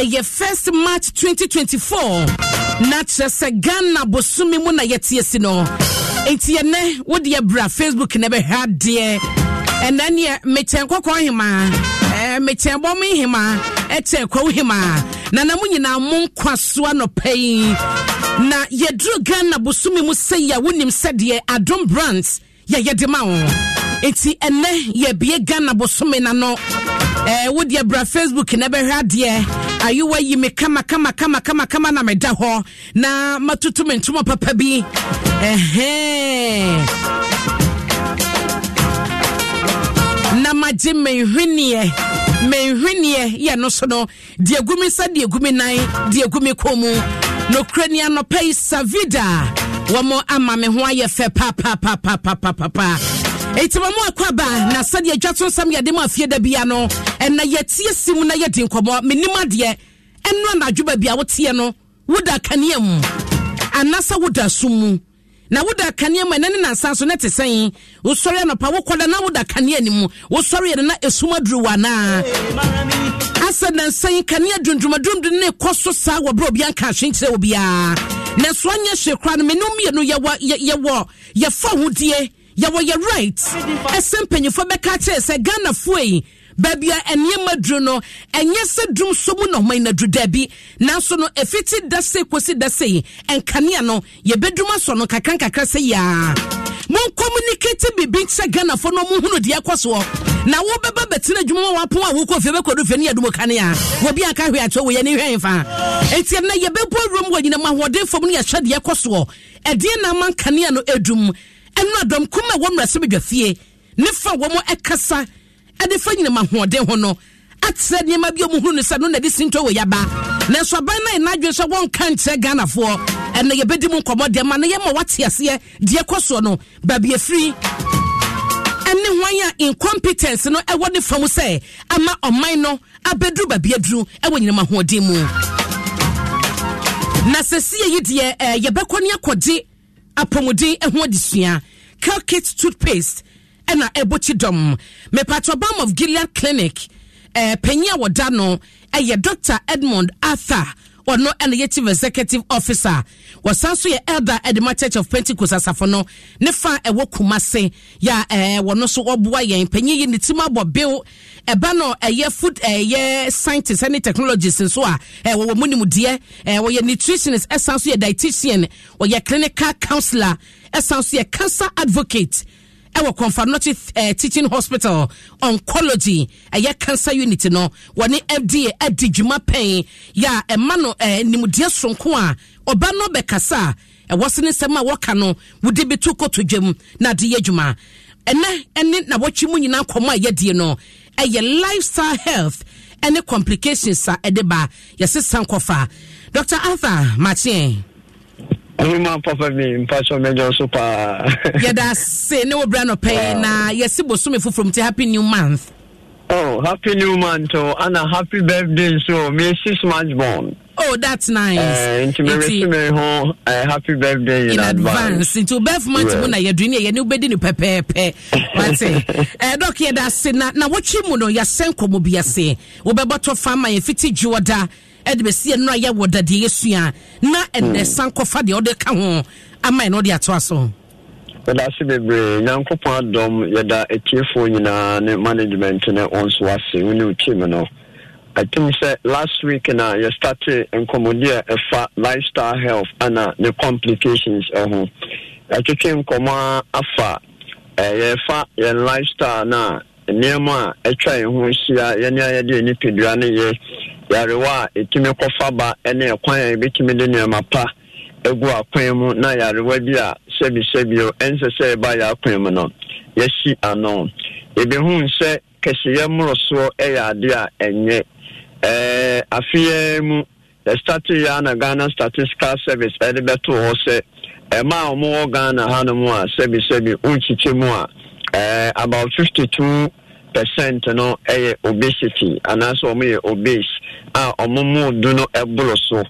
ɛyɛ first march 2024 na kyerɛ sɛ ghana bosome mu na yɛteɛ no enti yɛnɛ wode yɛbra facebook na bɛhwɛ adeɛ ɛnɛ neɛ mekyɛn kɔkɔɔ hemaa mekyɛn bɔm hemaa ɛkyɛn kwaw hemaa na na mo nyinaa mo nkwa so anɔpɛ yi na yɛduru ghana bosome mu sɛyi a wonim sɛdeɛ adom brant yɛyɛde ma wo enti ɛnɛ yɛbie ghana na no Eh, wodeɛ bra facebook na bɛhwɛ adeɛ ayewa yi me kama kama kama kama kama na meda hɔ na matoto me ntoma papa bi ɛhɛ na magye menhweneɛ menhweneɛ yɛ no so no deɛ gu me nsa deɛ gu me nan deɛ gu me kɔn mu nokorɛ ni anɔpa yi savida wɔn ama me ho ayɛ fɛ ɛti ma mu akɔ aba na sɛdeɛ dwa to nsɛm yɛde ma afie da bia no ɛna yɛtie si na yɛdi nkɔmmɔ menim adeɛ ɛno anadwo baabi a woteɛ no woda kanea mu anaasɛ woda so mu na woda kanea mu ɛnɛ nansa so ne te sɛn wosɔre anɔpa wokɔda na woda kanea ne mu wosɔre yɛde na esum aduru wɔ anaa asɛ nansɛn kanea dundrumadum ne kɔ so saa wɔ berɛ obi anka ahwe nkyerɛ obiara na so anyɛ hye koraa no menom mmienu yɛwɔ yɛwɔ yɛfa hodie yɛwɔ yɛ right ɛsɛ mpanyinfoɔ bɛka kyerɛ sɛ ghanafoɔ yi baabi a nneɛma duro no ɛnyɛ sɛ dum so mu na ɔman na duru daabi nanso no efiti dase kosi dase yi nkanea no yɛbɛdum asɔ no kakra nkakra sɛ yaa mo nkɔmunikɛti bibi kyerɛ ghanafoɔ no ɔmo hunu deɛ kɔ soɔ na wɔbɛba bɛtena adwuma wɔn apɔn a wɔkɔ fie bɛkɔ do fie ne yɛ dum kanea wɔbi aka hwɛ akyɛ wɔyɛ ne hwɛn fa etia na yɛbɛbɔ ewuram wɔ nyinam ahoɔden fam ne yɛhwɛ deɛ kɔ soɔ ɛdeɛ na ama nkanea no edum ɛno adɔm kum a wɔn mmarahyɛ badwa fie ne fa wɔn ɛkasa ɛde fa nyinam ahoɔden ho no akyerɛ nneɛma bi a wɔn hunu no sɛ no na ɛde si ntɔ wɔ yaba nanso aban na yɛn adwene sɛ wɔn nka nkyerɛ ghanafoɔ ɛna yɛbɛdi mu nkɔmɔ deɛ ma na yɛn ma wɔate aseɛ deɛ kɔ soɔ no baabi efiri ɛne hwan a incompetence no ɛwɔ ne fam sɛ ama ɔman no abɛduru baabi aduru ɛwɔ nyinam ahoɔden mu na sɛsie yi deɛ ɛɛ yɛbɛkɔ ne akɔgye apɔmuden ho adesua Kelkit toothpaste ɛna ɛbɔkyi dɔm mepatro bam of Gilead clinic ɛɛ eh, panyin a wɔda no ɛyɛ Dr. Edmond Arthur ɔno ɛna yɛ chief executive officer wɔsan so yɛ elder edema church of pentecost asafo no ne fa ɛwɔ kumase yɛ ɛɛ eh, wɔn nso ɔboa yɛn panyin yi ne ti mu abɔ bill ɛba no ɛyɛ food ɛyɛ scientist ɛne technologist nso a ɛwɔ eh, wɔn mu nimudeɛ ɛɛ wɔyɛ nutritionist ɛsan so yɛ dietitian wɔyɛ clinical counselor ɛsan so yɛ cancer advocate ɛwɔ kɔnfa nɔte ɛɛ teaching hospital oncology ɛyɛ cancer unit no wɔne fda ɛdi dwuma pɛn yɛ a ɛma no ɛɛ eh, nimdeɛ sonko a ɔba no bɛkasa a ɛwɔ se ne nsɛm a wɔka no wɔde bi to koto dwam na ade yɛ adwuma ɛnɛ ɛne na wɔtwi mu nyinaa nkɔmɔ a yɛdie no ɛyɛ lifestyle health ɛne complications a ɛde ba yɛsesa nkɔfa dr arthur makyɛn mema papa mi mpakyɛ mɛdwa so paa yɛda se ne wɔbrɛ no pɛi na yɛse bosome foforɔ mu nti happy new month Oh, happy new month, oh, and a happy birthday, so oh, me six months born. Oh, that's nice. Uh, eh, into me into, ho, eh, happy birthday in, in advance. advance. Into birth month, when I drink, you new bed in pepe pepe. What's it? Eh, doc, yeah, that's it. Now, what you know, your senko will be a say. Obeboto farmer, if it's Jordan ɛde bɛsi ɛno a yɛwɔ dadeɛ yɛsua na ɛnɛ hmm. san kɔfa deɛ ɔde ka ho ama na ɔde atoa so yɛdaase bebree nyankopɔn adɔm yɛda atiefoɔ nyinaa ne management ne ɔn so ase wo wo team no I think last week na you started nkɔmmɔdeɛ ɛfa lifestyle health ana ne complications ɛho yɛatwetwe nkɔmmɔ afa ɛyɛfa eh, yɛn lifestyle na nneɛma a ɛtwa yɛn ho ahyia yɛne a yɛde nipadua no yɛ yarewa a ɛtumi kɔfa ba ne ɛkwan a yɛbɛtumi de nneɛma pa egu akwan mu na yarewa bi a sɛbisɛbio ɛnsɛ sɛ ɛba yɛ akwan mu no yɛsi ano ebihu sɛ kɛseɛ mmorosoɔ yɛ ade a ɛnyɛ ɛɛ afeɛ mu yɛstate yɛ ana ghana statistical service ɛde bɛto hɔ sɛ ɛmaa a wɔwɔ ghana hanom a sɛbisɛbi nkyikyɛ mu a ɛɛ about fifty percent no ɛyɛ obesity anaasɛ wɔn yɛ obese a wɔn mu du no ɛboro so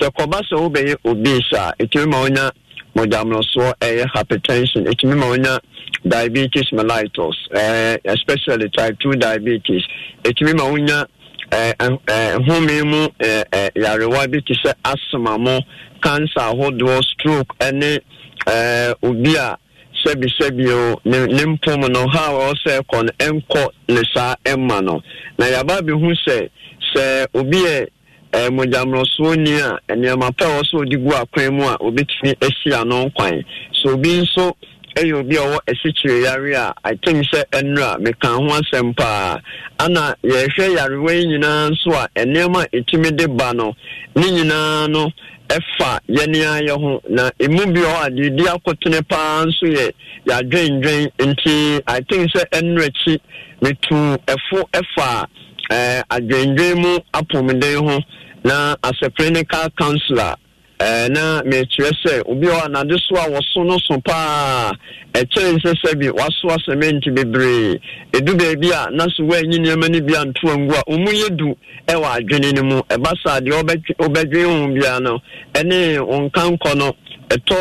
sɛ kɔba sɛ wobɛyɛ obese a etumi ma wonya mɔdamorosoɔ ɛyɛ hypertension etumi ma wonya diabetes mellitus ɛɛ especially type two diabetes etumi ma wonya ɛɛ ɛɛ home mu ɛɛ ɛɛ yarewa bi ti sɛ asoma mo cancer ahodoɔ stroke ɛne ɛɛ obi a sɛbisɛbio ne ne mpom no ha a ɔsɛ kɔ no ɛnkɔ ne saa ɛma no na yaba bi hu sɛ sɛ obi yɛ ɛɛ mogyamorosoɔ ni a nneɛma pɛ a ɔsɛ ɔde gu akwan mu a obetumi ahyia no nkwan so obi nso ɛyɛ obi a ɔwɔ asikyire yare a atem sɛ ɛnura meka ho asɛm paa ana yɛhwɛ yarewa yi nyinaa nso a ɛnneɛma ɛtumi de ba no ne nyinaa no ɛfa yɛne ayɛ ho na ɛmu bi hɔ a deedi akotene paa nso yɛ yɛadwendwen nti i think sɛ ɛnura akyi metu ɛfo ɛfa ɛɛ eh, adwendwen mu apɔmuden ho na asɛpere ne car councillor Eh, na mekyerɛ sɛ obi hɔ anade so a wɔso no so paa ɛkyɛre sɛ sɛ bi waso asɛmɛnti bebree ɛdu baabi a na so woanyi nneɛma no bi antoa ngu a ɔmu yɛ du ɛwɔ adwene no mu ɛba sa deɛ wobɛdwene ho biara no ɛne wo nka nkɔ no ɛtɔ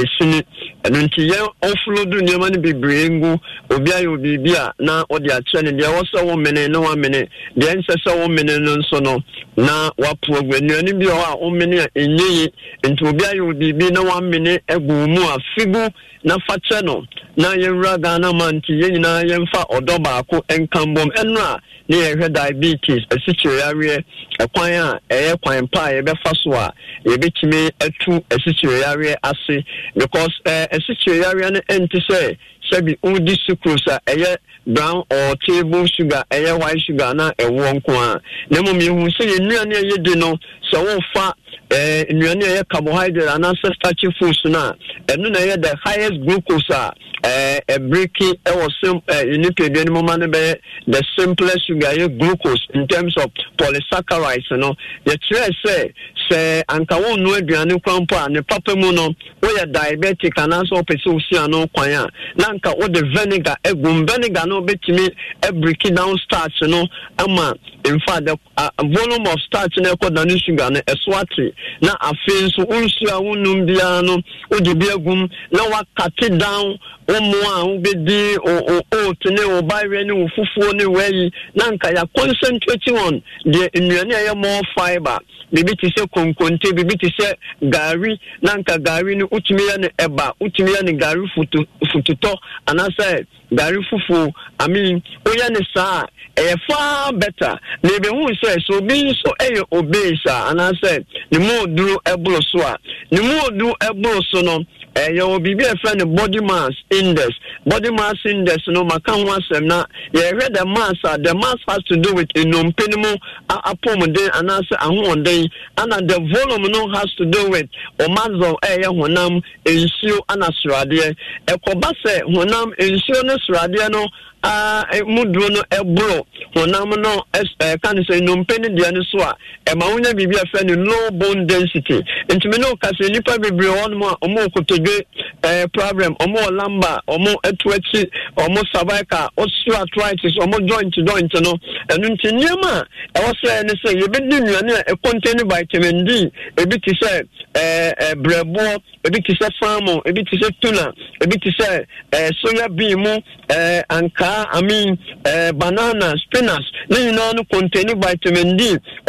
esini ɛnu nti yɛn ɔfolo do nneɛma no bebree ngu obi ayɛ biribi a na ɔde akyerɛ ne deɛ wɔsɛ wɔn mene na wɔn mene deɛ nsɛ sɛ wɔn mene no nso no na wapo agu nnuane bi a wɔn mene a enye yi nti obi ayɛ biribi na wɔn mene agu mu a figu. na fa no na yɛnwura ghana ma nti yɛn nyinaa yɛmfa ɔdɔ baako nka mbɔm ɛno a na yɛhwɛ diabetes asikyiriyareɛ ɛkwan a ɛyɛ kwan pa a yɛbɛfa so a yɛbɛtumi atu asikyiriyareɛ ase because ɛɛ no ɛnti sɛ sɛbi wodi sucrose a ɛyɛ brown or table sugar ɛyɛ white sugar na ɛwoɔ nko a na mmom yɛhu sɛ yɛn nnuane a yɛdi no sɛ wɔmfa Eh, nnuane a ɛyɛ carbohydrate anaasɛ starchy foods no a ɛno na ɛyɛ the highest glucose a eh, ɛbreki ɛwɔ sim eh, nipadua no mu ma no bɛyɛ the simplest sugar ɛyɛ glucose in terms of polysaccharides no yɛkyerɛ sɛ sɛ anka wonnu aduane kwan po a ne papa mu no woyɛ diabetic anaasɛ wopɛ sɛ wosi ano kwan a na anka wode vinegar agum vinegar no wobɛtumi abreki down starch no ama in fact the volume of starch no ɛkɔ dane sugar no ɛso ate na afei nso nsu a wonum biara no wode bi agum na wakate down wo mmoa a wobɛdi o oat ne wo bayerɛ ne wo fufuo ne wayi na nka ya concentrating on deɛ nnuane a ɛyɛ more fiber biribi te sɛ konkonte biribi te sɛ gari na nka gari no wotumi yɛ no ɛba wotumi yɛ no gari futu fututɔ anaasɛ gari fufuo i mean woyɛ saa ɛyɛ far better na ebi hu sɛ sɛ obi nso ɛyɛ obese a anaasɛ ne mu oduru ɛboro so a ne mu oduru ɛboro so no ɛyɛwɔ biribi a yɛfrɛ no body mass index body mass index no maka ho asɛm na yɛhwɛ the mass a the mass has to do with nnompe no mu apɔmuden anaasɛ ahoɔden ana the volume no has to do with ɔmazɔn ɛyɛ honam nsuo ana soradeɛ ɛkɔba sɛ honam nsuo ne soradeɛ no E, mu duro no ɛboro e, honam no ɛka e, ne sɛ nnompe ne deɛ no so a ɛma wonya biribi a fɛ ne low bone density ntumi ne ɔka sɛ nnipa bebree hɔnom a ɔmo kotodwe ɛɛ problem ɔmo wɔ lamba ɔmo atu akyi ɔmo cervical osteoarthritis ɔmo joint joint no ɛno nti nneɛma a ɛwɔ sɛ ne sɛ yɛbɛdi nnuane a ɛcontain vitamin d ebi te sɛ ɛɛ ɛɛ brɛboɔ ebi te sɛ salmon ebi te sɛ tuna ebi te sɛ ɛɛ soya bean mu ɛɛ ankaa saa i mean uh, banana spinach ne nyinaa no kontani vitamin d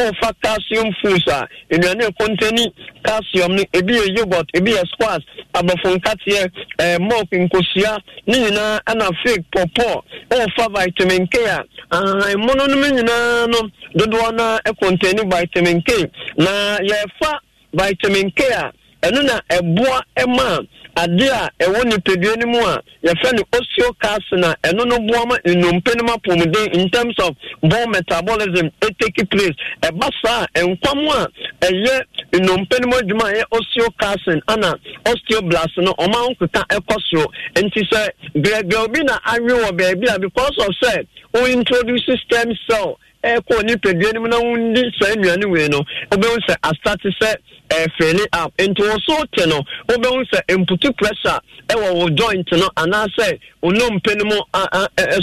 ɔfa calcium foods a nnuane kontani calcium no ebi yɛ yogurt ebi yɛ squash abɔfo nkateɛ ɛɛ eh, milk nkosua ne nyinaa ɛna fake pɔpɔ ɔfa vitamin k a ahahanmono no nyinaa no dodoɔ na kontani vitamin k na yɛfa vitamin k a ɛno na ɛboa ɛmaa ade a ɛwɔ nipadua no mu a yɛfrɛ no osteocalcina ɛno no boa ma nnompe no ma in terms of bone metabolism ɛtake place ɛba saa a nkwam a ɛyɛ nnompe no mu adwuma a ɛyɛ osteocalcin ana osteoblast no ɔma nkeka ɛkɔ soro nti sɛ grɛgrɛ obi na awe wɔ baabi a because of sɛ wo introduce stem cell ɛkɔ nipadua no mu na wondi saa nnuane wei no wobɛhu sɛ astate sɛ ɛfiri app nti wɔ so te no wobɛhu sɛ mputu pressure ɛwɔ wo joint no anaasɛ onompe no mu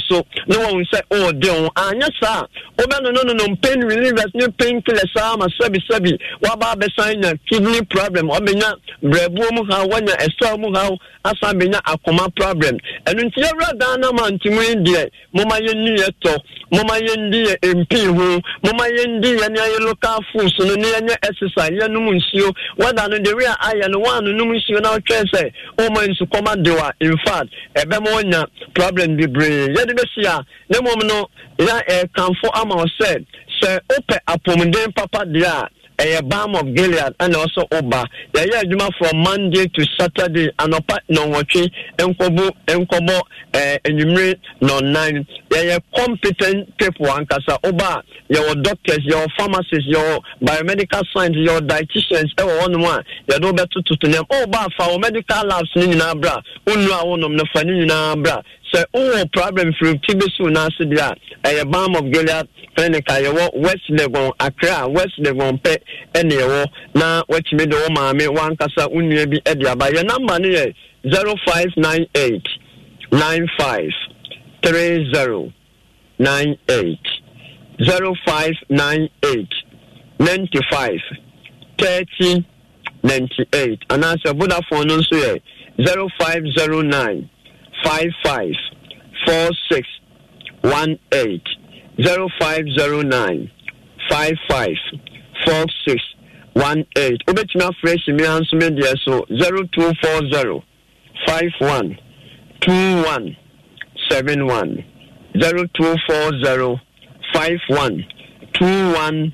so na wɔhu sɛ wɔde wo anyɛ saa wobɛno no nonom pain relievers ne pain killer saa ma sɛbisɛbi woaba abɛsan nya kidney problem ɔbɛnya brɛbuo mu haw wanya ɛsaw mu haw asan bɛnya akoma problem ɛno nti yɛwura dan no ma ntimu yi deɛ moma yɛnni yɛ tɔ moma yɛndi yɛ mp ho moma yɛndi yɛ ne ayɛ local foods no ne yɛnyɛ exercise yɛnom nsuo nsuo weda no dewe a ayɛ no woanonom nsuo na wotwɛn sɛ woma nsukɔma dew a infact ɛbɛma wonya problem bebree yɛde bɛsi a na mmom no na ɛkamfo ama wo sɛ sɛ wopɛ apɔmuden papa deɛ a ɛyɛ balm of gilead also oba. ɔba yɛyɛ adwuma from monday to saturday no anɔpa nɔnwɔtwe nkɔbɔ nkɔbɔ no nine. nɔnan yɛyɛ competent people ankasa oba. Your doctors your pharmacists your biomedical science your dietitians everyone. hɔnom a yɛde better to nɛm ɔba afa for medical labs ne nyinaa bra ɔnu a wɔnom no fa ne nyinaa bra sɛ wowɔ problem firi tibi so no ase deɛ a ɛyɛ bam of gilead clinic a yɛwɔ west legon akra a west legon pɛ ɛne ɛwɔ na woatumi de wo maame woankasa wo nnua bi de aba yɛ namba no yɛ 0598 95 30 98 0598 95 30 98 anaasɛ vodafone no nso yɛ 0509 five five four six one eight zero five zero nine five five four six one eight wobɛtumi afrɛ hyimi hansome deɛ so zero two four zero five one two one seven one zero two four zero five one two one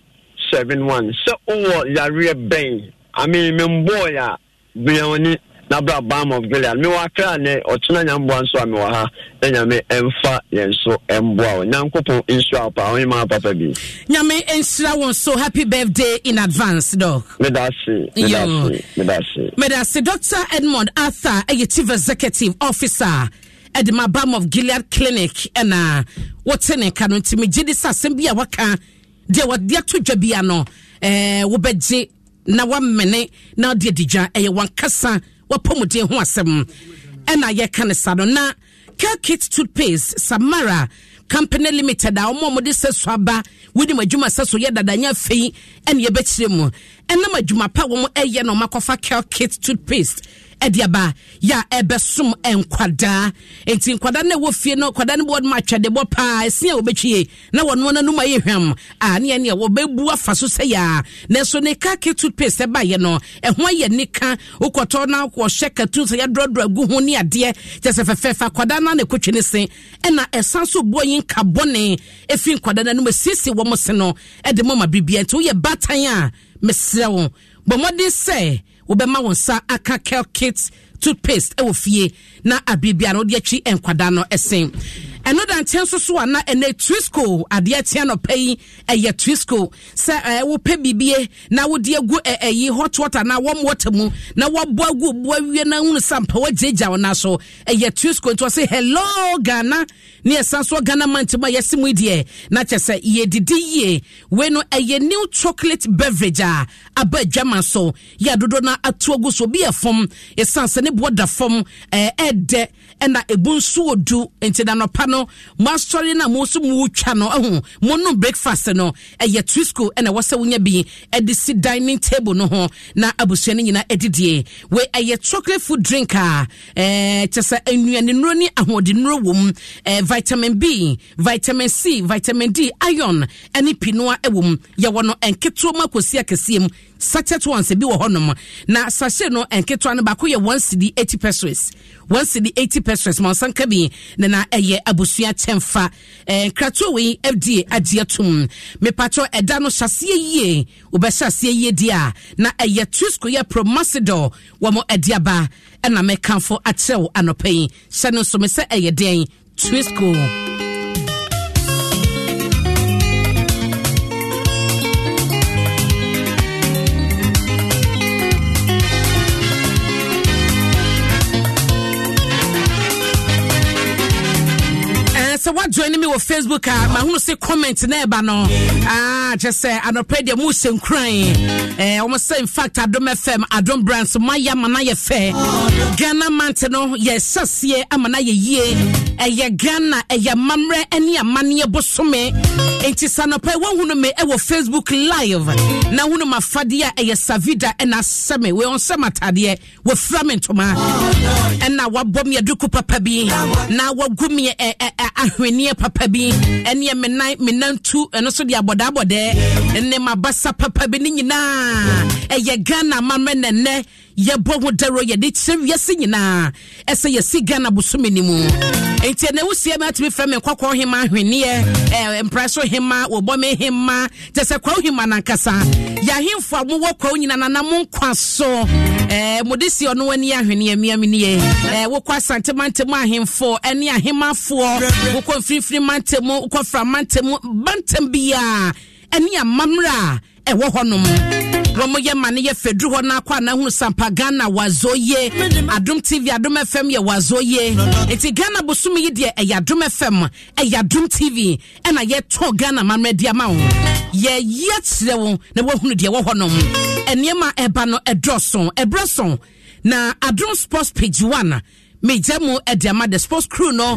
seven one sɛ wowɔ yareɛ bɛn ame membɔɔ yɛ a biawani nabra bam of gilead mewɔ akra nɛ ɔtena nyamboa nso a mewɔ ha na nyame ɛmfa yɛn so ɛmboa wo nyankopɔn nsura wo paa wonyema papa bi nyame ɛnhyira wɔn so happy birthday in advance dɔ medase medase medase dr edmond arthur ɛyɛ chief executive officer ɛde ma bam of gilead clinic ɛna uh, wote ne ka no nti megye de sɛ asɛm bi a waka deɛ wɔde ato dwa bia no eh, wobɛgye na wamene na wode adi dwa ɛyɛ eh, wankasa wapɔmuden ho asɛm ɛna yɛka no sa no na kelkit toothpaste samara company limited a wɔn a wɔde sɛ so aba wonim adwuma sɛ so yɛ dadanya fei ɛna yɛbɛkyerɛ mu ɛnam adwuma pa wɔn ɛyɛ na wɔn akɔfa kelkit toothpaste ɛde aba yɛ a ɛbɛsom nkwadaa nti nkwadaa no ɛwɔ fie no nkwadaa no bɔ no atwa de bɔ paa ɛsi a wɔbɛtwie na wɔno no nom ayɛ hwam a ne ɛneɛ wɔbɛbu afa so sɛ yɛa nanso ne ka ke toothpaste ɛbaeɛ no ɛho ayɛ nika wokɔtɔ no wɔhyɛ katu sɛ yɛdorɔdorɔ agu ho ne adeɛ kyɛ sɛ fɛfɛɛfɛ akwadaa no ana ɛkɔtwe ne se ɛna ɛsan so boɔ yi nka bɔne ɛfiri nkwadaa no anom asiesie wɔ mo se no ɛde mɔma biribia nti woyɛ batan a mesrɛ wo bɔ mmɔden sɛ wobɛma wɔn nsa aka kelkit toothpaste ɛwɔ fie na abiribia no wode akyi nkwadaa no ɛsen ɛno danteɛ nso so ana ɛnɛ trisco adeɛ tea nɔpɛ yi ɛyɛ trisco sɛ wopɛ biribie na wode agu ɛyi hot water na wɔmwɔta mu na wɔbɔ agu boa wie na wunu sa mpɛ wɔgyegya wo na so ɛyɛ trisco nti ɔse hello ghana ne ɛsan so ghana ma ntam a yɛse mu deɛ na kyɛ sɛ yɛdidi yie wei no ɛyɛ new chocolate beverage a aba adwama so yɛ dodo no ato agu so obi yɛ fam ɛsiane sɛ ne boɔ da fam ɛɛdɛ ɛna ɛbu nso wɔ du nti na nɔpa no no mo asɔre no a mo nso mo no ɛho mo nom breakfast no ɛyɛ twisco ɛna ɛwɔ sɛ wonya bi ɛde si dining table no ho na abusua no nyinaa ɛdidie wei ɛyɛ chocolate food drink a ɛɛ kyɛ sɛ nnuane nnuro ne ahoɔden nnuro wɔ ɛɛ vitamin b vitamin c vitamin d iron ɛne pinoa ɛwɔ mu yɛwɔ no nketewa mu akɔsi akɛseɛ mu sachet ones bi wɔ hɔnom na sachet no nketewa no baako yɛ one cd eighty pesos one cd eighty pesos ma ɔsan ka na eh, na ɛyɛ abusua kyɛnfa ɛɛ wei fda adeɛ tum mipatɔ ɛda no hyɛseɛ yie wɔbɛhyɛ aseɛ yie di na ɛyɛ trisco yɛ promasidol wɔn ɛde aba ɛna mɛkanfo akyerɛw anɔpɛ yi hyɛ no nso mi sɛ ɛyɛ den trisco. sɛ woajoine me wɔ facebook a mahunu sɛ comment na ɛba no ah, kyɛ sɛ anɔpɛ deɛ mohyɛ nkuran wɔm eh, sɛ infact adom fm adom brand so moayɛ ama no yɛ fɛ ghana mante no yɛhyɛseɛ ama no yɛ yie ɛyɛ ghana ɛyɛ mammerɛ ne amanneɛ bosome enti sɛ anɔpɛ woahunu me ɛwɔ facebook live na hunu mafadeɛ a ɛyɛ savida ɛna asɛ me wɔn sɛ matadeɛ wɔfira me ntoma ɛna wabɔ me aduku papa bi na wagu me ahwenneɛ papa bi ɛne menan menantu ɛno so de abɔdaabɔdɛ ne mabasa papa bi ne nyinaa ɛyɛ ghana mamɛ nɛnɛ yɛbɔ ho daro yɛde kyerɛ wiase nyinaa ɛsɛ yɛsi ghana bosome ni mu enti ɛna wosie me atumi frɛ me nkɔkɔɔ hema ahwenneɛ mpra so hima wɔbɔ me hema kyɛ sɛ kwawo hema nankasa yɛahemfo a mowɔ kwawo nyina nana nkwa so Eh, mode si ɔno w'ani ahwene amiami ne eh, yɛ wokɔ asantemantemu ahemfo ne ahemafoɔ wokɔ mfirifiri mantemu wokɔ framantemu bantam biaa ɛne amammerɛ a ɛwɔ eh, hɔnom wɔn yɛ ma ne yɛ fɛduru hɔ n'akɔ anahunu sampa ghana wazo ye adum tv adum fm yɛ wazo ye eti ghana bosom yi deɛ ɛyɛ adum fm ɛyɛ adum tv ɛna yɛtɔ ghana mamrɛ di ama wo yɛ yɛ kyerɛ wo na wɔhunu deɛ ɛwɔ hɔ nom nneɛma ɛba no ɛdɔɔso ɛbrɛ na adum sports page one megya mu ɛde ama the sports crew no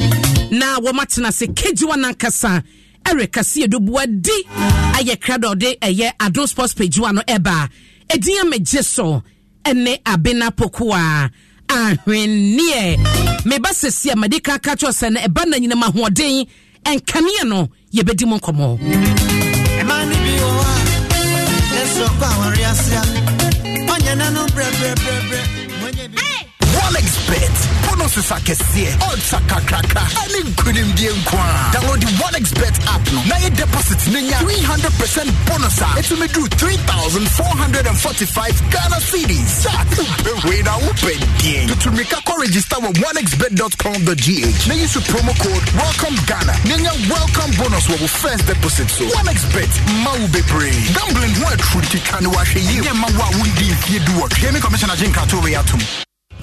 na wɔn atena se kegye one ankasa ɛrekasi edubua di ayɛ kradɔ de ɛyɛ adum sports page one no ɛba edin amegye so ɛne abena pokuwa ahwenneɛ meba sɛsi a made ka ka kyerɛ sɛ no ɛba na nyinam ahoɔden ɛnkanea no yɛbɛdi mu nkɔmmɔ so power, yes, yeah. bet. Bonuses are kesie. Odds are kakraka. Any kunim dien kwa. Download the one Bet app no. Na your deposit ninya 300% bonus. It will do 3,445 Ghana CDs. Wait now, open dien. To make a register with onexbet.com.gh. Now use promo code Welcome Ghana. Ninya welcome bonus will first deposit. So one Bet, Mau be pray. Gambling what truth you can wash a year. Mawa wundi if you do what. Jamie Commissioner Jim Katori atum.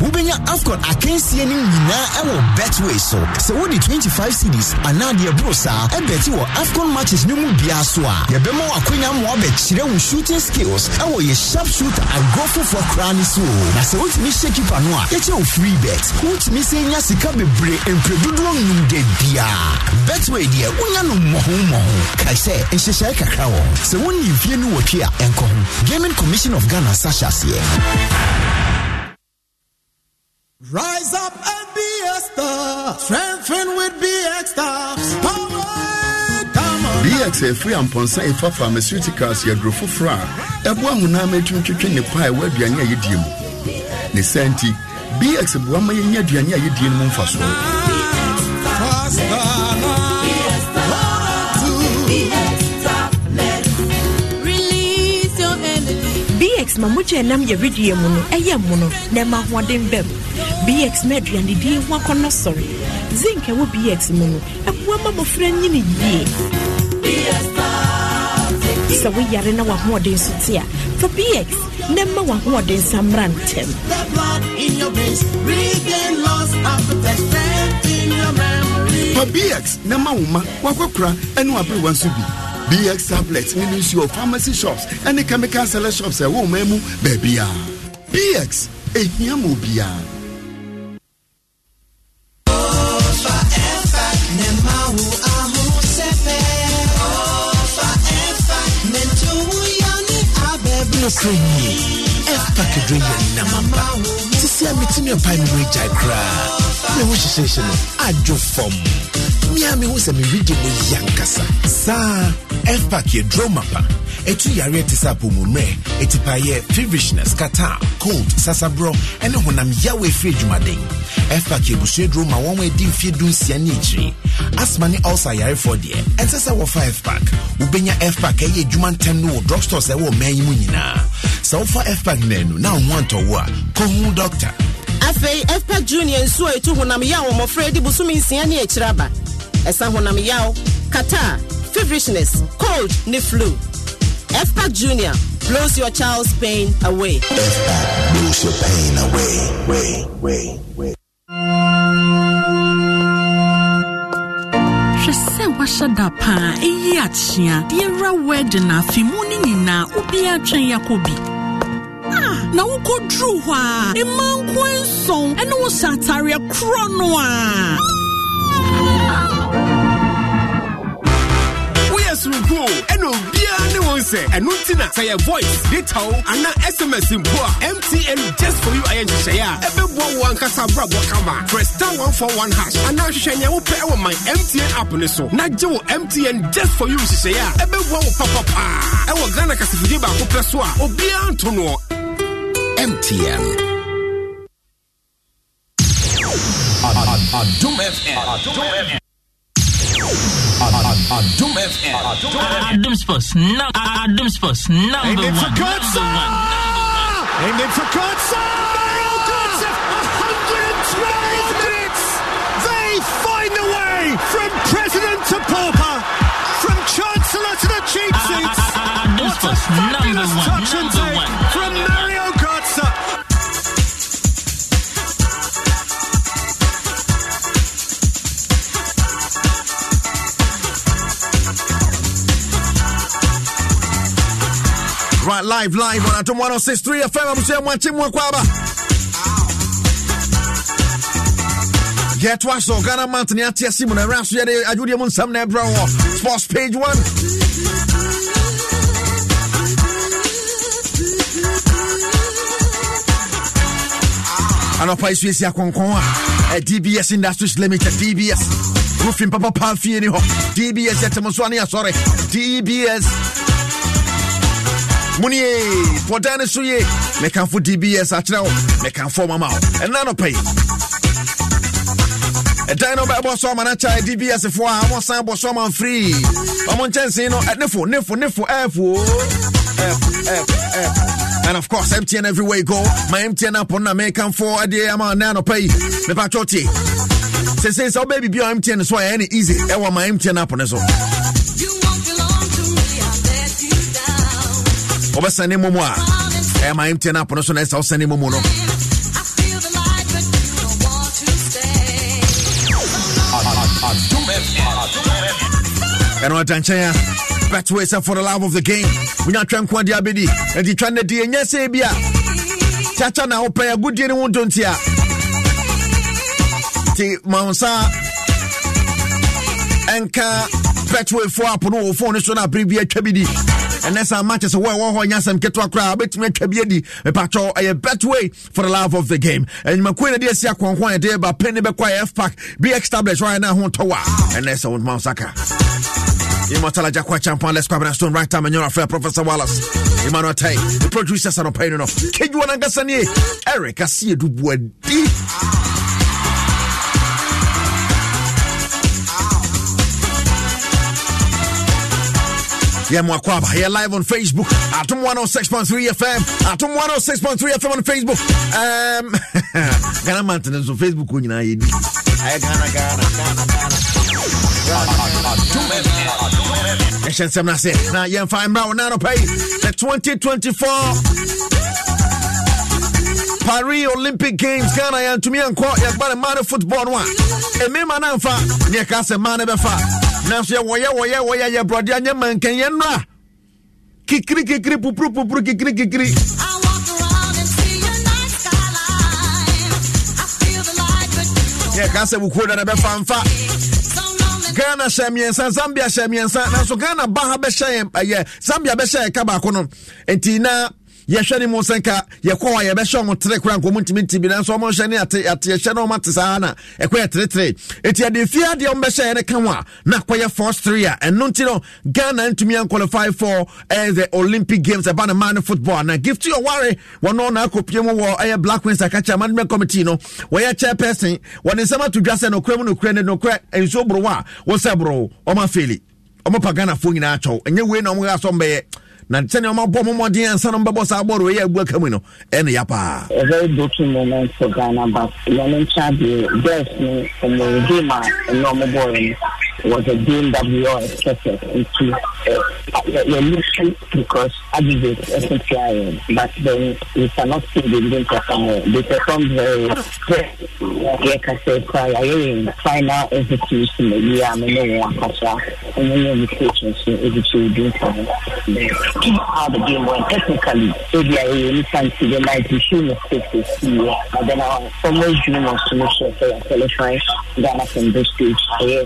wobɛnya afcon akansie no nyinaa ɛwɔ betway so sɛ wode 25 cities anaa deɛ boro saa ɛbɛte wɔ afcon matches no mu biara so a yɛbɛma wo akwanya mmoa bɛkyerɛ wo shooting skills ɛwɔ yɛ sharp shooter agorɔ foforɔ koraa ne so o na sɛ wotumi hyɛ kipa no a yɛkyɛ wo free bet wotumi sɛ nya sika bebree mprɛdodoɔ nnum da biara betway deɛ wonya no mmɔhommɔho kae sɛ nhyehyɛe kakra wɔ sɛ wonni mfie no wɔtwe a ɛnkɔ ho gaming commission of ghana sahyaseɛ Rise up and be a star. Strengthen with BX stars. BX efu ya mponsa efa pharmaceuticals ya duro foforɔ a ɛboa honam atwimtwitwe ne pa a ɛwɔ aduane a yɛdie mu ne sa nti bx boa ma yɛnya aduane a yɛdie no mu mfasoɔ ah, bx ma mogya ɛnam yɛ redua mu no ɛyɛ mu no na ɛma ahoɔden bɛm bx ma aduanedie ho akɔnnɔ sɔre zinc ɛwɔ bx mu no ɛboa ma mmɔfra nyine yie sɛ woyare na wahoɔden nso te a fa bx na ɛma wahoɔden sa mmra ntɛm fa bx na ma wo ma wakɔkora ɛne waberewa nso bi bx tablet ne ne pharmacy shops ɛne chemical seller shops ɛwɔ ɔman mu baabia bx ehia ma obiara. ɛfakadwe yɛ namaba sisi a metumi apae me mu agyae koraa ne ho hyehyɛhyɛ no adwo fam mia mi ho sɛ mi rigye mo yankasa saa fpac yɛ draw mapa ɛtu yareɛ te sɛ apɔmummerɛ ɛtipa feverishness kata cold sasaborɔ ɛne honam yaw ɛfiri adwumaden fpac yɛ abusua duro ma wɔn adi mfeɛ dunsia ne akyiri asma ne ulcer yarefoɔ deɛ ɛnsɛ sɛ wɔfa fpac wobɛnya fpac ɛyɛ adwuma ntɛm no wɔ drugstores ɛwɔ ɔman yi mu nyinaa sɛ wofa fpac nnaanu na wo ho antɔwo a kɔ ho doctor afei fpac junior nsuo ɛtu honam yaw mmɔfra adi bosome nsia ne akyiri aba ɛsa honam yaw kata feverishness cold ne flu efpa junior blows your child's pain away blows your pain away way way way wahyɛ da paa ɛyi akyea yɛwura wedding afe mu no nyinaa obiara twɛn yɛkɔ bi na wokɔduru hɔ a ɛma nko nsɔn ɛne wo hyɛ atareɛ korɔ no a classroom go no obiara ne wɔn sɛ ɛno nti na Say yɛ voice data o ana sms mpo a mtn just for you I ayɛ nhyehyɛeɛ a ɛbɛboa wo ankasa abrabɔ kama press for one hash anaa hwehwɛ nea wopɛ ɛwɔ my mtn app on so na gye wo mtn just for you Every pop nhyehyɛeɛ i ɛbɛboa wo papa paa ɛwɔ ghana kasafidie baako pɛ so a obiara nto noɔ mtn Adum FM. Adum FM. Adum FM. Adum Sports. Adum Sports. Number one. Number one. Named it for Kotsa! Mario Kotsa! 112 minutes! They find a way from president to pauper, from chancellor to the cheap seats. What a fabulous touch and take from Mario right live, live on Atom 1063 FM. I'm saying, watching Get to oh, us, Ghana Mountain, Yatia Simon, and Rasu, Ajudium, and Sam Nebra, oh, Sports Page 1. anɔpa yi so ɛsi akɔnkɔn a eh, dbs industries limited dbs rufin papa paa fie ni hɔ dbs ɛtɛm so ane asɔre dbs munie pɔdan ne so ye mekamfo dbs akyerɛ wo mekamfo mama wo ɛna no pɛi ɛdan no bɛbɔ so ama no kyae dbs foɔ a wɔsan bɔ so ama mfiri ɔmo nkyɛnsee no nefo nefo nefo ɛfoo And of course, MTN everywhere you go. My MTN app on American for. a day. I'm on Nano Pay. Me patroti. Say, say, so baby, be on MTN. So I any easy. I want my MTN app on this one. wɔbɛsane mɔ mu a ɛyɛ ma mtn app no so na ɛsɛ wosane mɔ mu no ɛno adankyɛn a betway sɛ for the love of the game wonya twɛ nko ade abɛdi ɛnti twa nnɛ di ɛnyɛ sɛ bi a kyakya na wopɛ agodie ne wo ntonti a nti ma wo nsa ɛnka betway fo app wɔ fone so no abere bi atwa bi di ɛnɛ saa matches wɔ ɛwɔ hɔ get asɛm ketewa koraa wobɛtumi atwa bi adi mepatwɔ ɛyɛ betway for the love of the game ɛnyimakoi na de asi akɔnkɔn ɛde ba pɛ ne bɛkɔ a ɛf pack bx tablet wɔayɛ no ho tɔw a ɛnɛ sɛ wodoma wo saka Immortal Jackwa Champion, let's grab stone right time and your affair, Professor Wallace. Emmanuel Tay, the producer, you Kedwan Agasani, Eric I see you Asia Dubuadi. Yeah, Mwakwaba. Here live on Facebook. Atom 106.3 FM. Atom 106.3 FM on Facebook. Um, Ghana maintenance on Facebook. Ghana, Ghana, Ghana, Ghana, Ghana. Ɛhyɛ nsɛm no ase na yɛmfa mmra wo na nɔpa yi the 2024 Paris Olympic Games Ghana yɛntumi ankɔ yɛba ne man of football no a ɛmema no amfa neɛka sɛ ma ne bɛfa nanso yɛ wɔyɛ wɔyɛ wɔyɛ yɛ borɔde anyɛ mankan yɛ nnora kikiri kikiri pupuru pupuru kikiri kikiri. yɛ ka sɛ wokuo da na ɛbɛfa mfa ghana hyɛ mmiɛnsa zambia hyɛ mmiɛnsa nanso ghana ba ha bɛhyɛ yɛ zambia bɛhyɛ yɛ ka baako no nti na yɛhwɛ ne mu sɛnka yɛkɔ a yɛbɛhyɛ ɔmo tere kora nkɔmu ntumi nti bi nanso ɔmo hyɛ ne ate ate yɛhyɛ na ɔmo ate saa na ɛkɔ yɛ teretere eti ade fie adeɛ ɔmo bɛhyɛ yɛ ka ho a na akɔ yɛ first three a ɛno nti no ghana ntumi ankwalify for ɛyɛ eh, the olympic games ɛba ne maa ne football na gift yɛ ware wɔn na akɔ pie mu wɔ ɛyɛ black wings akakye amanumɛ committee no wɔyɛ chairperson wɔn nsɛm ato dwa sɛ nokura mu nokura ne nokura nsuo borowa wɔsɛ borow ɔmo afeeli ɔmo pa ghana fo nyinaa kyɛw na ɔmo yɛ na sɛnea saa mu no ya paa a very breaking moment for ghana but yɛne nkyɛn deɛ girls no ɔmɔ game a ɛne ɔmobɔɔeɛ no was a game that we all expected into uh, we're because aggregate isn't trying but then we cannot say they didn't perform they performed very well like I said cry I final execution maybe I'm in no one catch up and then the execution execution did came out the game when technically maybe I really fancy the night the few mistakes they see. But then our former dream was to make sure that we Ghana from this stage.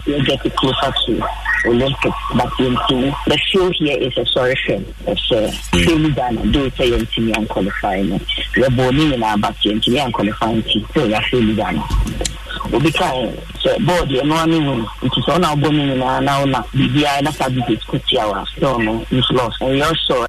we get it closer to Olympic but into the show here is a sorry film. It's a Ghana do it a team and qualifying. We're born in our back team and qualifying team. So we're Ghana. obi ka ho sɛ bɔɔd ɛno a ne wu nti sɛ wona wobɔ no nyinaa na wona biribiaa na fa bi de skutia wa sɛ ɔno nflos ɛyɛ ɔsɔre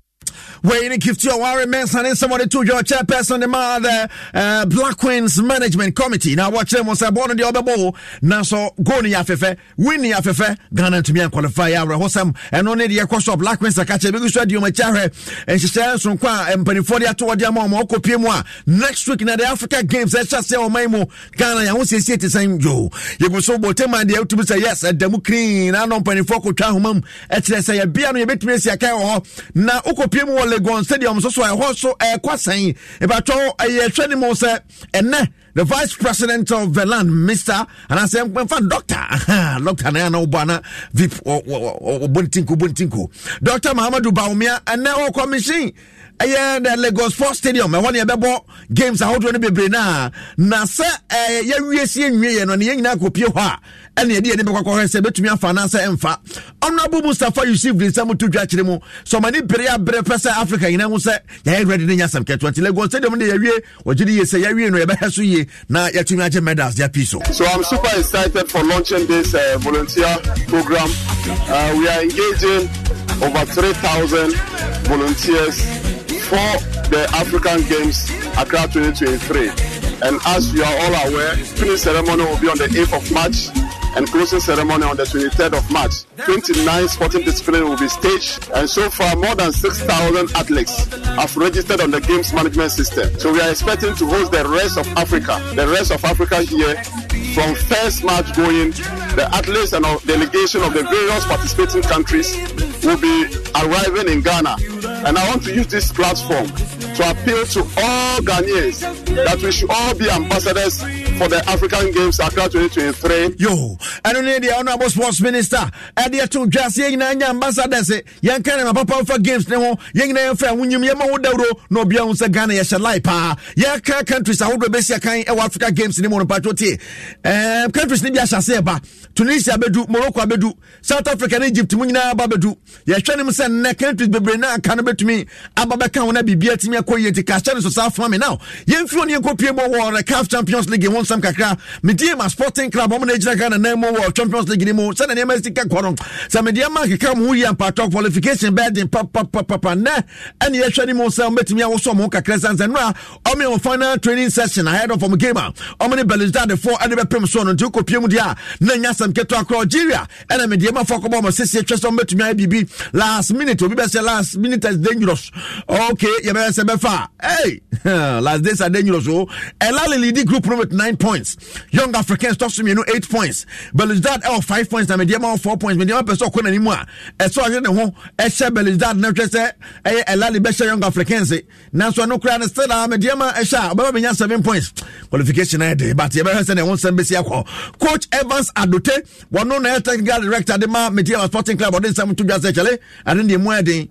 give to your warren mensa and somebody to your chairperson the mother uh, black queens management committee now watch them I born in the other ball now so go ni afefe win ni afefe ghana to me and qualify our hosam and only the cost of black queens akache big stadium chair and she says from Qua, and penifo dia to mom. mama okopie mu next week in the africa games let's just say o oh, my mo, ghana ya ho say say Same yo you go so botema dia to say yes at dem clean na no penifo ko twa homam e kire say ya bia no ye betumi sia kai ho na okopie mu legon stadium so so ɛhɔ so ɛkɔ sɛn ebatɔ ɛyɛhwɛ ne mu sɛ ɛnɛ the vice president of the land mr anaasɛ mfa doctor doctor na ana wobɔ ana vip ɔbɔntinko bɔntinko doctor mahamadu baomia ɛnɛ ɔkɔ machine ɛyɛ the lagos sports stadium ɛhɔ ne yɛbɛbɔ games ahodoɔ no bebree no na sɛ yɛwie sie nwie yɛ no ne yɛn nyinaa kɔpie hɔ a ɛne yɛde yɛne bɛkɔkɔhwɛ sɛ bɛtumi afa anaasɛ ɛmfa honorable mustapha yusuf dwa kyerɛ mu pɛ sɛ africa nyina ho sɛ yɛyɛ nti stadium yɛwie sɛ yɛwie no yɛbɛhɛ so na agye medals de api so so i'm super excited for launching this uh, volunteer program uh, we are engaging over 3000 volunteers for the african games accra 2023 and as you are all aware, the ceremony will be on the 8th of March and closing ceremony on the 23rd of March. 29 sporting disciplines will be staged, and so far more than 6,000 athletes have registered on the games management system. So we are expecting to host the rest of Africa, the rest of Africa here from first March going, the athletes and delegation of the various participating countries will be arriving in Ghana. And I want to use this platform to appeal to all Ghanaians that we should all be ambassadors for the African Games Accra 2023. Yo, ɛno ne deɛ ɔno abɔ sports minister ɛdeɛ to dwaseɛ nyinaa nyɛ ambassadors yɛnka ne mapapa mfa games ne ho yɛn nyinaa yɛmfa ɛho nyim yɛma wo dawuro na ɔbia ho sɛ ghana yɛhyɛ lai paa yɛka countries ahodoɔ bɛsi akan ɛwɔ africa games ne mu no patro tie ɛɛm countries ne bi ahyɛ ase ɛba tunisia bɛdu morocco abɛdu south africa ne egypt mu nyinaa aba bɛdu yɛhwɛ ne mu sɛ nnɛ countries bebree na aka no bɛtumi aba bɛka ho na biribia tumi akɔ yie nti kahyɛ ne so saa fama me now yɛmfi ɔ ne yɛnkɔpie bɔ wɔ recaf champions league ho nsɛm kakra medie ma sporting club ɔmo na agyina ghana na dan mu wɔ champions league ni mu sɛdeɛ nneɛma si ka kɔ no sɛ medeɛ ma keka mo ho yie ampatɔ qualification bɛɛ den papapapapa nɛ ɛne yɛhwɛ ne mu sɛ ɔmɛtumi awoso ɔmo kakra san sɛ nora ɔme ɔ final training session ahead of ɔmo game a ɔmo ne belgium de foɔ ɛde bɛpem so no nti wokɔpie mu deɛ a na nya asɛm ketewa korɔ algeria ɛna medeɛ ma fo akɔbɔ ɔmo sesie twɛ sɛ ɔmɛtumi ayɛ biribi last minute obi bɛsɛ last minute is dangerous okay yɛbɛyɛ sɛ bɛfa hey last days are dangerous o ɛlalelidi group no with nine points young africans tɔ so mmienu eight points Belizard ɛwɔ eh, oh, five points na Mediama wɔ oh, four points Mediama pɛ sɛ ɔkɔ n'anim a ɛsɛ ɔyɛ ne ho ɛhyɛ Belizard na twɛ sɛ ɛyɛ eh, ɛlali eh, bɛhyɛ Young Africans nanso ɛno koraa no still a ah, Mediama ɛhyɛ a ɔbɛma bɛnya seven points qualification ayɛ de but yɛbɛhwɛ sɛ ne ho nsɛm bɛsi akɔ coach Evans Adote wɔno na ɛyɛ technical director de ma Mediama Sporting Club ɔde nsɛm to dwa sɛ kyɛle ɛne deɛ mu ɛden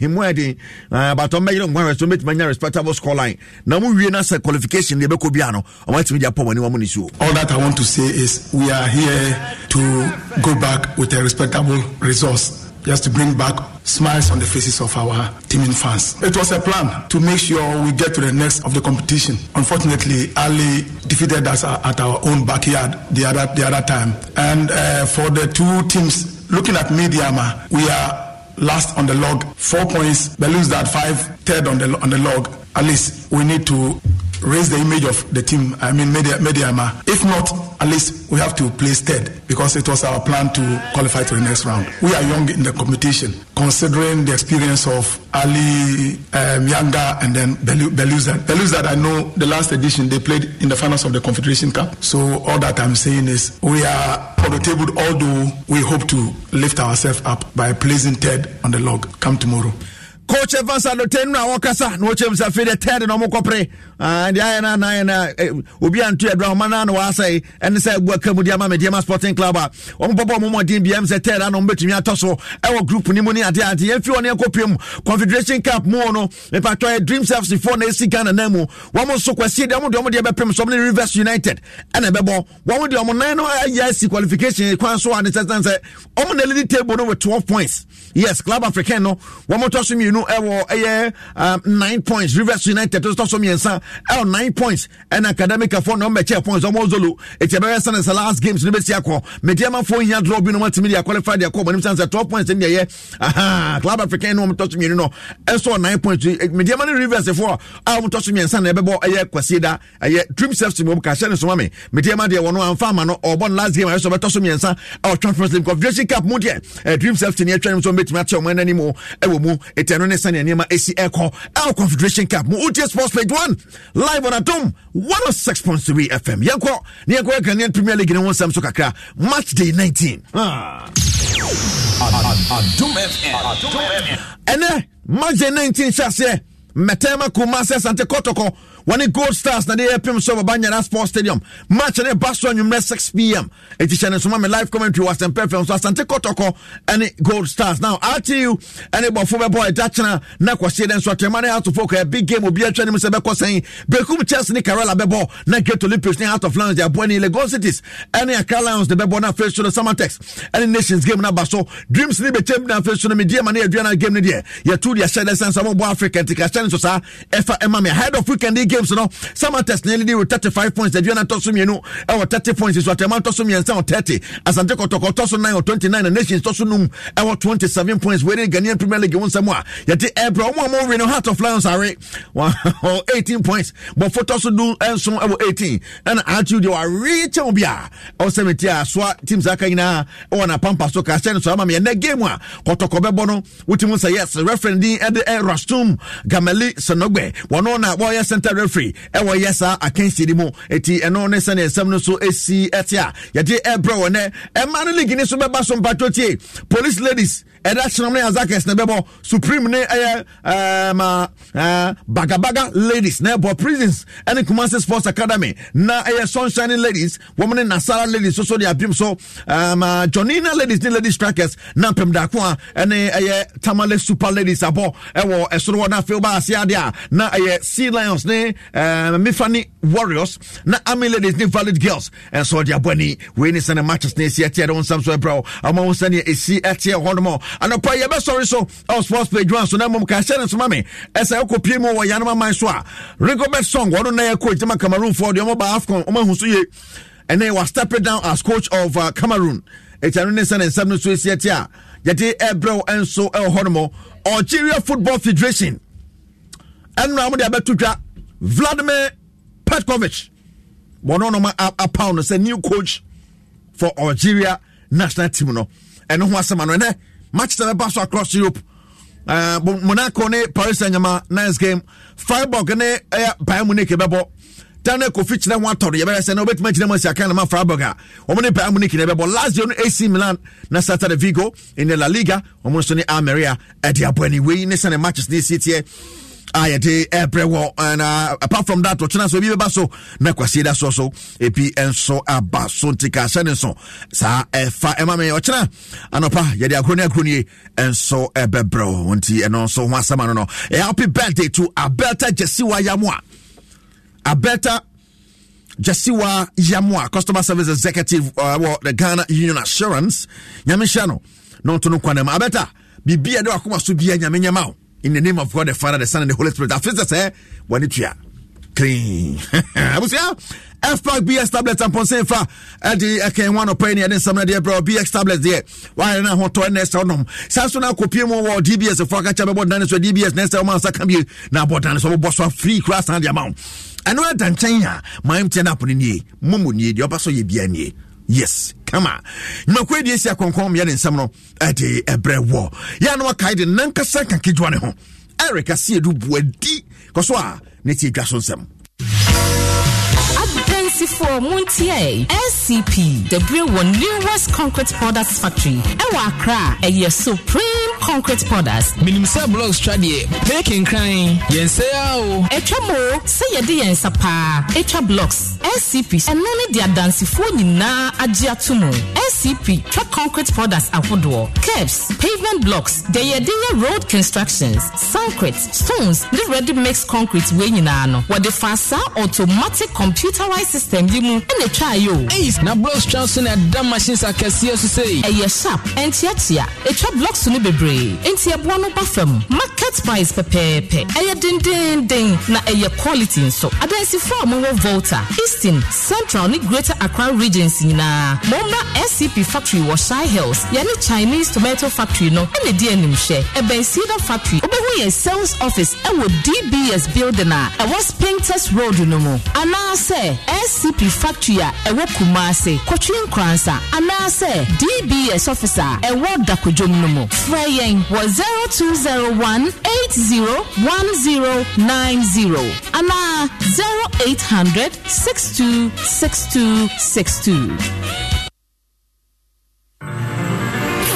himu ɛdi abatɔ mbɛyere nkwa rɛ so mbɛtumi anya respectable score line na mu wie na sɛ qualification de ɛbɛkɔ bi ano ɔmo ɛtumi di apɔ wɔn ni wɔn mu nisuo. all that i want to say is we are here to go back with a respectable resource just to bring back smiles on the faces of our teaming fans. It was a plan to make sure we get to the next of the competition. Unfortunately, Ali defeated us uh, at our own backyard the other the other time. And uh, for the two teams, looking at Mediama, we are last on the log, four points. Belize that five, third on the on the log at least we need to raise the image of the team, I mean, Media, Mediama. If not, at least we have to play third because it was our plan to qualify to the next round. We are young in the competition, considering the experience of Ali, um, Yanga, and then Beluzad. Beluzad, I know the last edition they played in the finals of the Confederation Cup. So all that I'm saying is we are on the table, although we hope to lift ourselves up by placing third on the log come tomorrow. coach Evans Adoten na wɔkasa na wɔkyerɛ mu sɛ afei deɛ tɛɛde na ɔmokɔpere ah, deɛ ayɛ no anayɛ no obi anto adura ɔma no na waasɛe ɛne sɛ abu aka mu de ama mediama sporting club a ɔmobɔbɔ ɔmɔmɔden biam sɛ tɛɛde ana ɔmbɛtumi atɔ so ɛwɔ group ni mu ne adeɛ ade yɛmfi ɔne ɛkɔpie mu confederation cup mu no mepatɔ ɛ dream fc4 na ɛsi ghana na mu wɔm nso kwasie deɛ ɔmode ɔmodeɛ bɛpem sɔm ne rivers united ɛna ɛbɛbɔ wɔm deɛ ɔmo nan no eh, ayɛ asi qualification kwan so ade sɛsɛn sɛ ɔmo na lidi table no with twelve points yes club african no wɔmotɔ so mmienu no ɛwɔ ɛyɛ nine points rivers united tó so mmiɛnsa ɛwɔ nine points ɛna academic fo na ɔmɛkyɛ points ɔmɔ zolo eti ɛbɛyɛ sɛ ne sɛ last games ne bɛ si akɔ mediama fo nya draw bi na wɔn atumi de akɔlifa de akɔ wɔn anim sɛ twelve points ɛni ɛyɛ aha club african no wɔn tɔ so mmienu no ɛsɔ nine points mediama ne rivers fo a wɔn tɔ so mmiɛnsa na ɛbɛbɔ ɛyɛ kwasi dream self to mu kahyɛ ne soma mi mediama deɛ wɔn anfa ama no ɔbɔ last game ayɛ sɛ ɔbɛtɔ so mmiɛnsa ɛwɔ champions transfer confederation cup mu deɛ dream self to ne ɛtwa ne mu sɛ ɔmɛtumi akyɛ wɔn anim ɛwɔ mu eti ɛno ne sɛnea nneɛma ɛsi ɛkɔ ɛwɔ confederation cup mu otie sports page one live on adom 106.3 fm yɛnkɔ ne yɛnkɔ yɛkanea premier league ne ho nsɛm so kakra match day 19 ɛnɛ match day 19 hyɛ aseɛ mɛtɛma koma sɛ wɔne gold stars na de yɛpem so baba nyana sport stadium match ne ba so anwummerɛ 6 pm ɛti hyɛ ne nsoma me live commentary wɔ asɛmpa fm so asante kɔtɔkɔ any gold stars now rtu ɛne bɔfo bɛbɔ ɛda kyena na kɔseɛ dɛ nso atɔma ne atofo kɔ big game obi atwa ne mu sɛ bɛkɔ sɛn bekum chels ne carola bɛbɔ na great olympics ne heart of lions de aboa ne lagos cities ɛne accra lions de bɛbɔ na afei so no samatex ɛne nations game no aba so dreams ne bɛkyɛm na afei so no mediɛ ma ne yɛdua no game no deɛ yɛto deɛ hyɛ dɛ sɛn sɛ mobɔ africa ntika hyɛ so saa ɛfa ɛma me ahead of weekend games no samantes ne lidi with 35 points aduane atɔ so mmienu ɛwɔ 30 points so atɛma atɔ so mmiɛnsa wɔ 30 asante kɔtɔkɔ tɔ so 9 wɔ 29 na nations tɔ so num ɛwɔ 27 points wɛde ghanaian premier league wo nsɛm a yɛte ɛbrɛ ɔmo a ɔmo win no heart of lions oh, are 18 points bɔfo tɔ so du nson ɛwɔ 18 ɛna atu deɛ wɔare kyɛw bi a ɛwɔ 70 a soa teams aka nyinaa ɛwɔ na pampa so ka hyɛ no so ama me ɛnɛ game a kɔtɔkɔ bɛbɔ no wotumi sɛ yes referee din ɛde ɛrastum gamali senogbe wɔno na wɔyɛ center no afiri ɛwɔ yɛ saa akansie no mu ɛti ɛno ne sɛne ɛsɛm no so ɛsi ɛte a yɛde ɛbrɛ wɔ nɛ ɛma no league ne so bɛba so mpatɔ police ladies ɛda kyenom ne azakes na ɛbɛbɔ supreme ne ɛyɛ ma bagabaga ladies na ɛbɔ prisons ɛne kumase sports academy na ɛyɛ sunshine ladies wɔm ne nasara ladies soso de abim so ma johnina ladies ne ladies strikers na mpem daako a ɛne ɛyɛ tamale super ladies abɔ ɛwɔ ɛsoro hɔ na afei wɔba ase adeɛ a na ɛyɛ sea lions ne mifani warriors na army ladies ne valid girls ɛnso ɔde abɔ ani wei ne sɛne matches ne ɛsi ɛteɛ de wo nsam so ɛbrɛ wo ama wo sɛneɛ ɛsi ɛteɛ hɔ nom anɔpa yɛbɛsɔre so ɛwɔ sports page one so na mmom kahyɛ ne nsoma me ɛsɛ ɛkɔpie mu wɔ yanoma man so a rigobert song ɔno na yɛ coach gyama cameroonfoɔ deɛ ɔmɔ ba afcon ɔmahu so yie ɛnɛ wa step down as coach of uh, cameroon ɛkyɛno ne sɛ ne nsɛm no so ɛsi ɛte a yɛde ɛbrɛw ɛnso ɛwɔ hɔ nomɔ algeria football federation ɛnora mo de abɛto dwa vladimir petkovic wɔno nɔma apaw no sɛ new coach for algeria national team no ɛno ho asɛm ano ɛnɛ matches na ɛba so across europe uh, monaco ne paris saint-germain nice game freiburg ne ɛyɛ eh, bayern munich bɛbɔ dane kofi kyerɛ ho atɔre yɛbɛyɛ sɛ na wobɛtumi agyina mu asiakan na ma freiburg a wɔm ne bayern munich na ɛbɛbɔ last year no ac milan na celta de vigo in the la liga wɔm nso ne almeria ɛde eh, abɔ ani wei ne sɛne matches ne ɛsi teɛ a yɛde ɛprɛ wɔ na apart from that ɔkyena so ebi bɛba so na kwasie da soɔ so ebi nso aba so nti ka ahyɛ ne nso saa ɛfa ɛma me ɔkyena anɔpa yɛde agorɔ ne agorɔ nie nso ɛbɛbrɛ wɔ nti ɛno nso ho asɛm ano no happy birthday to abelta jesiwa yamoa abelta jesiwa yamoa customer service executive uh, wɔ the ghana union assurance nyame hyɛ no na ɔnto kwan mu abelta biribi a ɛde wakoma so bia nyame nyɛma wo in the name of God the Father, the Son, and the Holy Spirit. Afisa say, when it ya clean. Abusia, F pack BX tablets and ponsen fa. Adi eke one open here then some of the bro BX tablets there. Why na ho to next on them. Samsung akopie mu wo DBS for ka chabe bo dan so DBS next o man saka bi na bo dan so bo so free class and the amount. I adanchen ya, my mtena apo ni nie. Mumu nie, the opa ye bia nie. Yes. kama nnwumakuo adi asi akɔnkɔn mmeɛ ne nsɛm no ɛde ɛbrɛ wɔ yɛa na wakae de nankasa nkakedwa ne ho eric asiedu buadi kɔ so a ne ti adwa so nsɛm Sifo Muntie SCP, the Brew One Numerous Concrete Products Factory, Ewa Accra, a year supreme concrete powders. minim sɛ blocks twa deɛ pee kenkran yɛn nsa yɛ o. atwa mo say yɛde yɛn nsa paa atwa blocks SCP. ɛno ne de adansifoɔ phone agye ato mu ncp twa concrete powders ahodoɔ curbs pavement blocks deɛ yɛde yɛ road constructions concrete stones ne ready mix concrete wei nyinaa ano. What the saa automatic computerized system yimu? mu ɛna atwa ayɛ o. na blocks twa so na ɛda machines akɛseɛ say. sɛ. ɛyɛ sharp ɛnkyeakyea atwa blocks no bebree bebree enti ɛboɔ no ba fam market price pɛpɛɛpɛ ɛyɛ dendenden na ɛyɛ quality nso adansifo a mowɔ volta eastern central ne greater accra regions nyinaa mommra scp factory wɔ shy hills yɛne chinese tomato factory no ɛna di animhwɛ ɛbɛn cedar factory wobɛhu yɛ sales office ɛwɔ dbs building a ɛwɔ spintes road no mu anaasɛ scp factory a ɛwɔ kumase kɔtwe nkransa anaasɛ dbs office a ɛwɔ dakodwom no mu frɛ yɛ Was wɔ 0201 801090 anaa 0800 626262.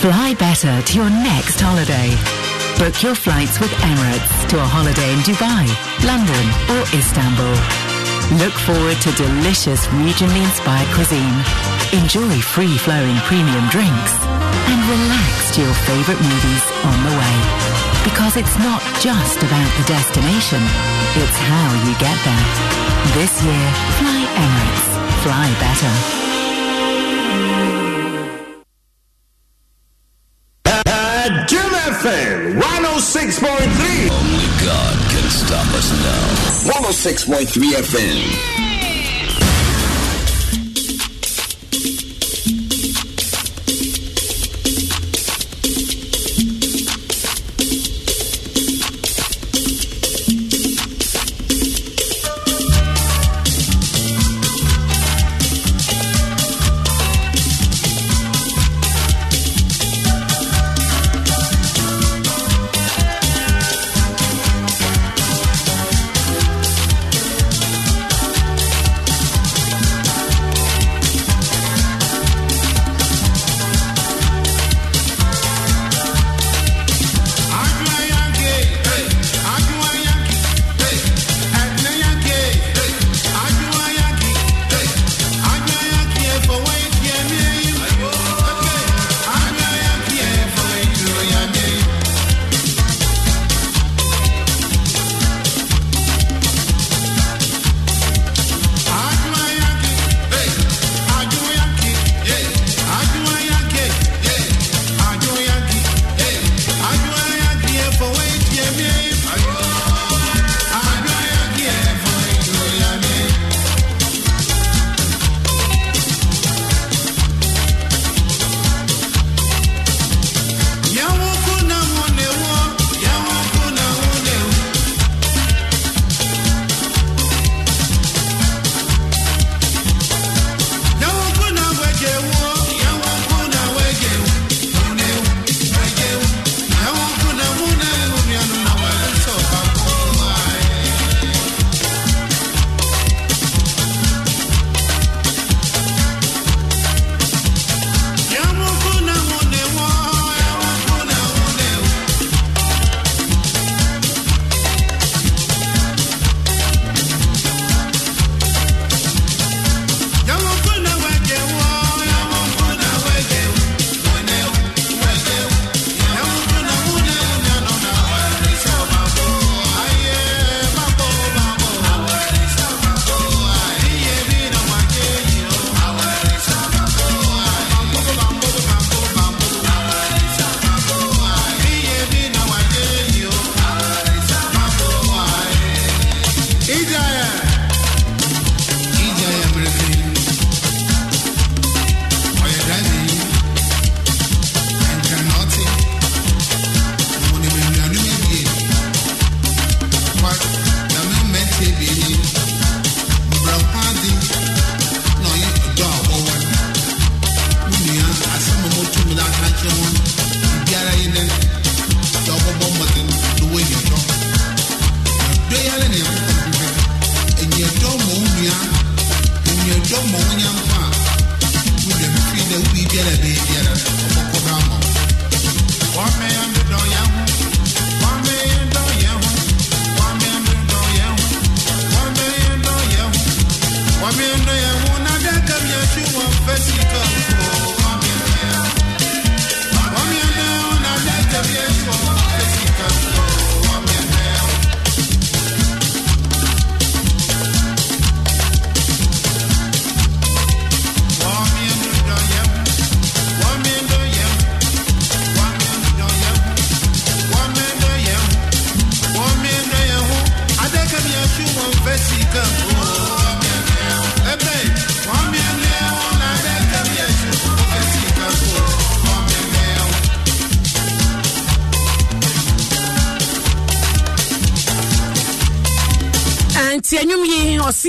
Fly better to your next holiday. Book your flights with Emirates to a holiday in Dubai, London, or Istanbul. Look forward to delicious regionally inspired cuisine. Enjoy free-flowing premium drinks and relax to your favorite movies on the way. Because it's not just about the destination, it's how you get there. This year, fly Emirates. Fly better. Jim 106.3. Only God stop us now. 106.3 FM.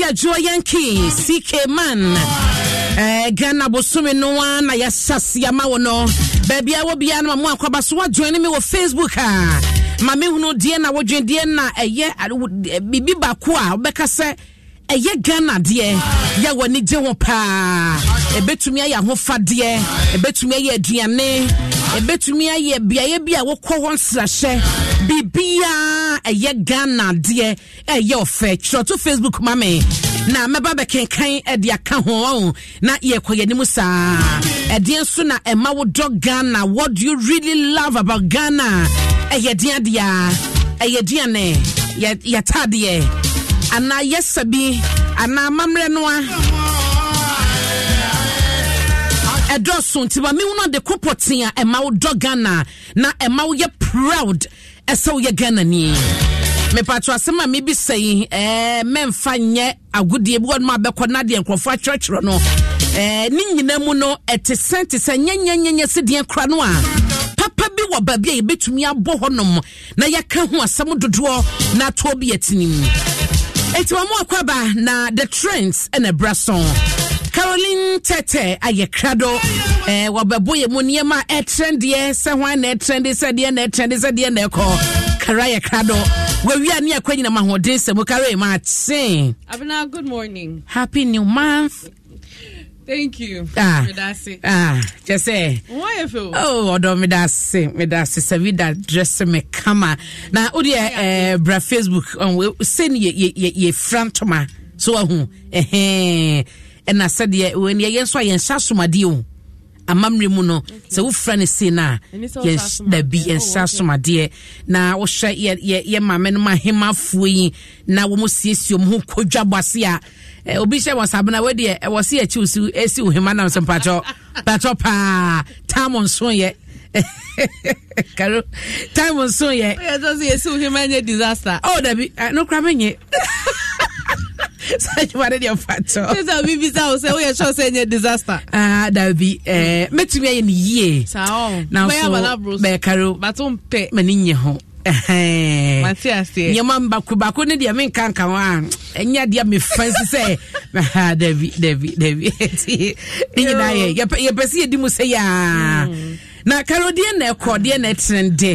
anadwo yankee ck man eh, ghana bosome no a na yɛhyɛ ma wo no baabia wɔ biara no ma mo akwaba so woajoin me wɔ facebook a ma mehunu deɛ na wodwen deɛ na ɛyɛ eh, biribi baako a wobɛka sɛ ɛyɛ ghana deɛ yɛwɔ ani gye ho paa ɛbɛtumi ayɛ ahofadeɛ ɛbɛtumi ayɛ aduane ɛbɛtumi ayɛ beaeɛ bi a wokɔ hɔ nsrahyɛ biribiaa ɛyɛ ghana deɛ ɛyɛ ɔfɛ twerɛ to facebook ma me na mɛba bɛkenkan ɛde eh, aka ho oh. na yɛkɔ yɛn anim saa ɛdeɛ eh, nso na ɛma eh, wo dɔ ghana what do you really love about ghana ɛyɛ deadeɛ ɛyɛ deane yɛtadeɛ anaa yɛsɛ bi anaa mammerɛ no a ɛdɔɔso nti ba mehu no de kopɔten a ɛma wo dɔ ghana na ɛma woyɛ proud ɛsɛ woyɛ ghanani mepatro asɛm a mebi sɛi eh, memfa nyɛ agodie bi wɔnom abɛkɔ no adeɛ nkurɔfoɔ akyerɛkyerɛ no eh, ne nyina mu no ɛte sɛ nte sɛ nyɛnyɛnyɛnyɛ sedeɛ kora no a papa bi wɔ baabi a yɛbɛtumi abɔ hɔnom na yɛka ho asɛm dodoɔ na atoɔ bi atini mu ma mo akwaba na the trends ɛna ɛbrɛ sɔn caroline tɛtɛ ayɛ krado eh, wɔbɛbo yɛ mu nneɛma ɛtrɛndeɛ sɛ hwan na ɛtrɛnde sɛdeɛ na ɛtrɛnde sɛdeɛ na ɛkɔ kara yɛ krado wɔwia ne akwa nyinam ahoɔden sɛ mokare maate abena good morning happy new month Thank you. Ah, medase. ah, just say. Why, Wonderful. Oh, odo medase, medase. Sabi that dress me kama. Now, udia eh, bra Facebook on send ye ye ye, ye front ma so ahu. Eh eh. And I said ye when ye yen so yen sasuma di o. amammerɛ mu no sɛ wofrɛ no sei no a dabi oh, yɛnhyɛ asomadeɛ na wohwɛ yɛ mame nom ahemafoɔ yi na wɔm siesie mu ho kɔdwa bɔse a obi hyɛ wɔsabe no wadeɛ ɛwɔ se yɛkyi wo so ɛsi wo hema nam sɛ mpatɔ patɔ paa tam nsoyɛ karo time nsoyɛ oh dabi nokora menye sɛadwumane deɛ fatɔsɛ bibisa wo sɛ woyɛ sure sɛ ɛnyɛ disaster dabi mɛtumi ayɛ no yie nasobɛɛkaro mane nyɛ ho nneɛma mbako ne deɛ menka nka ho a ɛnyɛ adeɛ mefa nsi sɛ ne nyinaa yɛpɛ sɛ yɛdi mu sɛ yɛa na karo deɛ na ɛkɔ deɛ na ɛtrende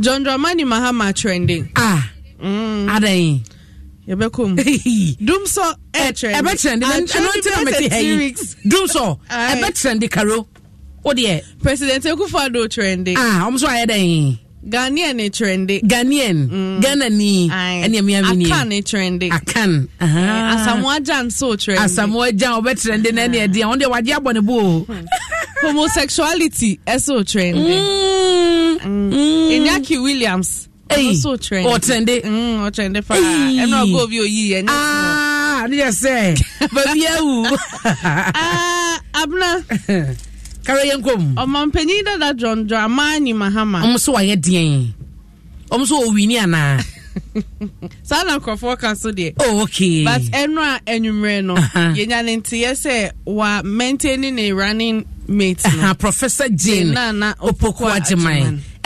john dramani mahama trending ah mm. adɛn yɛbɛkɔ mu dum sɔ ɛbɛtrɛnde ɛnɔntena mete ha yi dum sɔ ɛbɛtrɛnde karo wodeɛ eh. president akufo ado trɛnde ah ɔm so ayɛ dɛn Ghanian ni trendy. Ghanian, mm. Ghana ni. Ɛni ɛmi ami ni. Akan ni trendy. Akan. Uh -huh. Asamoah Jan so trendy. Asamoah Jan ɔbɛ trendy na ɛni ɛdi ah. yan. Ɔn de wadi abɔ ne bo. Homosexuality ɛso trendy. Mm. Mm. mm. Inyaki Williams. ɔtɛnde ɔtɛnde paa ɛna ɔgɔ obi oyi yɛ nyɛ ne yɛ sɛ baabi awu Karịa kare yɛ nkɔm ɔmampanyin dada dwɔndwɔ amaa ni mahama ɔmo so wayɛ deɛn ɔmo so ɔwini anaa saa na nkurɔfoɔ ka so deɛ oh, okay. but ɛno a anwummerɛ no yɛnya ne sɛ wa maintaining ne running mate no uh-huh, professor jane nana opoku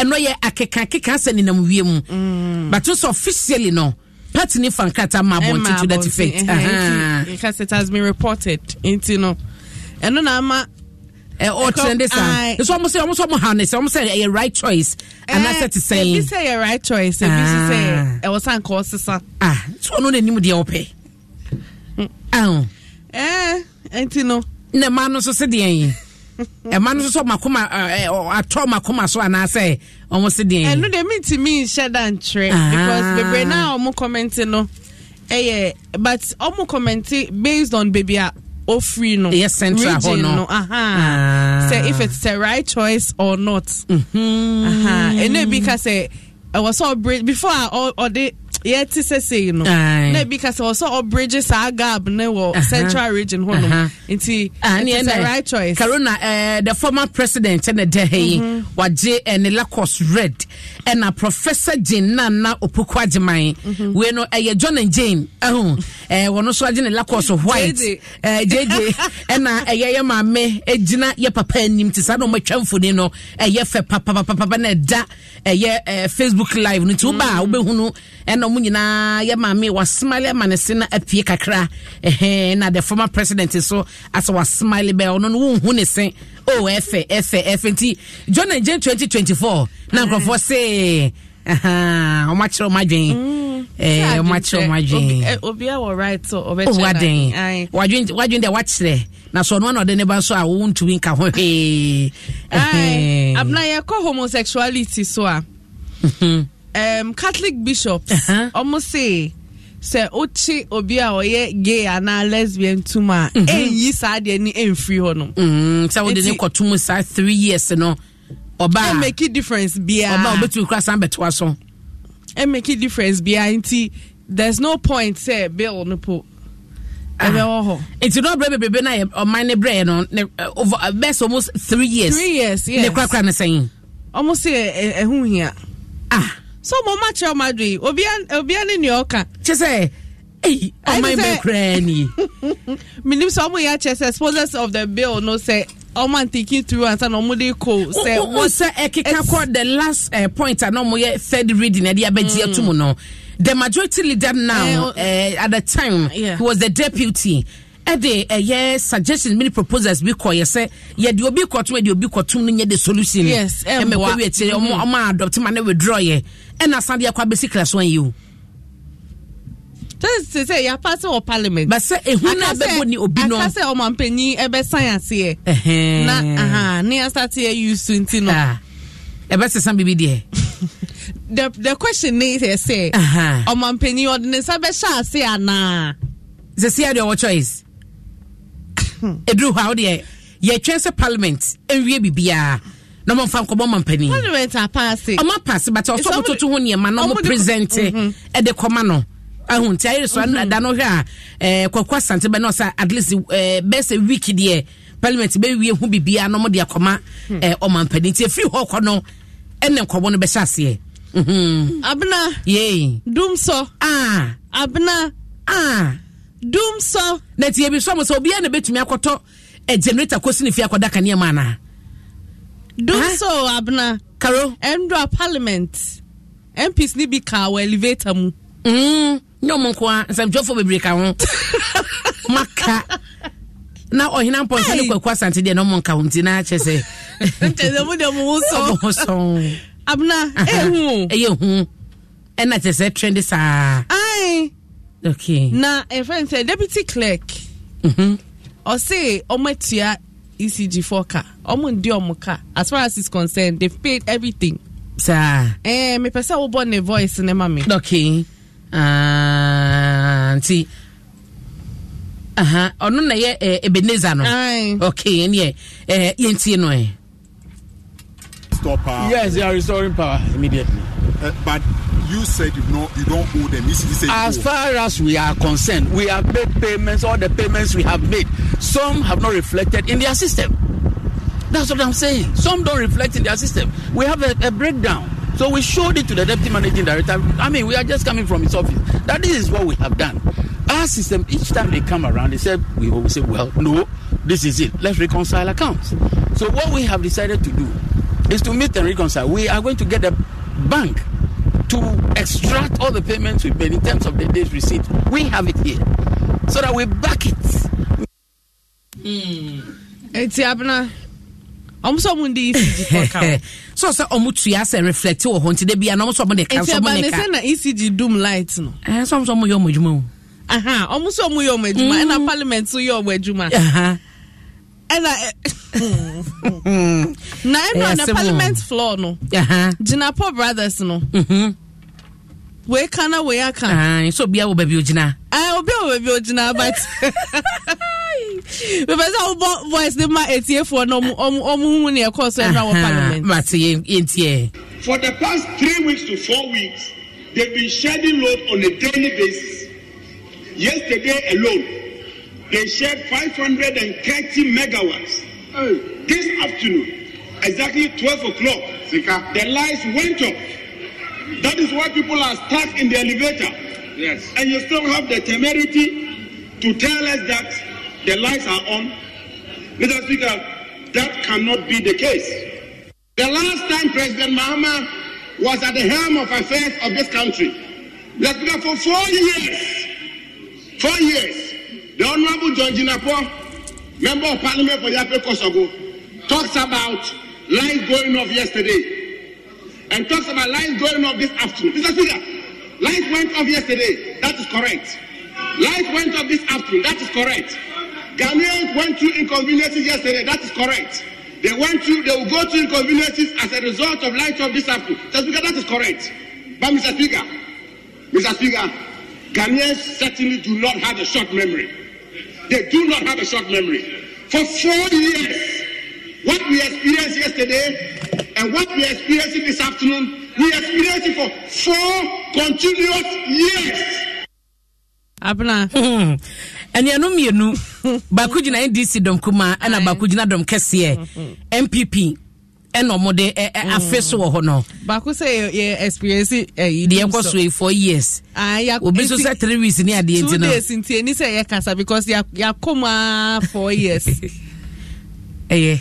ɛno yɛ akeka sɛ nenam wie mu mm. but nso officially no party ne fa nkrata ma abɔnten eh, to that effect because eh, eh, it has been reported nti no ɛno na ama ɔtrɛnde saa nso ɔmo sɛ ɔmo sɛ ɔmo ha ne sɛ ɔmo sɛ ɛyɛ right choice anaasɛ te sɛn ebi sɛ right choice ebi sɛ sɛ ɛwɔ sa nka ɔsesa ah so ɔno na anim deɛ ɔpɛ ɛn nti no na mmaa no nso sɛ deɛ ɛma no nso sɛ makoma atɔ makoma so anaasɛ ɔmo se deɛ ɛno deɛ mentumi nhyɛ and nkyerɛ ah. because bebree no a ɔmo kɔmmɛnte no ɛyɛ but ɔmo kɔmmɛnte based on baabi a ofiri no yes central hɔ no aha sɛ ah. if it's the right choice or not mhm. aha ɛno ebi ka sɛ ɛwɔ sɛ ɔbere before a ɔde yɛte sɛsei no na bi ka sɛ wɔ sɛ ɔbrege saa gab ne wɔ central region hɔnom nti ah, the right choice carona eh, the former president ɛna dɛ ha yi mhm. wagye ɛne Lakos red ɛna professor jane nana opoku agyeman mhm. wei no ɛyɛ eh, john and jane ɛho wɔno nso agye ne Lakos white jj ɛna ɛyɛ yɛ maame gyina yɛ papa anim te saa na ɔmatwa mfoni no ɛyɛ fɛ papapapapa na ɛda ɛyɛ facebook live ni nti woba mhm. a wobɛhunu ɛna eh, ɔmo nyinaa yɛ maame wasmile ama ne se no apue kakra ɛhɛn na the former president so asɛ wasmile bɛɛ ɔno no wonhu ne se o oh, ɛfɛ ɛfɛ ɛfɛ nti john and jane twenty twenty four na nkurɔfoɔ se ɔmo akyerɛ ɔmo adwen ɛɛ ɔmo akyerɛ ɔmo adwen obi a wɔ so ɔbɛkyerɛ oh, na wadwen wadwen wadwen deɛ wakyerɛ na sọ ọ̀nà ọ̀dẹ́ni bá sọ àwọn homosexuality so a. Mhm um, catholic bishops ọmọ sè sẹ o kye obi a ɔyɛ gay anaa lesbian tum a ɛnyi saa deɛ ni ɛnfiri hɔ nom. sɛ wɔde ne kɔtum saa three years no ɔbaa ɛmɛki difference biara ɔbaa obetumi kura san bɛtoa so. ɛmɛki difference biara nti there's no point sɛ bill no po ɛbɛ wɔ hɔ. nti n'o bɛrɛ bebrebe na yɛ ɔman ne brɛ yɛ no over bɛs almost three years. three years yes ne kurakura ne sɛn. ɔmo sɛ ɛhun hia. ah so mo ma kyerɛ ɔma do yi obia ne nea ɔka kye sɛ Hey, ọmọ ẹgbẹ kura ni. minim sọ ọmọ yà kyẹ sẹ sponsors of the bill no sẹ ọmọ n thinking through ansa na ọmọ de ko. sẹ wọn sẹ ẹ kíkà kọ the last uh, point àná ọmọ yẹ third reading ẹ di abẹ́jì ẹ túmù náà the majority leader now uh, at the time yeah. he was the deputy ɛde ɛyɛ suggestions mini proposals bi kɔ yɛ sɛ yɛde obi kɔtum yɛde obi kɔtum no nyɛ de solution ɛmɛ kɔ wi akyire mm-hmm. ɔmo ɔmo adopt ma ne withdraw yɛ ɛna san deɛ kɔ abɛsi class one yi o. sɛ sɛ yapa sɛ wɔ parliament. bɛsɛ ehun na bɛbɔ ni obi nɔ. akasɛ ɔmɔ mpanyin ɛbɛ san aseɛ. na aha ne yasa yu yɛ yusu nti nɔ. ɛbɛ ah. sisan bibi deɛ. the the question ni yɛ sɛ. ɔmɔ mpanyin ɔde ne nsa bɛhyɛ ase anaa. sisi adeɛ ɔwɔ choice. eduru hɔ awo deɛ yɛtwɛn sɛ parliament nwie bibiara na ɔmfa nkɔbɔ ma mpanin ɔma paase bata ɔsɔ mototo ho nneɛma na ɔmo presente mm-hmm. ɛde kɔma no ahun ti ayere so mm-hmm. da no hwɛ a eh, kwaku asante bɛ na ɔsɛ at least eh, bɛɛ sɛ week deɛ parliament bɛ wie ho bibia na ɔmo de akɔma hmm. eh, ɔma mpanin ti efiri hɔ kɔ no ɛna nkɔbɔ no bɛhyɛ aseɛ. Mm-hmm. abena yee dum sɔ aa abena aa dum sɔ na tie bi sɔ mo sɛ obiara na betumi akɔtɔ generator kɔsi ne fie akɔda kanea mu anaa do huh? so abna. karo ndra parliament mps ni bi ka wɔ elevator mu. Mm, nyɛ ɔmo nko a nsɛmtwerɛfoɔ bebree ka ho maka na ɔhena mpɔnsa ne kwaku asante deɛ na ɔmo nka ho nti na akyɛ sɛ Abna. mu deɛ mo ho sɔn abena ɛhu ɛyɛ hu ɛna eh, eh, kyɛ sɛ trend saa ae okay na ɛfrɛ n sɛ deputy clerk ɔse ɔmo atua ECG for car. Omo ndi omo car. As far as it's concerned, they've paid everything. Sir. Eh, me pesa wo born a voice ne mami. Okay. Ah, uh, see. aha ɔno na yɛ eh, ebeneza no Aye. okay ɛneɛ eh, yɛntie no ɛ yes they are restoring power immediately uh, but you said you you don't owe them. You as far as we are concerned, we have made payments. All the payments we have made, some have not reflected in their system. That's what I'm saying. Some don't reflect in their system. We have a, a breakdown. So we showed it to the deputy managing director. I mean, we are just coming from his office. That this is what we have done. Our system, each time they come around, they said we always say, well, no, this is it. Let's reconcile accounts. So what we have decided to do is to meet and reconcile. We are going to get a bank to extract all the payments we made in terms of the day's receipt. We have it here. So that we back it. Hmm. It's happening. ɔmo sɛ ɔmo de ecg kɔ so sɛ ɔmo tua sɛ reflect wɔ hɔ nti de bia na ɔmo sɛ ɔmo de ka sɛ ɔmo ne ka na ecg dum light no ɛɛ eh, sɛ ɔmo sɛ ɔmo yɛ ɔmo adwuma o aha ɔmo sɛ ɔmo yɛ ɔmo adwuma ɛna parliament so yɛ ɔmo adwuma aha ɛna hmm, hmm. na ɛna na parliament floor no gyina paul brothers no mm-hmm. wei ka na wei aka sɛ obia wɔ baabi ogyina a wɔ baabi ogyina but bɛbɛ sɛ wobɔ voice ne ma ɛtiefoɔ no ɔmo hu ne ɛkɔɔ so ɛna wɔ parliament For the past three weeks to four weeks, they've been shedding load on a daily basis. Yesterday alone, They shared 530 megawatts. This afternoon, exactly 12 o'clock, the lights went off. That is why people are stuck in the elevator. Yes. And you still have the temerity to tell us that the lights are on. Mr. Speaker, that cannot be the case. The last time President Mahama was at the helm of affairs of this country, Mr. Speaker, for four years, four years, The Honourable John Jinapo, Member of Parliament for Yape Kosogo, talks about life going off yesterday and talks about life going off this afternoon. Mr. Speaker, life went off yesterday. That is correct. Life went off this afternoon. That is correct. Ghanaians went through inconveniences yesterday. That is correct. They went through, they will go through inconveniences as a result of light off this afternoon. Mr. Speaker, that is correct. But Mr. Speaker, Mr. Speaker, Ghanaians certainly do not have a short memory. They do not have a short memory. For four years, what we experienced yesterday and what we are experiencing this afternoon, we experienced it for four continuous years. abena anuanom mmienu baako gyina ndc dɔm kumaa ɛna baako gyina dɔm kɛseɛ MPP. ɛna ɔmo de mm. afe so wɔ hɔ no. baako sɛ yɛ experience ɛyi deɛ nkɔ so yi four years. Ah, obi nso sɛ three weeks ni adeɛ nti no. two days nti eni sɛ yɛ kasa because ya akɔ mu aa four years. ɛyɛ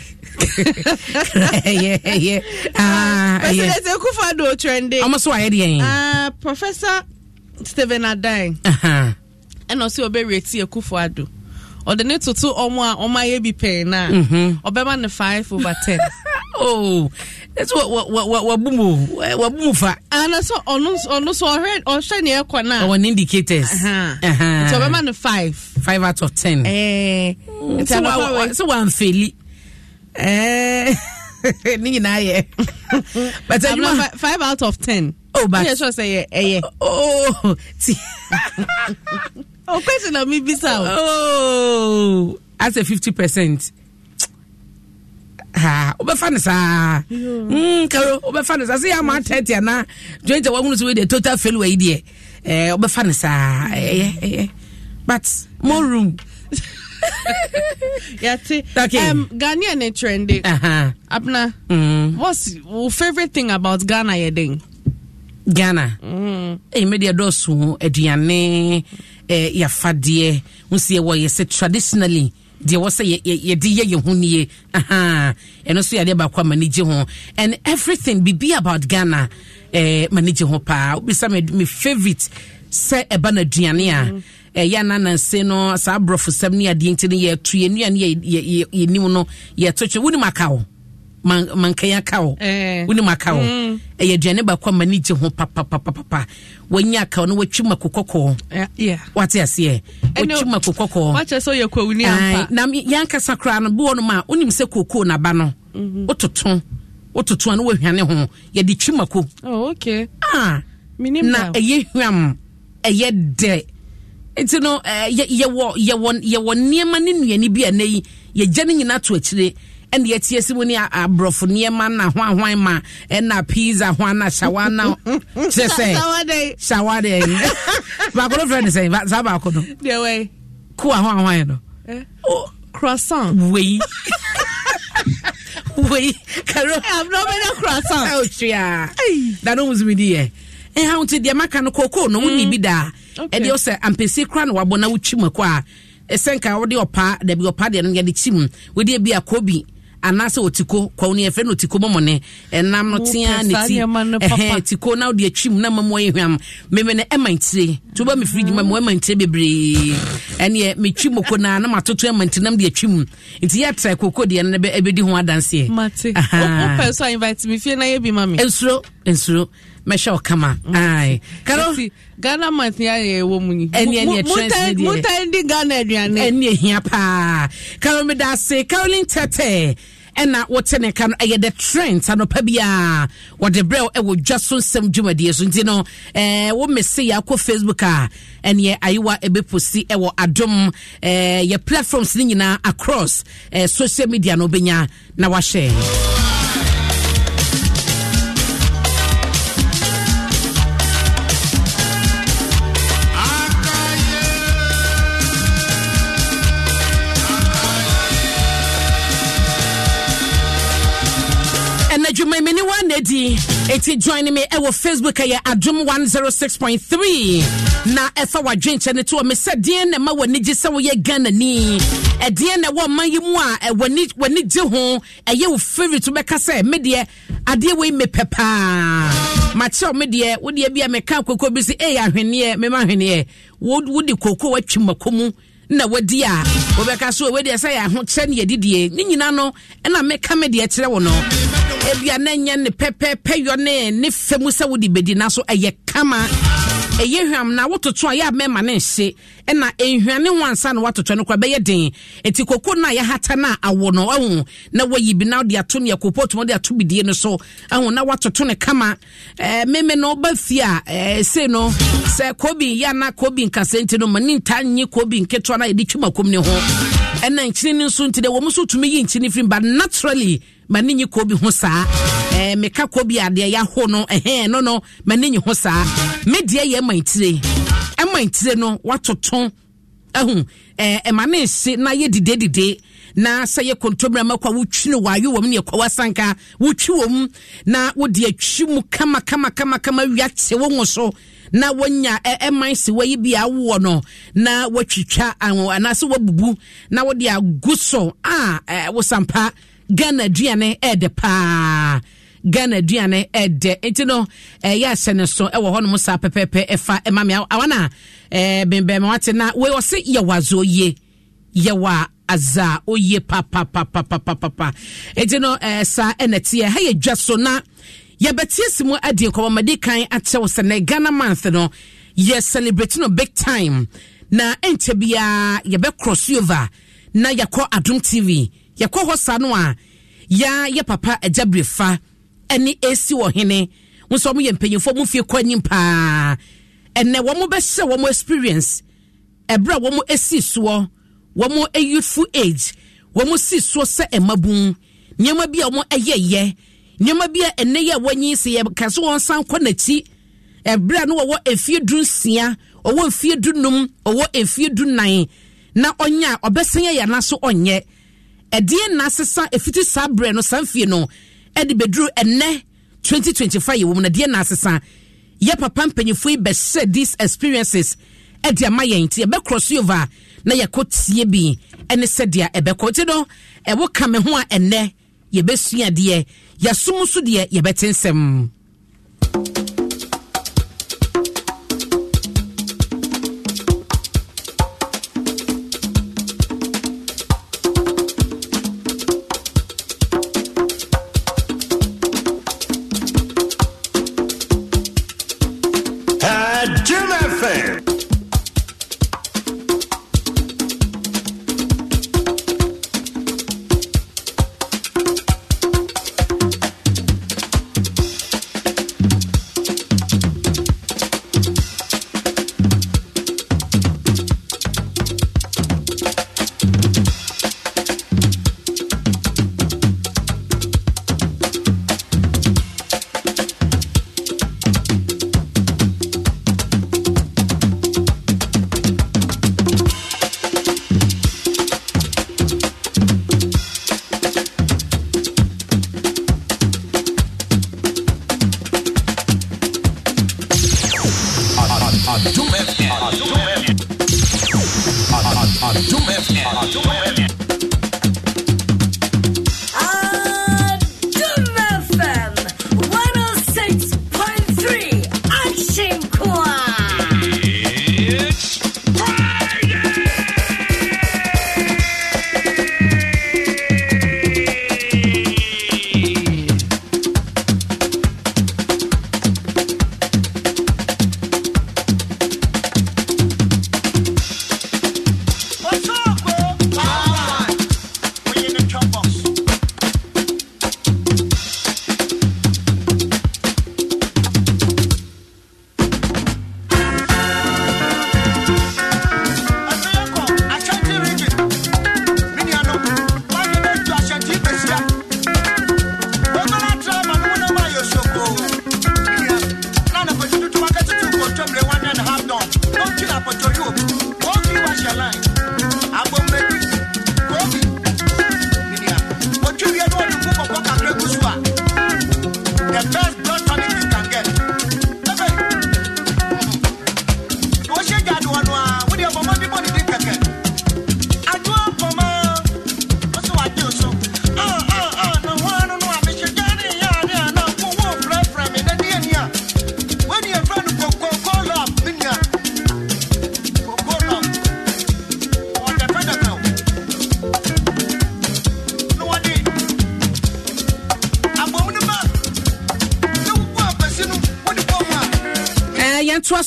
ɛyɛ ah, ah, ɛyɛ aa ɛyɛ. president ekufa do trending. ɔmo so ayɛ deɛ yɛn. professor stephen adan. ɛna ɔsi ɔbɛ reti ekufa ado ɔde ne toto ɔmo a ɔmo ayɛ bi pɛn na mhm. ɔbɛma ne five over ten. oh ɛsɛ wabu mu wabu mu fa. ana sɛ ɔno ɔno sɛ ɔhwɛ ɔhwɛ ni ɛkɔ na. ɔwɔ ni indicators. nti ɔbɛma no five. five out of ten. ɛɛ eh, nti mm, wa sɛ wa nfeli. ɛɛ eh, ne nyinaa yɛ. but ɛdwuma five out of ten. oh but ne yɛ sɔ sɛ yɛ ɛyɛ. oh ti. o oh, question na mi bisa o. oh as a fifty percent ha wobɛfa no saa mm, karo wobɛfa no saa sɛ yɛ ama atɛte ana dwenta wahunu sɛ wede total failure yi deɛ wobɛfa eh, no saa ɛyɛ eh, eh, but more room yàtí okay. um, ghanaian ni trendy uh -huh. abna mm. what's your favorite thing about ghana yɛ den. ghana mm. eyi mi deɛ dɔɔso aduane eh, yafadeɛ n si yɛ yɛ sɛ traditionally deɛ wɔ sɛ yɛde yɛ yɛ ho nie ɛno nso yɛde baako a ma gye ho and everything biribi about ghana eh, ma ne gye ho paa wobisa me favorite sɛ ɛba no aduane a ɛyɛ mm. eh, ananase no saa aborɔfo sɛm ne adeɛ nti no yɛtu yɛnnuane yɛnim no yɛto wonim aka wo mankaya kawo wo eh. wonim aka mm. ɛyɛ aduane baako ama ne gye ho papapapapa wanya aka wo na watwi ma kokɔkɔɔ eh, wate aseɛ watwi ma kokɔkɔɔ na koraa no boɔ no ma a wonim sɛ kokoo naba no mhm. wototo wototo a na woahwane ho yɛde twi mako oh, na ɛyɛ hwam ɛyɛ dɛ nti no eh, yɛwɔ nneɛma ne nnuane bi a yi yɛgya no nyinaa to akyire ɛna yɛtie si mu ne aborɔfo nneɛma na hwanhwan ma ɛna pizza ho ana shawa na kyerɛ sɛ shawa de ɛyi baako no fɛn ne sɛ saa baako no deɛ kuwa hwanhwan no oh croissant wei wei karo abnormal croissant ɛwotwea oh, da no musumi di yɛ ɛha nti deɛ maka no kookoo no mu ni bi daa ɛdeɛ sɛ ampesi kora na wabɔ na wotwi mu akɔ a ɛsɛ nka wode ɔpaa dabi ɔpaa deɛ no yɛde kyi mu wode bi a kobi anaasɛ otiko kwaw ne yɛfrɛ no otiko mɔmɔne ɛnam no tea ne ti ɛhɛ tiko na wode atwim na ma mmoa yɛhwam meme no ɛma ntire nti woba mefiri gyima mmoa ma ntire bebree ɛneɛ metwi moko naa na matoto ɛma ntire nam de atwim nti yɛtrɛ koko deɛ no ɛbɛdi ho adanseɛ nsuro nsuro mɛhyɛ ɔkama ae karo ghana mati ayɛ ɛwɔ mu yi mutan di ghana aduane ɛne ɛhia paa karo meda ase caroline tɛtɛ ɛna wote ne ka no ɛyɛ the trend anɔpa bi a wɔde berɛ ɛwɔ e dwa so nsɛm dwumadeɛ so nti no eh, womese yɛakɔ facebook a ɛneɛ ayewa ɛbɛposi e ɛwɔ e adom eh, yɛ platforms no nyinaa across eh, social media no wobɛnya na wahyɛ bɛdi ɛti join me ɛwɔ facebook ɛyɛ adom 106.3 na ɛfa wadwenkyɛ eh, no to wɔ me sɛ deɛn na ma w'ani gye sɛ woyɛ ghanani ɛdeɛn na ɛwɔ ɔman yi mu a w'ani gye ho ɛyɛ wo favorite wobɛka sɛ medeɛ adeɛ wei mepɛ paa makyɛw medeɛ wodeɛ bi a meka koko bi sɛ ɛyɛ ahweneɛ mema ahweneɛ wode koko watwi mako mu na wadi a wobɛka so wei deɛ sɛ yɛ ahokyɛ ne yɛdidie ne nyina no ɛna meka me deɛ kyerɛ wo no aduane nyɛ ne pɛpɛɛpɛ yɔ ne ne fɛ mu sɛ wode bɛdi na so ɛyɛ kama ɛyɛ hwam na wototo a yɛ a mɛma ne nhye ɛna nhwane ho ansa na watoto no kora bɛyɛ den ɛti koko no a yɛhata no a awo no ahu na wayi bi na wode ato ne akopɔ tuma wode ato bidie no so ahu na watoto ne kama meme no woba fie a sei no sɛ kobi yana kobi nkasa nti no ma ne ntaa nye kobi nketewa no a yɛde twima kom ne ho ɛna nkyene no nso nti dɛ wɔ nso tumi yi nkyene firi ba naturally ma ne nye kobi ho saa eh, meka kɔ bi adeɛ yɛaho no ɛhɛn no no m'ani nye ho saa me deɛ yɛ no watoto ɛho eh, ɛma ne na yɛ dide na sɛ yɛ kɔ a wayo wasanka wotwi na wode atwi mu kama kama kama kama na wanya ɛman si wɔyi bi no na watwitwa anaasɛ wabubu na wode agu a eh, wosampa ghana aduane ɛɛdɛ paa ghana aduane ɛdɛ nti no ɛyɛ ahyɛ ne so ɛwɔ hɔnom saa pɛpɛpɛ ɛfa ɛma me awana bɛmbɛma wate na wei ɔse yɛwɔ azo yie yɛwɔ a aza oye papapapapapa nti no saa ɛna teɛ ha yɛ dwa so na yɛbɛtie si mu adi nkɔmmɔmɔdi kan akyɛw sɛ na ghana month no yɛ celebrate no big time na ɛnkyɛ biara yɛbɛkorɔ so over na yɛkɔ adom tv yɛkɔ hɔ saa no a yɛa yɛ papa agya bere ne ɛsi wɔ hene mo nso ɔmo yɛ mpanyinfoɔ mo fie kɔ anim paa ɛnɛ wɔn bɛhyɛ wɔn experience ɛbrɛ wɔn esi soɔ wɔn youthful age wɔn si soɔ sɛ ɛmabun nneɛma bi a wɔn ɛyɛ yɛ nneɛma bi a ɛnɛ yɛ a wɔnyi si yɛ kase wɔn san kɔ n'akyi ɛbrɛ no wɔwɔ efie du nsia ɔwɔ efie du num ɔwɔ efie du nan na ɔnyɛ a ɔbɛsɛn yɛ yɛn aso ɔnyɛ ɛdeɛ na asesa efiti saa brɛ no saa fie no ɛde bɛduru ɛnɛ 2025 yɛwɔ mu no deɛ na asesa yɛ papa mpanyinfoɔ yi bɛhyɛ these experiences ɛde ama yɛn nti yɛbɛkorɔ so over na yɛkɔ tie bi ɛne sɛdeɛ ɛbɛkɔ nti no ɛwɔ ka me ho a ɛnɛ yɛbɛsua deɛ yɛasom so deɛ yɛbɛte nsɛm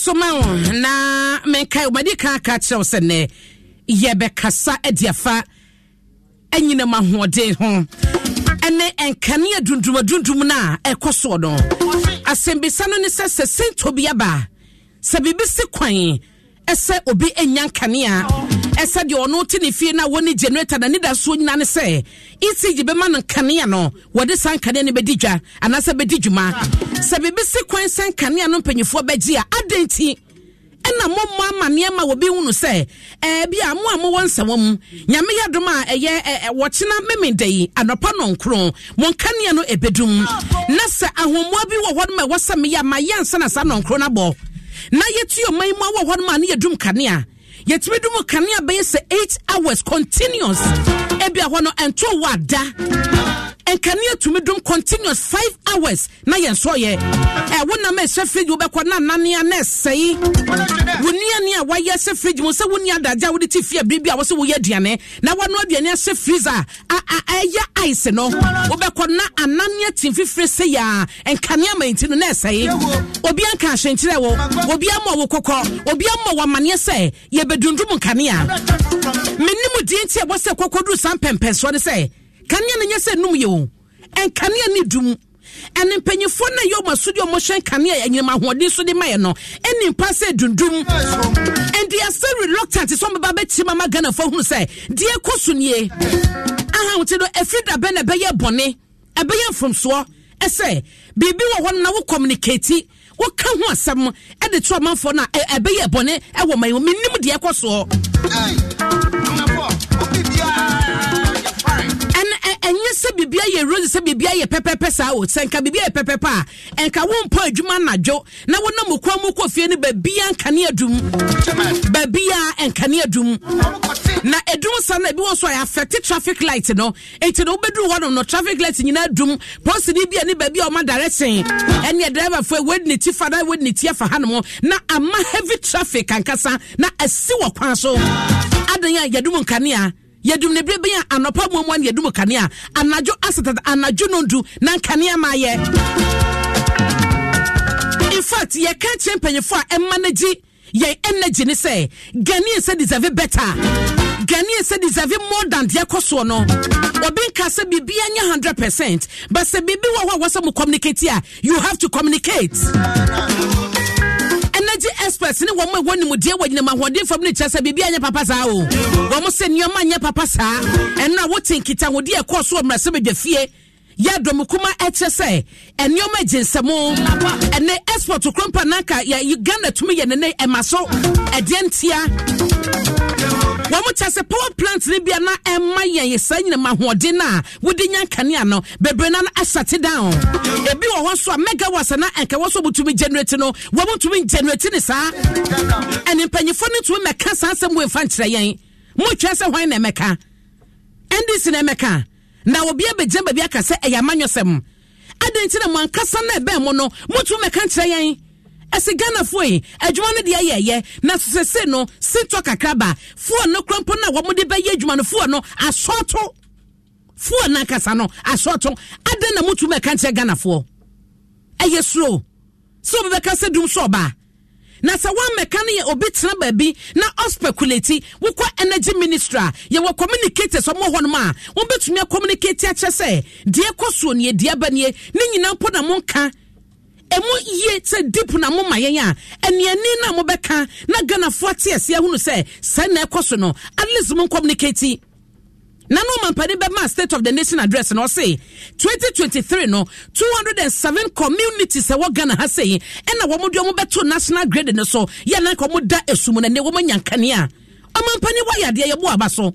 so ma wo na mekae womadi ka ka kyerɛ wo sɛ nnɛ yɛbɛkasa adi afa anyinam ahoɔden ho ɛne nkanea dundumadundum no a ɛkɔ soɔ no asɛmbisa no ne sɛ sɛ sento bi aba sɛ biribi si kwan ɛsɛ obi anya nkanea ɛsɛ deɛ ɔno te ne fie na a wɔne generator na nida soɔ nyina ne sɛ ecg bɛma no nkanea no wɔde saa nkanea no bɛdi dwa anaasɛ bɛdi dwuma sɛ biribi si kwan sɛ nkanea no mpanyifoɔ bɛgye a adɛn nti ɛna mɔmmɔ ama nneɛma wɔ bi hunu sɛ ɛɛbi a mo a mowɔ nsɛmɔ mu nyame yɛdom a ɛyɛ ɛɛ wɔkyena memeda yi anɔpa nɔnkoro mo nkanea no ɛbɛdum na sɛ ahommoa bi wɔ hɔ nom a ɛwɔ sɛ meyɛ a mayɛ ansa na saa nɔnkoro no abɔ na yɛtu ɔman mu awɔ hɔ nom a ne yɛdum kanea yɛtumi dum kanea bɛyɛ sɛ eight hours continuous ebi a hɔ no ɛnto wɔ ada nkanea tumi dum continuous five hours na yɛn nso yɛ ɛwo nam ɛhyɛ fridge wobɛkɔ na ananea na ɛsɛe wo nuane a wayɛ sɛ fridge mu sɛ wo ni adagya a wode te fie abiri a wɔsɛ woyɛ aduane na wano aduane ahyɛ freezer a ɛyɛ ice no wobɛkɔ na ananea tim fifiri sɛ yɛ a nkanea ma nti no na ɛsɛe obia nka ahyɛnkyerɛ wo obia ma wo kɔkɔ obia ma wo amanneɛ sɛ yɛbɛdundum nkanea menim din nti a wɔsɛ kɔkɔ duru saa mpɛmpɛnsoɔ ne sɛ kanea no nyɛ sɛ num yɛ o nkanea ne dum ɛne mpanyinfoɔ no yɛ ɔmo asodi ɔmo hyɛn kanea ɛnyinam ahoɔden so de mayɛ no ɛne mpa sɛ dundum and they are still reluctant sɛ ɔmo ba bɛkyi mama ghana fo hunu sɛ deɛ kɔ so nie ahanwote no efiri da bɛn na ɛbɛyɛ bɔne ɛbɛyɛ mfomsoɔ ɛsɛ biribi wɔ hɔ na wo communicate woka ho asɛm ɛde to ɔmanfoɔ no a ɛbɛyɛ bɔne ɛwɔ ma yi wɔ menim deɛ ɛkɔ soɔ. ɛnyɛ sɛ biribi ayɛ rose sɛ biribi ayɛ pɛpɛpɛ saa o sɛ nka biribi ayɛ pɛpɛpɛ a ɛnka wompɔ adwuma anadwo na wonam okua mu kɔ fie no baabia nkane adum baabia nkane adum na edum sa na ebi wɔ so a yɛafɛte traffic light no enti na wobɛduru hɔnom no traffic light nyinaa dum pɔsini bi a ne baabi a ɔma direction ɛne driverfoɔ wɔdi ne ti fa na wɔdi ne ti afa hanom na ama heavy traffic ankasa na asi wɔ kwan so adan a yɛdum nkanea yɛdum ne berɛ bɛn a anɔpa muamua no yɛdum kanea anadwo asetata anadwo nondu na nkanea ma yɛ infact yɛka kyerɛ mpanyimfoɔ a ɛma no gye yɛn energy ne sɛ ghanaian sɛ deserve better ghanaian sɛ deserve more than deɛ kɔ soɔ no obi nka sɛ biribiara nyɛ hundred percent but sɛ biribi wɔ hɔ a wɔsɛ mo communicate a you have to communicate security experts ne wɔn a mu nimdeɛ wɔ nyinam ahoɔden fam ne kyɛ sɛ biribi anyɛ papa saa o wɔn sɛ nneɛma anyɛ papa saa ɛno a wɔte nkitahodie ɛkɔɔ so wɔ mmerɛsɛbadwa fie yɛ dɔm kuma ɛkyɛ sɛ nneɛma gye nsɛm ɛne export kurompa nanka yɛ ghana tumi yɛ ne ne ɛma so ɛdeɛ ntia wɔn kyɛ sɛ power plant ne bia na ɛma yɛn saa nyinam ahoɔden a wɔde nya nkanea no bebree na no asate down ebi wɔ hɔ nso a megawatt na nkɛwɔ so wɔtumi generate no wɔn tumi generate ne saa ɛne mpanyinfoɔ ne tumi mɛka saa asɛm wɔ mfa nkyerɛ yɛn mo twɛ sɛ hwan na ɛmɛka ndc na ɛmɛka na obi abɛgyina baabi aka sɛ ɛyɛ amanyɔsɛm adan nti na mo ankasa na ɛbɛn mo no mo tumi mɛka nkyerɛ yɛn ɛsɛ ghanafoɔ yi adwuma no deɛ yɛyɛ na sese no setɔ kakraba foɔ no korampo no a wɔmde bɛyɛ adwuma no foɔ no asɔɔto foɔ no ankasa no asɔɔto adɛn na motum ɛka nkyerɛ ghanafoɔ ɛyɛ suro sɛ wobɛbɛka sɛ dum sɛ ɔbaa na sɛ woamɛka no yɛ obi tena baabi na ɔspeculati wokɔ energy minister a yɛwɔ communicators ɔmɔ hɔ nom a wobɛtumi acommunicate akyerɛ sɛ deɛ kɔ soɔ nie deɛ ba nie ne nyina mpo na monka ɛmu yie sɛ deep na mo ma yɛn a ɛnuani na mo bɛka na ghanafoɔ ate aseɛ hunu sɛ sɛ na ɛkɔ so no at least mo nkɔmunikati nanu mampanin bɛma state of the nation address na ɔse 2023 no 207 communities ɛwɔ ghana ha sɛ yi ɛna wɔn de wɔn bɛto national grade no so yɛn nan ka wɔn da esum na ne wɔn anya nkanea ɔmampanin wɔ yadeɛ yɛ bu aba so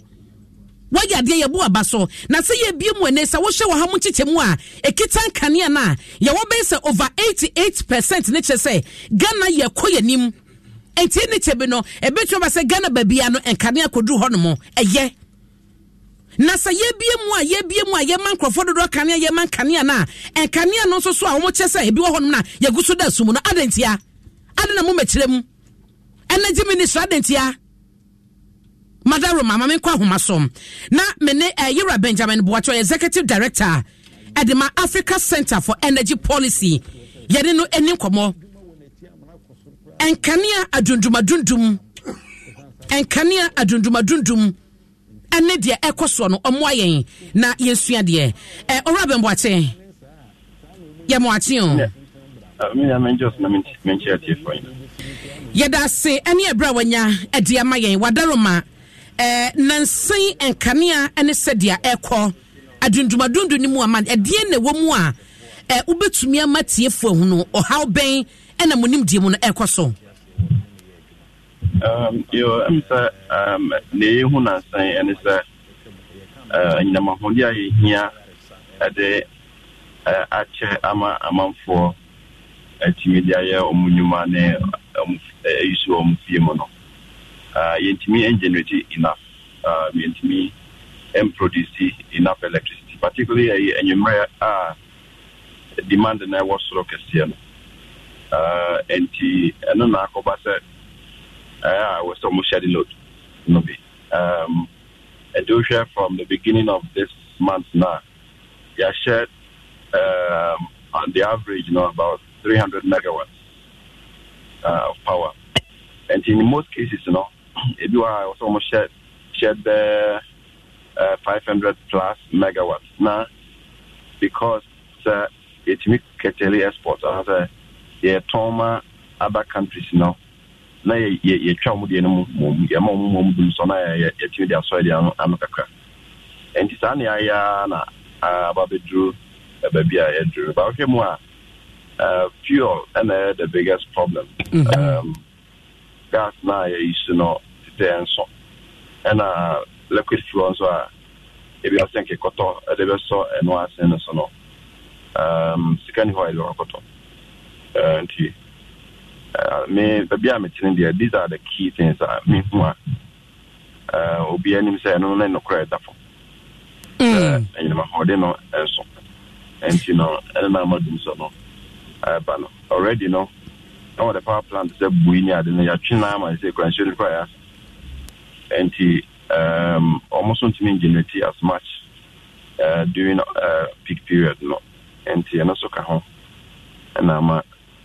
wayɛ adeɛ yɛbo aba so na sɛ yɛbie mu ɛnɛ sɛ wohyɛ wɔ ha mu kyekyɛ mu a ɛkita nkanea no a yɛwɔ bɛyɛ sɛ over 88 percent ne kyerɛ sɛ ghana yɛkɔ yɛnim ɛnti ne kyɛ bi no ɛbɛtumi ba sɛ ghana baabia no nkanea kɔduru hɔ nom ɛyɛ na sɛ yɛbie mu a yɛbie mu a yɛma nkurɔfoɔ dodoɔ kanea yɛma nkanea no a nkanea no nso so a wɔn kyɛ sɛ ebi wɔ hɔ nom na yɛgu so da sum no adantia adan na mo mɛkyerɛ mu energy minister adantia madaro mama menkɔ ahoma so na mene yewura benjamin boato executive director ɛde ma africa center for energy policy yɛne no ani nkɔmmɔ nkanea adundumadundum nkanea adundumadundum ɛne deɛ ɛkɔ soɔ no ɔmmoa yɛn na yɛnsua deɛ ɛ ɔwura bɛn boate yɛ moate o yɛda ase ɛne ɛberɛ a wanya ɛde ama yɛn wadaroma Eh, nansan nkanea ne sɛdeɛ ɛrekɔ adundumadu ne mu ama ɛdeɛ na ɛwɔ mu a eh, wobɛtumi ama tiefo ahu no ɔhaw bɛn ɛna mo nimdeɛ mu no ɛrekɔ so yɛwɔ m um, sɛ na um, ɛyɛhu nansan ɛne sɛ anyinam eh, ahoɔde a yɛhia ɛde akyɛ ama amanfoɔ atumi de ayɛ ɔmo nnwuma ne ɛyisu ɔmo fie mu no Uh, yɛntumi generate enough uh, yɛntumi produce enough electricity particularly ɛyɛ anwummerɛ a demand na ɛwɔ soro kɛseɛ no nti ɛno na akɔba sɛ ɛyɛ a ɔmo hyɛde load no bi ɛde wohwɛ from the beginning of this month na yɛahyɛ um, on the average you know, about 300 megawatts uh, of power and in most cases you know, ebi wɔ ha wɔsɛ wɔn hyɛ hyɛ bɛɛ uh, 500 plus megawatts na because sɛ yɛtumi kɛtɛle export anaasɛ yɛtɔn ma other countries no na yɛtwa wɔn deɛ no mu mɔmu yɛma wɔn mɔmu dum so na yɛtumi de asɔre deɛ ano ano kakra nti saa nea ayɛ na aba bɛduru baabi a yɛduru baahwɛ mu a fuel ɛna ɛyɛ the biggest problem. Um, gas na a yɛyi e e e no dɛ nso ɛna liquid fuel nso a ebi asɛ nkekɔtɔ ɛde bɛsɔ ɛno ase no so ehm, no sika ni hɔ a ɛde wakɔtɔ nti eh, me baabi a metene deɛ these are the key things a mehu a obi anim sɛ ɛno ne nokorɛ ɛda fam mm. eh, ɛnyinam ahoɔden no ɛnso ɛnti no ɛne na ama dum sɛ no ɛba no already no na oh, the power plant sɛ bui ne ade no yɛatwe na ama sɛ kwanhyɛ fire kora nti um, ɔmo nso ntumi ngeneti as much uh, during uh, peak period no nti ɛno nso ka ho ɛna ama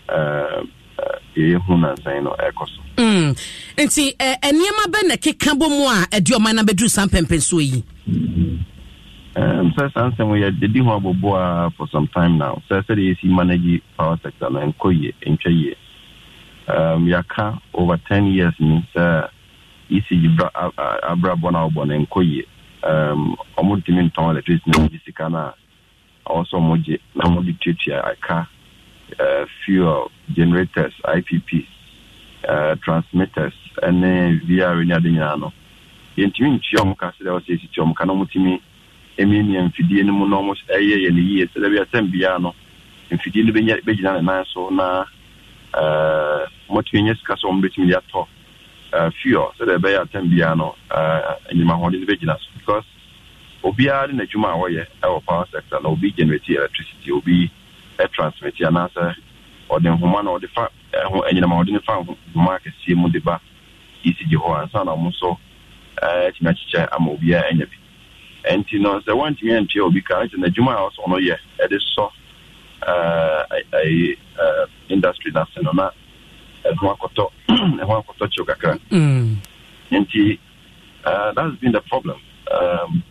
uh, yɛyɛhu nansan no ɛkɔ so nti nneɛma be na keka bɔ mu a ɛde ɔman no bɛduru saa mpɛmpɛnsoɔ yi sɛ saa nsɛm yɛdi ho abɔboa for some time now sɛ sɛde yɛsi manage power sector and ɛnkɔ yie ɛntwa yie um, yɛaka over ten years ni sɛ ecg abrabɔ no a wɔbɔ no nkɔ yie um, ɔmotumi ntɔn electricity no gye sika no a ɔwɔ sɛ ɔmogye na mode tuatua aka uh, fuel generators ipps uh, transmitters ne vr ne ade nyinaa no yɛntumi ntua ɔmo ka sɛ dɛ ɔsɛ ɛsitua ɔmo ka na ɔmotumi ɛmiamia mfidie no mu na ɔmo ɛyɛ yɛ no yie sɛ dɛ asɛm biara no mfidie no bɛgyina ne nan so na Eh, mɔtumi e nyɛ sika sɛ ɔmo bɛtumi de atɔ eh, fuel sɛdeɛ ɛbɛyɛ atɛm biara no eh, enyima ahoɔden no bɛgyina so because obiara de n'adwuma a wɔyɛ ɛwɔ power sector na obi generate electricity obi ɛtransmit anaasɛ ɔde nhoma na ɔde fa ɛho enyinam a ɔde ne fa nhoma akɛseɛ mu de ba esigi hɔ ansa na ɔmo nso ɛtumi akyekyɛ ama obiara anya bi ɛnti no sɛ wɔntumi antua obi ka ɛnti n'adwuma a ɔsɔ no yɛ ɛde sɔ Uh, ayi industry na se no na ɛho akɔtɔ ɛho akɔtɔ kyerɛ kakra mm. nti uh, that's been the problem um,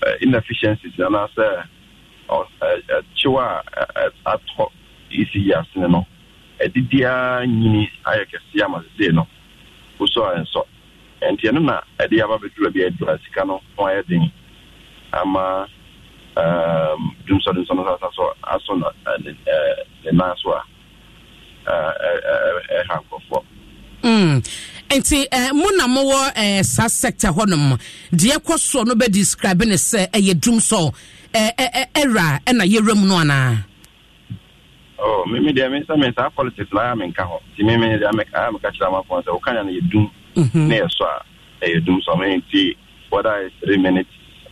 uh, inefficiencies anaasɛ kyewa a atɔ esi yi asene no ɛdidiaa nyini ayɛ kɛseɛ ama sesee no wosɔ ɛnsɔ nti ɛno na ɛde aba bɛdura bi adura sika no ho ayɛ den ama dum sɔde nsɔm sasa so aso no ne a ɛha nti na mowɔ eh, saa sector hɔnom deɛ kɔ soɔ no bɛ describe ne sɛ ɛyɛ dum sɔ eh, eh, ɛwura ɛna yɛwura mu no anaa oh mimi deɛ me me politics na ayɛ na a me mhm. whether minutes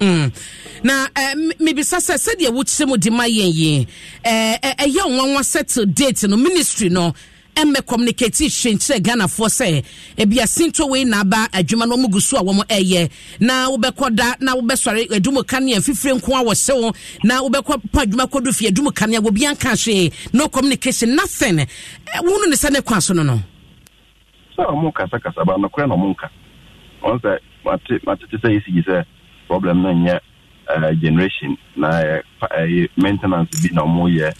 Mm. na eh, mebisa sɛ sɛdeɛ wokyerɛ mu de ma yɛn yi eh, eh, ɛyɛ nwanwa settle date no ministry no ɛmɛ communicate hyɛ nkyerɛ ghanafoɔ sɛ ebi asinto wei na aba adwuma na wɔn gu so a wɔn ɛyɛ na wobɛkɔ da na wobɛsɔre edumu kanea fifire nko a wɔhyɛ wo na wobɛkɔ pa adwuma kɔdu fie edumu kanea wɔ anka hwee no communication nothing wɔn ne nsa ne kwan so no no. sɛ ɔmo kasakasa ba nokorɛ na ọmụ nka ɔn sɛ mate mate te sɛ esi yi sɛ. problem na nyɛ uh, generation na ɛyɛ uh, maintenance bi na ɔmo yɛ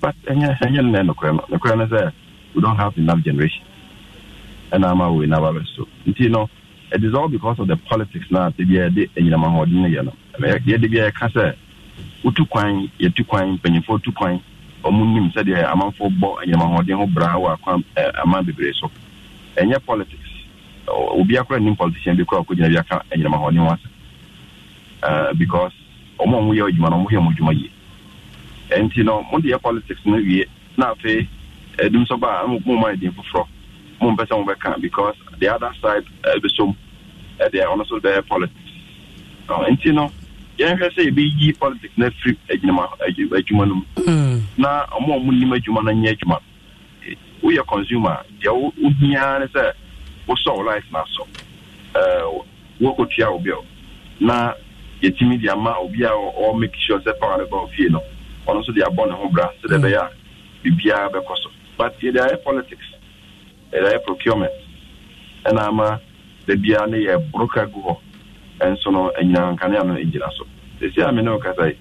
but ɛnyɛ ɛnyɛ no na nokorɛ no nokorɛ no sɛ we don't have enough generation ɛna ama na babɛ so nti no it is all because of the politics na ate bi a yɛde anyinam ahoɔden no yɛ no yɛde bi a yɛka sɛ wotu kwan yɛtu kwan mpanyinfoɔ tu kwan ɔmo nim sɛdeɛ bɔ ahoɔden ho bra wɔ eh, so ɛnyɛ politics obi akora nim politician bi uh, because ɔmo a ɔmo yɛ adwuma no ɔmo yɛ ɔmo adwuma yie nti no mo de yɛ politics no wie na afei ɛdum sɔ ba mo mo ma yɛ den foforɔ mo mpɛ sɛ mo bɛka because the other side ɛbi uh, eh, som ɛde eh, ɔno so bɛyɛ politics uh, nti no yɛnhwɛ sɛ ebi yi politics na firi adwuma adwuma no mu hmm. na ɔmo a ɔmo nim adwuma no nyɛ adwuma woyɛ consumer deɛ wohia ne sɛ wosɔ wo life na asɔ wɔkɔtua wo bio na yɛtumi de ama obi a ɔ make sure sɛ power no ba ofie no ɔno nso de abɔ ne ho bra sɛdeɛ ɛbɛyɛ a biribiara bɛkɔ so but yɛde ayɛ politics yɛde ayɛ procurement ɛna ama da biara ne yɛ broka gu hɔ ɛnso no anyina nkanea no ɛgyina so ɛsi a me ne wokasa yi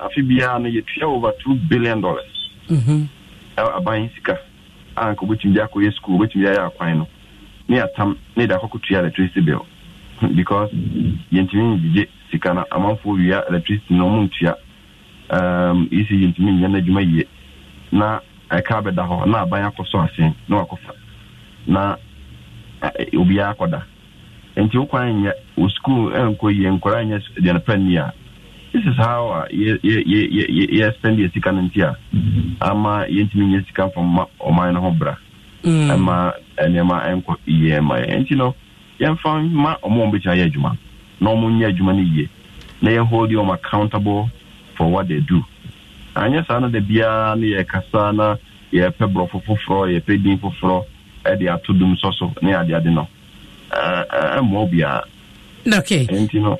afe biara no yɛtua over two billion dollars mm aban sika a nka wobɛtumi de akɔyɛ school wobɛtumi de ayɛ akwan no ne yɛtam ne yɛde akɔkɔtua electricity bill because yɛntumi ngyegye sika no amanfoɔ wia electricity no ɔmo ntua um, isi yɛntumi nyɛ n'adwuma yie na ɛka bɛda hɔ na aban akɔsɔ ase na wakɔfa na obiara akɔda nti wo kwan nyɛ wo sukuu nkɔ yie nkɔla nyɛ deɛ pɛ ni a this is how a uh, yɛ spend yɛ sika no nti a ama yɛntumi nyɛ sika mfa ma ɔman no ho bra ɛma nneɛma nkɔ yie ma yɛ nti no. yɛmfa ma ɔmo ɔmo ayɛ adwuma na ɔmo nyɛ adwuma no yie na yɛ hold ɔmo accountable for what they do anyɛ saa na da biara na yɛkasa na yɛpɛ borɔfo foforɔ yɛpɛ din foforɔ ɛde ato dum sɔ ne ade ade no ɛmmoa obiara ɛnti no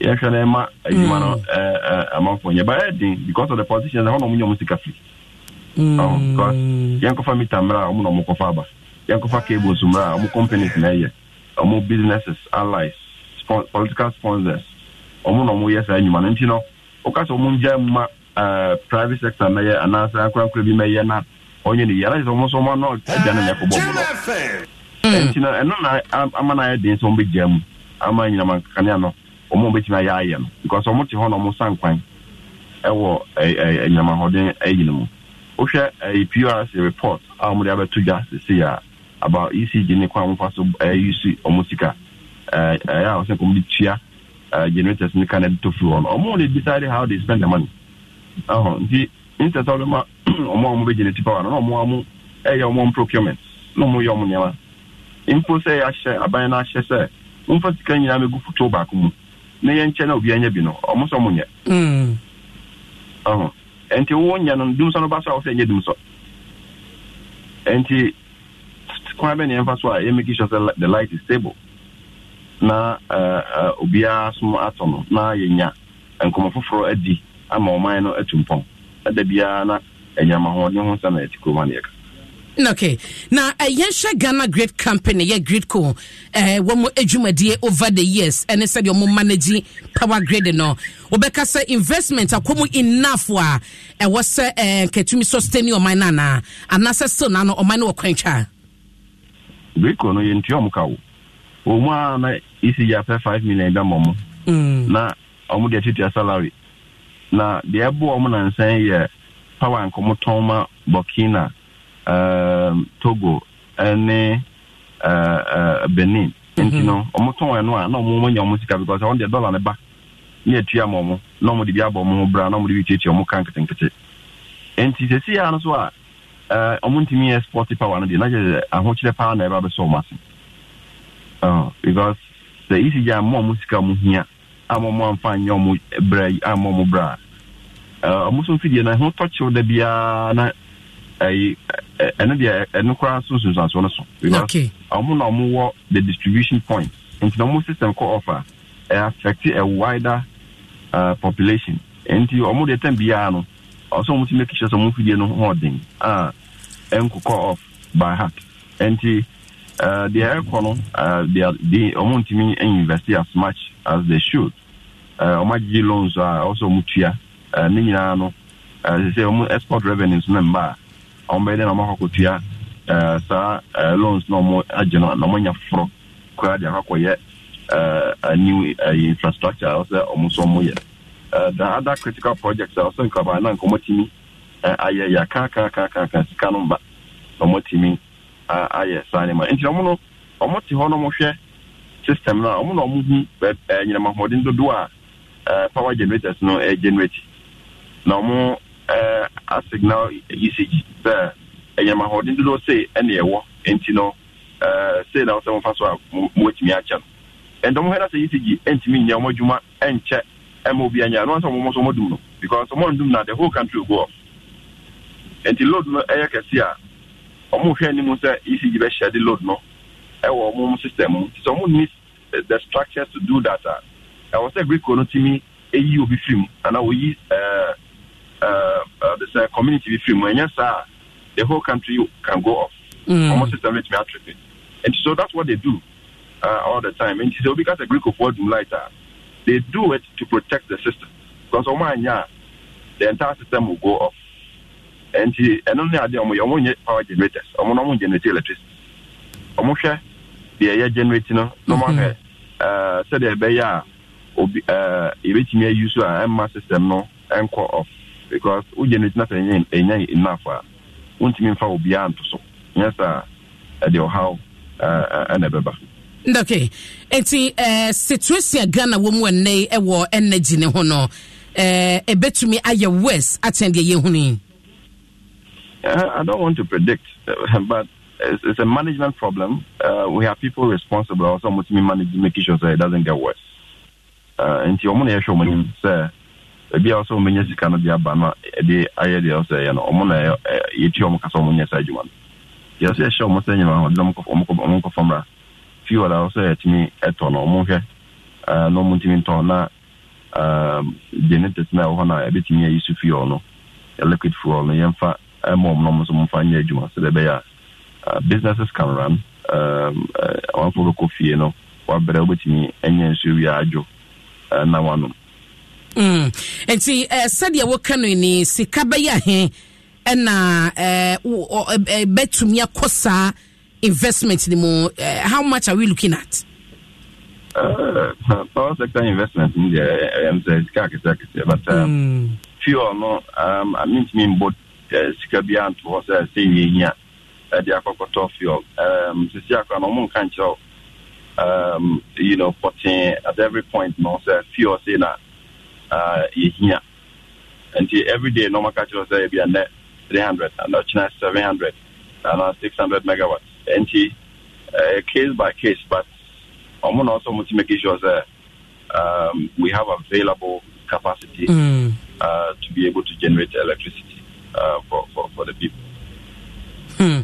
yɛhwɛ no ɛma adwuma no hmm. amanfoɔ nyɛ bayɛ den because of the politicians ɛhɔ na ɔmo nyɛ ɔmo sika firi hmm. yɛnkɔfa mita mmerɛ a ɔmo na ɔmo kɔfa aba yɛnkɔfa cables mmerɛ a ɔmo companies na ɛyɛ ọmụ businesses allies spon political sponsors ọmụ na ọmụ yɛ saa enyima no nti no ụka sị ọmụ mma private sector mɛyɛ anaasị akwankora bi mɛyɛ na onye na yàrá ìsọmọ sọmọ náà na bọ ama ama ọmụ bẹtumi ayẹ ayẹ no ọmụ te na ọmụ san kwan ɛwɔ ẹnyinama eh, eh, hɔden ɛyìn mu wohwɛ ɛyi eh, a about ecg ne kwan mofa so use ɔmo sika ɛyɛ a wɔsɛ kɔmde tua generators ne ka na ɛde tɔ firi hɔ no ɔmo ne decide how they spend the money ɛhɔ nti instead sɛ wobɛma ɔmo a ɔmo bɛgenerate power no na ɔmo a mo ɛyɛ ɔmo procurement na ɔmo yɛ ɔmo nneɛma se sɛ yɛahyɛ aban no ahyɛ sɛ momfa sika nyinaa mɛgu foto baako mu na yɛnkyɛ na obiaa nyɛ bi no ɔmo sɛ ɔmo nyɛ ɛhɔ nti wowɔ nyɛ no dumsɔ no ba so a wo sɛ nyɛ dumsɔ nti kwan bɛ ne yɛmfa so a yɛmaki sure sɛ the light is stable na obiara som atɔ no na yɛnya nkɔmmɔ foforɔ adi ama ɔman no atu mpɔn ɛda biara na ɛnya amahoɔden ho nsa na yɛte kuroma ne yɛka mm, okay na uh, yɛnhwɛ ghana great company yɛ great co uh, wɔn adwumadie over the years ɛne sɛdeɛ wɔn manage power grid no wɔbɛka sɛ investment akɔ mu enough a ɛwɔ sɛ nkatumi sustain ɔman no anaa anaasɛ still na no ɔman no wɔ kwan twa breko no yɛntua ɔm ka wo ɔmu a na isi ya apɛ five million ọmụ mm. na ɔmo deɛ tutua salary na deɛ ọmụ ɔmo nansan yɛ power nkɔmɔ tɔn ma burkina um, togo ɛne uh, benin mm-hmm. nti no ɔmo a na ɔmo mo nya ɔmo sika because ɔmo deɛ ne ba na ɔmo de bi abɔ ɔmo na ɔmo de bi ɔmo ka nketenkete nti ya no ɔmo eh, ntumi yɛ sport power no deɛ na kyerɛ ahokyerɛ paa na ɛba bɛsɛ ɔmo ase eh, because sɛ ecg a mo a sika mo hia a mo mo amfa ɔmo brɛ a mo brɛ a eh, ɔmo so mfidie na ho tɔkyew da biara na ɛyi ɛno deɛ ɛno koraa so nsunsuansoɔ no so because ɔmo na ɔmo wɔ the distribution point nti na ɔmo system kɔ ɔfa ɛ affect a wider uh, population nti ɔmo deɛ tɛn biara no ɔsɛ ɔmo ti make sure sɛ ɔmo mfidie nkokɔ off by heart nti uh, deɛ ɛrekɔ no uh, deɛ ɔmo ntumi invest as much as they should ɔmo uh, agyegye loans a uh, ɔsɛ ɔmo tua uh, ne nyinaa no uh, sɛ ɔmo export revenues na mba a ɔmo bɛyɛ dɛ na ɔmo akɔkɔ tua uh, saa uh, loans na ɔmo agye no na ɔmo nya forɔ koraa de akɔkɔ yɛ a new uh, infrastructure a ɔsɛ ɔmo nso ɔmo yɛ the other critical projects a ɔsɛ nkaba na nkɔmɔ timi. ayɛ ya kakakakaka sika no na ayɛ saa nti ɔmo no ɔmo te hɔ na hwɛ system a ɔmo na ɔmo hu nyinam ahoɔden dodoɔ a power generators no generate na ɔmo asignal usage sɛ ahoɔden dodoɔ ɛna ɛwɔ nti no na ɔsɛ so a akyɛ no hɛ usage nyɛ ɔmo adwuma ɛnkyɛ obi anya ɔmo mo so dum no because ɔmo ndum na nti load no ɛyɛ kɛse a ɔmo hwɛ anim sɛ ecg bɛhyɛ de load no ɛwɔ ɔmo system mu nti sɛ ɔmo need eh, the structures to do that a ɛwɔ sɛ greco no tumi eyi obi firi mu anaa oyi ɛɛ eh, ɛɛ eh, sɛ community bi firi mu ɛnyɛ saa the whole country can go off mm. ɔmo system no tumi atrip it and so that's what they do uh, all the time nti sɛ obi ka sɛ greco fo dum light a they do it to protect the system because ɔmo anya the entire system will go off. nti ɛno ne adeɛ ɔmo yɛ ɔmo nyɛ power generators ɔmo na ɔmo generate electricity ɔmo hwɛ deɛ ɛyɛ generate no na ɔmo ahwɛ ɛɛ mhm. eh, sɛdeɛ ɛbɛyɛ a obi eh, ɛɛ ebetumi ayi so a ɛmma system no ɛnkɔ off because wo generate na sɛ ɛnyɛ ɛnyɛ enough a wontumi nfa obiara nto so nyɛ sɛ ɛde ɔhaw ɛɛ eh, ɛna ɛbɛba. ndɔkɛ nti ɛɛ situation ghana wɔ mu ɛnɛ ɛwɔ energy ne ho no ɛɛ ebetumi ayɛ worse akyɛn deɛ yɛn ho no Uh, I don't want to predict, uh, but it's, a management problem. Uh, we have people responsible also to managing, making sure so it doesn't get worse. Nti ọmụ na-ehwe ọmụ n'im sị ebi ọsọ ọmụ nye sika n'obi aba na ebi ayọ dị ọsọ ya na ọmụ na-eti ọmụ kasị ọmụ nye sị adwuma no. Yọsọ ehwe ọmụ sị enyemaka ọdịda ọmụ nkọ fam ra fiwa na ọsọ ya etimi ịtọ na ọmụ hwẹ na ọmụ ntimi ntọ na genetics na ɛwɔ hɔ na ebitumi ayi so fiwa no liquid fuel no yɛmfa ɛma ɔmo na ɔmo nso momfa nyɛ adwuma sɛdeɛ ɛbɛyɛ businesses can run amanfoɔ bɛkɔ fie no wabrɛ wobɛtumi ɛnyɛ nsuo wie adwo na wanom nti sɛdeɛ woka no ni sika bɛyɛ he ɛna bɛtumi akɔ saa investment ni mu how much are we looking at power sector investment ni deɛ ɛyɛ sɛ sika akɛseɛ akɛseɛ but um, mm. fuel no um, mean, mbɔ Eh, sika bi antohɔ sɛ sɛ yɛhia ɛde akɔkɔtɔ fuel sisi ɔmo nka you know at every point no sɛ fuel sei na uh, eh, yɛhia nti everyday na ɔmaka kyerɛ sɛ ebia nnɛ 300 ana ɔkyena 700 ana 600 megawatt nti eh, case by case but ɔmo na ɔsɛ ɔmo ti make sure sɛ we have available capacity mm. uh, to be able to generate electricity Uh, for, for, for the people. Hmm.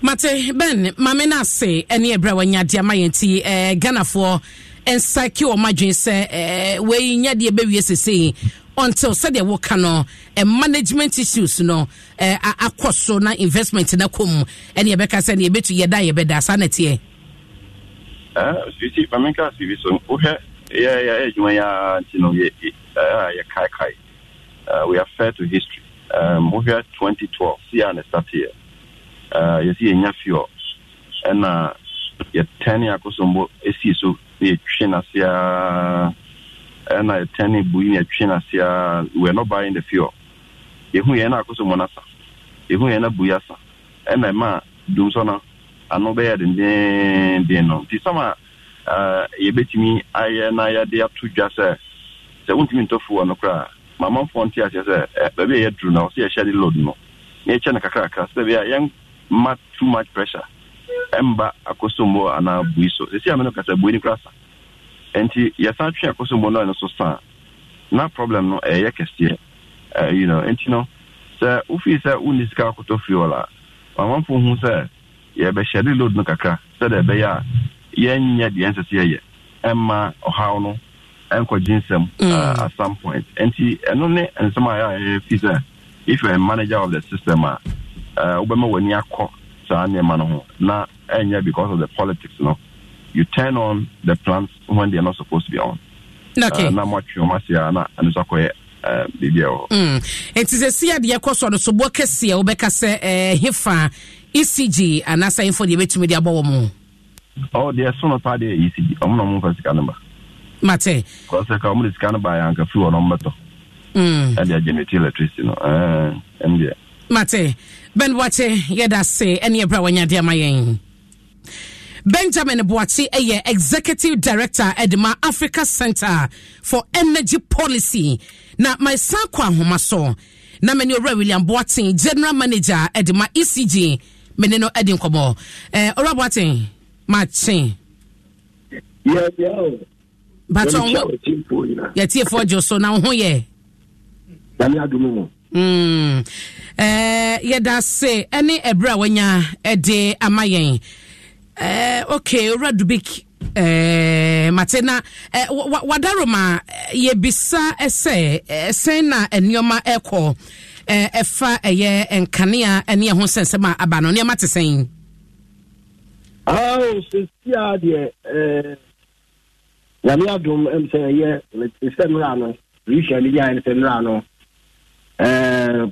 mate ben mame no ase ne ɛberɛ a wanya adeɛ ma yɛ nti eh, ghanafoɔ ɛnsake wɔ madwen sɛ eh, wei nya deɛ bɛwie sesei until sɛdeɛ woka no eh, management issues no eh, akɔ so na investment no kɔ mu ɛne yɛbɛka sɛ ne yɛbɛtu yɛda yɛbɛda saa na teɛ e? eh, uhe mameka siribi so wohɛ ya chino ye nti no eh, kai. Eh, we are fair to history wohwɛ 2012 see a ne stateɛ ehm, yɛsɛ yɛnya fuel ɛna yɛtɛne akosombo ɛsii e so e na yɛtwe naseaa ɛna yɛtɛne na yɛtwe naseaa we're not buying the yɛhu yɛn na akosombo no asa yɛhu yɛn na bui asa ɛna ɛma e dum so no ano bɛyɛ dendenden no nti sama eh, yɛbɛtumi ayɛ na yɛde ato dwa sɛ sɛ wontumi ntɔ fuel no mamanfoɔ nte aseɛ sɛ baabi a yɛduru no sɛ yɛhyɛ de load no na yɛkyɛ no kakrakra sɛ baabi a yɛmma too much pressure ɛmba akosombo anaa bui so sɛsi a me no kasa bui no kora sa nti yɛsan twe akosombo no ɛno so sa na problem no ɛyɛ kɛseɛ uh, you know nti no sɛ wofii sɛ wonni sika akotɔ fuel a mamanfoɔ hu sɛ yɛbɛhyɛ de load no kakra sɛdeɛ ɛbɛyɛ a yɛnyɛ deɛ ɛnsɛ sɛ yɛyɛ ɛmma ɔhaw no nkɔgye nsɛm mm. uh, at some point nti ɛno ne nsɛm a yɛayɛ fi sɛ if you're a manager of the system a uh, wobɛma w'ani akɔ saa nneɛma no ho na ɛnyɛ because of the politics no you turn on the plants when they are not supposed to be on okay. uh, na moatwe ɔm ase a na ɛno so akɔyɛ uh, biribi ɛwɔ ɛnti mm. sɛ si adeɛ kɔ so no soboɔ kɛseɛ wobɛka sɛ he ecg anaasɛ info deɛ bɛtumi de abɔ wɔ mu Oh, deɛ so no paa deɛ ecg ɔmo na ɔmo mfa sika no ba mate kɔsɛ ka ɔmo de sika no baeɛ anka firi hɔ no ɔmmɛtɔ ɛde agye ne ti electricity no ɛndeɛ eh, mate ben boakye yɛda se ɛne ɛberɛ a wanyadeɛ ama yɛn benjamin boakye eh, yɛ executive director ɛde ma africa center for energy policy na masan kɔ ahoma so na mene owura william boaten general manager ɛde ma ecg mene no ɛde nkɔmmɔ ɔwura eh, boaten makye yɛdeɛ bàtọ wọn yẹtí efo ọjọ so na ọhún yẹ. yanni adumu mu. yɛda ase ɛne ɛberɛ a wanya ɛde ama eh, yɛn ok owura dubik mate na wadaroma yɛbisa sɛ sɛn na nneɔma ɛkɔ ɛfa ɛyɛ nkanea ɛne ɛho nsɛnsɛm a aba no nneɛma te sɛn. awo sisi a deɛ nyame adom m sɛ ɛyɛ sɛ mmra no rehwɛ no nyaɛ no sɛ mmra no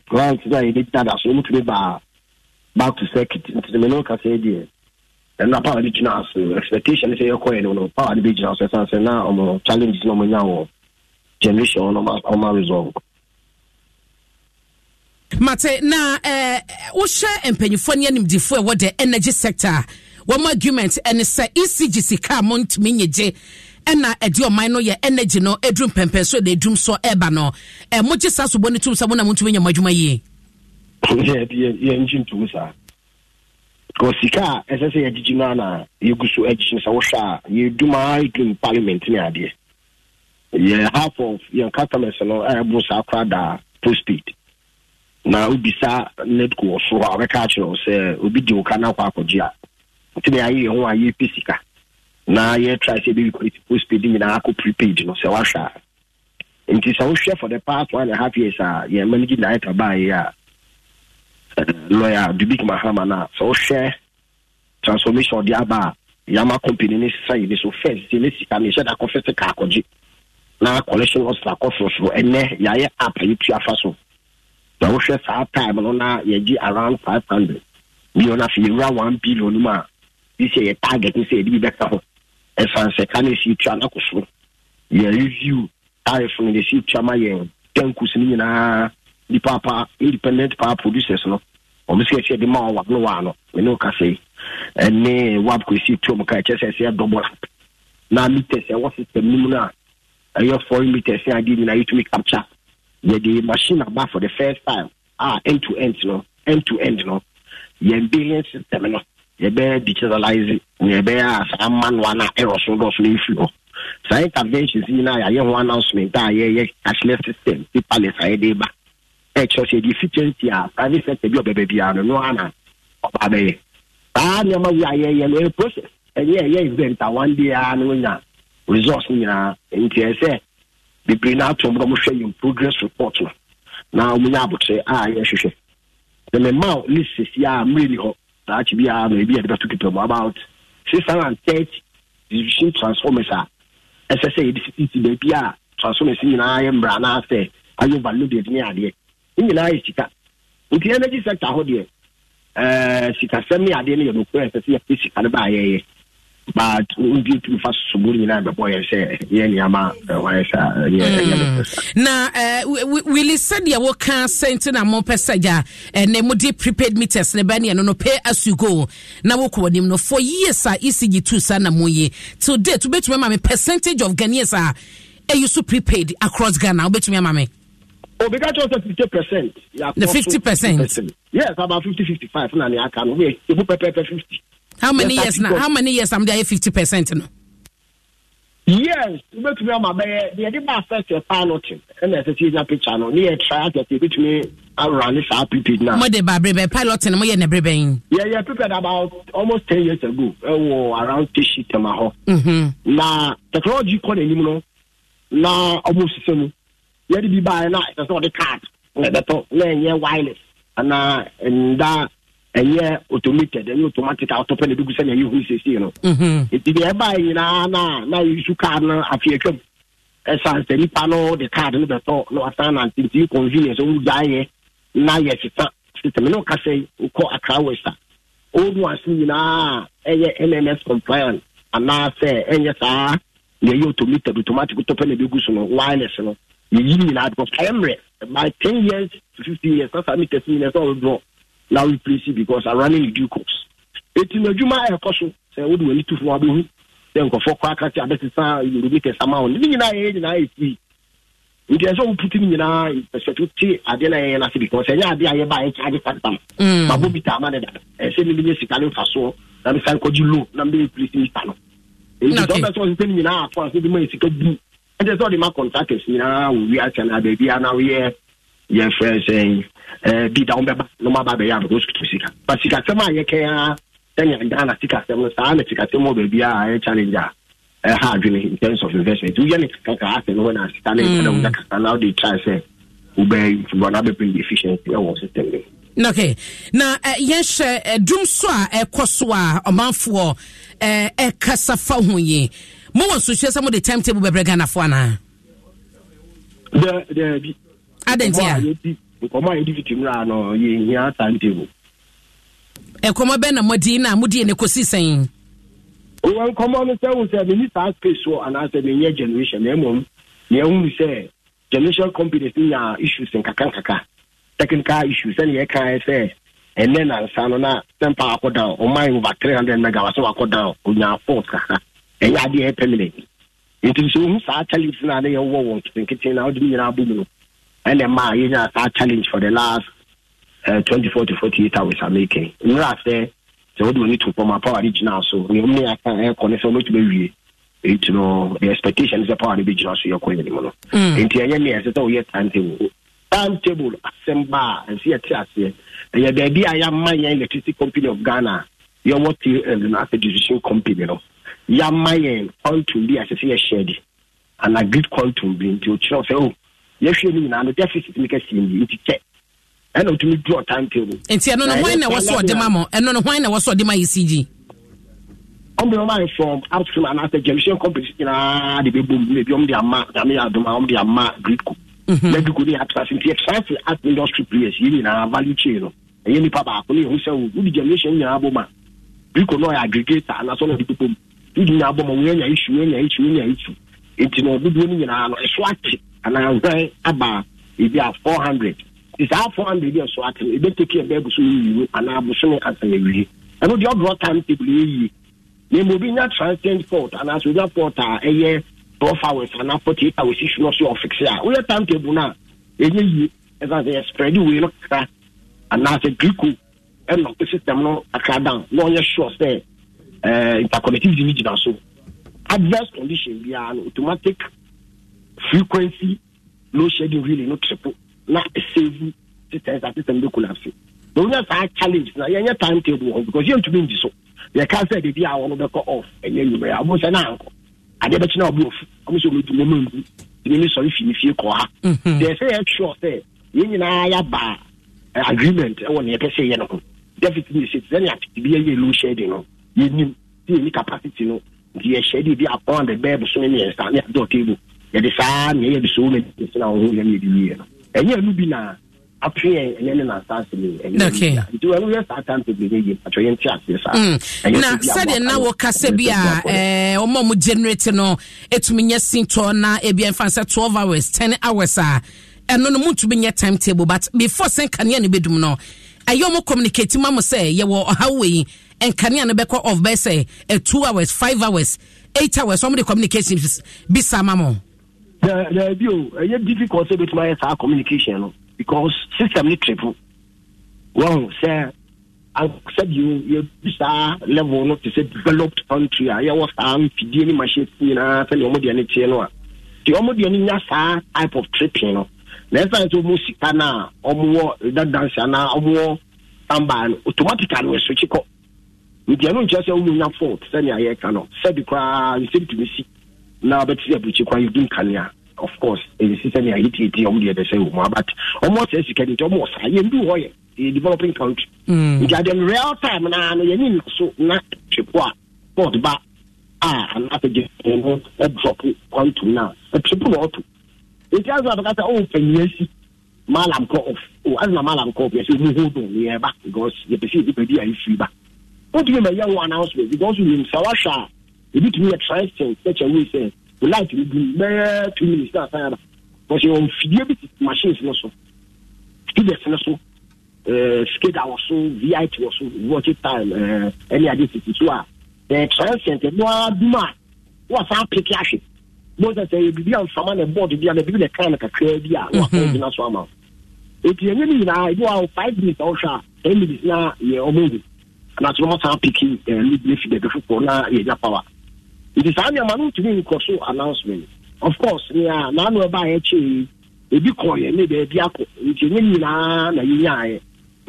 plant eh, no a yɛde dada so ɔmutumi baa back to circuit nti me ka sɛ deɛ ɛno power de gyina ase expectation sɛ yɛkɔɛ no no power de bɛgyina so ɛsiane sɛ na ɔmo challenges no ɔmanya wɔ generation no ɔma resolve mate na eh, wohyɛ mpanyinfoɔ ne animdifoɔ ɛwɔ the energy sector a wɔn argument ɛne sɛ ecg sika mo ntumi nyegye ɛna ɛde ɔman no yɛ energy no mpɛmpɛ so de so ɛba no sobɔ mo na montumi nya mo adwuma yie yɛngye sika a ɛsɛ sɛ yɛgu so a ne adeɛ yɛ half of yɛn customers no da postpaid na wobisa nedco wɔ so a wɔbɛka akyerɛ sɛ obi di wo ka no akɔgye a na ho a sika na yɛtra sɛ bɛbikɔre ti postpaid nyinaa akɔ prepaid no sɛ woahwɛ a nti sɛ wohwɛ for the past one and a half years a yɛn managing director baayɛ a lawyer dubik mahama no a sɛ wohwɛ transformation de aba a yɛama company no sɛe ne so first sɛ ne sika no yɛhyɛ da kɔfɛ se kaa kɔgye na collection officer kɔforɔforɔ ɛnɛ yɛayɛ app a yɛtu afa so sɛ wohwɛ saa time no na yɛgye around five hundred million afei yɛwura one billion mu a sisɛ yɛ target no sɛ yɛde bi bɛka ho ɛfane sɛ ka na twa no akɔ soro yɛreview tarifo no yɛsi twa ma yɛn tankus no nyinaa nipa pa independent power producers no ɔmo sɛ ɛsɛ de ma ɔwab no waa no me ɔka sɛ ɛne wab kɔ ɛsi tuom ka ɛkyɛ sɛ ɛsɛ ɛdɔbɔ na meters ɛwɔ system no mu no a ɛyɛ foreign meters ne adeɛ nyinaa yɛtumi capture yɛde machine aba for the first time a ah, end to end no end to end no yɛn billion system no yɛbɛyɛ digitalize yɛbɛyɛ a saa manual no a ɛwɔ so dɔɔso no ɛfiri hɔ saa interventions yi no a yɛayɛ ho announcement a yɛyɛ cashless system paperless a yɛde ba ɛkyerɛ sɛ the efficiency a private sector bi ɔbɛbɛ biara no no ana ɔba bɛyɛ saa nneɛma wi a yɛyɛ no ɛyɛ process ɛnyɛ ɛyɛ event a one day a no nya resource nyinaa nti ɛsɛ bebree no ato mu na ɔmohwɛ yɛn progress report no na ɔmonya abotire a yɛhwehwɛ na mɛma list sisi a mmerɛ ni hɔ saa akyi biara na ebi yɛde bɛto kita mu about six hundred and thirty division transformers a ɛsɛ sɛ yɛde sisi baabi a transformers nyinaa yɛ mbra anaasɛ ayɛ overloaded ne adeɛ ne nyinaa yɛ sika nti energy sector hɔ deɛ ɛɛ sikasɛm ne adeɛ eh, no yɛ no kura ɛsɛ sɛ yɛpɛ sika no ba ayɛyɛ. but obi tumi fa sosobu nyinaa bɛbɔ yɛn sɛ yɛ nneɛma ɛwɔ yɛ sa yɛ na eh, wili sɛdeɛ woka sɛnti na mopɛ sɛ gya ɛnɛ eh, mode prepaid meters ne bɛneɛ no no pay as you go na wokɔ anim no for years a ecg two saa na moyɛ till date wobɛtumi ama me percentage of ghanaians a ɛyi eh, so prepaid across ghana wobɛtumi ama me obi ka kyerɛ fifty percent. The fifty percent. yes about fifty fifty five na ni aka no wey fifty. how many years now? how many years am there fifty percent no. yes wobɛtumi ama bɛyɛ deɛ yɛde ba asɛsɛ piloting ɛna ɛsɛ sɛ yɛnya picture no ne yɛtrae asɛsɛ yɛbɛtumi awurane saa pp no mode ba berɛ bɛ piloting moyɛ ne berɛ bɛn yɛyɛ prepared about almost ten years ago ɛwɔ eh, around tashi tema hɔ hmm na technology kɔ n'anim no na ɔmo sisɛ mu yɛde bi baɛ na ɛsɛ sɛ ɔde card ɛbɛtɔ na ɛnyɛ wireless anaa ɛnda ɛyɛ automated ɛyɛ automatic atɔpɛ na ebigu sɛnea yehu sese no mhm. nti deɛ ɛbaa nyinaa na na yusu card no afei atwam ɛsan sɛ nipa no de card no bɛtɔ na wasan na nti convenience ɔmu gya ayɛ na yɛ sita yi nyinaa ɛyɛ nms compliant anaasɛ ɛnyɛ saa na ɛyɛ automated automatic tɔpɛ na ebigu no wireless no yɛyi nyinaa because mmerɛ by ten years to fifteen years nyinaa sɛ na replace because arane ne due course eti eh, oh, na adwuma ɛkɔ so sɛ wode w'ani tu fo abɛhu sɛ nkɔfoɔ kɔ aka te abɛsesa yorobi kɛsa ma wo ne ne nyinaa yɛyɛ nyinaa ɛfiri nti ɛsɛ woputi no nyinaa pɛsɛto te adeɛ no ɛyɛ no ase because ɛnyɛ adeɛ a yɛba ɛkyɛ agye sadam mabɔ bi taama ne da ɛsɛ eh, ne menyɛ sika ne mfa soɔ na mesan kɔgye lo na mebɛyɛ place nipa no nti sɛ wobɛ sɛ ɔsesɛ no nyinaa ato a sɛ bi ma yɛ sika bu ɛnkyɛ sɛ ɔde ma contractors nyinaa wɔ wiase anaa baabi a na woyɛ yɛfrɛ sɛ bi da wobɛba na moaba bɛyɛ abɛkɔ soto sika ba sikasɛm a yɛkɛ a sɛnea ghana sikasɛm no saa na sikasɛm wɔ baabi a ɛyɛ challenge a ɛha adwene in terms of investment woyɛ ne kakaka asɛ no hɔ na sika no ɛkɛdɛ woda kasa na mm. wode try sɛ wobɛyi bɔna bɛbring efficiency ɛwɔ system no okay na uh, yɛnhyɛ uh, dum so a ɛkɔ so a ɔmanfoɔ ɛkasa fa ho yi mowɔ nsusuɛ sɛ mode timetable bɛbrɛ ghanafoɔ anaa adɛnti a a yɛdi fiti mura no na mɔdi na mudi ne kɔsi sɛn wɔn nkɔmɔ no sɛ wo sɛ meni saa space wɔ anaasɛ menyɛ generation na mmom neɛ hunu sɛ generation companies nya issues nkakankaka technical sɛne yɛkaɛ sɛ ɛnɛ nansa na sɛmpa wakɔ down ɔman over three hundred megawatt sɛ wakɔ down onya fault kaka ɛnyɛ adeɛ permanent nti sɛ wohu saa challenges no a ne yɛwowɔ wɔ nketenkete na wode ɛna ɛma a yɛnya challenge for the last uh, eh, 24 to 48 hours making. In ameke nwura sɛ sɛ wode w'ani to form a power no gyina so we only have aka ɛkɔ ne sɛ wobɛtumi know the expectation sɛ power So you're so yɛkɔ yɛnim no mm. nti ɛyɛ neɛ it's sɛ woyɛ timetable timetable asɛm ba a ɛsɛ yɛte aseɛ The idea I am my electricity company of ghana yɛwɔ tl eh, no asɛ distribution company no yɛama yɛn quantum bi a sɛ sɛ yɛhyɛ de ana grid quantum bi nti ɔkyerɛw sɛ o yɛhwɛ no nyinaa no deficit no kɛsi ni nti kyɛ ɛna wotumi draw time table nti ɛno no hwan na ɛwɔ so ɔde ma mo ɛno no hwan na ɛwɔ so ɔde ma yɛcg ɔmde ɔma from upstream anaasɛ generation companies nyinaa de bɛbɔ mu ebi ɔmde ama dame yɛ adom a ɔmde ama gridco na gridco ne yɛ atras nti yɛtrase as industry players yɛ nyinaa uh, value chain no ɛyɛ nipa baako ne yɛhu sɛ wo wode generation nyinaa bɔ mu a gridco na ɔyɛ aggregator anaasɛ ɔna ɔde bɛbɔ mu wode nyinaa bɔ ma woanya issue woanya issue woanya issue nti na ɔdodoɔ no nyinaa no ɛso akye anaa zan aba ebi a four hundred it's saa four hundred yɛ so atɛm ebi teki ɛbɛ abosom yiwu anaa abosom asan ewie ɛno deɛ ɔdrɔ time table yɛ yie na emu obi nya transient fault anaa so obi fault a ɛyɛ twelve hours anaa forty eight hours isu no so ɔfixe uh, a wɔyɛ time table no a ɛnyɛ yie ɛsan sɛ yɛ spread wei no kakra anaa sɛ griko ɛnɔ system no kakra down na ɔnyɛ sure sɛ ɛɛ interconnectivity ni gyina so adverse condition biara no automatic frequency low shedding really no triple na ɛsɛvu systems a system de collapse na wonya saa challenge na yɛnyɛ time table hɔ because yɛntumi ndi so yɛka sɛ debi a wɔno bɛkɔ off ɛnyɛ nwummerɛ a ɔmo sɛ na ankɔ adeɛ bɛkyi na ɔbi ofu ɔmo sɛ ɔmo du mɛma ngu tìmí mi sɔrɔ fi mi fie kɔ ha deɛ sɛ yɛ sure sɛ yɛn nyinaa yaba agreement ɛwɔ nea yɛpɛ sɛ yɛ no ho deficit ne sɛ sɛnea bi yɛyɛ low shedding no yɛnim sɛ yɛni capacity no nti yɛ hyɛ de bi apɔn de bɛɛ bosom ne yɛnsa ne yɛ adɔ table yɛde saa neɛ yɛde sɛ wonasina wo ho yɛne yɛde wieɛ no ɛnyɛ ɛnu bi na apwe na sɛdeɛ mm. na wɔka bi a eh, ɔma mu generate no ɛtumi nyɛ sintɔ na ebia mfa sɛ 12 hours 10 hours a ɛno no montumi nyɛ timetable but before sɛ nkanea no bɛdum no ɛyɛ ɔmo communicate ma mo sɛ yɛwɔ ɔhaw wɔ yi nkanea no bɛkɔ off bɛyɛ sɛ 2 eh, hours 5 hours 8 hours ɔmo de communication bisa ma mo daabi o ɛyɛ difficult sɛ bɛtumi ayɛ saa communication because system ne triple wɔn sɛ you yɛbi saa level not to say developed country I yɛwɔ saa mfidie ne machine you sɛdeɛ ɔmo deɛ ne teɛ no a deɛ ɔmo deɛ ne nya saa type of tripping no na ɛsan sɛ ɔmo sika no a ɔmowɔ dadanse anaa ɔmowɔ standby no automatically wɔsɔkyi kɔ nti ɛno nkyerɛ sɛ ɔmo nya fault sɛnea yɛka no sɛbi koraa nsɛm tumi si na wabɛte sɛ aburukyi kwan yɛdum kane of course ɛsisi sɛnea yɛtiatie ɔmo deɛ bɛsɛ wɔ mu abut ɔmo ɔsɛ sika de nti ɔmo ɔsa yɛn bi wɔ yɛ yɛ developing country mm. nti adeɛ real time naa no yɛne nna so na twepo a sport ba a anaasɛ gye no ɛdrɔpo kwantum no a ɛtwepo na ɔto nti asɛ abɛka sɛ ɔwɔ panyin asi malam kɔɔf o asena malam kɔɔf yɛ sɛ ɔmo ho do yɛ ba because yɛpɛ sɛ yɛde baabi a yɛfiri ba wotumi ma yɛ wo announcement because nim sɛ wahwɛ a ebi tumi yɛ tricycle such a way sɛ o light mi dun bɛɛ two minutes na asan yara wɔsi wɔn fidie bi ti machines no so students no so ɛɛ eh, skater wɔ so vit wɔ so watch time ɛɛ ɛni adi sisi so a ah, ɛɛ eh, tricycle no a dum a wɔn asan peke ahwɛ bɔn sɛ ɛyɛ bibi a nfama na bɔɔd bi a na bibi na kan na kakra bi a wɔn asan gyina so ama eti ɛnyɛ ne nyinaa ebi wɔ five minutes a wɔhwɛ a ten minutes na yɛ ɔmo ewu anaasɛ wɔn asan peke ɛɛ lead eh, ne fi dɛgɛ foforɔ na yɛ gya It nti saa nneɛma no ntumi nkɔ so announcement of course nea n'ano ɛbaeɛ kyee ebi kɔɔyɛ ne baabi akɔ nti ne nyinaa na yɛnyaeɛ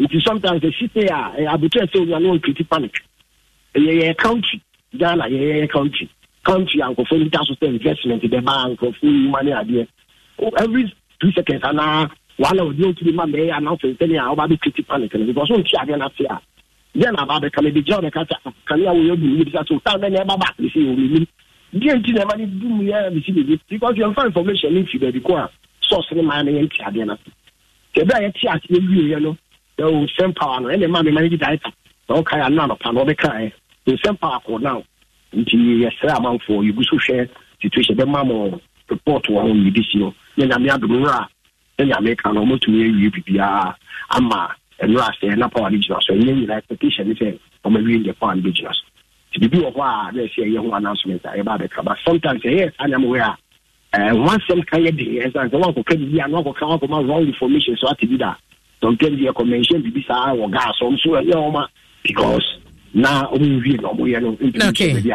nti eh. sometimes ɛsi sɛ a uh, eh, abotire sɛ onua no ɔkriti panic eh, yɛyɛ country ghana yɛyɛ country country a nkurɔfoɔ nita so sɛ investment bɛba nkurɔfoɔ yi ma ne adeɛ oh, every two seconds anaa wahala ɔde ɔtumi ma mɛyɛ announcement sɛnea ɔba bɛkriti panic no because ɔnti adeɛ no ase a yẹn na ababẹka mi bi jẹ ọbẹka sẹ kàwé àwọn yẹn dùn mí bi sẹ tó táwọn ẹni ẹ bá bá àpè sí òun mi díẹ̀ ti na ẹ bá ní dùn mí yẹn because yẹn fa information ní fi bẹ̀bí kọ́ a source ni maa ni yẹn ti adeɛ na tẹbi a yẹ ti ase ewu yẹn no ẹ o sẹm power no ẹna maa mi manage director na ọka yà nínú ànọpa na ọbẹka yẹ o sẹm power kọ náà nti yẹ sẹ amanfo yẹ gu so hwẹ situation bẹ maa mo report wọn wọn yìí bi si o yẹ nyame adumu a yẹ nyame kan na ọmọ tumi ewie bibiara ama. nwura sɛ na power no gyina so ɛnyɛ nyina expectation ne sɛ ɔmawie deɛ power no bɛgyina so nti biribi wɔ hɔ a na ɛsɛ ɛyɛ ho announcement a yɛba bɛka but sometimes ɛyɛ saa nneɛma wei a wansɛm ka yɛ de ɛsiane sɛ woakɔka biribi a na wakɔka wrong information so ate bi da sometimes yɛkɔ mention biribi saa wɔ gas ɔm so ɛyɛ ɔma because na ɔmwie na ɔmoyɛ no ntiyɛserɛ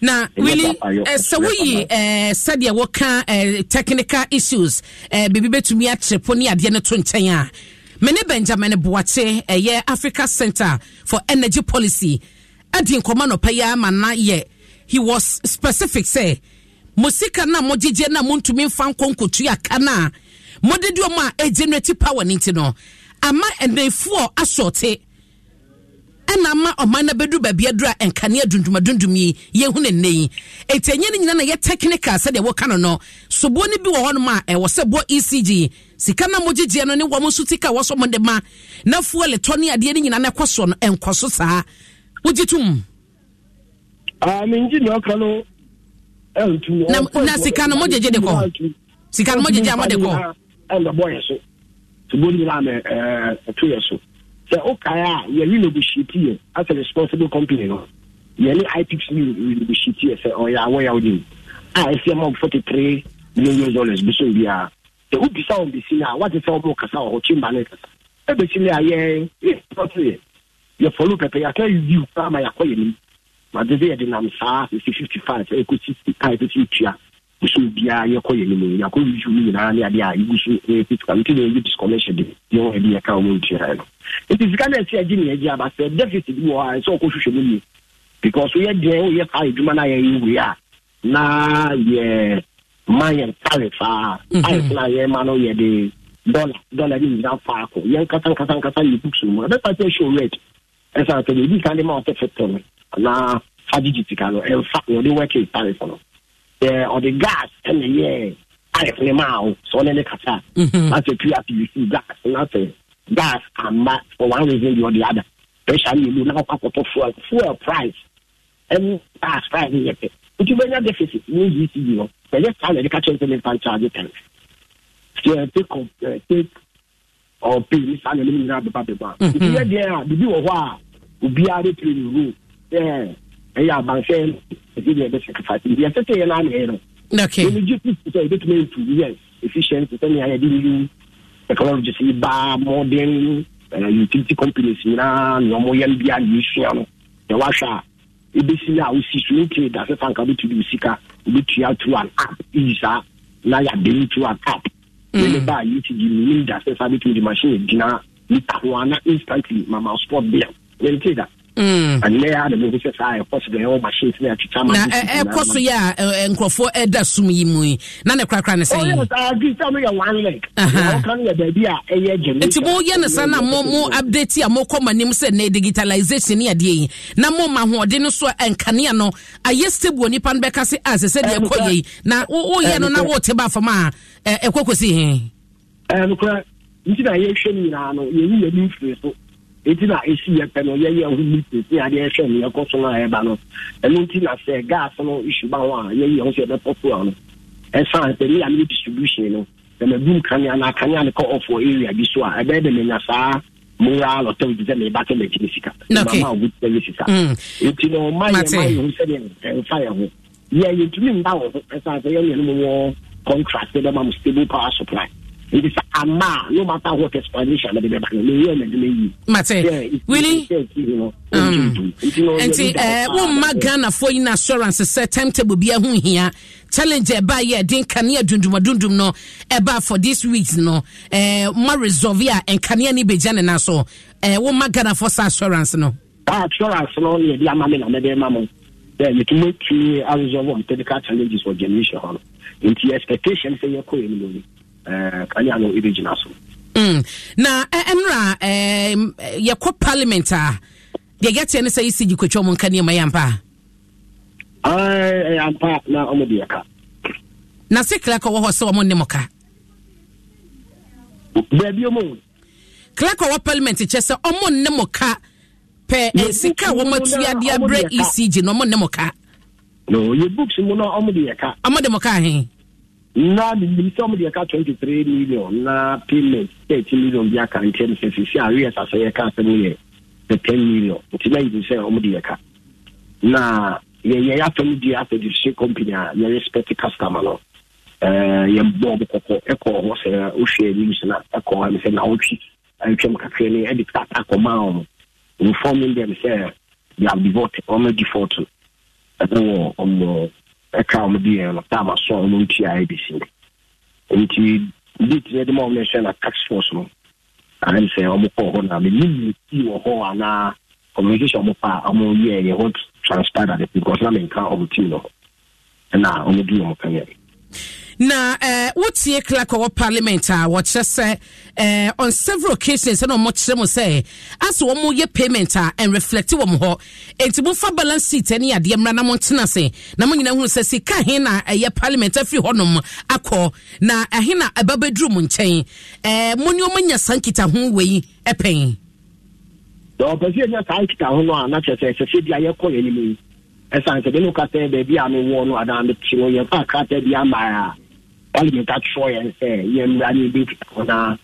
na really sɛ woyi sɛdeɛ wɔka technical issues biribi bɛtumi akyere po ne adeɛ no to nkyɛn a mene benjamin boakye ɛyɛ africa center for energy policy adi nkɔmɔ nɔpɛ yi ama na yɛ he was specific sɛ mo sika na mo gyegye na mo ntumi nfa nkonkotu aka na mo de di ɔmo a generate power ne ti no ama ɛnɛfoɔ asɔɔte ɛna ama ɔman na bɛduru baabi aduru a nkanea dundumadundum yi yɛhu ne nne yi etu enyi ne nyinaa na yɛ technical sɛdeɛ wɔka no no soboɔ no bi wɔ hɔnom a ɛwɔ sɛ bɔ ecg sika na mogyegyeɛ no ne wɔm nso tika wɔ so mode ma na fuel tɔ ne adeɛ no nyinaa no ɛkɔ soɔ no ɛnkɔ so saa wogye tom ah, mengye ne ɔka no na sika no mogyegye de kɔ sika no mogyegye a mode kɔ ɛnabɔyɛ so tubom nyinaa na ɛtoyɛ so sɛ wokae a yɛne negotiatiɛ as a responsible company no yɛne ipips ne negotiatiɛ sɛ ɔyɛ awɔyɛ wode a ɛsiɛ ma 43 million dollars bi so biara sɛ wobisa wɔn bɛsi no a wate sɛ wɔbɛ kasa wɔ hɔ kyimba no kasa ɛbɛsi no a yɛ yɛtɔ so yɛ yɛfɔlo pɛpɛ yɛaka yiw koraa ma yɛakɔ yɛ nim wade sɛ yɛde nam saa sɛsi fifty five sɛ ɛkɔ sixty kae sɛ sɛ tua bosom biara yɛkɔ yɛ nim yɛakɔ yiw no nyinaa ne adeɛ a yɛgu so ɛfisika nti na yɛyɛ disconnection de yɛwɔ ɛde yɛka wɔn ntua no nti sika no ɛsi agye ne agye aba sɛ deficit bi wɔ ha sɛ ɔkɔ hwehwɛ mu nie because woyɛ deɛ woyɛ faa adwuma no a yɛyɛ wei a na yɛ ma yɛn tare faa ayɛ na yɛn ma no yɛ de dɔla e, dɔla e ne nyinaa faa kɔ yɛn kasa nkasa nkasa yɛ books mu ɛbɛ pa kyɛ show red ɛsan sɛ ebi kan de ma ɔtɛ fɛtɔ no anaa fagigi sika no ɛnfa wɔde wɛkɛ tare fɔ no ɛɛ ɔde gas ɛna yɛ tare fɔ ne ma o sɛ ɔne ne kasa n'asɛ pia pvc gas n'asɛ gas ama for one reason or the other pressure yɛ mu n'akɔkɔ akɔtɔ fuel fuel price ɛmu e, gas price yɛ pɛ nti wobɛnya deficit ne ecd no ɛnyɛ saa na ɛde ka kyerɛ sɛ memfa nkyɛade ten take or pay ne saa na ne nyinaa bɛba bɛba nti yɛ deɛ a biribi wɔ hɔ a obiara de play ne role sɛ ɛyɛ abansɛ ɛde deɛ ɛbɛsacrifice nti yɛsɛ sɛ yɛ no ana ɛyɛ no ɛnigye pis sɛ ɛbɛtumi ɛmfu yɛ efficiency sɛnea yɛde new technologies yi baa modern utility companies nyinaa nea ɔmoyɛ no bia ne yɛsua no yɛwahwɛ a ebesi a osi so wotumi da sɛ fanka wobɛtumi wo sika wobɛtua through an app eyi saa na yɛadem through an app wele hmm. ba a yɛtigye menim da sɛ saa bɛtumi de machine gyina mita ho a na instantly mama sport bia mentee da ɛnɛ mm. ah, na mehu sɛ saa ɛkɔ so deɛ na ɛkɔ so yɛ a nkurɔfoɔ ɛda som yi oh, one leg ɔka no ah, eh, yɛ baabi mo mo update a mokɔ ma nim ne digitalization ne na mo ma hoɔden no so a ɛnkanea no ayɛ stable nipa no bɛka se a ah, sɛ eh, na woyɛ eh, no na wote ba fam na yɛhwɛ no nyinaa no yɛyi yɛni so eti na esi yɛ pɛ no yɛyɛ ho bi tete adeɛ ɛhwɛ no yɛkɔ so no a ɛba no ɛno nti na sɛ gas no isu ba ho a yɛyɛ ho sɛ ɛbɛpɔ so a no ɛsan sɛ ne yɛame distribution no na mabum kanea na kanea no kɔ ɔfoɔ area bi so a ɛbɛyɛ dɛ menya saa moral authority sɛ meba sɛ makyiri sika mama ɔgo sɛyɛ sika enti no ma yɛ ma yɛ ho sɛdeɛ ɛmfa yɛ ho yɛ yɛntumi e, mba wɔ ho ɛsan sɛ yɛneɛ no mu wɔ contract e bɛma mo stable power supply it is ama no matter what explanation na bẹbẹ báyìí lórí ẹ̀mẹ̀ ẹ̀dínlẹ̀ yìí. mate wili nti wọn mma ghana for yin na assurance sɛ timetable bi ɛho hia challenge ɛba eh, yɛ eh, ɛdin kanea dundumdundum eh, no ɛba for this week no Eh, ma resolve ya a nkanea ni bɛgya ne na so ɛɛ wọn mma ghana fo assurance no. saa assurance no yɛ di ama mi na mɛ bɛ ma mo bẹẹ mi tún mọ ti a resolve on technical challenges for generation hàn the expectation say yẹ kó yẹ mi lórí kanye ano ɛde gyina so mm. na ɛnra eh, eh, eh, yɛkɔ parliament a ah, deɛ yɛteɛ no sɛ yɛsi gyi kwatwa mu nka nneɛma yɛ ampa ampa na ɔmo e de yɛka na sɛ clerk wɔ hɔ sɛ ɔmo nne mo ka baabi ɔmo clerk wɔ parliament kyɛ sɛ ɔmo nne mo ka pɛ sika a wɔn atua de abrɛ ecg na ɔmo nne mo ka no yɛ books mu na ɔmo de yɛka ka ahen na menim sɛ mode yɛka 23 million na payment 30 million bi aka nkyɛm sɛ sisi areas asɛ yɛka asɛm yɛ 10 million nti na yinim sɛ ɔmode yɛka na yɛyɛ afa no die afɛ district company a yɛrespect customer no yɛbɔ mo kɔkɔ hɔ sɛ wohwɛ news sɛ nawotwi atwam kakra ɛde tata informing them sɛ ɛka ɔmo bi yɛn no tam aso a ɔmo ndị ayɛ ndị si nti beat yɛ de ma ɔmo na tax force no ayɛ sɛ ɔmo kɔ hɔ na mɛ nim ti wɔ hɔ anaa ɔmo pa ɔmo yɛ na mɛ nka ɔmo ti no ɛna ɔmo di ɔmo na eh, wotie clark wɔ parliament a wɔkyerɛ sɛ eh, on several occasions ɛna ɔmɔkyerɛ mu sɛ asɛ wɔn yɛ payment a and reflect wɔn hɔ nti mofa balance sheet ne adeɛ mmra na montena se na mo nyina hunu sɛ sika he na ɛyɛ parliament afiri hɔnom akɔ na ɛhe na ɛba bɛduru mo nkyɛn eh, mo ne ɔmanya saa nkitaho wei ɛpɛn ɔpɛ ɛnya saa nkitaho no a na kyerɛ sɛ ɛsɛ sɛ bi a yɛkɔ yɛ anim yi ɛsiane sɛ bi wokasɛ baabi a mewɔ no anaa mete no krataa bi ama a parliament atwerɛ yɛn sɛ yɛmmra ne bi hɔ na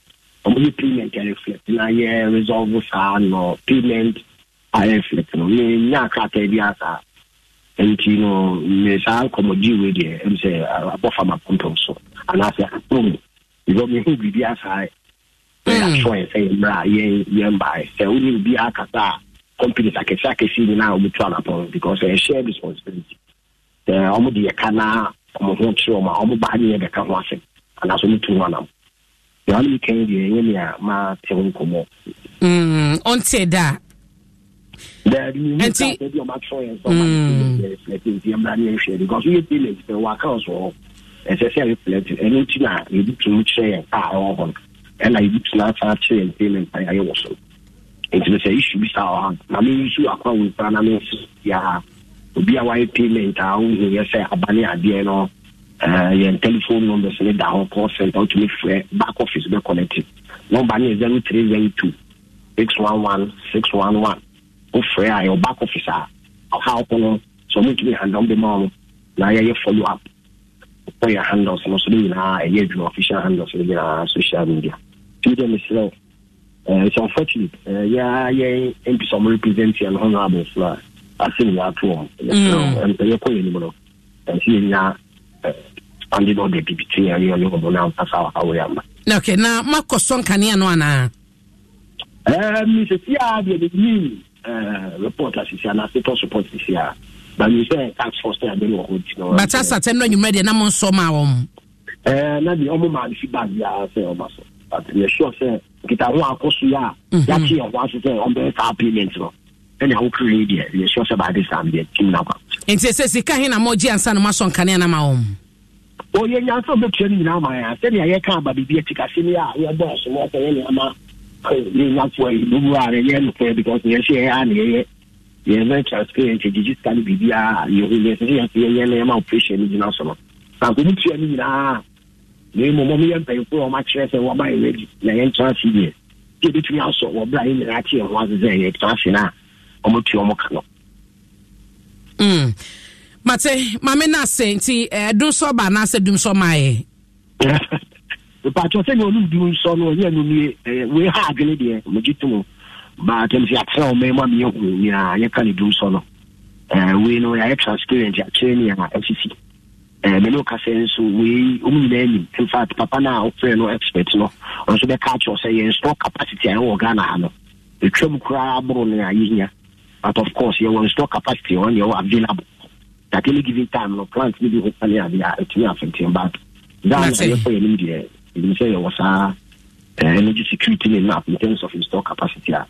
ɔmoyɛ payment reflect na yɛ resolve saa no payment reflect no menya krataa bi asaa nti no me saa nkɔmmɔgye wei deɛ ɛm sɛ abɔfa mapɔmpɔm so anaasɛ akpɔm because mehu biribi asaa atwerɛ yɛn sɛ yɛmmra yɛmbaɛ sɛ wone bi akasa a companies akɛse akɛse nyinaa ɔmotu anapɔn because ɛyɛ shared responsibility ɔmode yɛka naa ɔmo ho kyerɛ ɔmo a ɔmo baa ne yɛ bɛka ho asɛm anaasɛ ɔmo tu ho anam deɛ ɔno kɛn deɛ ɛnyɛ nea maa tɛ ho nkɔmɔ. ɔnte da. daabi mi hu nti obi e a wayɛ payment a wohuyɛ sɛ abane adeɛ no eh, yɛn telephone numbers ne da hɔ call center wotumi frɛ back office bɛconnecte number no yɛ zero three zero two six one one six one one wofrɛ a yɛwɔ back office a ɔha wokɔ no sɛ ɔmotumi handle bɛ ma wo na yɛyɛ follow up wɔyɛ handles no so ne nyinaa ɛyɛ adwuma official handles no nyinaa social media nti dɛ mesrɛ wo it's unfortunate eh, yɛa yɛn mpi sɛ ɔmo represent yɛ no honorables no a asɛm nyinaa to yɛkɔ yɛ no yɛnya n'o bi te ɛne ɔne ɔmo no ama na makɔ sɔ nkanea no anaa eh, mesɛsi a deɛ eh, menim report asisi support sisi a sɛ tax force wɔ bata no na mo nsɔ na deɛ ɔmo maa no fi biara ɔma sɔ but yɛsure sɛ nkitaho akɔ so yɛ a yɛakye yɛ ho sɛ ɔmbɛyɛ saa ɛne hopefully deɛ yɛsua sɛ baade sam deɛ tim no akwa nti sɛ sika he na mɔgye ansa no masɔ nkanea no ma wɔ m ɔyɛ nyansa wobɛtua no nyinaa ma ɛ sɛnea yɛka aba biribi atikase ne a yɛbɔ so no sɛ yɛne ama yɛnyafoɔ yi bubu a ne yɛ nokorɛ because yɛhyɛ yɛ a ne yɛyɛ yɛ very transparent gyegye sika no biribiaa yɛhu yɛ sɛ yɛsɛ yɛyɛ na yɛma operation no gyina so no sanko motua no nyinaa na mmom ɔmo yɛ mpanyimfoɔ a ɔmakyerɛ sɛ wɔma yɛ ready na yɛntra se deɛ sɛ yɛbɛtumi asɔ wɔ berɛ yɛ nyinaa te yɛ ho ɔmotua ɔmo ka no mate mame no nti ɛdum sɔ ba anaasɛ dum sɔ maayɛ mpakyɛ sɛ nea ɔnom dum sɔ no ɔnyɛ nomie wei ha adwene deɛ megye to mu but mfi atena ɔma mu a meyɛhu nyinaa yɛka ne dum sɔ no wei no yɛayɛ transparent akyerɛ ne a asisi mene woka sɛ nso wei ɔmu nyinaa anim infact papa no a wofrɛ no expert no ɔnso bɛka akyerɛ sɛ yɛn store capacity a ɛwɔ ghana ha no ɛtwam koraa boro no a yɛhia but of course yɛwɔ install capacity ɔn yɛwɔ available that any given time no plant will be ho kane ade a ɛtumi afɛntɛn ba ghana yɛfɔ yɛn nim deɛ ebi sɛ yɛwɔ energy security ne map in terms of install capacity ah,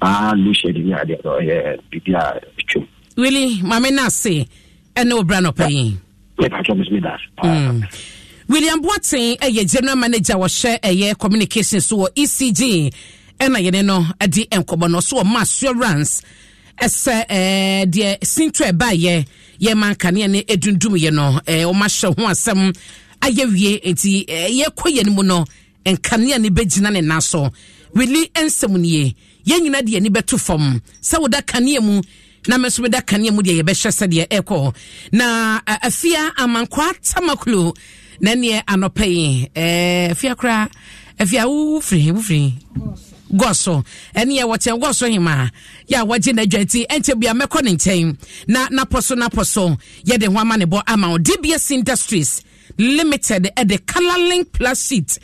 paa the shed ni adeɛ no ɛyɛ biribi a ɛtwam. wili maame naase ɛne obira nɔpɛ yi. ne patro miss me that. Hmm. william boateng ɛyɛ general manager wɔhyɛ ɛyɛ communications wɔ ecg ɛna yɛne no ɛde nkɔmɔ no so wɔ ma assurance. ɛsɛ ɛɛ eh, deɛ sintu ɛbaayɛ yɛ ma nkanea ne edundum yɛ no ɛɛ eh, wɔn ahyɛ ho asɛm ayɛ wie nti ɛɛ eh, yɛkɔ yɛn mu no nkanea ne bɛgyina ne nan so wili nsɛm nie yɛn nyinaa deɛ ani bɛto fam sɛ wɔda kanea mu na mɛ nso bɛda kanea mu deɛ yɛbɛhyɛ sɛdeɛ ɛkɔ na afia amankwa tamakulo na ne neɛ anɔpɛ yi ɛɛ afia koraa afia wofiri wofiri. gɔ so ɛne yɛ wɔkyɛn gɔ so hema yɛ a wɔgye n'adwa nti ɛnkyɛ bia mɛkɔ ne nkyɛn na napɔ so napɔ so yɛde ama ne bɔ ama wo dbs industries limited de colorlink plus sheet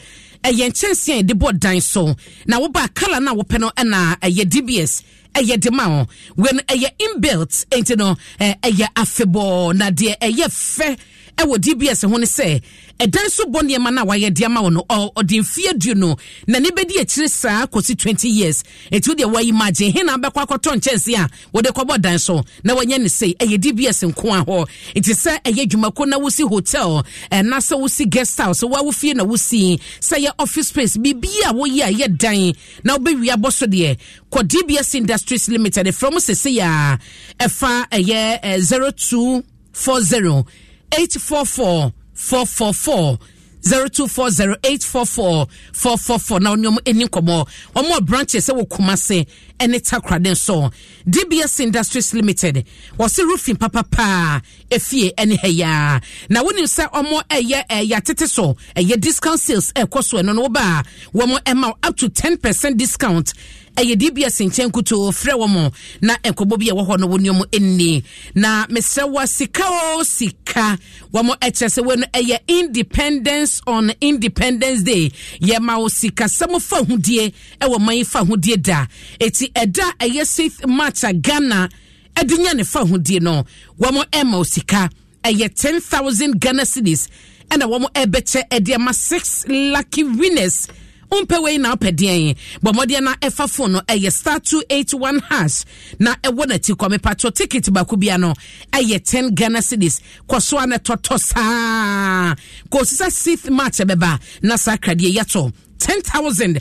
ɛyɛ nkyɛnsee a de bɔ dan so na woba color na a wopɛ no ɛna ɛyɛ dbs ɛyɛ de ma wo wɔn ɛyɛ inbuilt nti no ɛyɛ afebɔɔ na deɛ ɛyɛ fɛ ɛwɔ dbs ho no sɛ ɛdan so bɔ nneɛma no a wayɛ de ama wo no ɔde mfeɛ du no n'ani bɛdi akyire saa kɔsi 20 years ɛti wodeɛ wayi magye he Hena bɛkɔ akɔtɔ nkyɛnse a wode kɔbɔ dan so na wɔnyɛ ne sei ɛyɛ dbs nko a hɔ nti sɛ ɛyɛ dwumako na wosi hotel ɛna sɛ wosi guest house wawo fie na wosi sɛ yɛ office space biribi a woyɛ a yɛ dan na wobɛwie abɔ so deɛ kɔ dbs industries limited ɛfrɛ mu sesei a ɛfa ɛyɛ 0240 844 444 0240844444 na ɔne ɔmo ani eh, nkɔmmɔ ɔmo a branches ɛwɔ eh, kumase ɛne eh, takoradi nso dbs industries limited wɔsi roofing papapaa efie ɛne ɛyaa na wɔn nsa ɔmo ɛyɛ ɛyɛ atete so ɛyɛ discount sales ɛkɔ so ɛno no wɔba a wɔn ɛma up to ten percent discount. ɛyɛ dbs nkyɛn kuto frɛ wɔ mo na nkɔbɔ bi a ɛwɔ hɔ no wɔ nneɛma ni na mesrɛ wɔ sika o sika wɔn ɛkyerɛ sɛ wɔn ɛyɛ independence on independence day yɛma wo sikasɛm fa ahodie ɛwɔ man yi fa ahodie da eti ɛda ɛyɛ sith march a ghana ɛde nya ne fa ahodie no wɔn ɛma wo sika ɛyɛ ten thousand ghana cedis ɛna wɔn ɛbɛkyɛ ɛde ama six lucky winners wompɛ wei na wopɛ deɛn bɔ mmɔdeɛ na ɛfa fo no ɛyɛ star 281 has na ɛwɔ n'akyi kɔ mepatɔ ticket baako bia no ɛyɛ 10 ghana cities kɔ so a no ɛtɔtɔ saa kɔsi sɛ sith match ɛbɛba na saa kradeɛ yɛtɔ 10000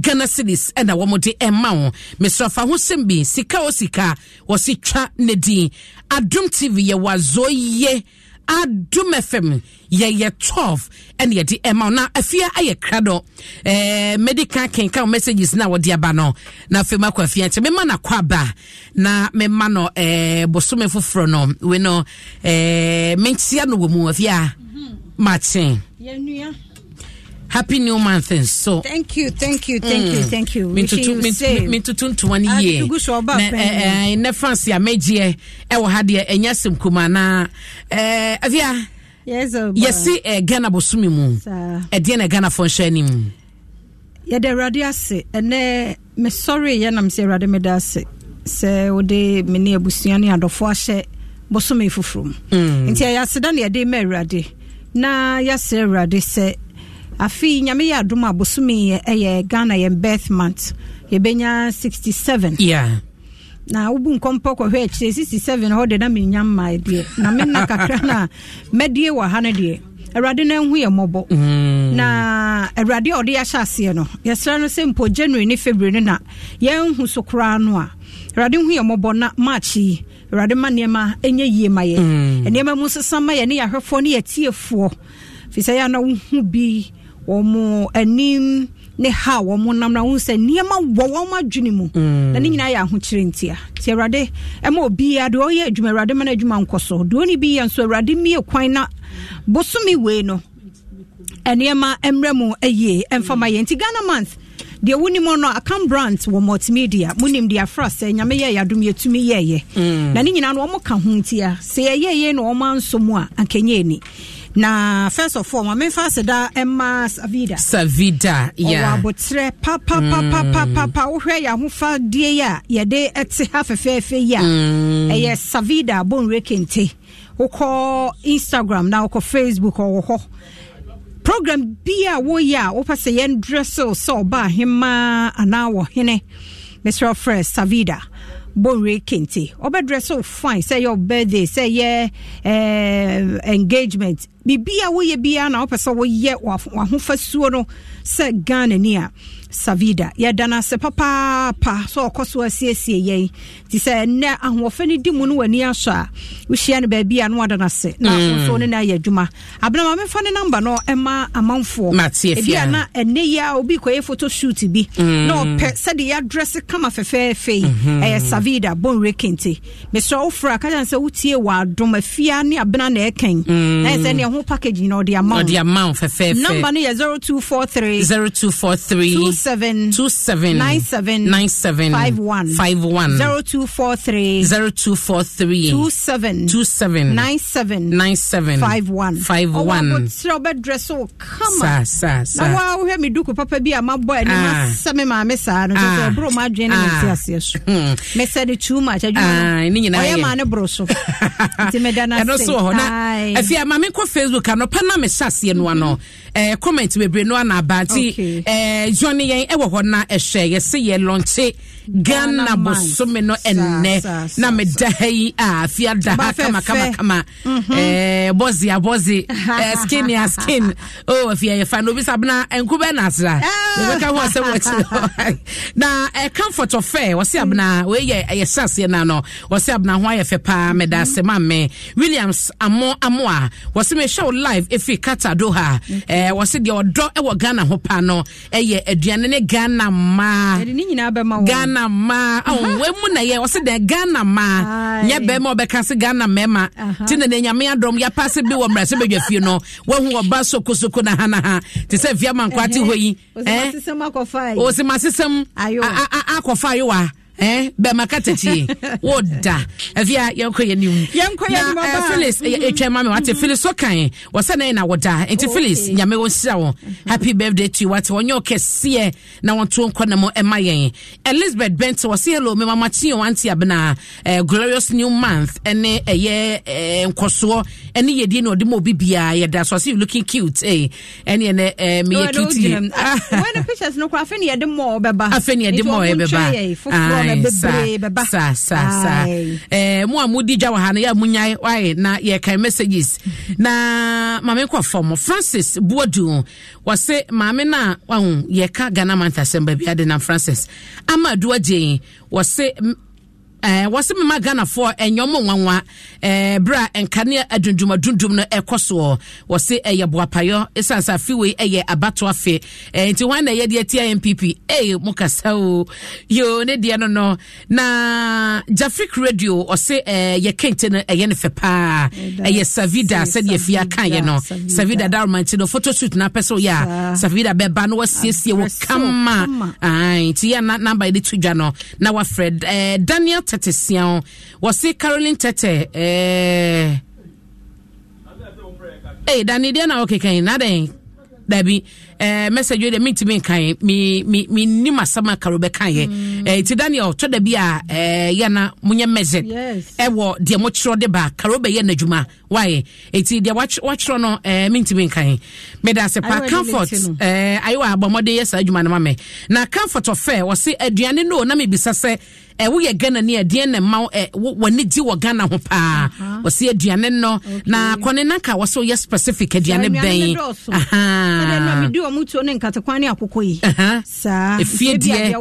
ghana cities ɛna wɔn de ɛma wɔn mesrafa ho sɛm sika o sika wɔsi twa ne din adum tv yɛ wazɔ yie adum fm yɛyɛ 12 ɛne yɛde ɛma na afie ayɛ krado eh, medical kenka messages na wɔde aba no na afei makɔ afia nkyɛ mema no akɔ aba na mema no eh, bosome foforɔ no wei no eh, menkyia no wɔ mu afie a makyen mhm. yeah, happy new month So thank you thank you thank mm. you thank you. mi tutu mi mi tutu ntoma ni yie na ɛɛ ne france amegyeɛ ɛwɔ ha deɛ ɛnyɛ semkuma na ɛɛ afia. yɛsi ɛɛ ghana bosomi mu ɛdeɛ eh, na ghana fɔ nhyɛn ni mu. yɛde awurade ase ɛnɛ mesɔre yɛ nam sɛ awurade meda ase sɛ wode me ne abusua ne adɔfoɔ ahyɛ bosome foforɔ mu mm. nti ɛyɛ eh, aseda ne yɛde ma awurade na yɛasrɛ awurade sɛ afei nyame yɛ adom a bosome ɛyɛ ghana yɛn birth month yɛbɛnya 67 yeah. na wobu nkɔmpɔ kɔhwɛ akyirɛ 67 hɔ de na menya mmaa deɛ na menna kakra no a mɛdie wɔ ha no deɛ awurade no ahu yɛ mmɔbɔ mm. na awurade a ɔde yɛahyɛ aseɛ no yɛsrɛ no sɛ mpo january ne february no na yɛnhu so koraa no a awurade hu yɛ mmɔbɔ na march yi awurade ma nneɛma ɛnyɛ yie ma yɛ mm. nneɛma mu sesa ma yɛ ne yɛahwɛfoɔ ne yɛtiefoɔ firi sɛ yɛ ana wohu bi wɔn anim ne ha wɔn nam na wɔn sɛ nneɛma wɔ wɔn adwene mu mm. na ne nyinaa yɛ ahokyere ntia ti awurade ɛma obiara deɛ ɔyɛ adwuma awurade ma adwuma nkɔ so deɛ bi yɛ nso awurade mie kwan na bosomi wei no nneɛma mmerɛ mu yie mfama yɛ nti ghana month deɛ wonim no acam brant wɔ multimedia monim deɛ afra sɛ nyame yɛ yɛadom yɛtumi yɛɛyɛ mm. na ne nyinaa no ɔmo ka ho ntia sɛ yɛyɛyɛ na ɔma nso a ankɛnyɛ ani na first of all maame nfa aseda ɛma savida savida yeah ɔwɔ abotire papapapapapa wohwɛ mm. yɛ ahofadeɛ yi a yɛde ɛte ha fɛfɛɛfɛ yi a ɛyɛ mm. savida bonwe kente wokɔ instagram na wokɔ facebook ɔwɔ hɔ program bi a woyɛ a wopɛ sɛ yɛndrɛ so sɛ ɔba ahemaa anaa wɔ hene mesrɛ frɛ savida bonwe kente ɔbɛdrɛ so fine sɛ yɛ ɔbirthday sɛ yɛ eh, engagement biribi a woyɛ biara na wopɛ sɛ woyɛ w'ahofasuo no sɛ ghana ni a savida yɛda no ase papaapa sɛ ɔkɔ so asiesie yɛn nti sɛ ɛnɛ ahoɔfɛ no di mu no w'ani asɔ a wohyia no baabi a no wada ase na wosoo mm. no no ayɛ adwuma abenama mefa ne namba no ɛma amanfoɔ ebi na ɛnɛ yi a obi kɔyɛ photo bi na mm. ɔpɛ sɛde yɛadrɛse kama fɛfɛɛfɛ yi mm-hmm. ɛyɛ savida bonwe kente mesrɛ wofrɛ a ka kyɛ sɛ wotie wɔ adom afia ne abena na ɛkɛn mm. na ɛsɛ neɛ ho ho package no ɔde the amount. ama wo fɛfɛɛfɛ number no yɛ 0243 0243 27 27 97 97 51 51 0243 0243 27 27 97 97 51 51 ɔwɔ bɛdrɛ so kama saa saa saa na wohwɛ me duku papa bi a mabɔ anim asɛ me maame saa no sɛ ɔborɔ ma adwene ne mete aseɛ so ah. ah. hmm. mesɛ de too much adwuma no ɔyɛ ma ne borɔ so nti meda no ase ɛno so wɔ hɔ na afei ama menkɔ facebook facebook anɔpa na mehyɛ aseɛ no ano ɛɛ mm-hmm. eh, comment bebree no ana aba nti ɛɛ johnny eh, yɛn ɛwɔ hɔ na ɛhwɛ yɛsɛ yɛ lɔnkye ghana bosome no ɛnnɛ na meda ha yi a afia da ha kamakamakama bɔze a bɔze skin ya skin oh afia yɛfa eh. eh, no obi sa bena nku bɛ na asra yɛbɛka ho asɛm wɔkyerɛ hɔ na ɛka mfɔtɔ fɛ wɔse abena wɔyɛ yɛhyɛ aseɛ no no wɔse abena ho ayɛ fɛ paa meda asɛm me williams amo amo a wɔse mehwɛ wo live ɛfiri kata doha wɔse deɛ ɔdɔ wɔ ghana ho paa no ɛyɛ e aduane ne ghana mmaa ghana ghana maa emu na yɛ ɔsi dɛ ghana maa nyɛ bɛrima ɔbɛka se ghana mɛma ti na ne nyame adɔm yɛpaase bi wɔ mmerɛsɛ bɛdwa fie no wahu ɔba sokosoko na ha na ha te sɛ fiama nkwate hɔ yi ɛ osimasi sɛm akɔfa ayowa eh bɛma ka tatie woda afia yɛnkɔ yɛnim phyllis ɛtwa eh, eh, ma me wate mm-hmm. phyllis so kan wɔsɛ na ɛna wɔda enti phyllis nyame wɔnhyira wɔn mm-hmm. happy birthday to you wate wɔnyɛ ɔkɛseɛ na wɔnto nkɔ nam ɛma yɛn elizabeth bent wɔse hello me mamakye wante abena eh, glorious new month ɛne ɛyɛ eh, nkɔsoɔ ɛne yɛdie na ɔde ma obi biaa yɛda so ɔse looking cute eh, ɛne ɛnɛ eh, meyɛ cutie afei ne Eh, mo a modi gya wɔ ha no yɛ monyae wae na yɛkan messages na maame nkɔfɔ mo francis buodu wɔse maame no a wahu yɛka ghana mantasɛm baabiade nam francis ama aduagyen wɔse Eh, wɔsɛ mema ghanafoɔ ɛnyɛ ɔmo nwanwa eh, berɛ a nkanea eh, adundum no ɛkɔ soɔ wɔse ɛyɛ boapayɔ ɛsiane sɛ afewei ɛyɛ abato afe nti hwan na yɛdeɛ tia mpp ee mo kasa o yo ne deɛ no no na jafric radio ɔse yɛ kente no ɛyɛ no fɛ paa ɛyɛ savida sɛdeɛ fie akaeɛ no savida daruma nti no photoshoot na apɛ sɛ woyɛ a savida bɛba na wasiesie wɔ kama nti yɛ namba yɛde to dwa no na wafrɛ daniel tete sia ho wɔse caroline tete ɛɛ ɛyɛ dani deɛ na ɔkeka yi nadan dabi ɛɛ message yi de mi ntumi nkan mi mi mi ni asɛm a karo bɛka yɛ ɛɛ ti daniel ɔtɔ dabi ah, eh, eh, eh, a ɛɛ yana mo nyɛ message ɛwɔ deɛ mo kyerɛ de ba karo bɛyɛ n'adwuma wayɛ eti deɛ wakyerɛ no ɛɛ mi ntumi nkan meda ase pa comfort ɛɛ ayiwa abɔmɔden yɛ saa adwuma no ma mɛ na comfort ɔfɛ wɔsi aduane no na mi bisa sɛ woyɛ ghana ni ɛdeɛ na ma wɔne gye wɔ ghana ho paa uh-huh. wɔsi aduane no na kɔne nanka wɔ so yɛ specific aduane bɛn efiedeɛ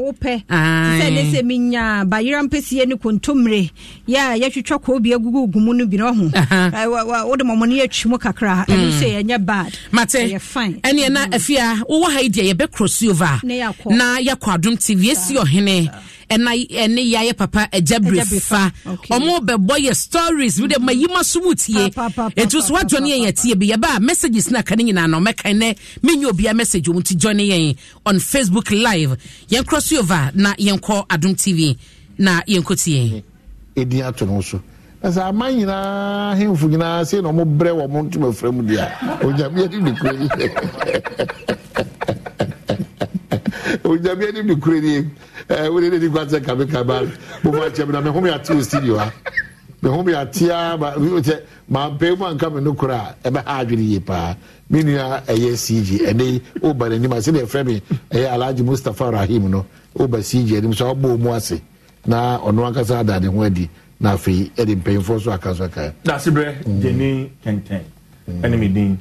sɛ sɛ menya bayera mpɛsie ne kontomire yɛ a yɛtwitwa koobi agugu gu mu no bi no ho wode mɔmɔne yɛtwi mu kakra ɛno hmm. sɛ yɛnyɛ bad mate ɛneɛ na hmm. afia wowɔ ha yi deɛ yɛbɛkorɔ suova na yɛakɔ adom tv ɛsi ɔhene ɛna ɛne yɛayɛ papa agya bere fa ɔmo bɛbɔ yɛ stories wode ma yima so mu tie ɛtu so woadwɔne yɛn atie bi yɛba a messages no aka no nyinaa no ɔmɛkan nɛ menyɛ obiaa message ɔmu nti jɔne yɛn on facebook live yɛnkɔ so over na yɛnkɔ adum tv na yɛnkɔ tie yɛn ato no so sɛ aman nyinaa hemfo nyinaa sei na ɔmo brɛ wɔ mo ntomafrɛ mu deɛ a onyame yɛde ne kuro yi onyame anim ne kure ni eh, wode ne nikwa sɛ kamekama moma kyɛ me na mehome ateo studio ha mehome atea kyɛ mampɛ mu anka me no korɔ a ɛbɛha e adwene yie paa me nua ɛyɛ e cg ɛne e woba n'anim a sɛdeɛ ɛfrɛ me ɛyɛ alagye mustapha rahim no woba cg anim so wobɔɔ mu ase na ɔno ankasa ada ne ho adi na afei ɛde mpanyimfoɔ so aka so aka mm. gyeni kɛntɛn mm.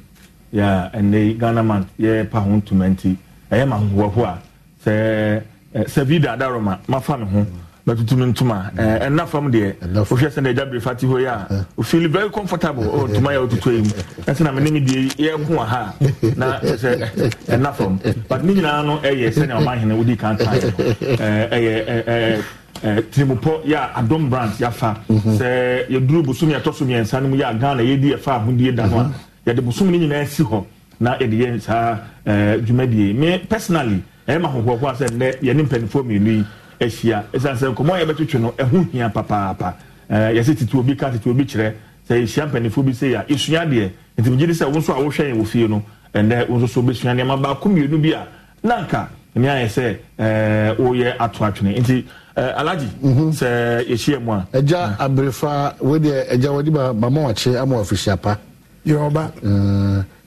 ɛne ghana man yɛpa ho ntoma nti ɛyɛ ma hohoahoa sɛ sɛvida adaroma mafa ne ho bɛtutu no ntoma ɛna fam deɛ wohwɛ sɛ ne agya bere fate hɔ yi a ofeel very comfortable ɔ ntoma yɛ wototo yi mu ɛsɛ na mene me deɛ yɛko a ha na sɛ ɛna fam but ne nyinaa no ɛyɛ sɛnea ɔmahene wodi kan kan ɛyɛ tirimupɔ yɛ adom brand yɛafa mhm. sɛ yɛduru bosomi ɛtɔ so mmiɛnsa no mu yɛ a ghana yɛdi yɛfa ahodie da no a mhm. yɛde bosomi no nyinaa si hɔ na yɛde yɛ saa dwumadie me personally ɛyɛ ma kwa sɛ nnɛ yɛne mpanimfoɔ mmienu yi ahyia ɛsiane sɛ nkɔmmɔ a yɛbɛtwetwe no ɛho hia papaapa yɛsɛ tete obi ka tete obi kyerɛ sɛ yɛhyia mpanimfoɔ bi sɛ yɛ a yɛsua deɛ nti megye di sɛ wo nso a wohwɛ yɛn wɔ fie no ɛnɛ wo nso so wobɛsua nneɛma baako mmienu bi a na anka ne ayɛ sɛ woyɛ ato atwene nti alagye mhm. sɛ yɛhyia mu a agya aberefa wedeɛ agya wɔde mama wakye ama wafihyia pa yɛɔba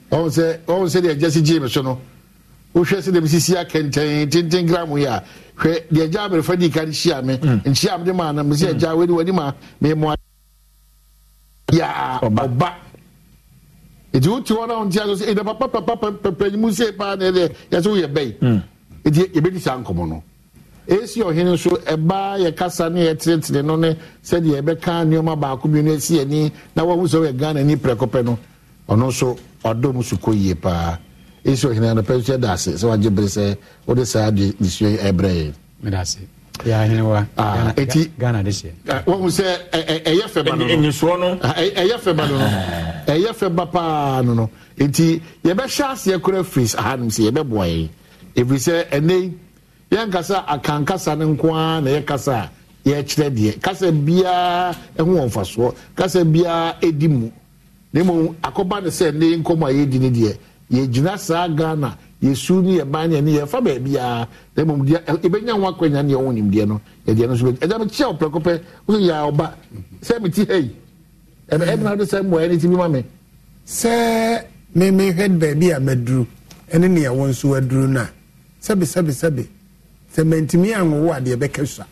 ɔwo sɛ ɔwo sɛ deɛ agya si gyee me so no wohwɛ sɛ dɛm sisi akɛntɛn tenten gram yi a hwɛ deɛ gya abɛrɛfa di ka no hyia me nhyia mede maa no mesɛ agya wani ma, a memmoa yɛ ɔba ɛti wote hɔ no wontia so sɛ ɛda papapapapanimu se paa ne deɛ yɛ sɛ woyɛ bɛi ɛti yɛbɛdi saa nkɔmmɔ no ɛsi ɔhene nso ɛbaa kasa ne yɛtenetene no ne sɛdeɛ yɛbɛka nneɔma baako mmienu asi ani na wahu sɛ woyɛ ghana ni prɛkɔpɛ no ɔno nso ɔdɔ so kɔ yie paa ɛsi ɔhene anɔpɛ nso ɛda ase sɛ wagye bere sɛ wode saa de nisuo yi ɛbrɛ yɛ ɛtiwohu ah, ah, sɛ ɛyɛ fɛba no ah, ɛyɛ fɛba no ɛyɛ fɛba paa no no nti yɛbɛhyɛ aseɛ kora fris ahanom sɛ yɛbɛboa yɛn ɛfiri sɛ ɛnɛ yɛnkasa akankasa no nko ara na yɛkasa a yɛkyerɛ deɛ kasa biara ho wɔ mfasoɔ kasa biara ɛdi mu na mmom akɔba no sɛ ɛnɛ nkɔmmɔ a yɛdi no deɛ yɛgyina saa ghana yɛsu ne yɛban ne yɛne yɛfa baabiaa na mmom deɛ ɛbɛnya ho akwanya ne yɛwo nimdeɛ no yɛdeɛ no so bɛ ɛgya mekyia wo prɛko pɛ wo sɛ yɛ ɔba sɛ mete hei ɛbɛ ɛdena wode sɛ mmoa ɛne ti bi ma me sɛ memehwɛ baabi a maduru ɛne ne yɛwo nso aduru no a sɛbe sɛbe sɛbe sɛ mantumi anwowo adeɛ bɛka sua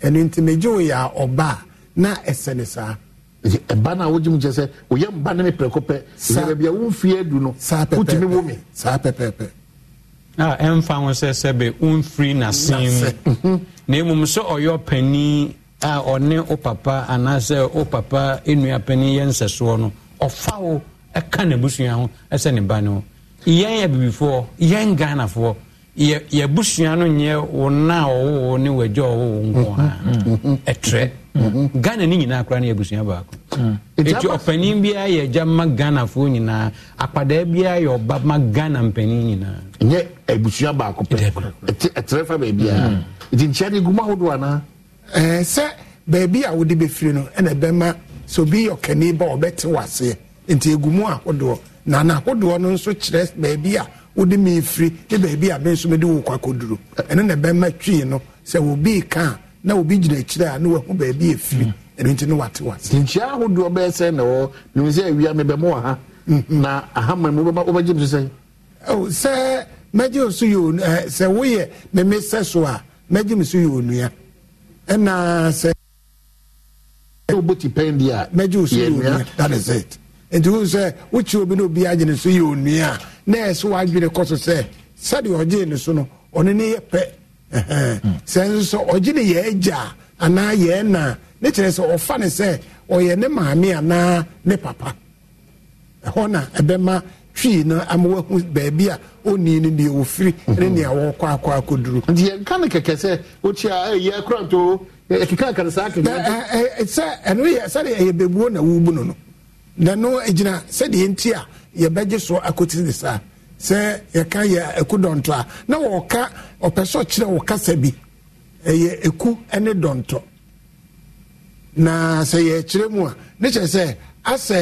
ɛno nti megye wo yɛ ɔba a na ɛsɛ ne saa ɛba mhm. no a wogye mu kyɛ sɛ woyɛ mba ne me prɛko pɛ sɛ baabi a womfie adu no wotumi wo me saa pɛpɛpɛ ɛmfa ho sɛ sɛbe womfiri nasen mu na mmom sɛ ɔyɛ ɔpani a ɔne wo papa anaasɛ wo papa nnuapani yɛ nsɛsoɔ no ɔfa wo ɛka n'abusua ho ɛsɛ ne ba ne ho yɛn abibifoɔ yɛn ghanafoɔ yɛabusua no nyɛ wo na ɔwowo ne wagya ɔwowo nko a ɛtrɛ ghana ne nyinaa koraa no hmm. yɛ abusua baako ɛti ɔpanin biara yɛ agya ma ghanafoɔ nyinaa akwadaa biara yɛ ɔba ma ghana mpanin nyinaa ɛnyɛ abusua baako pɛ ɛtrɛ fa baabiara ɛti hmm. nkyia ne gu ma ahodoɔ anaa eh, sɛ baabi a wode bɛfiri no ɛna ɛbɛma sɛ obi yɛ ɔkani ba ɔbɛte waseɛ nti ɛgu mu ahodoɔ na na ahodoɔ no nso kyerɛ baabi a wode mefiri ne baabi a me nso mede wo kwakɔduru ɛno na ɛbɛma twii no sɛ wobii ka a na obi gyina akyire a na wahu baabi efiri mm-hmm. ɛnu nti ne wate wase. nkyia ahodoɔ bɛyɛ sɛ na wɔ mimi sɛ ewia mi bɛ mo wɔ ha mm-hmm. na ahama mu wobɛgye mi so sɛn. Oh, sɛ mɛgye so yɛ onua eh, sɛ woyɛ mimi sɛ so a mɛgye mi so yɛ onua ɛna sɛ. ẹ o bó ti pẹ́ ndi a. mẹjọ osu yóò nua that is it nti o sẹ o ti obi na obi agyina so yóò nua na ẹ sọ wa adwene kọ so sẹ sadi ọjẹ ni so no ọno ne yẹ pẹ. sɛ nso sɛ ɔgye ne yɛ agya anaa yɛ na ne kyerɛ sɛ ɔfa ne sɛ ɔyɛ ne maame anaa ne papa ɛhɔ na ɛbɛma twii no ama wahu baabi a ɔni no deɛ ɔfiri ne nea wɔkɔ akɔ akɔduru nti yɛnka no kɛkɛ sɛ wokyia yɛ koranto ɛkeka saa sɛ ɛno yɛ sɛdeɛ ɛyɛ bɛbuo na wobu no no na no ɛgyina sɛdeɛ nti a yɛbɛgye so akɔtiri ne saa sɛ yɛka yɛ ɛku dɔntɔ a na wɔka ɔpɛ sɛ ɔkyerɛ wɔ kasa bi ɛyɛ ɛku ɛne dɔntɔ na sɛ yɛkyerɛ mu a ne kyerɛ sɛ asɛ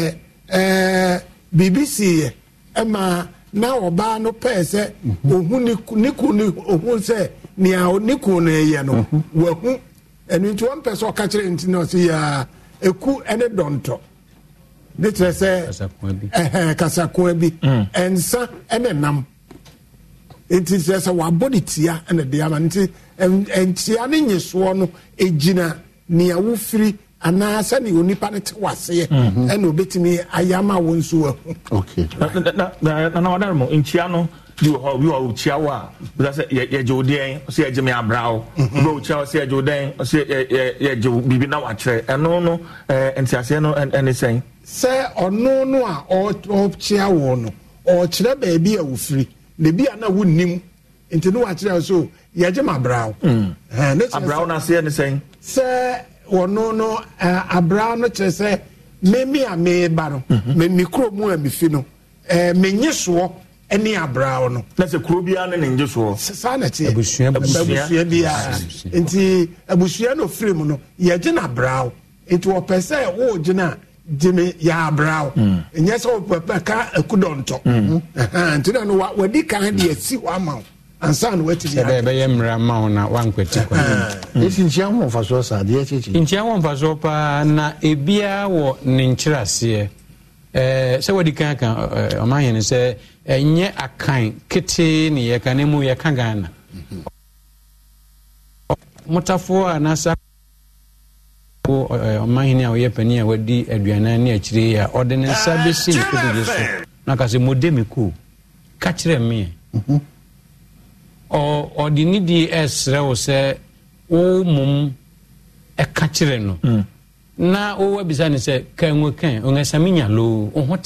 ɛɛ biribi siiɛ ɛma na ɔbaa no pɛɛ sɛ mhm. ohu ne ku ne ohu sɛ nea ne ku no yɛ no mhm. wahu ɛnu nti wɔn pɛ sɛ ɔka kyerɛ nti na ɔsi yɛ ɛku ne dɔntɔ. ne kyerɛ sɛ kasakoa bi nsa ne nam nti kyerɛ sɛ wabɔ ne tia ne de ama nti ntia ne nyesoɔ no gyina nea wofiri anaa sɛnea onipa no te waseɛ ɛna obɛtumi ayɛ na na na na nanawadaremɔ ntia no bi wɔ hɔ bi wɔ ɔkyia wo a bisa sɛ yɛgye wo den ɔsɛ yɛgye me abra wo bi wɔ ɔkyia wo sɛ yɛgye wo den ɔsɛ yɛgye wo biribi na wakyerɛ ɛno no ntiaseɛ eh, no ɛne sɛn. sɛ ɔno no a ɔkyia wo no ɔkyerɛ baabi a wofiri na bi a na wonnim nti ne wakyerɛ so yɛgye me abra wo. abra wo n'aseɛ ne sɛn. sɛ ɔno no abra no kyerɛ sɛ mmemme a mmeba no mmemme kurom a mefi no menye soɔ ɛne abrawo no. na sɛ kuro biara ne ne ngye soɔ. sisan na ti abusua abusua biara nti abusua na ofiri mu no yɛgye na abrawo nti ɔpɛ sɛ ɔɔgye na yɛ abrawo hmm. nyɛ sɛ ɔpɛ ka ekudɔntɔ hmm. nti na no wadi kan de esi hɔ ama wo ansan wati di ade. sɛbɛɛ bɛyɛ mmerɛ ma wo na wankwati kwa. esi nkyia wɔn mfasoɔ sa adeɛ kyekye. nkyia wɔn mfasoɔ paa na ebiara wɔ ne nkyerɛ aseɛ ɛɛ sɛ wadi kan kan ɔman yɛn sɛ. ɛnyɛ akan ketee ne yɛka ne mu yɛka ghana motafoɔ ɔmahene a ɔyɛ pani a wadi aduanan ne akyire yi a ɔde ne nsa bɛsi ne so na ka sɛ mode me koo ka kyerɛ meɛ ɔde ne di ɛsrɛ wo sɛ wo mom ɛka kyerɛ no mm. na wowabisa ne sɛ kan wo ho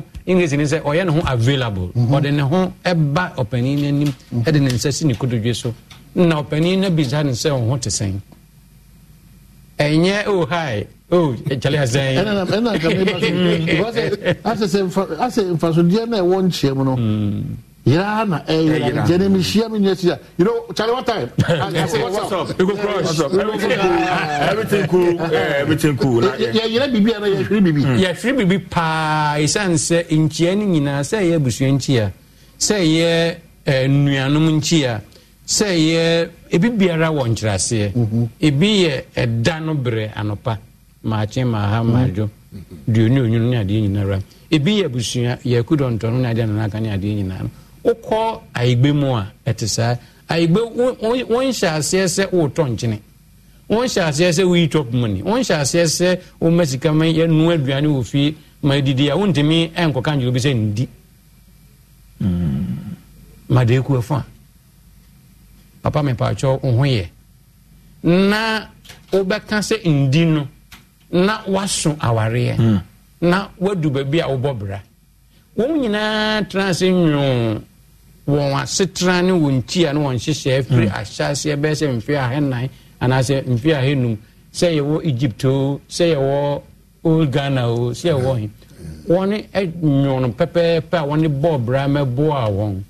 te english ni sɛ ɔyɛ ne ho available ɔde ne ho ɛba ɔpanin n'anim ɛde ne nsa si ne kododwe so na ɔpanin no bisa ne sɛ ɔho te sɛn ɛnyɛ o hi o kyale asɛn. ɛnna ɛnna nkà mi ba so asɛ nfasodeɛ náà ɛwɔ nkyɛn mu no yìrá na ẹ yìrá jẹ ní mi ṣíà mi ní ẹ ṣíà you know Charlie what time. Ah, i what's up ego crush what's up everything cool everything cool everything cool. yẹ yẹrẹ bibi ara yẹ firi bibi. Hmm. yẹ firi bibi paa esan sẹ nkyia ni nyinaa sẹ yẹ busua nkyia sẹ yẹ eh, nnuanom nkyia sɛ yɛ ebi biara wɔ nkyerɛaseɛ mm-hmm. ebi yɛ ɛda no berɛ anɔpa maakye maaha mm-hmm. maadwo mm-hmm. duoni onyini ne adeɛ nyinara ebi yɛ abusua yɛ kudɔntɔno ne adeɛ nanaka ne adeɛ nyinaa no wokɔ ayigbe mu a ɛte saa ayigbe wɔnhyɛ aseɛ sɛ wotɔ nkyene wɔnhyɛ aseɛ sɛ woyi chop money wɔnhyɛ aseɛ sɛ woma sika ma yɛnoa aduane wɔ fie ma adidi a wontumi ɛnkɔka ndwere bi sɛ ndi hmm. madeeku a papa mepaakyɛ wo ho yɛ na wobɛka sɛ ndi no na waso awareɛ hmm. na wadu baabi a wobɔ bra wɔn nyinaa tena ase nwoo wɔn asetena ne wɔn tia ne wɔn hyehyɛ firi hmm. ahyɛaseɛ bɛyɛ sɛ mfe ahenan anaasɛ mfe ahenum sɛ yɛwɔ egypt o sɛ yɛwɔ old ghana o sɛ yɛwɔ he hmm. wɔn nwono pɛpɛɛpɛ a wɔn bɔɔ brahma boa wɔn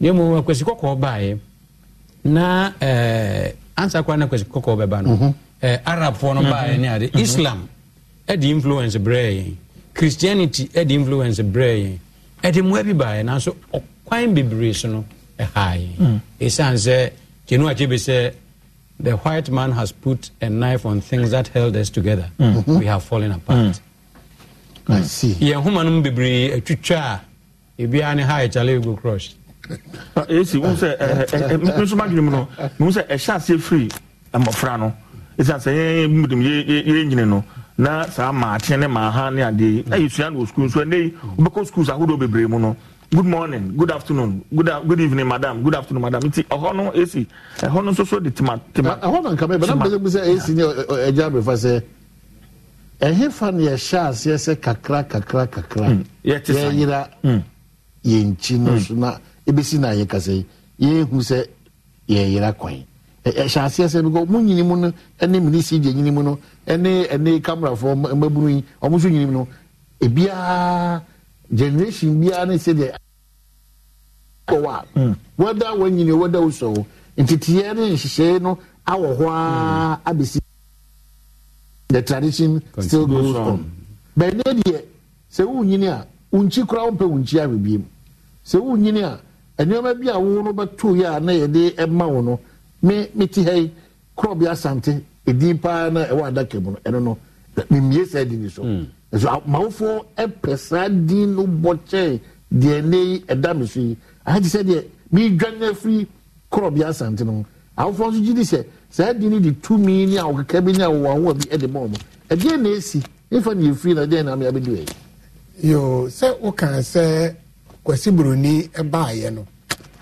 na emu akwasi kɔkɔɔ baeɛ na ɛɛ ansa koraa na akwasi kɔkɔɔ bɛba no mhm. ɛɛ arabfoɔ no baeɛ mhm. ne ade mhm. islam ɛde influence brɛ yɛn christianity ɛde influence brɛ yɛn ɛde mmoa bi baeɛ nanso ɔk kwan bebree so no ɛhaa ɛsiane hmm. sɛ kyenu akye bi sɛ the white man has put a knife on things that held us together mm we have fallen apart hmm. yɛn homa nom bebree atwitwa a ebiaa ne ha ɛkyale go crush ɛsi ah, wo sɛ nso madwene mu no mehu sɛ ɛhyɛ aseɛ firi mmɔfra no ɛsiane sɛ yɛmudem yɛnyini no na saa maateɛ ne maaha ne adeɛ ɛyɛ sua no wɔ sukuul nso ɛnɛ yi wobɛkɔ sukuul ahodoɔ bebree mu no good morning good afternoon good uh, good evening madam good afternoon madam nti ɛhɔ no esi ɛhɔ no nso so de tima tima. ɛhɔ na nkama ebe n'apɛsɛ bi sɛ esi ni ɛgya abefa sɛ ɛhe fa na yɛhyɛ aseɛ sɛ kakra kakra kakra hmm, yɛyira hmm. yɛn nkyi no hmm. so na ebesi na yɛ kasa yi yɛhu sɛ yɛyira kwan ɛhyɛ aseɛ sɛ bikɔ mu nyini mu no ɛne minisi gye nyini mu no ɛne ɛne kamerafoɔ mmabunu yi ɔmo nso nyini mu no ebiara generation biara ne sɛdeɛ kɔwɔ a hmm. wada wɔnyini wɔda wosɔ wo nteteɛ ne nhyehyɛe no awɔ hɔ a hmm. abɛsi the tradition still goes on bɛnɛ se sɛ wonyini a wonkyi koraa wompɛ wonkyi ahwɛbiem sɛ wonyini a nneɛma bi a wo no bɛtoo ya a na yɛde ɛma wo no me mete ha yi korɔ bi asante ɛdin paa na ɛwɔ adaka mu no ɛno no memie saa di ni so mm nso amanfoɔ pɛ saa din no bɔ kyɛn deɛ ne ɛda mi so yi ayɛ te sɛ deɛ meedwane afiri korɔbea asante no awofoɔ nso gyi di sɛ saa din no de tumi ne awokeka bi ne awowawoa bi de ma ɔmo ɛdeɛ na ɛsi nifa ne yɛfiri na deɛ na ame abɛdi ɛ yo sɛ woka sɛ kwasi buroni baayɛ no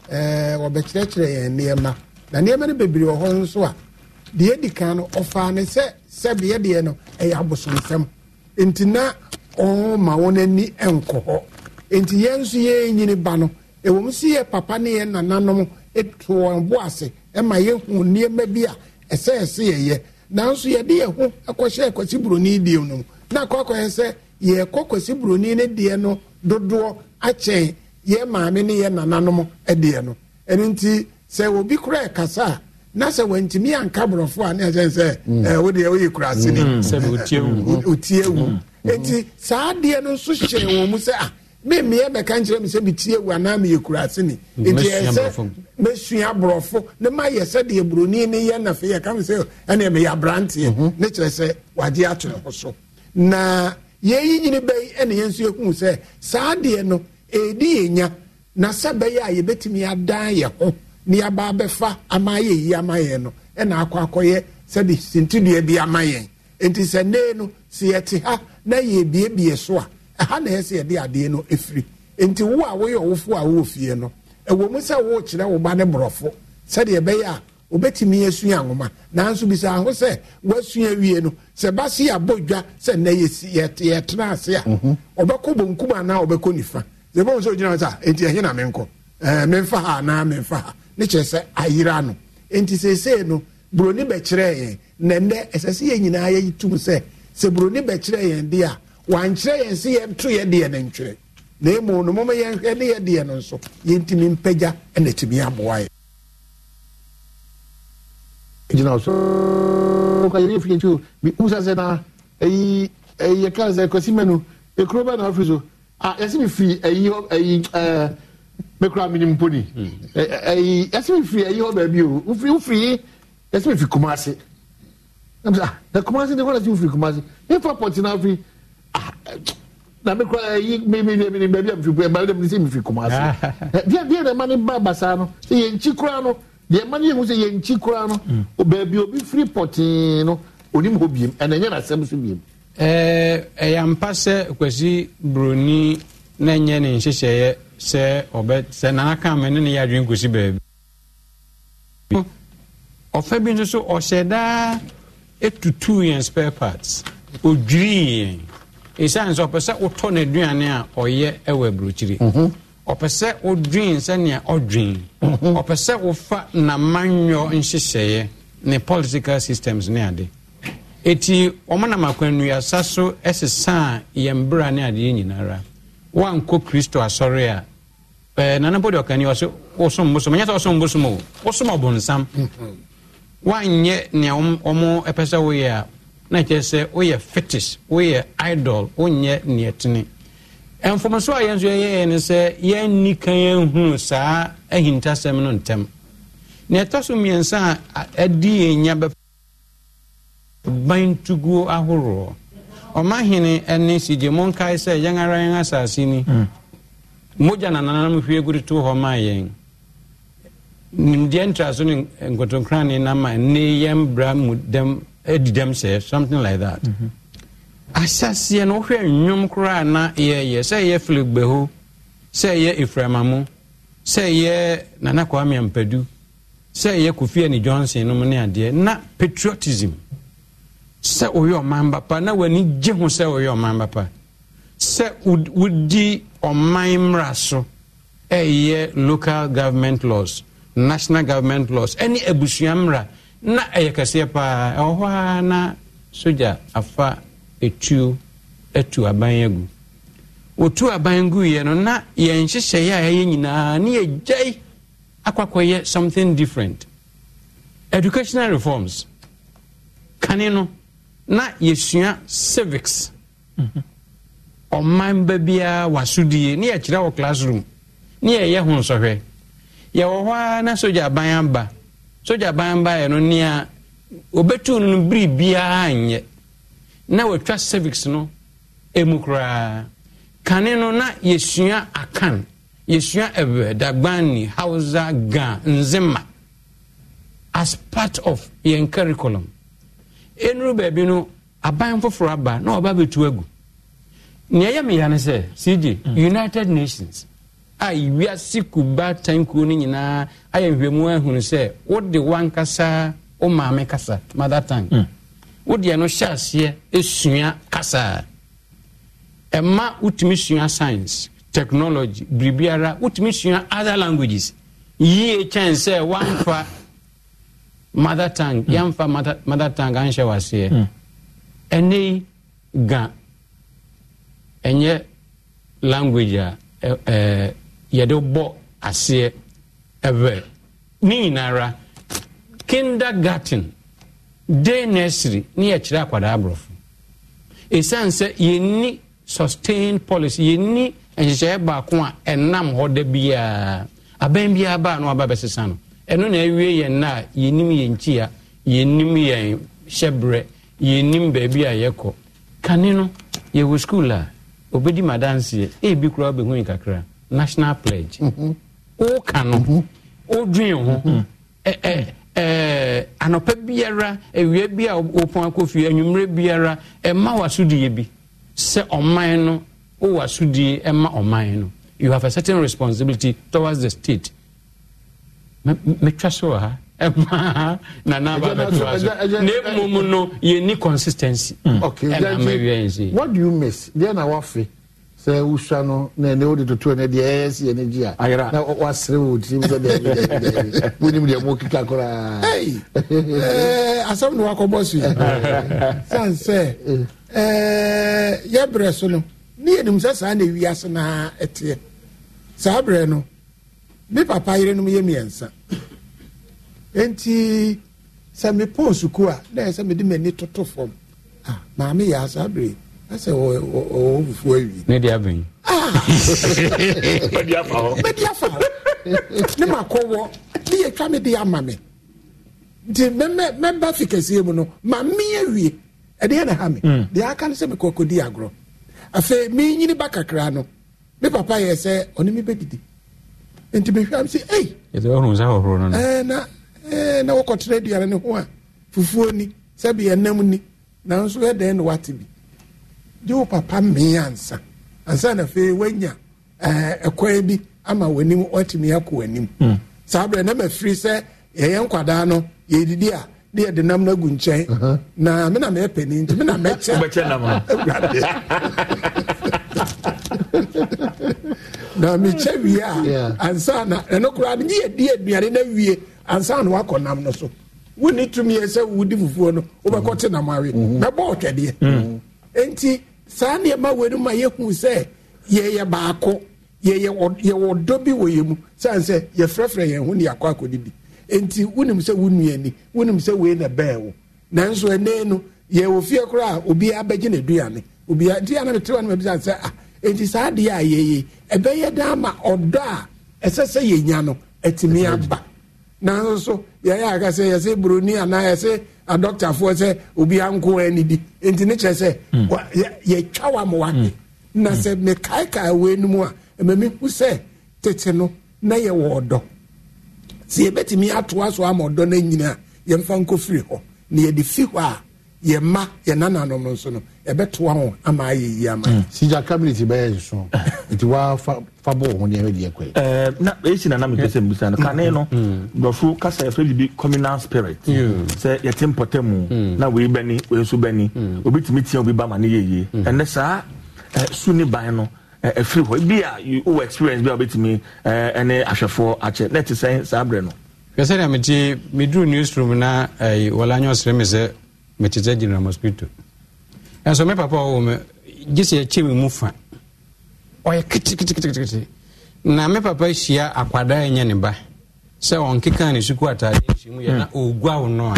ɛɛ wɔbɛkyerɛkyerɛ yɛn nneɛma na nneɛma no bebree wɔ hɔ nso a deɛ edi kan no ɔfaa ne sɛ sɛbeɛ deɛ no ɛyɛ abosonsɛm nti na ɔn ma wɔn ani nkɔ hɔ nti yɛn nso yɛn nyini ba no ɛwɔ mu si yɛ papa ne yɛn nananom etu wɔn bo ase ɛma yɛn hu nneɛma bi a ɛsɛ ɛsɛ yɛyɛ nanso yɛde yɛn ho ɛkɔhyɛ ɛkɔsi buroni deɛ no mu na akɔ yɛ sɛ yɛkɔ kɔsi buroni ne deɛ no dodoɔ akyɛn yɛn maame ne yɛn nananom ɛdeɛ no ɛno nti sɛ obi kora ɛkasa a. na sɛ wɔntumi anka borɔfo a na ɛsɛn sɛ ɛɛ mm. o deɛ o kurase ni o tie wu eti saa adeɛ no nso hyɛ wɔn mu sɛ ah mi mmea bɛka nkyerɛ mi sɛ mi tie wu anaa mi yɛ kurase ni mm. eti ɛsɛ mesua borɔfo ne ma yɛ sɛ deɛ buroni ne yɛ nafe yɛ kam sɛ ɛna mi yɛ aberanteɛ mhm. ne kyerɛ sɛ wagye ato ne ho so na yɛyi nyini bɛyi ɛna yɛn nso ehu sɛ saa adeɛ no edi yɛ nya na sɛ bɛyɛ a yɛbɛtumi adan yɛ ho ne yaba abɛfa ama yɛ yi ama yɛn no ɛna e akɔ akɔyɛ sɛde sentidua bi ama yɛn e nti sɛ nee no sɛ yɛte ha na yɛbiebie so a ɛha e na yɛsɛ yɛde adeɛ no ɛfiri nti wo a woyɛ ɔwofo a wowɔ fie no ɛwɔ mu sɛ wokyerɛ wo ba ne borɔfo sɛdeɛ ɛbɛyɛ a obetumi esua nwoma nanso bisa aho sɛ wasua wie no sɛ basi abɔ dwa sɛ nna yɛtena ase a ɔbɛkɔ mhm. bonkum anaa ɔbɛkɔ nifa sɛ bɔn sɛ ogyina hɔ sɛ eti ɛhe na menkɔ ɛɛ eh, memfa ha anaa memfa ha ne kyerɛ sɛ ayera no nti seesei no buroni bɛkyerɛ yɛn na nnɛ ɛsɛ sɛ yɛn nyinaa yɛyi tum sɛ sɛ buroni bɛkyerɛ yɛn deɛ a wankyerɛ yɛn sɛ yɛnto yɛ deɛ no ntwerɛ na emu no mɔmɔ yɛnhwɛ ne yɛ deɛ no nso yɛntumi mpagya ɛna tumi aboa yɛ. gyina so nka yɛrɛ fi nti o bi musa sɛ na ɛyi ɛyi yɛ kaa sɛ kwasi mɛnu ekuro bɛ na afi so a yɛsi mi fi ɛyi ɛyi ɛɛ mekura hmm. eh, eh, eh, mi ni mponi ɛyi ɛsɛ mi firi ɛyi hɔ baabi o wofiri wofiri ɛsɛ mi firi kumase ɛmu sɛ na kumase ne kɔla si wofiri kumase ne fa pɔtɔ na firi ah, na mekura ɛyi mi mi mi ni baabi a mi firi baabi a mi sɛ mi firi kumase ah. deɛ deɛ na ɛma ne ba basa no sɛ yɛn nkyi kura no deɛ ɛma ne yɛn ho sɛ yɛn nkyi kura no hmm. baabi obi firi pɔtɛɛ no onim hɔ biem ɛna nyɛ n'asɛm so biem. ɛɛ ɛyampa sɛ kwasi buroni na nyɛ ne nhyehyɛeɛ. sɛ ɔbɛ sɛ n'aka mɛ ne ne yɛ adwene kɔsi baabi. ɔfɛ bi nso so ɔhyɛ daa etutu yɛn spare parts odwiri yɛn esan sɛ ɔpɛ sɛ ɔtɔ n'aduane a ɔyɛ ɛwɔ aburokyire. Mhm. ɔpɛ sɛ wodwin sɛnea ɔdwin mhm. ɔpɛ sɛ ɔfa namanyɔ nhyehyɛeɛ ne political systems ne ade ɛti ɔmonam akwannuasa so ɛsesa a yɛn bra ne adeɛ nyinara woankɔ kristo asɔre a nana mpɔ ɔkani ɔsɛ ɔsom bosom onye sɛ bosom o wanyɛ nea ɔmo ɛpɛ sɛ a na kyerɛ sɛ woyɛ fetish woyɛ idol wonyɛ neɛ tene mfomso a yɛn nso yɛyɛɛ ne sɛ yɛnni ka yɛnhunu saa ahintasɛm no ntɛm nea ɛtɔ so mmiɛnsa a adi yɛn nya bɛ ban tuguo ahoroɔ ɔmahene ne sigye monkae sɛ yɛn ara yɛn ni hmm. mogya nananam hwieguri too hɔ maa yɛn nimdeɛ ntraso ne nkotɔnkrane nama nne yɛm bra mu dɛm adi eh, dɛm sɛ something like that mhm. ahyɛseɛ no wohwɛ nnwom koraa na yɛyɛ sɛ ɛyɛ philip gbaho sɛ ɛyɛ eframamu sɛ yɛ nana kwame sɛ ɛyɛ kofi ani johnson nom ne adeɛ na patriotism sɛ woyɛ ɔman pa na w'ani gye ho sɛ woyɛ ɔman pa sɛ wodi ɔman mmara so ɛyɛ local government laws national government laws ɛne abusua mmara na ɛyɛ kɛseɛ paa ɛwɔ hɔ ara na sogya afa etuo etu aban agu wotu aban guiɛ no na yɛn nhyehyɛeɛ a ɛyɛ nyinaa ne yɛgyae akɔakɔyɛ something different educational reforms kane no na yɛsua civics mm -hmm ɔman ba biara wasodie ne yɛkyerɛ wɔ classroom ne yɛyɛ ho nsɔhwɛ yɛwɔ hɔ ara na sogya ban aba sogya ban baeɛ no nea wɔbɛtu no no bere nyɛ na wɔatwa cervix no mu koraa kane no na yɛsua akan yɛsua ɛbɛ dagbani hausa ga nzema as part of yɛn curriculum ɛnuru baabi no aban foforɔ aba na ɔba bɛtu agu nea ɛyɛ meya ne sɛ cg mm. united nations a wiase kuba tankuo no nyinaa ayɛ nhwɛmu ahunu sɛ wode wankasa wo maame kasa mother tank mm. wodeɛ no hyɛ aseɛ ɛsua kasaa ɛma wotumi sua science technology biribiara wotumi sua other languages yie kyɛn sɛ wamfa mother tank mm. yɛmfa mother tank anhyɛ waseɛ ɛnɛ yi ga ɛnyɛ language a e, e, yɛde bɔ aseɛ ɛbɛ ne nyinara kindergarten day nursery e ne yɛkyerɛ akwadaa aborɔfo ɛsiane sɛ yɛnni sustained policy yɛnni nhyehyɛeɛ baako a ɛnam hɔ da biara abɛn biara baa no aba bɛsesa no ɛno na awie yɛn na a yɛnim yɛn kyia yɛnim yɛn hyɛberɛ yɛnim baabi a yɛkɔ kane no yɛwɔ school a obedi ma danseɛ ebi kura bɛhu yi kakra national pledge woka no wodwen ho e, e, e, anɔpa biara awia bi a wopɔn akɔfie anwummerɛ biara ɛma w'asodie bi sɛ ɔman no wowɔ asodie ɛma ɔman no you have a certain responsibility towards the state mɛtwa so wɔ ha ɛmaa nana aba bɛtoa so na emu no yɛ ni consistency hmm. ɛna ama wia yɛn se. what do you miss deɛ na wafe sɛ wusua no na ɛnɛ o de toto ɛnɛ deɛ ɛyɛ si ɛnɛ gyi a. ayira na wasere wo ti mu sɛ deɛ ɛbi deɛ ɛbi deɛ wonim deɛ mo kika koraa. ɛyi ɛɛ eh, asɛm na wakɔbɔ so yi san sɛ ɛɛ eh, yɛ brɛ so no ne yɛ nim sɛ saa na ewia ɛteɛ saa brɛ no mi papa yere no mu yɛ mmiɛnsa nti sɛ mepɔn sukuu a na me mede m'ani toto fam ah, maame yɛ asa bere ɛsɛ ɔwɔ fufuo awi ne de abɛn ah! mɛde afa hɔ mɛde afa hɔ ne ma kɔwɔ ne yɛ twa me de ama me nti mɛmɛ mɛba fi kɛseɛ mu no maame awie ɛde yɛ na ha me mm. deɛ aka no sɛ mekɔ kɔdi agorɔ afei menyini ba kakra no me papa yɛ sɛ ɔne me bɛdidi nti mehwɛ m sɛ ei ɛsɛ ɔhu sa hɔhoro no no ɛɛ eh, na wɔkɔtena aduane ne ho a fufuo ni sɛbi ɛnam ni nanso ɛdɛn na wate bi gye wo papa mmee ansa ansa na afei wanya ɛɛ eh, ɛkwan bi ama w'anim watumi akɔ w'anim hmm. saa abirɛ na ma firi sɛ yɛyɛ nkwadaa no yɛdidi a ne yɛde nam no agu nkyɛn na mi na mɛpɛ ni nti me na mɛkyɛ awurade na mekyɛ wie a ansa na ɛno koraa ne yɛdi aduane no awie ansa na wakɔ nam no so woni tumi yɛ sɛ wodi fufuo no nam awe mhm. ɔtwɛdeɛ mhm. nti saa nneɛma wei no ma yɛhu sɛ yɛyɛ baako yɛwɔ dɔ bi wɔ yɛ mu sɛ yɛfrɛfrɛ yɛn ho ne yɛakɔ akɔdidi nti wonim sɛ wo nuani wonim sɛ wei na bɛɛ wo nanso no yɛwɔ fie koro a bɛgye ne duane nti ah, saa a ɛbɛyɛ ma a ɛsɛ sɛ no aba nanso so yɛyɛ aka sɛ yɛsɛ buroni anaa yɛsɛ adɔktafoɔ sɛ obiara nko anidi nti ne kyerɛ sɛ hmm. yɛtwa wa ma wade na hmm. sɛ mekaekae wei no mu a ɛmɛmehu sɛ tete no na yɛwɔ ɔdɔ sɛ yɛbɛtumi atoa so ama ɔdɔ no nyina yɛmfa nkɔfiri hɔ na yɛde fi hɔ a yɛ mma yɛ nananom no nso no yɛbɛtoa ho ama ayɛ yie ama hmm. sigya cabinet bɛyɛ nso nti wafa bɔ ho nneɛma deɛ kɔɛ eh, na ɛsi e na nam hmm. ɛsɛ mbusa no kane no dɔfo hmm. kasa yɛfrɛ bi communal spirit sɛ yɛte mpɔta mu na wei bɛni wei nso bɛni obi tumi tia obi ba ma ne yɛyie ɛnɛ saa su ne ban no ɛfiri eh, e hɔ bi a wowɔ experience bi a wobɛtumi ɛne eh, ahwɛfoɔ akyɛ na ɛte sɛn saa berɛ no hwɛ sɛdeɛ mete meduru newsroom na wɔla nyɛ ɔserɛ me sɛ metete general mosquito ɛnso me papa ɔwɔ me gye sɛ yɛkyɛ me mu fa ɔyɛ ketekete na me papa hyia akwadaa ɛnyɛ ne ba sɛ ɔnkeka ne suku ataadeɛ hyɛ yɛ na ɔgua wo no a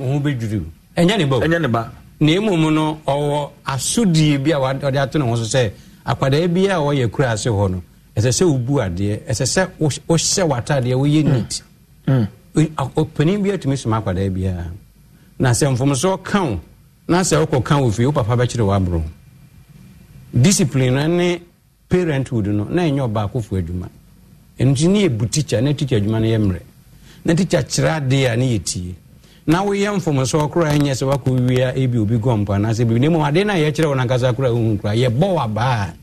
wo ho bɛdwiriw ɛnyɛ ne ba ɛnyɛ ne ba na mmom no ɔwɔ asodie bi a ɔde ato ne ho so sɛ akwadaa bi a ɔyɛ kura ase hɔ no ɛsɛ sɛ wobu adeɛ ɛsɛ sɛ wohyɛ w'ataadeɛ woyɛ neat ɔpanin bi atumi soma akwadaa biara na sɛ mfomso ka wo na sɛ wokɔka wo fie wo papa bɛkyerɛ w'aborɔ discipline no ne parenthood no na ɛnyɛ ɔbaakofo adwuma ɛnti ne yɛbu teacher na teacher adwuma no yɛ mmerɛ na teacher kyerɛ adeɛ a ne yɛtie na woyɛ mfomso koraa ɛnyɛ sɛ woakɔ wia ebi obi gɔmpo anaasɛ bibi na mmom adeɛ no a yɛkyerɛ wo nankasa koraa wohu koraa yɛbɔ wabaa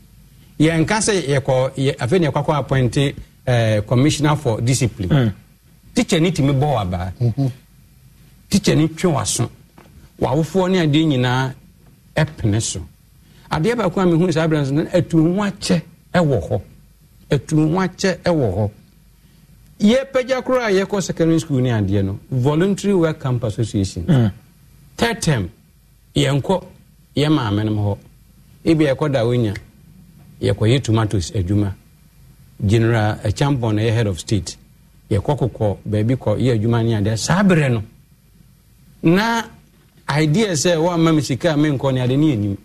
yɛnka sɛ yɛkɔ afei ne yɛkɔakɔ appointe eh, commissioner for discipline mm. teacher ne tumi bɔ wabaa tikya ni twe w'aso w'awofoɔ ne adeɛ nyinaa ɛpene so adeɛ baako a mehunu saa berɛ no aturu ho akyɛ ɛwɔ hɔ aturu ho akyɛ ɛwɔ hɔ yɛpagya koraa a yɛkɔ secondary school ne adeɛ no voluntary work camp association mm. third term yɛnkɔ yɛ maame nom hɔ ebi yɛkɔ dawonya yɛkɔyɛ tomatoes adwuma general achampon eh, na yɛ head of state yɛkɔ kokɔ baabi kɔ yɛ adwuma ne adeɛ saa berɛ no na idea sɛ woamma me sika a menkɔ ne ade ne yɛnim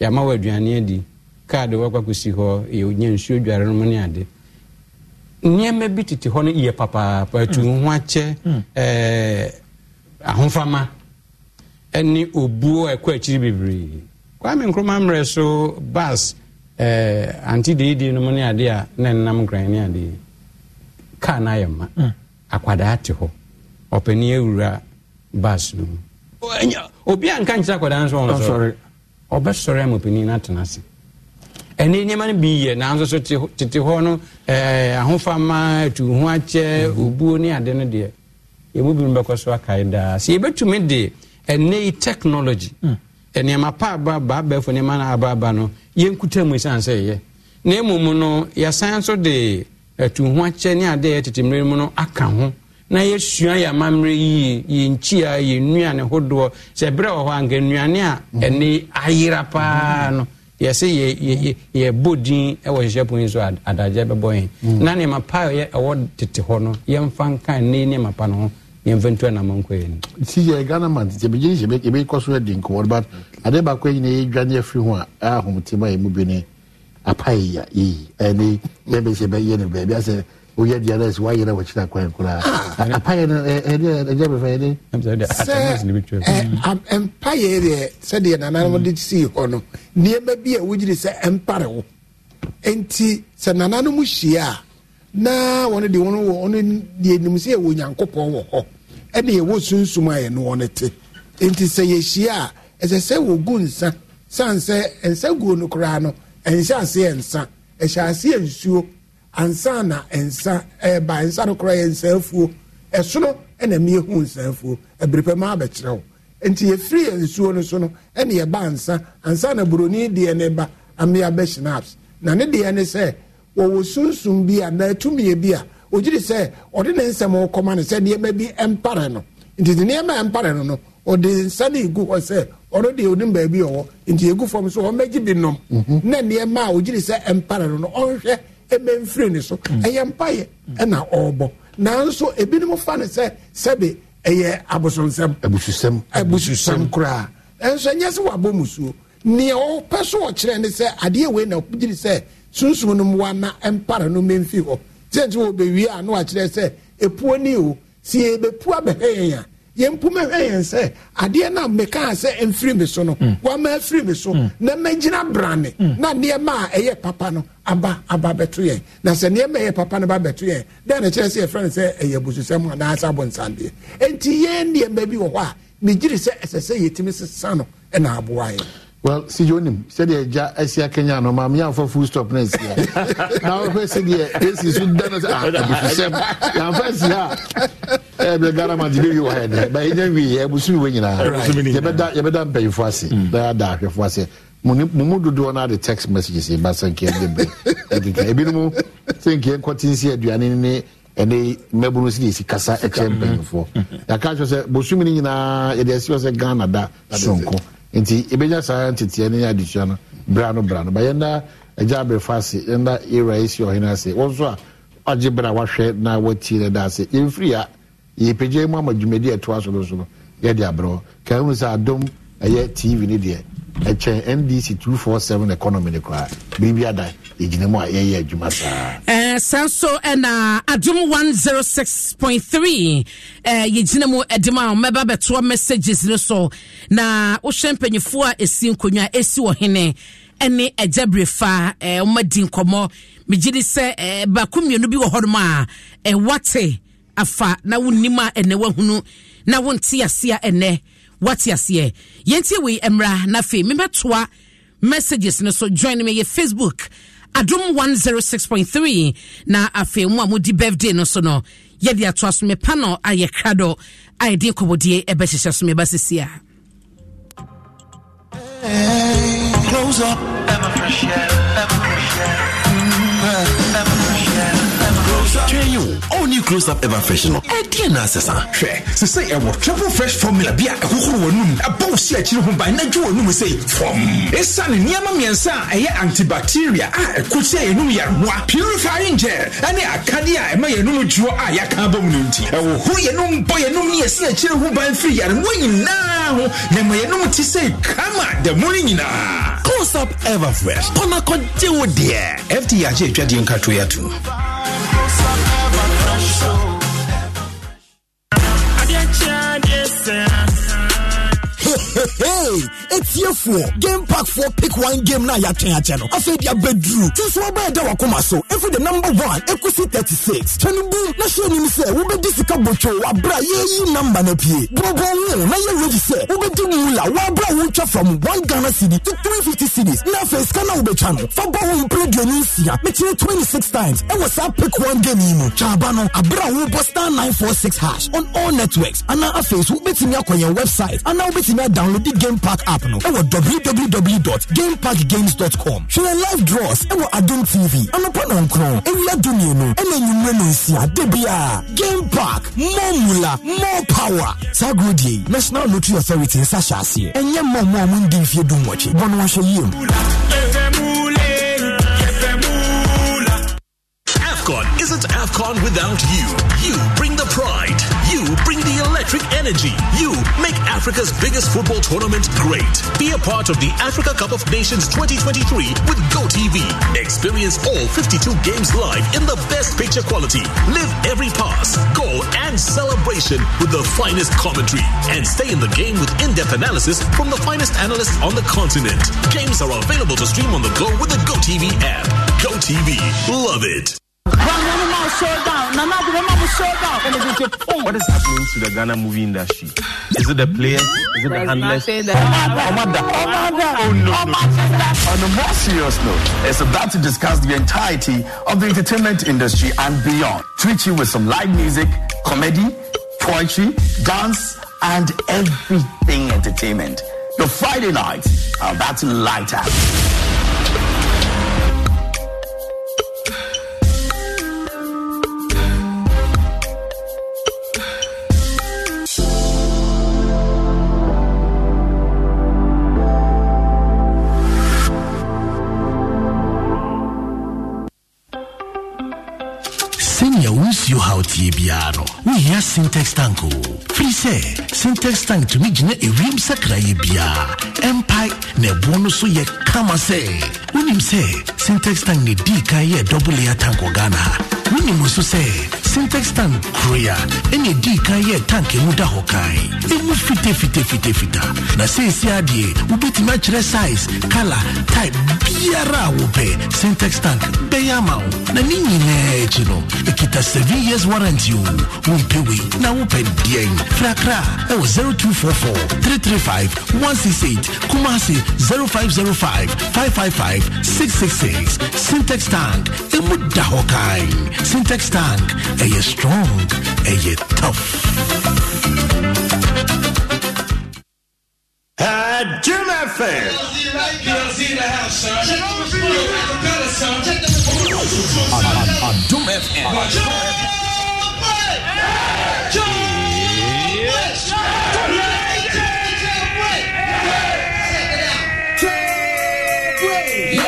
yɛama wo aduane adi kaade woakɔakɔsi hɔ yɛnya nsuo dware nom ne ade nneɛma bi tete hɔ no yɛ papaapa atu mm. ho akyɛ mm. ahofama ne obuo a ɛkɔ akyiri bebree kwame nkroma mmerɛ so bas antideidi nom ne ade a na nnam nkran ne ade kar no ayɛ ma mm. akwadaa te hɔ ɔpani awura bus no mu obi a nka nkyerɛ akwadaa nso ɔno sɔre ɔbɛsɔre amapani no atena ase ɛne nneɛma no bi yɛ nanso so tete hɔ no ahofama atu ho akyɛ obuo ne ade no deɛ yɛmu binom bɛkɔ so akae daa sɛ yɛbɛtumi de ɛnɛ yi technology mm. nneɛma pa aba baabɛfo nneɛma no abaaba no yɛnkuta mu ɛsiane sɛ ɛyɛ na mmom no yɛsan so de atu ho akyɛ ne adeɛ yɛ tete mmerɛ mu no aka ho na yɛsua yɛ amammerɛ yie yɛnkyia yɛnnuane hodoɔ sɛ berɛ wɔ hɔ anka nnuane a mhm. ɛne ayera paa no yɛsɛ yɛbɔ din wɔ hyehyɛpo yi so adagya bɛbɔ yɛn mhm. na nneɛma pa ɛwɔ tete hɔ no yɛmfa nka ne nneɛma pa no ho yɛmfa ntu anama nkɔ yɛ no si yɛ ghana ma tete bɛgye hyɛ yɛbɛkɔ so na yɛdwane afiri woyɛ deɛ no sɛ woayɛ no wɔkyena kwan koraa apayɛ no agya bɛfa yɛne mpayɛ deɛ sɛdeɛ nananom de sii hɔ no nneɛma bi a wogyiri sɛ ɛmpare wo e enti sɛ nananom hyia a na wɔn de wɔn wɔ wɔn deɛ nim sɛ ɛwɔ nyankopɔn wɔ hɔ ɛna ɛwɔ sunsum a ɛno wɔn te nti sɛ yɛhyia a ɛsɛ sɛ wɔgu nsa san sɛ nsa guo no koraa no ɛnhyɛ aseɛ nsa ɛhyɛ aseɛ nsuo ansa na nsa ɛɛba eh, nsa no koraa yɛ nsa afuo ɛsono ɛna mmea hu nsa afuo ɛbiri pɛ maa bɛkyerɛ wo nti yɛfiri yɛ nsuo no so no ɛna yɛba ansa ansa na buroni deɛ ne ba amea bɛ synapse na ne deɛ ne sɛ wɔwɔ sunsun bi a na tumie bi a ogyiri sɛ ɔde ne nsɛm ɔkɔma no sɛ nneɛma bi ɛmpare no nti de nneɛma ɛmpare no no ɔde nsa no egu hɔ sɛ ɔno deɛ onim baabi ɔwɔ nti egu fam so ɔmɛgye bi nom mhm. na nneɛma a ogyiri sɛ ɛmpare no no ɔnhwɛ ɛbɛ nfiri ne so mm. ɛyɛ mpaeɛ ɛna ɔrebɔ nanso ebinom fa ne sɛ sɛbi ɛyɛ abosonsɛm abususɛm abususɛm koraa ɛnso ɛnyɛ sɛ wabɔ musuo nea ɔpɛ so ɔkyerɛ ne sɛ adeɛ wei na ɔgyiri sɛ sunsun no mu wa na mpara no mmemfi hɔ tiɛnti wɔ bɛwie a na wakyerɛ sɛ epuo ni o si ebepua bɛhɛ yɛn a yɛn mpo mɛhwɛ yɛn sɛ adeɛ no a mekaa sɛ ɛmfiri so no hmm. wama afiri me so hmm. na mɛgyina brane hmm. na nneɛma a ɛyɛ papa no aba aba bɛto yɛn na sɛ nneɛma ɛyɛ papa no ba bɛto yɛn dɛn na kyerɛ sɛ yɛfrɛ no sɛ ɛyɛ abususɛm anaasɛ abɔnsandeɛ enti yɛn nneɛma bi wɔ hɔ a megyiri sɛ ɛsɛ sɛ yɛtumi sesa no ɛna aboa yɛn well si yoo nim sɛdeɛ gya ɛsi akenya no maame yɛn afɔ full stop na esi a na wɔhwɛ sɛdeɛ esi so da na sɛ ah abususɛm yɛn afɔ esi a ɛyɛ bɛ ghana ma di bɛ wi wɔ ha yɛ dɛ bɛ yɛn wi yɛ ebusu mi wɔ nyinaa yɛbɛda yɛbɛda mpanyinfo ase na yɛada ahwɛfo ase mu mu dodoɔ naa de text messages yɛ ba sɛnkeɛ de bɛ ɛkeka ebinom sɛnkeɛ nkɔte nsi aduane ne ɛne mmɛbunu si de esi kasa ɛkyɛ mpanyinfoɔ yɛaka kyerɛ sɛ bosumi ne nyinaa yɛde esi wɔ sɛ ghana da sonko nti ebenya saa ntetea ne adesua no bra no bra no ba yɛnda agya abɛfa ase yɛnda era esi ɔhene ase wɔn nso a ɔgye bra wahwɛ na wati ne da ase yɛmfiri a yɛpagya mu ama dwumadi ɛtoa so no so no yɛde abrɛ kan hu sɛ adom ɛyɛ tv ne deɛ ɛkyɛn ndc two four seven economy ne koraa biribi ada egyina mu a yɛyɛ adwuma saa. ɛɛ eh, sɛ ɛna adum one zero six point three ɛɛ yɛgyina mu ɛdi a mmɛba bɛtoɔ messages ne so na wohyɛ mpanyinfoɔ a esi nkonnwa esi wɔ hene ɛne ɛgya birefa ɛɛ eh, wɔn adi nkɔmɔ megye di sɛ ɛɛ eh, baako mmienu bi wɔ hɔnom a ɛwate afa na wɔn nim a ɛnɛ wɔn hunu na wɔn ti ase a ɛnɛ. wati aseɛ yɛntie wei mmra na afei mebɛtoa messages no so join me yɛ facebook adom 106.3 na afei mu a modi birthday no so no yɛde atoa so mepa no ayɛ krado a yɛde nkɔmmɔdie ɛbɛhyehyɛ so meba sesi a Close up, i fresh air, new close up ever fresh no ɛdeɛ na asesa hwɛ sɛ sɛ ɛwɔ triple fresh formula bi a ɛhohoro w'anum ɛbɔ wo si akyiri ho ban na dwe w'anum sɛ fam ɛsiane nneɛma mmiɛnsa a ɛyɛ antibacteria a ɛko sɛ yɛnum yɛrehoa purifying gel ɛne akadeɛ a ɛma yɛnum dwoɔ a yɛaka ba mu no nti ɛhohoro yɛnum bɔ yɛnum ne yɛsi akyiri ho ban firi yarehoa nyinaa ho na ma yɛnum te sɛ kama da mu no nyinaa close up ever fresh kɔnakɔgye wo deɛ fda agye atwadeɛ nkatoyɛato you. atiefoɔ game park foɔ pick one game na yɛatwɛn akyɛ no afei de abɛduru ti so wɔbɛyɛ da wakoma so ɛfi the number one ɛkosi thirty six twɛne bu na hyɛ anim sɛ wobɛdi sika botwo wabrɛ a yɛyi number no pie borɔbɔn wo na yɛ ready sɛ wobɛdi mula wabrɛ a wotwa from one ghana city to three fifty cities. na afei sika na wobɛtwa no fa bɔ ho mpere duonu nsia mekyerɛ twenty six times ɛwɔ saa pick one game yi mu twaaba no abrɛ a wobɔ star nine four six hash on all networks ana afei so wobɛtumi akɔ yɛn website ana wobɛtumi download the game park app app no ɛwɔ www.gamepackgames.com hwɛ live draws ɛwɔ Adum tv anɔpa nɔnkron ewia dumienu ɛna enyimire no nsia debia game park more mula more power saa agorɔ national lottery authority nsa hyɛ aseɛ ɛnyɛ mmɔmmɔ a mo ndi mfie dunwɔtwe bɔ no wahyɛ yie mu. AFCON isn't AFCON without you. You bring the pride. You bring the electric energy. You make Africa's biggest football tournament great. Be a part of the Africa Cup of Nations 2023 with GoTV. Experience all 52 games live in the best picture quality. Live every pass, goal, and celebration with the finest commentary. And stay in the game with in depth analysis from the finest analysts on the continent. Games are available to stream on the go with the GoTV app. GoTV. Love it. What is happening to the Ghana movie industry? Is it the players? Is it the handlers? Oh, oh no. On a more serious note, it's about to discuss the entirety of the entertainment industry and beyond. Treat you with some live music, comedy, poetry, dance, and everything entertainment. Your Friday nights are about to light up. nsuo haw tie biara no wohia sintex tank o firi sɛ sintex tank tumi gyina ewiem sakrayɛ biara ɛmpae na ɛboɔ no so yɛ kama sɛ wonim sɛ sintex tank ne dii kan yɛ dɔbleya tank wɔ ghana wonim nso sɛ syntex tank kuroa ɛne ɛdii kan yɛɛ tank mu da hɔ kan ɛmu fitafitafitafita na seesia deɛ wobɛtumi akyerɛ size kala type biara a wopɛ syntex tank bɛyɛ ama wo na ne nyinaa akyi no ɛkita 7 years warranty o wompɛ wei na wopɛ deɛn frakra ɛwɔ 0244 335 168 kumase 0505 555 666 syntex tank ɛmu da hɔ kan Syntax tank, ɛyɛ strong, ɛyɛ tough. At Jim FM. Doom FM. Yeah.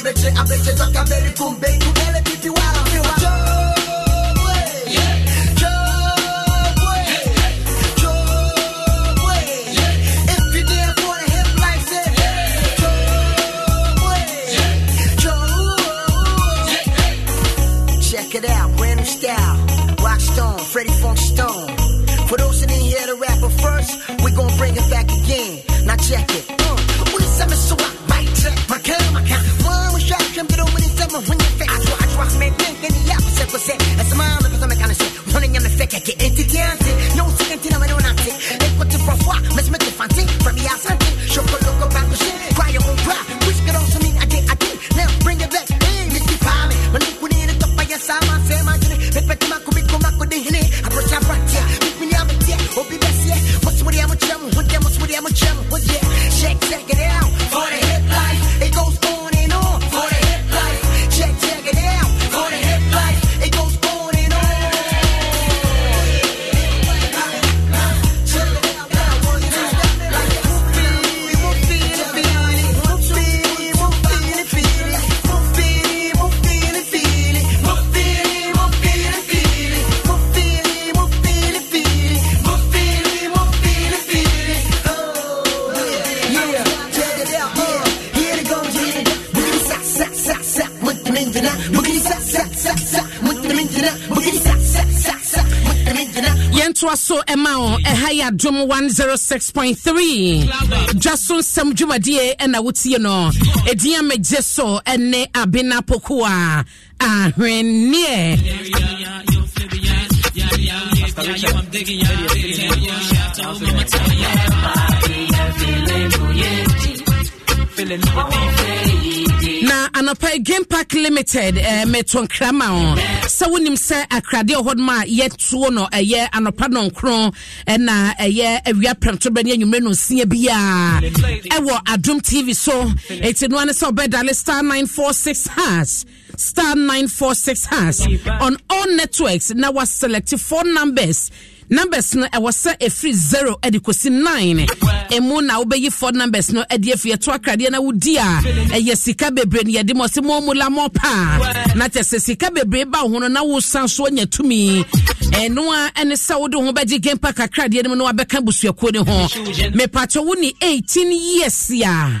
I bet you, I bet you, Zuckerberry, boom, boom, ɛyɛ adom 106.3 dwa so nsɛm dwumadie ɛna wotie no ɛdin a megye so ɛne abena poko a ahwenneɛ na anɔpa game park limited eh, metonkra ma sɛ wonim sɛ akradeɛ ɔhɔ nom a yɛtuo no ɛyɛ anɔpa nɔnkron ɛna ɛyɛ awia prɛmto bɛ ne anwummerɛ no nsia biaa ɛwɔ adom tv so ɛti noa ne sɛ wobɛdale star 946 has star 946 has on all networks na waselect four numbers numbers no ɛwɔ sɛ ɛfiri 0 ɛde kɔsi 9 ɛmu na wobɛyi fɔ numbers no ɛde afi ɛto akradeɛ na wodi a ɛyɛ sika bebree no yɛde ma ɔsɛ mɔmula mɔ paa na kyɛ sɛ sika bebree ba wo ho no na wosan so anya tumi ɛno a ɛne sɛ wode ho bɛgye gempa kakradeɛ no mu na wabɛka busuakuo ne ho mepakyɛ wo ne 18 years a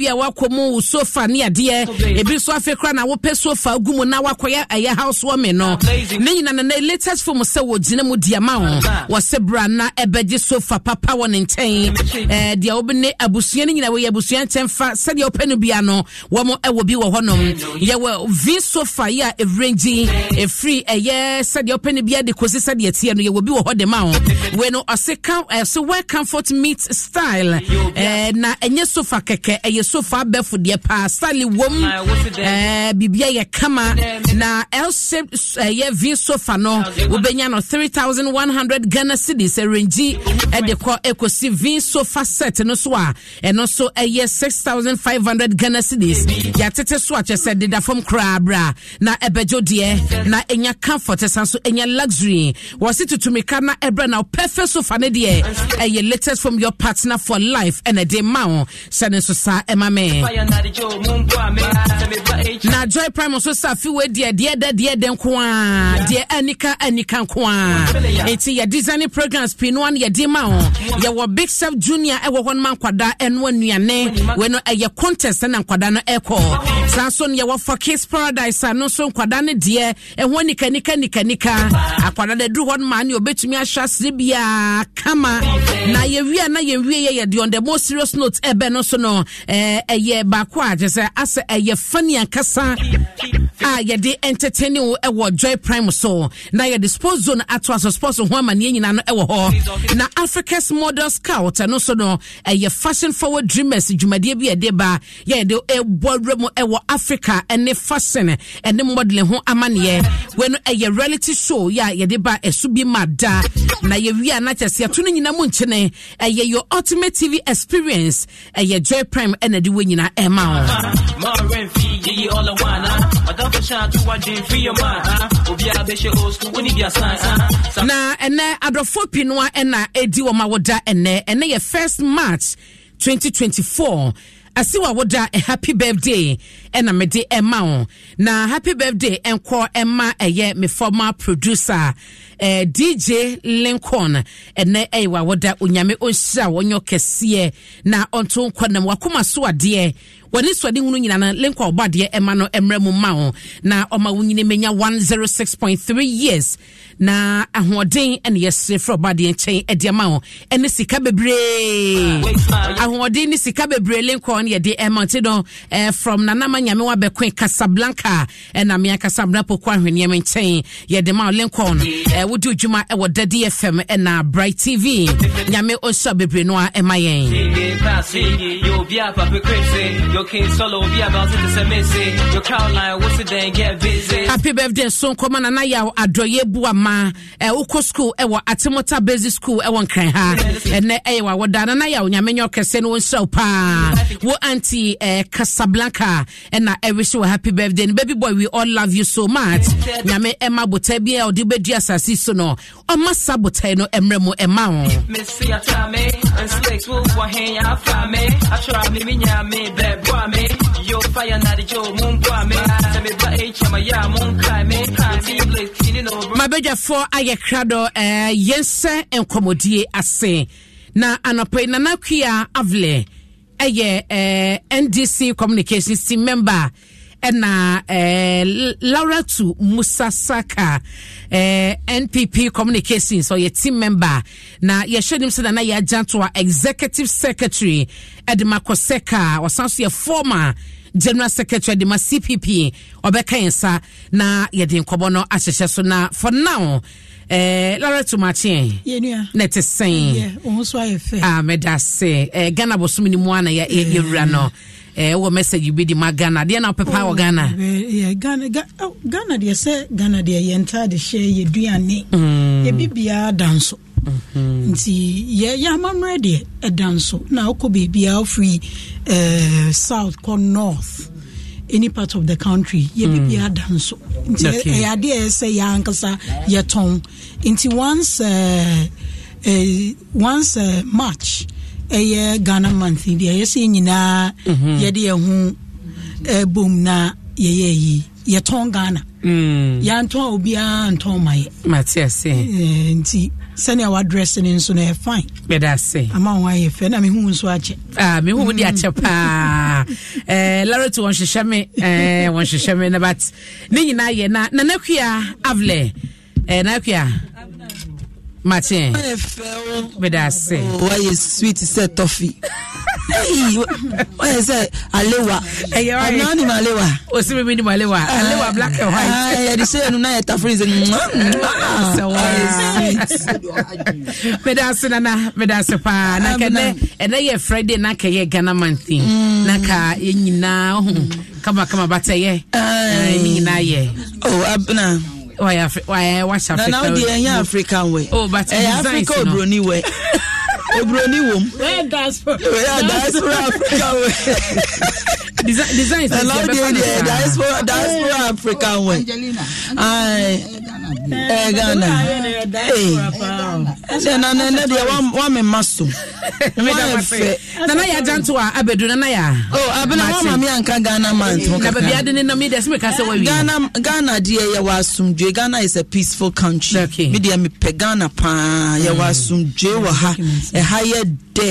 bi a wakɔ mu sofa ne adeɛ ebi nso afei kora na wopɛ sofa mu na wakɔyɛ ɛyɛ house no ne latest fom sɛ mu wɔsɛ bra na ɛbɛgye sofa papa wɔ ne nkyɛn ɛɛ deɛ ne abusua ne wɔyɛ abusua nkyɛn fa sɛdeɛ wɔpɛ no bia no wɔn ɛwɔ bi wɔ v sofa yi a ɛyɛ sɛdeɛ wɔpɛ no bia de kɔsi sɛdeɛ no bi wɔ hɔ de ma comfort style ɛɛ na ɛnyɛ sofa kɛkɛ ɛyɛ sofa abɛfo deɛ paa sale wom eh, biribia yɛ kama na l shaped eh, ɛyɛ uh, v sofa no wobɛnya no 3100 ghana cities ɛrɛngyi eh, ɛde kɔ ɛkɔsi v sofa set no so a ɛno so ɛyɛ eh, 6500 ghana cities yɛatete so akyɛ sɛ deda fam koraa berɛ na ɛbɛdwo deɛ na ɛnya comfort san so ɛnya luxury wɔ se tutumika na ɛberɛ na pɛfɛ sofa no deɛ ɛyɛ latest from your partner for life ɛna ɛde ma wo sɛne nso saa ma me na joy prime nso sa fiwe deɛ deɛ dɛ deɛ dɛ nko deɛ anika anika nko Eti nti yɛ design programs pii no ano yɛde ma ho yɛwɔ big self, junior ɛwɔ e hɔ e no ma nkwadaa ɛnoa nnuane wei no ɛyɛ contest na nkwadaa no ɛkɔ saa nso no yɛwɔ for kids paradise a no nso nkwadaa no deɛ ɛho e nika, nika, akwadaa no aduru hɔ no ma ne obɛtumi ahyɛ asere biaa kama na yɛwie a na yɛwie yɛ di on the most serious note ɛbɛ no so no ɛɛ ɛyɛ baako a kyɛ sɛ asɛ ɛyɛ fani akasa Ah, a yɛde entertaining wo joy prime so na yɛde sports zone ato aso sports ho amanneɛ nyinaa no ɛwɔ hɔ na africa's model scout ɛno so no ɛyɛ fashion forward dreamers dwumadeɛ bi ɛde ba yɛde ɛbɔ wura mu ɛwɔ africa ɛne fashion ɛne modeling ho when wɛno ɛyɛ reality show yɛ a yɛde ba ɛso bi ma da na yɛwie a na kyɛse ɛto no nyinaa munchene nkyene ɛyɛ your ultimate tv experience ɛyɛ joy prime ɛna de wɔ nyinaa ɛma wo G all the one, I got the chance to watch it free your mind, huh? Obia be she we need your sign, huh? Na ene adrofo pinwa ena edi wama woda ene ene ye first March 2024. Asiwa woda a happy birthday. ɛna mede ɛma wo na happy birthday nkɔ ɛma ɛyɛ me former producer eh, dj lincoln ɛnɛ ɛyɛ woda onyame ɔnhyira wɔnyɛ kɛseɛ na ɔnto nkɔ nam wakoma so adeɛ wɔne suade hunu nyina no lincoln ɔbɔ adeɛ ɛma no mmerɛ mu ma wo na ɔma wo nyina manya 106.3 years na ahoɔden ɛne yɛsere frɛ ɔbɔ adeɛ nkyɛn ɛde ama wo ɛne sika bebree ahoɔden ne sika bebree lincoln yɛde ɛma nti no eh, from nanama nyame wabɛko casablanca ɛnamea casablanca poko ahwenneɛm nkyɛn yɛde ma lincoln wode odwuma ɛwɔ dade fm ɛna bright tv nyame ɔsua bebree no a ɛma yɛn happy birthday so nkɔma nana yɛ adɔyɛ bu ama wokɔ school ɛwɔ atemota basi school ɛwɔ nkran ha ɛnɛ ɛyɛ wawɔda nana yɛ onyame nyɛ ɔkɛsɛ no wɔnhyirɛw paa wo anti casablanca and I wish you a happy birthday. And baby boy, we all love you so much. Nyame Emma Botebi eh, or the Bedia Sono or Emremo Emma. Miss Fiatame and will hang out for me. I try me, Yo, fire, Nadi Moon me Moon My bedja for Ayakrado, uh, eh, yes, eh, and Na anɔpɛ nana avle. ɛyɛ eh, ndc communications team member ɛna eh, lauratu musasaka eh, npp communications ɔyɛ so team member na yɛhwɛ nim sɛ nana yɛagya nto a executive secretary ɛdema kɔsɛka ɔsan so yɛ former general secretary de ma cpp ɔbɛka yɛn sa na yɛde nkɔbɔ no ahyehyɛ so na for now Eh, lara tomateɛ eh. na ɛte sɛn ah, meda se eh, ghana bosom no mu ana yɛwura no wɔ message bi di ma ghana deɛ na wopɛpɛ wɔ deɛ sɛ ghana deɛ hyɛ yɛduane da nso nti deɛ ɛda nso na wokɔ biribiaa wofiri south kɔ north any part of the country yɛ hmm. biribiara da nso nti ɛyɛ adeɛ ɛyɛ sɛ yɛ ankasa yɛtɔn nti once uh, uh, once uh, march ɛyɛ ghana month deɛ ɛyɛ sɛ nyinaa mhm. yɛde yɛn ho uh, bom na yɛyɛ yi yɛtɔn ghana hmm. yɛantɔn a obiara ntɔn ma yɛ eh, nti sɛnea wadrɛse ne nso no ɛyɛ fine bɛda se ama wo ayɛ fɛ na mehu nso akyɛ ah, mehu wo de akyɛ paa eh, larot wɔnhyehyɛ me eh, wɔnhyehyɛ me na but ne nyinaa yɛ na nanakua avlɛ eh, nanakua Martin. But I say. Why is sweet said toffee? Hey, why is it alewa? Hey, I'm not even alewa. Oh, see me alewa. Alewa black and white. Ah, they say no na eta freeze. So why? But I say Nana, but I say pa na kene. And I Friday na keye Ghana man thing. Mm. Na ka yenyina kama oh. kama bateye. Eh, ah. ah, yenyina ye. Oh, abna wahyɛ africa na wode ɛnyɛ african wɛ ɛyɛ africa oh, obroni wɛ obroni wom diaspora africa wɛ design design ti ẹbẹ fana na diaspora diaspora Africa oh, way ẹ ghana ẹ nana ẹ deɛ wa mi ma so wa yɛ fɛ nana yɛ ajanto a abedu nana yɛ a. o abena wa maami anka ghana man to kaka na baabi adi ne nam yi dɛ simi ka se wa wi. ghana ghana deɛ yɛ wɔ asumdue ghana is a peaceful country mi deɛ mi pɛ ghana paa yɛ wɔ asumdue wɔ ha ɛha yɛ dɛ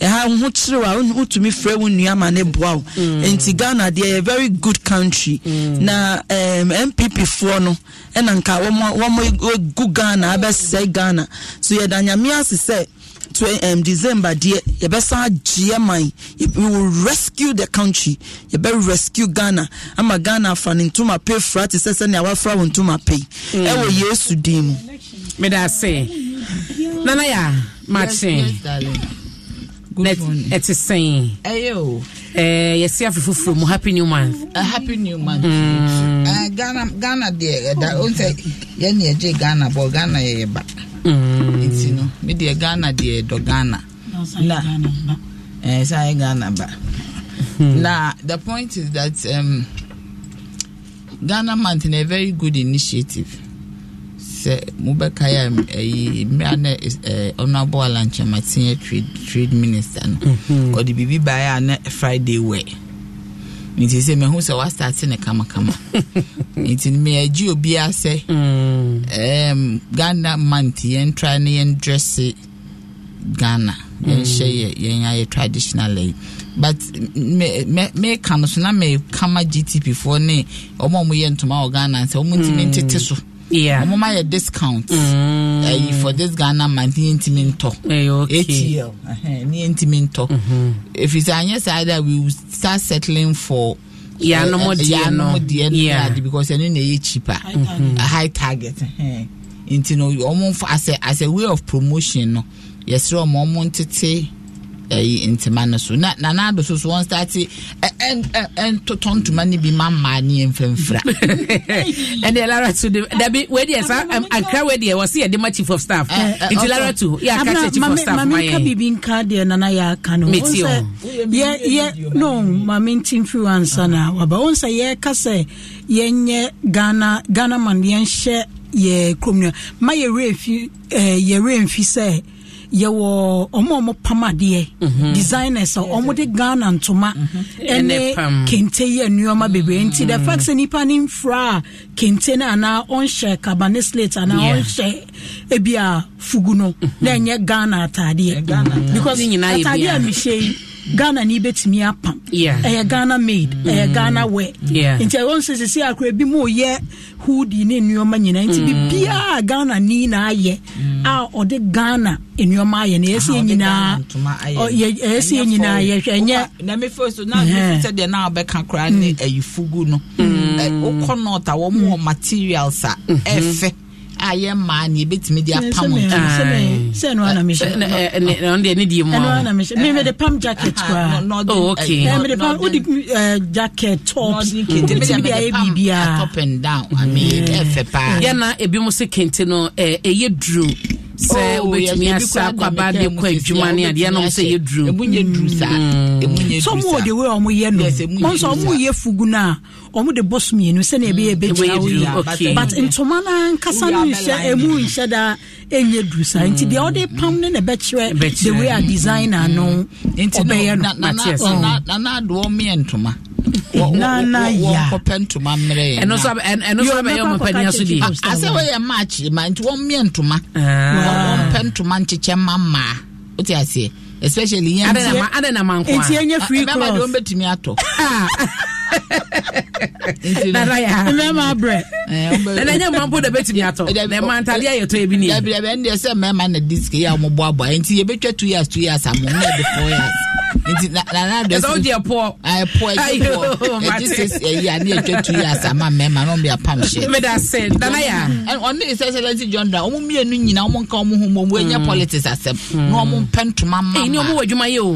ɛha ho kyerɛ a wotumi frɛ wo nnua ma ne boa wo mm. nti ghana deɛ yɛ very good country mm. na um, mpp foɔ no ɛna nka wɔm gu ghana abɛsɛe ghana so yɛda nyame ase sɛ to um, december deɛ yɛbɛsan agyeɛ man we will rescue the country yɛbɛ rescue ghana ama ghana afa ne ntoma pe fra te sɛ sɛnea wafra wo ntoma pei mm. ɛwɔ mm. yesu din mu meda se nana ya, makye yes, ɛte sɛn yɛse afe foforɔ mu happy new month happy new month uh, ghana ghana deɛ ɛda ɔhu sɛ yɛne yɛgye ghana bɔ ghana yɛyɛ ba nti no medeɛ ghana deɛ eh, ɛdɔ ghana na ɛɛ saa yɛ ghana ba na the point is that um, ghana month na a very good initiative sɛ mobɛka yɛ ɛyi mmerɛ na ɔnoabɔ alankyɛmateɛ trade trade minister no mhm. ɔde biribi baeɛ a na friday wɛ nti sɛ mahu sɛ wastate ne kamakama nti meagye obiaa sɛ um, mm. ghana mant yɛntra ne yɛndrɛse ghana yɛnhyɛ mm. yɛ yɛn ayɛ traditional yi but meka no so na mekama gtp foɔ ne ɔma ɔmo yɛ ntoma wɔ ghana sɛ ɔmo ntimi mm. ntete so mm yeah ọmọ mayẹ discount mm. uh, for this Ghana month ní ntumi ntọ atl ní ntumi ntọ efisɛ mm-hmm. anyɛ saa either we will start settling for yanomodeɛ no eh, yanomodeɛ because ɛno na ɛyɛ cheaper mm -hmm. a high target nti no ɔmo as a as a way of promotion no yɛsrɛ ɔmo ɔmo ntete ɛyi ntoma no so na nana do so so wɔn start ɛntotɔ ntoma no bi ma mmaa ne yɛn mfɛmfra. ɛnna lara tu de dabi wɛdi ɛsa akra wɛdi ɛ wɔsi yɛde ma chief of staff nti lara tu yɛ aka kyɛ chief of staff ma yɛ. maame nka bibi nka deɛ nana yɛ aka no. meti o yɛ yɛ no maame nti nfiri wa nsa na waba wɔn sɛ yɛ kasɛ yɛn nyɛ ghana ghana man yɛn hyɛ yɛ kurom no ma yɛ re nfi ɛɛ yɛ re nfi sɛ yɛwɔ ɔmo ɔmo pamadeɛ mhm. designers a ɔmo de ghana ntoma mhm. ɛne kente yi nneɛma bebree mhm. nti the fact sɛ nipa ne nfura kente na anaa ɔnhyɛ kabane slate anaa ɔnhyɛ ebi a fugu no na ɛnyɛ ghana ataadeɛ because ataadeɛ a mehyɛ yi ghana ni bɛtumi apam ɛyɛ ghana made ɛyɛ mm. ghana wɛ nti ɛwɔ nso sisi akora bi mu yɛ hoodie ne nneɛma nyinaa nti mm. biribiara ghana ni na ayɛ mm. a ɔde ghana nneɛma ayɛ na yɛsi nyinaa yɛsi nyinaa yɛhwɛ nyɛ. na mi fɛ so na mi fɛ sɛ deɛ naa bɛka koraa ne ayi fugu no ɛɛ okɔ nɔɔta wɔn wɔ materials a ɛɛfɛ. Mm-hmm a yɛ mmaa ne yɛbɛtumi eh, de apam ntoɔndeɛ ne deɛ mumede pam jacket kɔamede pam wode jacket topswotumi de ayɛ biribiaa eh. ɛfɛ paa yɛna ebi mo se kente no eh, ɛyɛ duro sɛ wobɛtumi asa kwaba de kɔ adwuma ne adeɛ nom sɛ yɛdurusɛ ɔmo wɔ wei no fugu no a ɔmo de bɔs sɛnea ɛbɛyɛ bɛgyina but ntoma no nkasa no nhyɛ ɛmu nhyɛ daa ɛnyɛ duru saa nti deɛ ɔde pam na the way a designer no ɔbɛyɛ no meɛ ntoma nana ya wɔnkɔpɛ ntoma mmerɛ yɛ ɛno so ɛno so abɛyɛ ɔmo panyin so di asɛ wɔyɛ maakye ma nti wɔn mmea ntoma ah. wɔnkɔpɛ ntoma nkyekyɛ ma mmaa o ti aseɛ especially yɛn ti yɛ adanama nko a nti yɛn nye free cross ɛbɛba de wɔn bɛtumi atɔ. mmarima abrɛ ɛnɛ nyɛ mma mpo da bɛtumi atɔ na ɛma ntadeɛ yɛtɔ ebi ne yɛdabidabi ɛndeɛ sɛ mmarima na disk yi a wɔn boaboa nti yɛbɛtwa two years two years amu na ɛde four years nti na na adɔ si ɛsɛ ɔdi ɛpɔ ɛpɔ ɛdi pɔ ɛdi sɛ ɛyi ani two years ama mmarima na ɔmo yɛ apam hyɛ mmeda sɛ dana ya ɔne sɛ sɛ lɛnsi john dra ɔmo mmienu nyinaa ɔmo nka ɔmo ho mu ɔmo enye hmm. politics asɛm hmm. na ɔmo mpɛ ntoma mma ma ɛni ɔmo wɔ adwuma yɛ o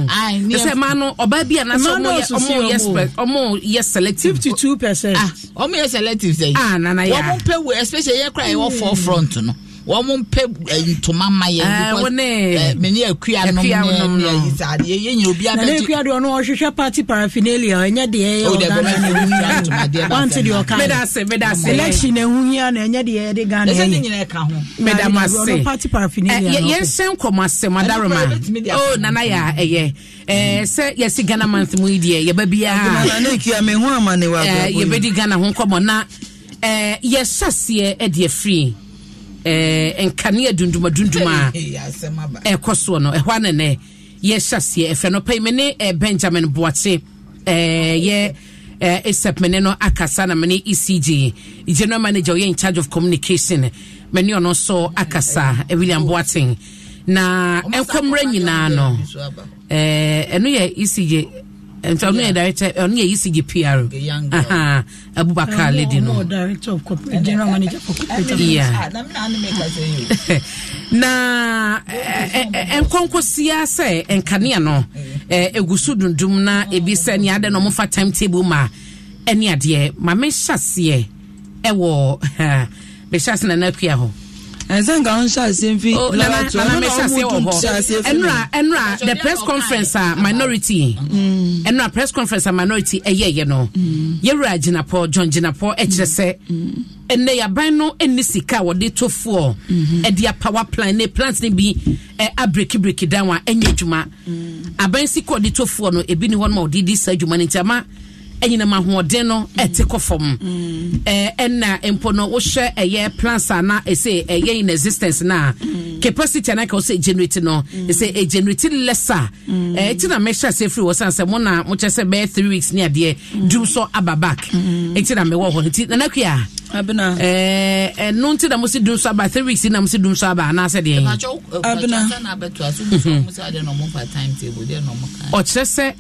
ɛsɛ maa no ɔbaa bi a na sɛ ɔmo yɛ ɔmo yɛ selective. fifty two percent. ah ọmọ yẹ selective sẹ ah nana yà. wọ́n mú pẹ́ wo especially yẹ kura yẹ wọ́n fọ́ front no wɔn mpɛ eh, ntoma ma yɛn eh, because mene akua nom ne ayi saa deɛ yɛn obi abɛti. na akua deɛ ɔno ɔhwehwɛ party paraphernalia ɛnyɛ deɛ ɛyɛ ɔgana na ɛhu hia wante deɛ ɔka yi medase medase election na ɛhu hia na ɛnyɛ deɛ ɛde ghana yɛ. ɛsɛ ne nyinaa ka ho. medamase ɔno party paraphernalia no. yɛn nsɛn kɔmɔ asɛm adaroma o nana yà ɛyɛ sɛ yɛsi ghana month mu yi deɛ yɛbɛ biara yɛbɛdi ghana ho eh, nkɔmɔ na yɛhyɛ aseɛ ɛdeɛ free. Eh, nkanea dunduma dunduma a ɛkɔ soɔ no ɛhɔ eh, anenɛ yɛhyɛ seɛ ɛfɛ eh, no pɛi me benjamin boakye yɛ asap mene no akasa na mene ecg general manager ɔyɛ in charge of communication mene ɔno nso akasa william boaten na ɛnkɔmmera nyinaa no ɛno yɛ ecg nti ɔno yɛ director ɔno yɛ yisi pr abubakar lady no na nkɔnkɔsia sɛ nkanea no ɛgu dundum na ebi sɛ nea na ɔmofa time table ma ɛne adeɛ ma mehyɛ aseɛ ɛwɔ mehyɛ na n'akua hɔ ɛsɛ nka wọn hyɛ aseɛ mfi labatɔ ɛnna ɔmo tun hyɛ aseɛ fi oh, mi. ɛnura ɛnura the press conference a uh, minority ɛnura mm. press conference a minority ɛyɛ yɛ no yɛwura gyinapɔ john gyinapɔ ɛkyerɛ sɛ ɛnna yaban no ɛni sika wɔde to foɔ ɛde apawa plan ne plant ne bi ɛ abirikibiriki dan wa ɛnyɛ adwuma mm. aban sika wɔde to foɔ no ebi ni hɔ no ma wɔde di saa adwuma ne nti ama ɛnyinam ahoɔden no ɛte kɔ fam ɛɛ ɛna mpo no wohyɛ ɛyɛ plants a na ɛsɛ ɛyɛ in existence na capacity anaka ɔsɛ generate no ɛsɛ ɛgenerate less a ɛɛ ti na mɛhyɛ ase firi wɔ san sɛ mo na mo kyɛ sɛ bɛyɛ three weeks ne adeɛ dum so aba back ɛti na mɛwɔ hɔ ɛti nana kuya. abena ɛɛ na mo si dum so aba three weeks na mo si dum so aba anaasɛ deɛ. ɔkyerɛ sɛ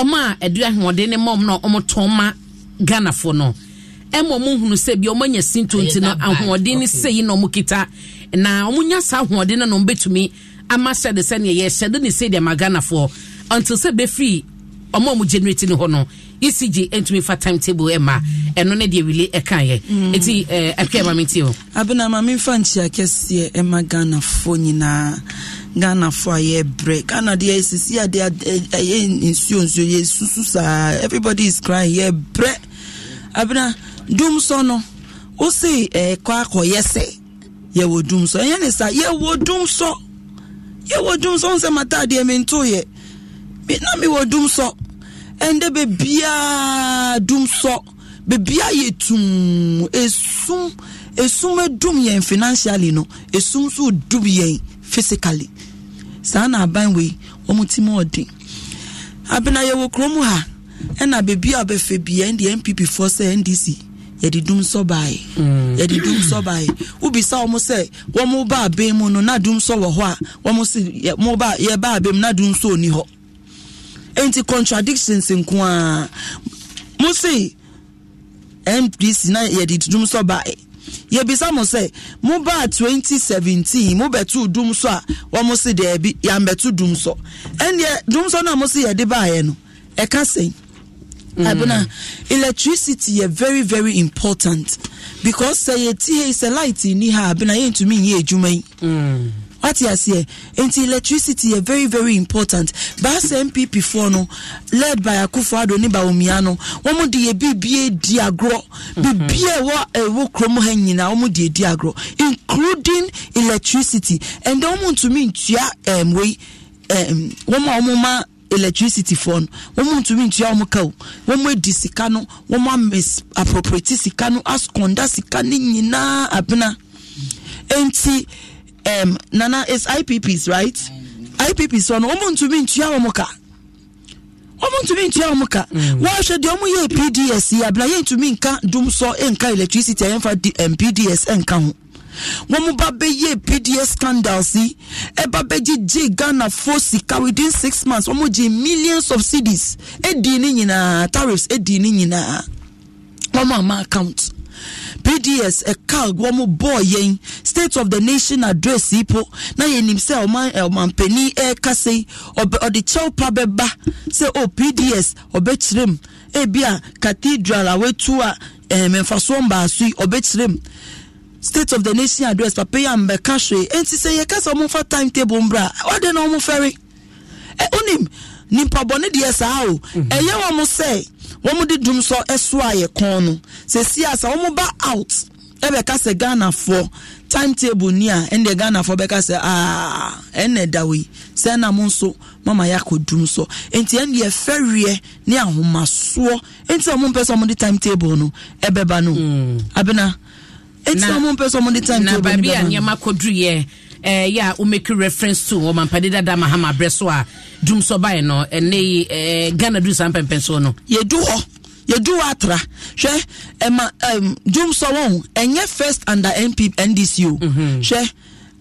ɔmo a ɛde ahoɔden ne mɔm na ɔmo tɔn ma ghanafoɔ no ɛmo ɔmo hunu sɛ bi ɔmo anya sinto nti no ahoɔden ne sɛ na ɔmo kita na ɔmo nya saa ahoɔden na ɔmo betumi ama hyɛ de sɛ nea yɛhyɛ de ne sɛ deɛ ma ghanafoɔ until sɛ bɛfiri ɔmo a ɔmo generate ne hɔ no ecg ntumi fa time table ɛma ɛno ne deɛ wile ɛka yɛ mm. eti eh, ɛɛ akɛ maame ti o. abena maame nfa nkyia kɛseɛ ɛma Ghanafo nyinaa. ghanafoɔ a yɛbrɛ ghana deɛ ɛsisi a deɛ ɛyɛ nsuo nsuo yɛsusu saa everybody is crying yɛbrɛ abena dum sɔ no eh, wo se ɛkɔ akɔyɛ sɛ yɛwɔ dum sɔ ɛyɛ ne saa yɛwɔ dum sɔ yɛwɔ dum sɔ nsɛ mata adeɛ mento yɛ na mewɔ dum sɔ ɛnde bebiaa dum sɔ bebiaa yɛ tum esum esum edum yɛn financially no esum so dum yɛn physically saa na aban wei wɔn ti mu ɔden abena yɛwɔ kurom ha ɛna beebi a ɔbɛfɛ bia ɛnde npp foɔ sɛ ndc yɛde dum sɔ baaɛ mm. yɛde dum sɔ baaɛ wobisa wɔn sɛ wɔn ba abɛn mu no na dum sɔ wɔ hɔ a wɔn si yɛ ba abɛn mu na dum sɔ oni hɔ nti contradictions nko ara mo se ndc na yɛde dum sɔ baaɛ yɛbisa mo sɛ mobaa 2017 mobɛtoo dum so a wɔmo se daabi yɛambɛto dum so ɛnneɛ dum so no e a mo se yɛde baeɛ no ɛka hmm. sɛn abena electricity yɛ very very important because sɛ yɛtie sɛ light nni ha abena yɛntumi nyɛ adwuma yi wate aseɛ e, nti electricity yɛ e very very important baasa npp foɔ no led by akufo addo ne bawomia no wɔn de yɛ bibie di agorɔ bibie mhm. ɛwɔ ɛwɔ e kurom ha nyinaa wɔn de di agorɔ including electricity and then wɔn ntumi ntua ɛm wei ɛm wɔn a wɔn ma electricity foɔ no wɔn ntumi ntua wɔn ka o wɔn adi sika no wɔn amis sika no askonda sika ne nyinaa abena nti um, nana is IPPs right IPPs wọn wọn ntumi ntua wọn ka wọn ntumi ntua wọn ka mm. wọn ahwɛ deɛ wɔn yɛ PDS yi abena yɛn ntumi nka dumsɔ nka electricity a yɛn fa um, PDS nka ho wɔn ba bɛyɛ PDS scandals yi ɛba bɛgye gye Ghana fo sika within six months wɔn gye millions of cedis edi ne nyinaa tariffs edi ne nyinaa wɔn ama account pds ɛka wɔn bɔɔ yɛn state of the nation address yi po na yɛn nim sɛ ɔman ɔmanpanin eh, ɛrekasa eh, yi ɔde kyɛw pa bɛba sɛ o oh, pds ɔbɛkyerɛ mu ebi eh, a cathedral a wetu a ɛɛm mfasoɔ mbaaso yi ɔbɛkyerɛ mu state of the nation address papa yi a mbɛka hwee nti sɛ yɛkasa wɔn fa timetable mbra ɔde na wɔn fɛre ɛ onim nipa bɔ ne deɛ saa mhm. o ɛyɛ wɔn sɛ wɔn de dum so so ayɛ kɔn no sɛsi asa wɔn ba out ɛbɛka sɛ ghanafoɔ timetable ni a ɛnna ghanafoɔ bɛka ah, sɛ aa ɛnna ɛda wɔ yi sɛ mo nso mama yɛ akɔ dum so nti ɛnna yɛ fɛwiɛ ne ahomasoɔ nti wɔn mpɛ sɛ wɔn de timetable no ɛbɛba no abena nti wɔn mpɛ sɛ wɔn de timetable no ɛbɛba no na baabi a nneɛma kɔ duru yɛ eh, yɛ a womɛki reference to ɔmampade oh, dada ma hama berɛ so a dum sɔ baɛ no ɛnɛ yi eh, ghana duru saa mpɛmpɛ so no yɛdu hɔ yɛdu hɔ atra hwɛ ɛma eh, um, dum sɔ wɔn ɛnyɛ first under np ndc o mm-hmm. hwɛ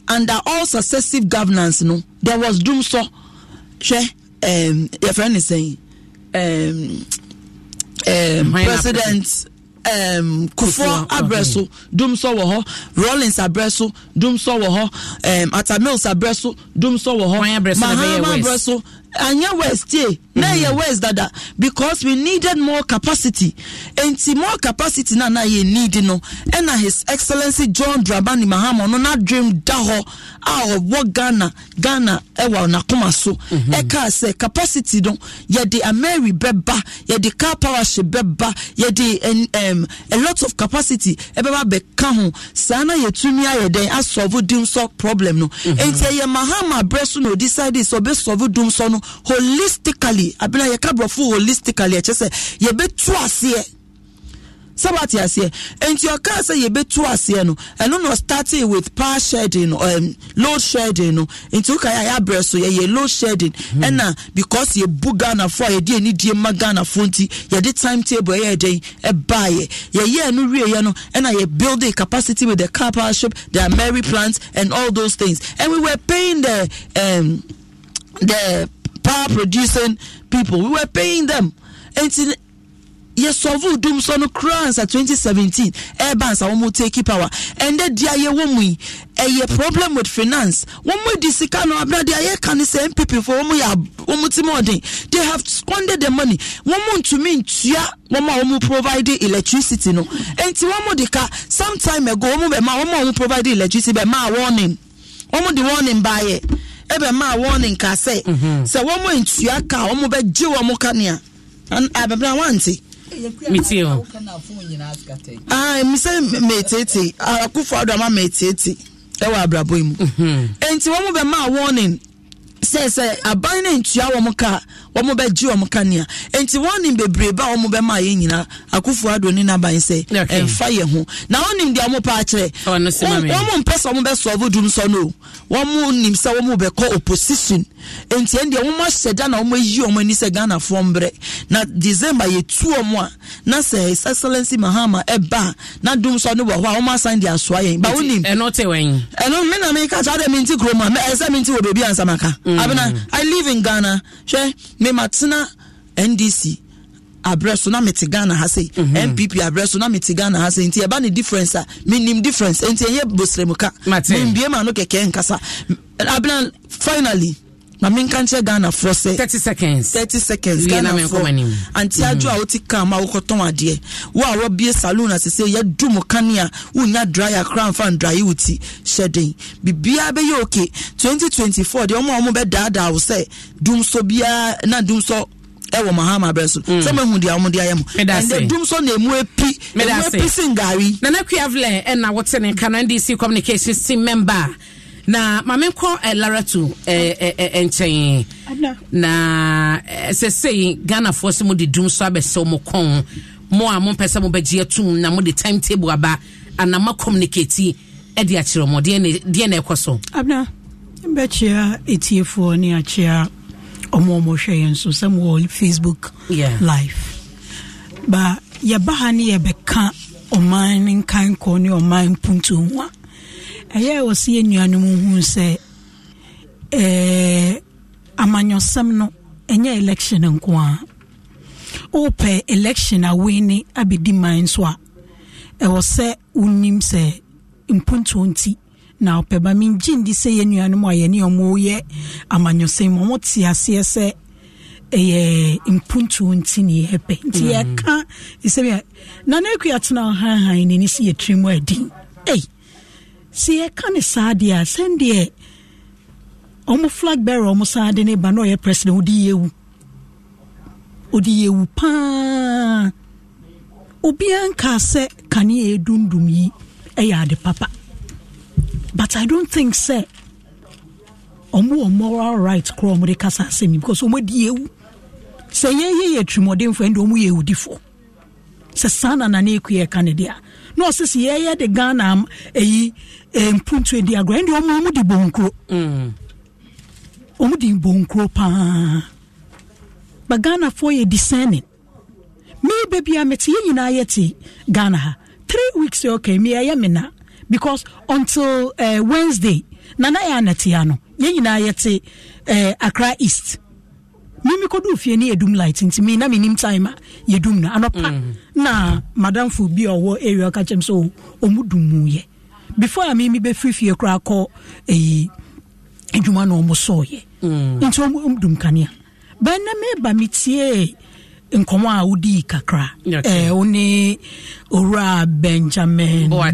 under all successive governance no there was dum sɔ hwɛ um, yɛfrɛ ne sɛn um, um, president um, kufuor abrɛ so dum sɔ wɔ hɔ rollins abrɛ so dum sɔ wɔ hɔ um, atamils abrɛ dum sɔ wɔ hɔ mahama abrɛ anya west tie na ɛyɛ mm-hmm. west dada because we needed more capacity nti more capacity na na ye need no ɛna his excellence john dramani mahama no na dream da hɔ a ɔwɔ ghana ghana ɛwɔ n'akoma so mhm. ɛka sɛ capacity no yɛde ameri bɛba yɛde car powership bɛba yɛde um, a lot of capacity ɛbɛba bɛka ho saa na yɛtumi ayɛ dɛn asɔvo dimsɔ problem no mhm. nti ɛyɛ mahama abrɛ so na odi side sɛ ɔbɛsɔvo dimsɔ no holistically abena yɛka holistically ɛkyɛ sɛ yɛbɛtu aseɛ sɛba te aseɛ nti ɔkaa sɛ yɛbɛtu aseɛ no ɛno na ɔstarting with power shedding no um, load shedding no nti woka yɛ ayɛabrɛ so yɛyɛ load shedding ɛna hmm. because yɛbu ghanafoɔ a yɛde anidie ma ghanafoɔ nti yɛde timetable ɛyɛ dɛn ɛbaeɛ yɛyɛɛ no wieɛ no ɛna yɛ build a capacity with the car shop, the mary plants and all those things and we were paying the um, the power producing people we were paying them and yɛsɔvo dum sɔ no koraa nsa 2017 ɛreba nsa wɔn take power ɛnɛ deɛ yɛwɔ mu yi ɛyɛ problem with finance wɔn mo di sika no abena deɛ yɛka ne sɛ npp fo wɔn mo yɛ wɔn mo ti mo ɔden they have squandered the money wɔn mo ntumi ntua wɔn a wɔn mo provide electricity no nti wɔn mo de ka some time ago wɔn mo bɛ ma wɔn a wɔn mo provide electricity bɛ ma warning wɔn mo de warning baayɛ ɛbɛ ma warning ka sɛ sɛ wɔn mo ntua ka wɔn mo bɛ gye wɔn mo kanea abɛbɛn a wɔn ante metie hɔ mesɛ meetieti akufo ado ama meetieti ɛwɔ abrabɔ yi mu mm-hmm. enti wɔn mu bɛma warning sɛ sɛ aban no ntua wɔn ka wɔn bɛgye wɔn ka nea nti wɔnim bebree ba wɔn bɛma yɛ nyinaa akufo ado ne n'aban sɛ ɛnfa yɛ ho na wɔnim deɛ wɔn pa akyerɛ wɔn mpɛ sɛ wɔn bɛ sɔɔbo dum sɔ no wɔn nim sɛ wɔn bɛkɔ opposition nti ɛn deɛ wɔn ahyɛ da na wɔn ayi wɔn ani sɛ ghana fɔm brɛ na december yɛ tu wɔn a na sɛ his excellence mahama ɛba na dum sɔ no wɔ hɔ a wɔn asan de asoa yɛn ba wɔnim ɛno te wɛn ɛno mmena mi ka kyerɛ de mi nti kurom a ɛsɛ mi nti wɔ beebi ansamaka. Mm. Mm. abena i live in ghana hwɛ mematena ndc abrɛ so na mete ghana ha sei mm-hmm. npp abrɛ so na mete ghana ha sei nti ɛba ne difference a menim difference nti ɛyɛ bosrɛmu ka membie ma no kɛkɛ nkasa abena finally maame nka nkyɛn ghana fɔ sɛ. thirty seconds thirty seconds ghana fɔ anti adu a wɔte kan ma wɔkɔtɔn adeɛ wo a wɔbie saloon a sese yɛ dum kanea wonya dryer kora nfa ndraye wo ti hyɛ den bibia bɛyɛ oke twenty twenty four deɛ wɔn a wɔn bɛ daadaa wo sɛ dum so biara na dum so ɛwɔ e mahama abɛrɛ so mm. sɛ mehu deɛ ɔmo de ayɛ mo ɛnɛ dum so na emu epi emu epi si ngari. nana kuyavilɛ ɛna e wɔte ne kanan dc communications team member na maame nkɔ ɛlarato eh, eh, eh, nkyɛn na sɛsei ghanafoɔ sɛ mode dum so abɛsɛ mo kɔn mo a mompɛ sɛ mobɛgye atom na mode time table aba anama communicate ɛde akyerɛ mɔ deɛ na ɛkɔ so abna mbɛkyea ɛtiefoɔ ne akyea ɔmo ɔmɔhwɛ yɛn so sɛ mowɔ facebook yeah. live ba yɛba ha ne yɛbɛka ɔman ne nkankɔ ne ɔman mpunto ho ɛyɛ a wɔsi yɛ nuanom hu sɛ amanyɔsɛm no ɛnyɛ election nko a wopɛ election a woini abɛdi man so a ɛwɔ sɛ wonim sɛ mpontuo nti na ɔpɛ ba mengye ndi sɛ yɛ nuanom a yɛne ɔmo amanyɔsɛm mu ɔmo aseɛ sɛ ɛyɛ mpuntuo nti ne yɛ pɛ nti mm. yɛka ɛsɛ bi a akua tena ɔhanhan n'ani si yɛ tirim adin ei sɛ yɛka ne saa deɛ a sɛndeɛ ɔmo flag bearer ɔmo saa de ne ba na ɔyɛ president odi yɛwu odi yɛwu paa obiara nka sɛ kanea edundum yi ɛyɛ ade papa but i don't think sɛ ɔmo wɔ moral right korɔ ɔmo de kasa asɛm yi because ɔmo adi yɛwu sɛ yɛyɛ yɛ tirimɔdenfoɔ ɛnde ɔmo yɛ ewudifoɔ sɛ saa na nane eku yɛ ka ne deɛ na ɔsisi yɛyɛ de ghana eyi mpuntu edi agorɔ ɛnna ɔmo ɔmo di bonkuro ɔmo mm. di bonkuro paa ba ghana foɔ yɛ discerning mi beebi a mɛte yɛ nyinaa yɛ te ghana ha three weeks yɛ ɔkɛ mi ɛyɛ mi na because until uh, wednesday nana yɛ anatea no yɛ nyinaa yɛ te uh, accra east mímí kọ́ dùn fìyẹ ní yẹ̀dùm light nti mi náà mi ní time a yẹ̀dùm na anọ́pa mm. na madamfo bi ọwọ́ area ọ̀ka kyẹ́m sọ ọmú dùn mu yẹ before a mimi bɛfiri fie koraa kɔ ɛyi adwuma na ɔmo sɔɔyɛ nti ɔmo dum kanea bɛn na meba me tie nkɔmɔ a wodii kakra ɛɛ wo ne owura benjamin oh, Man,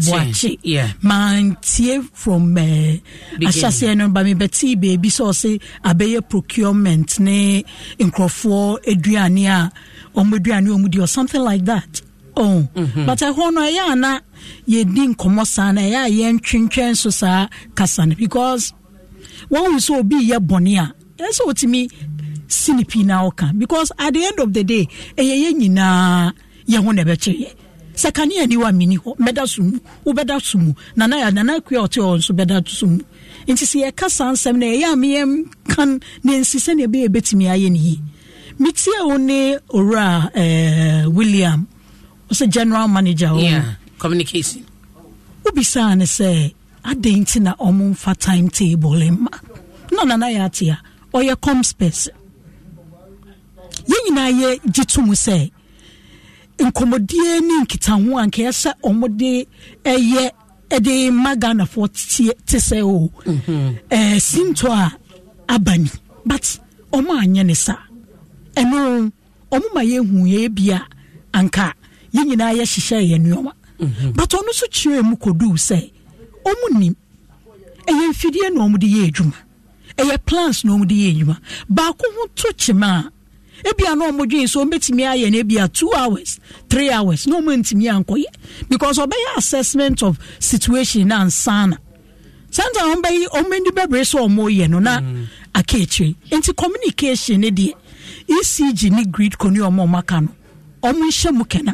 mantie from ɛɛ eh, ahyɛseɛ no ba mebɛtee baabi sɛ ɔse abɛyɛ procurement ne nkurɔfoɔ aduane a ɔmo aduane ɔmo di or something like that oh mm-hmm. but ɛho no ɛyɛ ana yɛdi nkɔmmɔ saa no ɛyɛ a yɛntwentwɛn so saa kasa no because wɔhu sɛ obi yɛ bɔne a ɛyɛ sɛ wɔtumi si ne pii na ɔka because at the end of the day ɛyɛ yɛ nyinaa yɛho na ɛbɛkyerɛ yɛ sɛ kanea ni wa mini hɔ mɛda so mu wobɛda so mu nana nana kua ɔte hɔ nso bɛda so mu nti sɛ yɛka saa nsɛm no ɛyɛ a meyɛmkan na nsi sɛnea ɛbɛyɛ bɛtumi ayɛ ne yi metie wo ne owura eh, william sɛ general manager hɔ yeah, communication wobisaa ne sɛ adɛn nti na ɔmo mfa time table ma na nana yɛ atea ɔyɛ coms person yɛ gye to mu sɛ nkɔmmɔdeɛ ne nkitaho a nkɛyɛ sɛ ɔmode ɛyɛ ɛde ma ghanafoɔ te sɛ o mm-hmm. ɛɛ sinto a aba but ɔmo anyɛ ne sa ɛno ɔmo ma yɛ yɛ bia anka yɛn nyinaa yɛhyehyɛ yɛn nneɛma but ɔno nso kyerɛ mu koduu sɛ ɔmu nim ɛyɛ mfidie na ɔmo de yɛ adwuma ɛyɛ plans na ɔmo de yɛ adwuma baako ho to kyema a ebia na ɔmo dwen so ɔmbɛtumi ayɛ no ebia two hours three hours na ɔmo ntumi ankɔyɛ because ɔbɛyɛ assessment of situation na ansana santa ɔmo bɛyi ɔmo ani bɛbere sɛ ɔmo yɛ no na mm-hmm. akeekyire nti communication ne deɛ ecg ne grid kɔni ɔmo ɔmo aka no ɔmo nhyɛ mu kɛna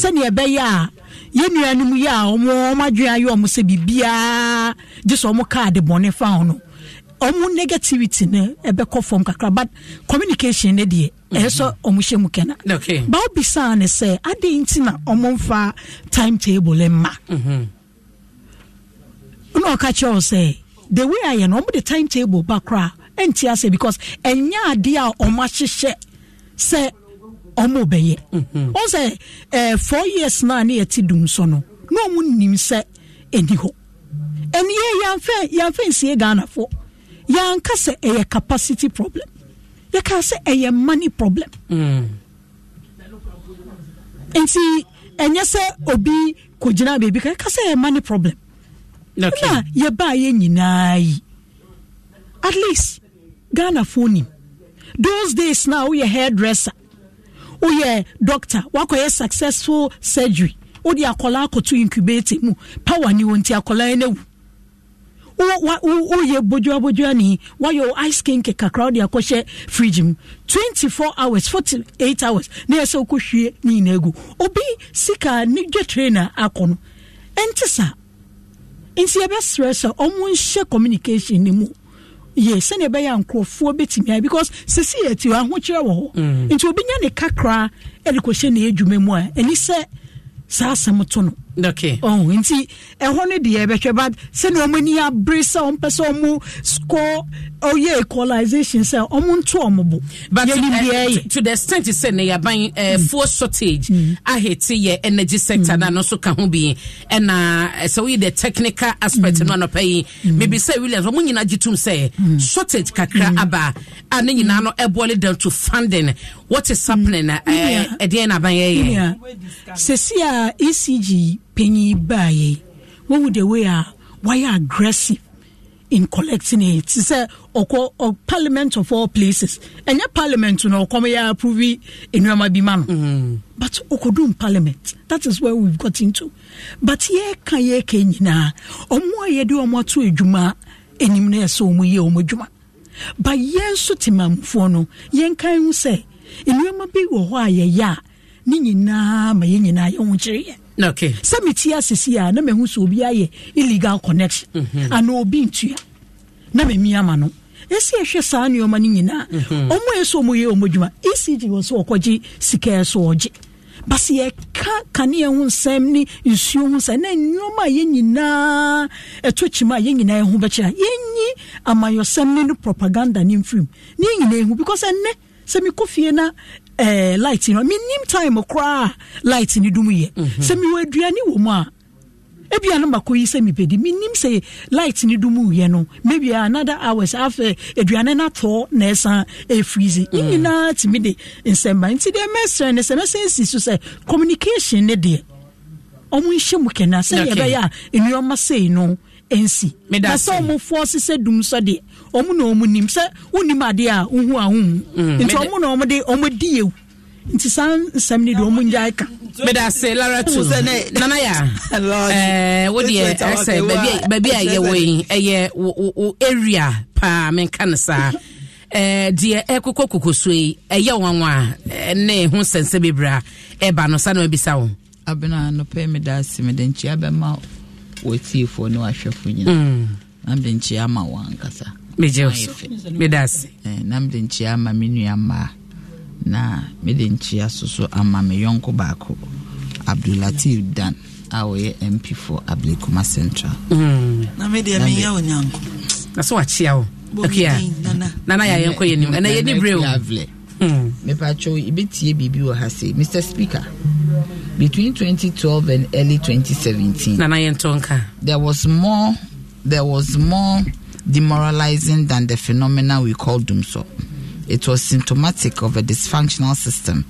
sɛnea ɛbɛyɛ a yɛn nuanom yi a ɔmo ɔmo adwene ayɛ ɔmo sɛ biribiara gye sɛ ɔmo kaa de bɔne fa ho ɔmo negativity no ɛbɛkɔ fam kakra but communication no deɛ ɛyɛ sɛ ɔmo hyɛ mu kɛna ba wobisaa ne sɛ adɛn nti na ɔmo mfa timetable mma na ɔka kyerɛ wo the way ayɛ no ɔmo de timetable ba koraa ɛnti asɛ because ɛnyɛ adeɛ a ɔmo ahyehyɛ sɛ ɔmo bɛyɛ wọn sɛ ɛɛ four years naa ne yɛ ti dum so no na ɔmo nim sɛ ɛni hɔ ɛni yɛ yanfɛ yanfɛ nsie ghana fo yanka sɛ ɛyɛ capacity problem yɛka sɛ ɛyɛ money problem mm. nti ɛnyɛ sɛ obi kogyina beebi ka yɛka sɛ ɛyɛ money problem okay. na yɛbaa yɛ nyinaa yi at least ghana fo nim those days na woyɛ hairdresser. woyɛ doctor wakɔyɛ successful surgery wode akɔla akɔto incubate mu power ni wɔ nti akɔla no awu woyɛ bodwoabodwoa ne woayɛ wo ice king kakra wode akɔhyɛ fridge mu 24 hours 48 hours na ɛsɛ wokɔhwie ne nyinaa gu obi sika ne dwa trainer akɔ no ɛnte saa nti yɛbɛserɛ sɛ ɔmo nhyɛ communication ne mu Yes, sɛnea ɛbɛyɛ a nkurɔfoɔ bɛtumi ayɛ because sisi yɛ ti ahokyerɛ wɔ hɔ mm. nti obi nya ne kakra ɛde kɔhyɛ ne yɛ adwuma mu a ɛni sɛ saa asɛm to no okay oh nti ɛhɔ no deɛ ɛbɛhwɛ but sɛnea ɔmo ani abere sɛ ɔmpɛ sɛ ɔmo score ɔyɛ oh, equalization sɛ ɔmo nto ɔmo bo but uh, to, to the extent sɛ ne yaban uh, eh, mm. shortage mm. ahete yɛ energy sector mm. na no so ka ho bi ɛna eh, sɛ woyi the technical aspect mm. no anɔpɛ yi mm. maybe sɛ williams ɔmo nyinaa gye tom sɛ mm. shortage kakra mm. aba a ne nyinaa no ɛboile down to funding what is happening mm. ɛdeɛn na aban yɛ yɛ sɛsi a ecg panyin baa yɛ wɔwu the way a wayɛ aggressive in collecting aid ti sɛ ɔkɔ ɔ parliament of all places ɛnyɛ parliament na ɔkɔm yɛ aprovi nneɛma bi ma no but ɔkɔdum parliament that is where we got into but yɛka yɛka nyinaa ɔmo a yɛde ɔmo ato adwuma e anim na ɛsɛ ɔmo yɛ ɔmo adwuma but yɛn nso te mamfoɔ no yɛnka e ho sɛ nneɛma bi wɔ hɔ a yɛyɛ a ne nyinaa ma yɛn nyinaa yɛn ho kyerɛ yɛn okay. sɛ metie asesi a na mahu sɛ obi ayɛ illegal connection mm-hmm. anaa obi ntua na mami ama no ɛsi ɛhwɛ saa nneɔma no nyinaa mhm. ɔmo ɛ sɛ ɔmoyɛ ɔmo dwuma ecg wɔ sɛ ɔkɔgye sika so ɔgye basi yɛka kanea ho nsɛm ne nsuo ho nsɛm na nneɛma a yɛn nyinaa ɛto kyima a yɛn nyinaa ɛho bɛkyɛ a yɛnyi amayɔsɛm ne no propaganda ne mfirim ne yɛn nyinaa ɛho because ɛnɛ sɛ fie na eh, light no menim time koraa light no dum yɛ mhm. sɛ mewɔ aduane wɔ mu a ebia no makɔ yi sɛ mepɛdi menim sɛ light no dum yɛ no maybe another hours afɛ aduane no atɔɔ na ɛsan ɛfrizi e mm. ne nyinaa tumi de nsɛmba nti deɛ mɛsrɛ no sɛ mɛsɛ si so sɛ communication ne deɛ ɔmo nhyɛ mu kɛna sɛ yɛbɛyɛ a nnuɔma sei no ɛnsi na sɛ ɔmofoɔ sesɛ dum sɔ deɛ ɔmo na ɔmo nim sɛ wonim adeɛ a wohu a mm. nti ɔmo na ɔmo de ɔmo di yɛwu nti saa nsɛm de ka meda se lara tu nana ya eh, ɛsɛ a yɛwɔ yi ɛyɛ wo area paa saa eh, deɛ ɛkokɔ yi ɛyɛ eh, ne ho bebree a ɛba no na wabisa wo abena anɔpɛ meda ase nkyia ne nyina mm. na nkyia mejeoso so meda ase na mede nkyea ama me nuamaa mm. na mede nkyea so so ama me yɔnko baako abdulatif dan a ɔyɛ mp for ablekuma central na medeɛ meyɛ wo nyanko na so mm. wakyea wo nana yɛyɛnkɔ yɛnim ɛna yɛni berɛ o mepatwɛ yɛbɛtie biribi wɔ ha sei mr speaker between 2012 and early 2017 nana yɛntɔ nka there was more there was more demoralizing than the phenomena we call doomsor. It was symptomatic of a dysfunctional system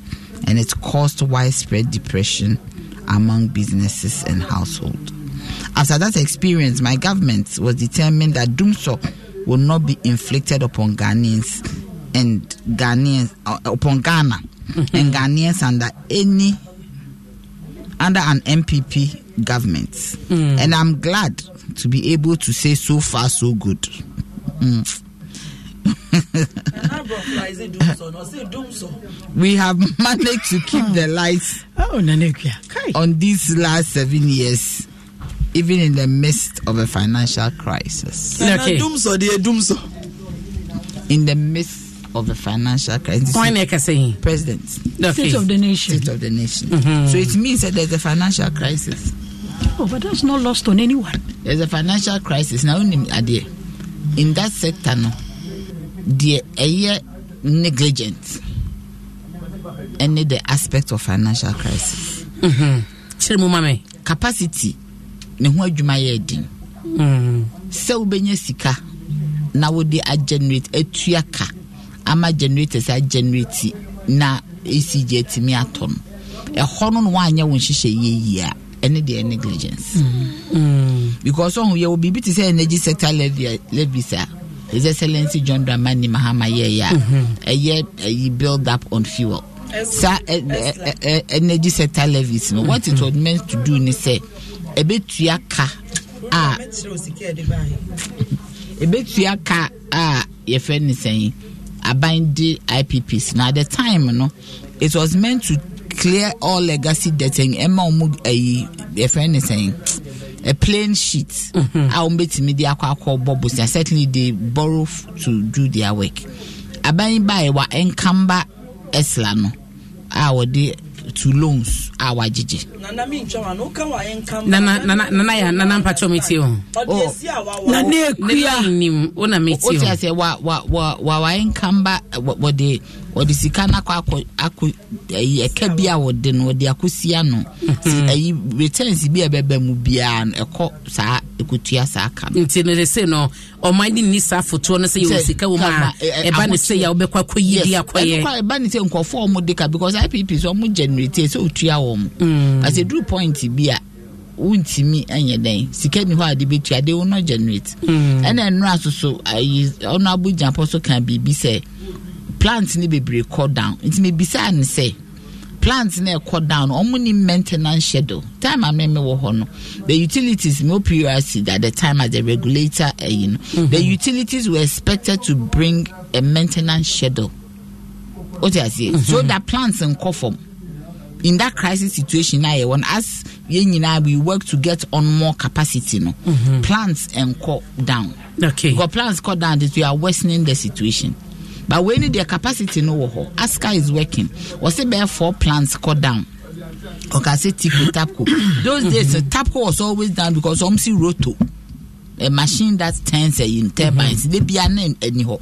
and it caused widespread depression among businesses and households. After that experience, my government was determined that doomsor would not be inflicted upon Ghanaians and Ghanaians uh, upon Ghana and Ghanaians under any under an MPP government. Mm. And I'm glad to be able to say so far, so good. Mm. we have managed to keep the lights oh, on these last seven years, even in the midst of a financial crisis. Okay. In the midst of the financial crisis. President. Okay. State of the nation. State of the nation. Mm-hmm. So it means that there's a financial crisis. Oh, but that's not lost on anyone. There's a financial crisis now in Adie. In that sector, no, the air negligent any the aspect of financial crisis. Mm-hmm. Kyerɛ mu mame. Capacity ne ho adwuma yɛ den. Mm-hmm. Sɛ wobɛnya sika na wode agenerate atua ka ama generator saa generate na ecg atumi atɔ no ɛhɔ no na wanyɛ wɔn nhyehyɛ yie yie a ɛne deɛ negligence mm. because ɔho yɛ wɔ biribi te sɛ energy sector levies a his excellency john dramani mahama yɛyɛ a mhm. ɛyɛ ɛyi build up on fuel saa energy sector levies no what it mhm. was meant to do ne sɛ ɛbɛtua ka a ɛbɛtua ka a yɛfrɛ ni sɛn aban di IPPs na the time no it was meant to clear all legacy debt and ɛma wɔn ɛyi ɛfɛ ne sɛn a plain sheet a wɔn bɛtumi de akɔ akɔ bɔ bosia certainly they borrow to do their work aban baa wa nkamba ɛsla no a wɔde to loans. awagyegye nana mpatwɛ metie honanim wɔde wɔde sika no akɔ akɔ ɛka bi a wɔde no wɔde akɔsia no mhm. ayi returns bi a ɛbɛba mu biara no ɛkɔ saa ɛkɔtua saa ka no nti no de se no ɔman ne nni saa fotoɔ no sɛ yɛwɔ sika wɔ mu a ɛba ne sɛ yɛ wobɛkɔ akɔyidi akɔyɛ ne sɛ nkɔfoɔ ɔmo de ka because ipp so ɔmo generate sɛ ɔtua wɔ wɔn asɛ duru point bi a wontumi nyɛ dɛn sika ni hɔ a de bɛtua de wɔn no generate mm. ɛna nnura soso ayi ɔno abuja pɔ so kan biribi sɛ plant ne bebree kɔ down nti mebisa ne sɛ plant na ɛkɔ down wɔn ni maintenance schedule time a mɛmɛ wɔ hɔ no the utilities no prc at the time as the regulator ɛyi no mm-hmm. the utilities were expected to bring a maintenance schedule o ti a seɛ so that plants nkɔ fam in that crisis situation na yɛ as yɛn nyinaa we work to get on more capacity no mm-hmm. plants nkɔ down okay because plants cut down that we are worsening the situation but wey ni their capacity no wɔ hɔ aska is working wɔsi bɛɛ four plants cut down ɔka se tico tapco those mhm. days mm-hmm. tapco was always down because wɔn roto a machine that turns uh, in turbines mm-hmm. de bia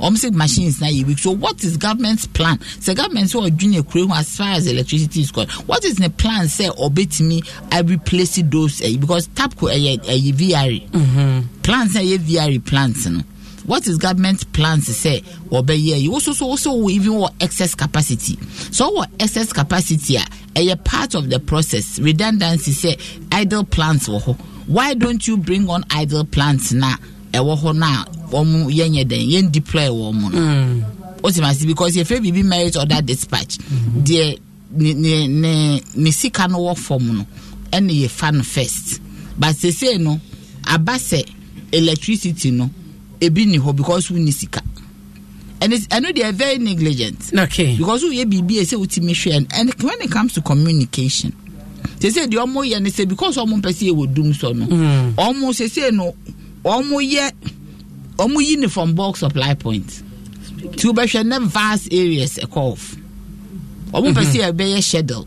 ɔm sɛ machines na yɛ weak so what is government's plan sɛ government sɛ ɔdwene kuro ho as far as electricity is concerned what is the plan Say, sɛ I replace those ɛyi eh, because tapco ɛyɛ eh, ɛyɛ eh, vr e. mm-hmm. E plants ɛyɛ vr plants no what is government plans sɛ ɔbɛyɛ yi wososo wososo wo even wɔ excess capacity so wɔ excess capacity a ah, ɛyɛ part of the process redundancy say idle plants wɔ hɔ why don't you bring on idle plants now? ɛwɔ hɔ no a wɔn yɛnyɛ dɛn yɛn deploy wɔn mu no mm. wotim ase because yɛfɛ biribi merit order dispatch deɛ ne ne ne ne sika no wɔ fam no ɛna yɛfa no first but sese no aba sɛ electricity no ebi ni hɔ because wo ni sika ɛno ɛno deɛ very negligent okay because wo yɛ biribi yɛ sɛ wotumi hwɛ and when it comes to communication sese deɛ ɔmo yɛ no sɛ because ɔmo mpɛ sɛ yɛ wɔ dum so no mm. ɔmo sese no wɔn yɛ uniform box supply point tí o bɛhwɛ ne vast areas ɛkɔɔf wɔn pɛ sɛ ɛbɛyɛ mhm. schedule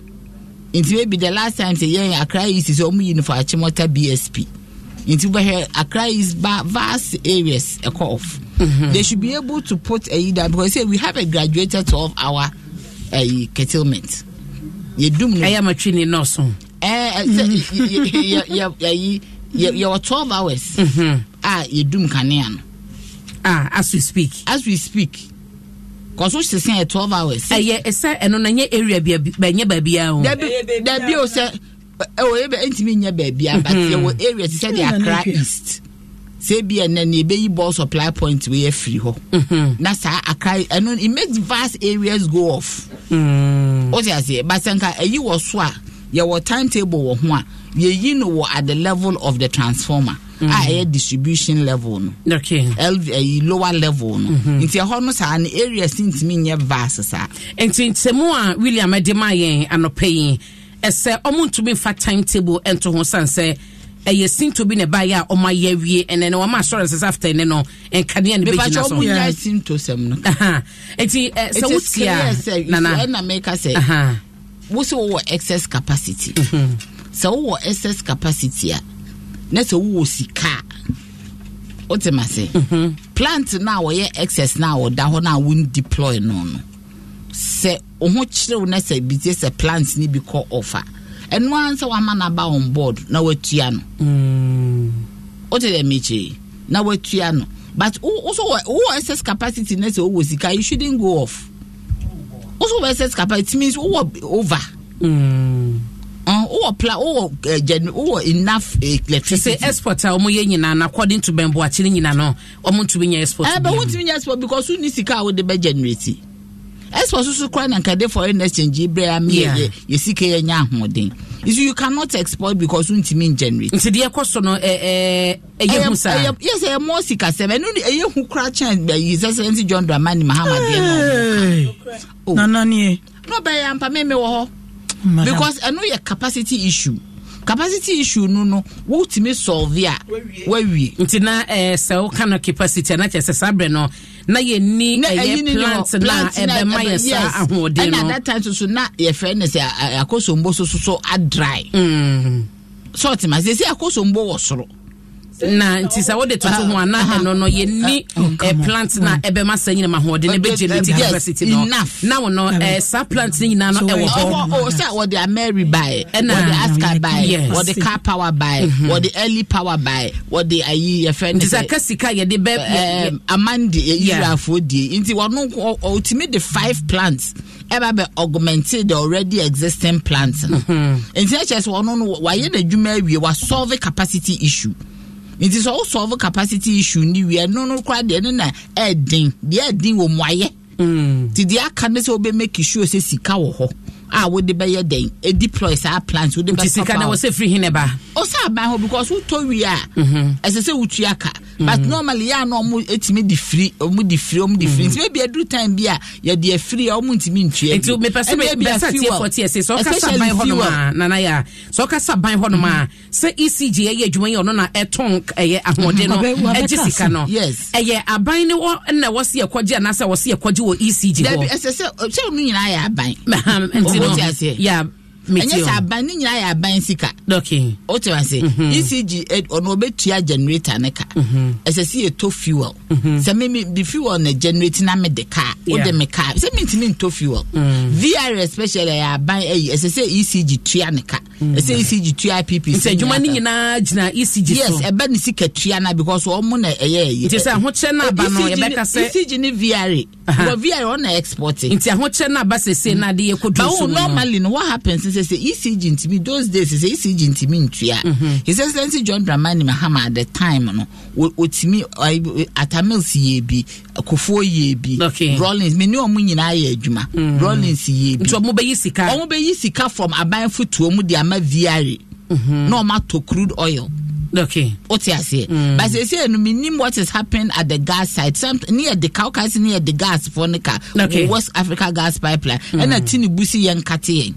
nti maybe the last time say yɛn akra yi si sɛ wɔn uniform akyemɔta bsp nti o bɛhwɛ akra yi ba vast areas ɛkɔɔf. mm They should be able to put a that because say we have a graduated 12 hour a curtailment. You do me. I am a training nurse. Eh, yɛwɔ twelve hours mm-hmm. a yɛdum kanea no ah, as we speak as we speak kɔso sese yɛ twelve hours. ɛyɛ ɛsɛ ɛno na nye area bi bɛnyɛ baabi a o. dabi dabi o sɛ ɛwɔ ebe ntumi nye baabi a but mm-hmm. yɛwɔ area ti sɛ de akra east sɛ bi ɛnɛ na ebe ball supply point wey yɛ firi hɔ mm-hmm. na saa akra ɛno it makes vast areas go off. Mm. o ti a seɛ basanka ɛyi wɔ so a yɛwɔ timetable wɔ ho a yɛyi no wɔ at the level of the transformer mm. a mhm. ɛyɛ distribution level no okay. L, uh, lower level no mm-hmm. nti ɛhɔ no saa no area si ntumi nyɛ vast saa nti nsɛmu a william ɛde ma yɛn anɔpɛ yi ɛsɛ ɔmo ntumi mfa timetable ɛnto ho san sɛ ɛyɛ sinto bi na ɛbaayɛ a ɔmo ayɛ awie ɛnɛ no ɔmo asɔrɔ ɛsɛ after ɛnɛ no nkanea no bɛgyina so. bɛbɛ ɔmo nya sinto sɛm no. eti ɛ eh, sɛ wotia nana ɛna mɛka sɛ wosi wɔ excess capacity. Mm-hmm sɛ wowɔ excess capacity a na sɛ wowɔ sika a wote ma se mhm. plant no a wɔyɛ excess no a wɔda hɔ no a wondeploy no no sɛ wo ho kyerɛw na sɛ bitie sɛ plant no bi kɔ ofa ɛno ara sɛ woama no aba on board na watua no mm. wote dɛ mekyee na watua no but also wowɔ excess capacity na sɛ wowɔ sika you shouldn't go off also wɔ excess capacity means wowɔ over mm wowɔ pla wowɔ gyan wowɔ enough electricity. sɛ export a wɔn yɛ nyinaa na according to bɛnbo akyere nyinaa no wɔn ntumi nyɛ export. ɛɛ bɛn wɔn ntumi nyɛ export because wɔn ni sika a wɔde bɛ generate export soso kora na nkade foreign exchange ebere a mi yɛ yɛ sika yɛ nya ahoɔden nso you cannot export because ntumi generate. nti deɛ kɔ so no ɛɛ ɛyɛ hu saa. yes ɛyɛ mɔ sika sɛm ɛnu ɛyɛ hu kora kyɛn bɛyi sɛsɛ nti john dramani mahama deɛ na ɔmo ka. nana nie. n'obɛyɛ ampa mímí wɔ hɔ because ɛno yɛ capacity issue capacity issue no no wotumi solve a wawie nti na eh, sɛ woka no capacity na kyɛ sɛ saa berɛ no na yɛni ɛyɛ eh, plant na ɛbɛma yɛ saa ahoɔden no ɛna that time soso na yɛfrɛ no sɛ eh, akosombo so so so adry mm. sɛ ɔtema sɛ sɛ akosombo wɔ soro na nti sɛ wode toto ho ana ɛno no yɛni oh, eh, plant na a hmm. ɛbɛma saa nyinama hoɔden no bɛgye ne ti diversity no na wo no eh, saa plant no nyinaa no ɛwɔ hɔ oh, oh, sɛ wɔde amary bae ɛnawɔde aska bae wɔde car power bae mhm. wɔde early power bae wɔde ayi yɛfrɛ no nti sɛ ka sika yɛde bɛ eh, amande israelfoɔ die nti wɔno ɔtumi de five plants ɛba bɛ augmented the already existing plants no mhm. nti ɛkyerɛ sɛ wɔno no wayɛ n'adwuma awie wasolve capacity issue nti sɛ wosɔɔfo capacity issue ni wie no no kora deɛ no na ɛɛden deɛ ɛɛden wɔ mu ayɛ mm. nti deɛ aka ne sɛ wobɛmake sure sɛ sika wɔ hɔ a wode bɛyɛ dɛn deploy saa plant wode bɛsika na wɔ sɛ firi hene ba ɔsɛ aban hɔ because wotɔ wie a mhm. ɛsɛ ka but mhm. normally yɛ a na ɔmo ɛtumi de firi ɔmo de firi ɔmo de firi mhm. nti ebi aduru time bi a yɛde afiri a ɔmo ntumi ntua bi nti mepɛ sɛ bɛsa tie fɔ tie se sɛ ɔka nana ya a sɛ ɔka sa ban hɔ nom a sɛ ecg ɛyɛ adwuma yi ɔno na ɛtɔn ɛyɛ ahoɔden no ɛgye sika no ɛyɛ aban ne wɔ na wɔsi ɛkɔgye anaasɛ wɔsi ɛkɔgye wɔ ecg hɔ ɛsɛ sɛ sɛ ɔmo nyinaa yɛ aban yeah. ɛnyɛ sɛ aban ne nyinaa yɛ aban sika wote wa se mhm. ecg eh, ɔno ɔbɛtua generator ne ka mhm. ɛsɛ sɛ yɛtɔ fuel mhm. sɛ meme the fuel na generate na mede kaa wode me kaa sɛ mentumi ntɔ fuel mm. vr especially ɛyɛ aban ayi eh, ɛsɛ sɛ ecg tua ne ka mm. ɛsɛ ecg tua ipp sɛ adwuma no nyinaa gyina ecg yes ɛbɛ ne sika tua na because ɔmo na ɛyɛ ɛyɛ nti sɛ ahokyɛ no aba no e yɛbɛka sɛ ecg ne vr wɔ vr ɔna export nti ahokyɛ no aba sɛsɛ oh, no ade yɛkɔdu so normally no what happens sɛ sɛ ecg ntumi those days sɛ ecg ntumi ntua his mhm. excellency john dramani mahama at the time no wɔtumi atamils yie bi kofoɔ yie bi rollins mene ɔmo nyinaa yɛ adwuma mm. rollins yie bi nti ɔmo bɛyi sika ɔmo bɛyi sika from aban fotuo mu de ama viare mm-hmm. na ɔmo atɔ crude oil okay wote aseɛ mm. but sɛ sɛ no menim what is happening at the gas side some near the cow case near the gas for ne okay. west africa gas pipeline mm. ɛna mm. tini busi yɛn kate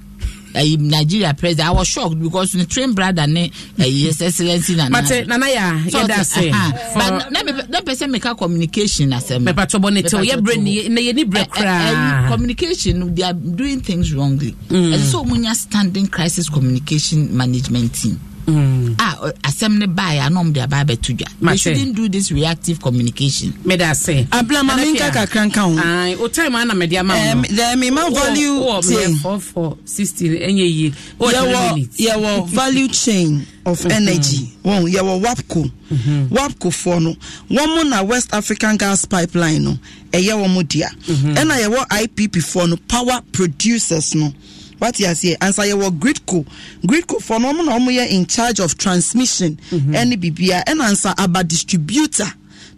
ɛyi eh, nigeria president i was shocked because the train brother ne ɛyi eh, his excellency, nana. mate nana ya So yɛda se. Eh, ah, but na na pɛ make a communication asɛm. mepatɔ bɔ ne tew yɛ brɛ ni na yɛ ni brɛ koraa. communication they are doing things wrongly. ɛsɛ sɛ wɔn nya standing crisis communication management team mm. ah asɛm ne baa yɛ anam de aba abɛto dwa we shouldn't do this reactive communication. meda se. abilama mi nka kakra nka ho. ayi o time ana mɛ di ama wɔn. ɛɛ mi ma value chain. wɔ wɔ four sixteen ɛnyɛ yie. yɛwɔ yɛwɔ value chain of mm-hmm. energy wɔn yɛwɔ wapco mm-hmm. wapco foɔ no wɔn mo na west african gas pipeline no ɛyɛ wɔn mo dea mm-hmm. ɛna yɛwɔ ipp foɔ no power producers no. Mm -hmm wate aseɛ ansa yɛwɔ gridco gridco fɔ no ɔmo na ɔmo yɛ in charge of transmission ɛne mhm. bibia ɛna ansa aba distributor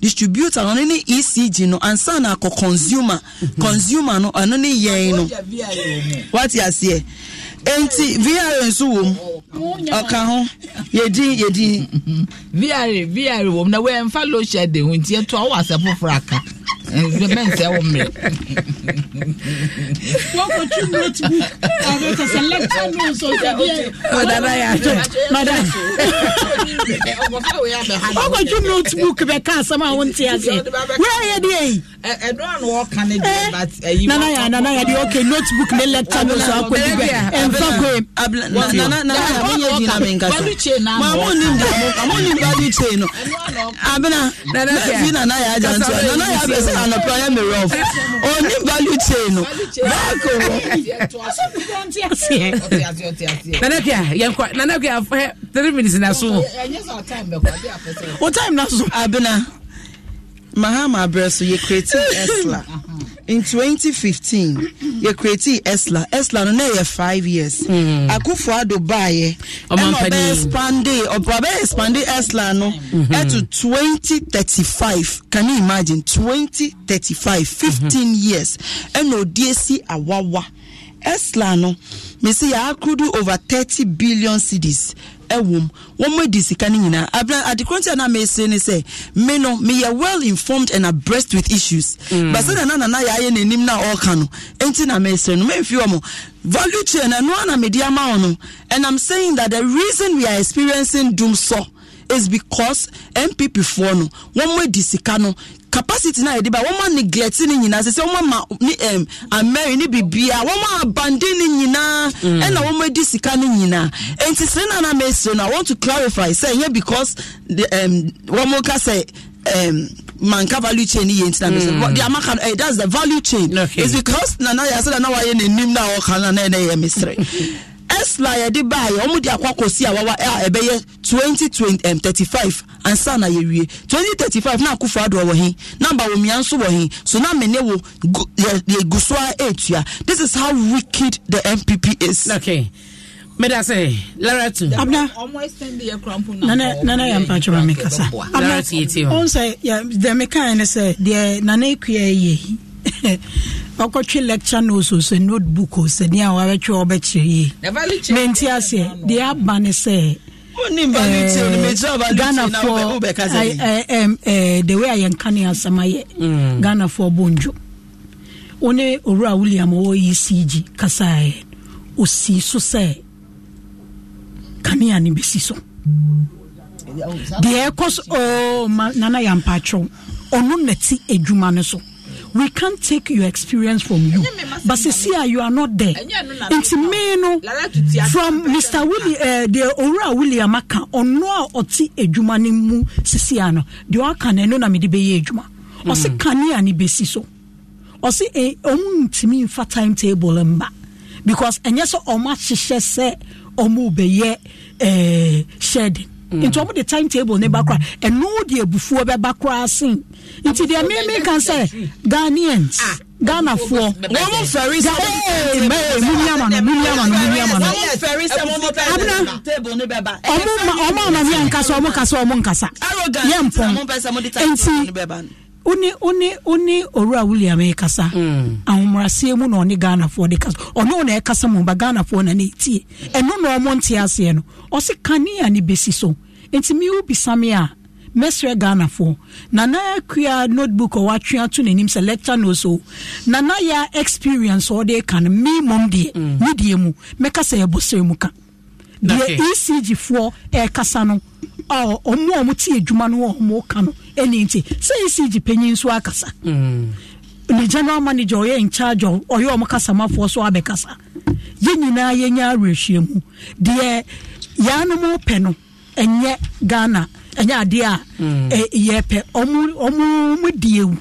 distributor no ne ne ecg no ansa na akɔ consumer mhm. consumer no ɛno ne yɛn no wate aseɛ nti vr nso wɔ mu ɔka ho yɛdin yɛdin vr vr wɔ mu na wɔyɛ nfa lotion de ho nti ɛto a asɛ foforɔ aka notebook? notebook. mɛnsɛ wo mmerɛ wakɔtwi note book abɛka sɛ lecture nos ɔsɛdeɛmadamwakɔtwi note book bɛka asɛm a wonte Nana, woayɛ Nana, nanayɛnanayɛ deɛ ok note book ne lecture nos akɔdi bɛ ɛmfa koemamnim value chain no abena fi nanayɛ Nana, nanayɛ abɛsɛ sɛ anɔpɛ ɔyɛ rɔf ɔni value chain no baako wɔ nanakua yɛnkɔ nanakua fɛ three minutes na so wo time na so abena mahama abrɛ so yɛ creative esla uh-huh in 2015 yɛkreti esla esla no na ɛyɛ 5 years hmm. akufo ado baeɛ ɛna ɔbɛyɛ spande ɔbɛyɛ spande esla no ɛto hmm. 2035 can you imagine 2035 15 hmm. years ɛna ɔdie si awawa esla no mesi yɛ akudu over 30 billion cedis ɛwom wɔn adi sika no nyinaa abena adekorɔnti a na meesere ne sɛ me no meyɛ well informed and abreast with issues mm. but sɛdeɛ na nana yɛayɛ n'anim na ɔreka no enti na meesere no memfi wɔ mo value chain ɛno a na mede ama wo and i'm saying that the reason we are experiencing doom so is because npp foɔ no wɔn adi sika no capacity na yɛde ba wɔn ma neglect ne nyinaa sɛ sɛ wɔn ma ne ɛm amɛri ne bibia wɔn abandon ne nyinaa mm. ɛna wɔn adi sika ne nyinaa nti sɛ na na mɛsirɛ no i want to clarify sɛ ɛyɛ because the ɛm wɔn ka sɛ ɛm. manka value chain ni yẹn ti na mi sẹ di amaka that's the value chain okay. it's because nana yasẹ nana wa ye ne nim na ọkan na na ẹ yẹ mi tesla yɛde baayɛ ɔmo de akɔ akɔsi awawa a ɛbɛyɛ twenty twenty um, thirty five ansa na yɛwie twenty thirty five na akufo adɔ wɔ he namba wɔ mia nso wɔ he so na mene wo yɛ yɛ gu so etua this is how wicked the npp is. okay meda sɛ laratu nana yɛ mpatwerɛ mekasa abna ɔn sɛ dɛ mekae ne sɛ deɛ nana ekua yɛ yi ɔkɔtwe lecture notes sɛ notebook sɛ nea wabɛtwe ɔbɛkyerɛ yie menti aseɛ deɛ aba ne sɛ ghanafoɔ eh, eh, eh, the way a yɛnka ne asɛm ayɛ mm. ghanafoɔ bɔ ndwo wo ne owura william ɔwɔ ecg kasaɛ ɔsii so sɛ kanea ne bɛsi so deɛ ɛkɔ so oh, nana yɛmpatwerɛw ɔno nati adwuma no so we can't take your experience from you but sisi you are not there nti mee from mr willie uh, the owura william aka ɔno a ɔte adwuma no mu sisi ah no deɛ ɔaka no ɛno na mede bɛyɛ adwuma ɔsi kanea ne besi so ɔsi ɔmu ntumi nfa time table mba because ɛnyɛ sɛ ɔmo ahyehyɛ sɛ ɔmo bɛyɛ ɛɛ shedding nti wɔn de time table ne ba kora ɛno de ebufuo bɛba kora sen nti deɛ mímí kan sɛ ghanaians ghanafoɔ wɔn fɛri sɛ ee mɛ mu ni ama no mu ni ama no mu ni ama no wɔn fɛri sɛ wɔn bɛ abuna table ne bɛba ɔmo ma ɔmo anam yɛ nkasa ɔmo kasa ɔmo nkasa yɛ mpɔn nti. wone wone wone owura william ɛkasa hmm. ahomraseɛ mu na ɔne ghanafoɔ de kasa ɔno na ɛkasa mu ba ghanafoɔ na n'etie ɛno na ɔmo nte aseɛ no ɔsi kanea ne besi so nti mi wo bisame a mɛsrɛ ghanafoɔ nana akua notebook a watwe ato n'anim sɛ lecture notes o nana yɛ experience ɔde ka no mi mom deɛ ne deɛ mu mɛka sɛ ɛbɔ srɛ mu ka. deɛ ecg foɔ ɛrekasa eh, no ɔmo oh, a ɔmo te adwuma no ɔmo ka no ɛne nti sɛ ecg panyin nso akasa mm. ne general manager ɔyɛ in charge ɔyɛ ɔmo kasamafoɔ so abɛkasa yɛn nyinaa yɛnya awerɛhyia mu deɛ yɛn anum pɛ no ɛnyɛ ghana ɛnyɛ adeɛ a mm. eh, yɛpɛ ɔmo ɔmo mu diewu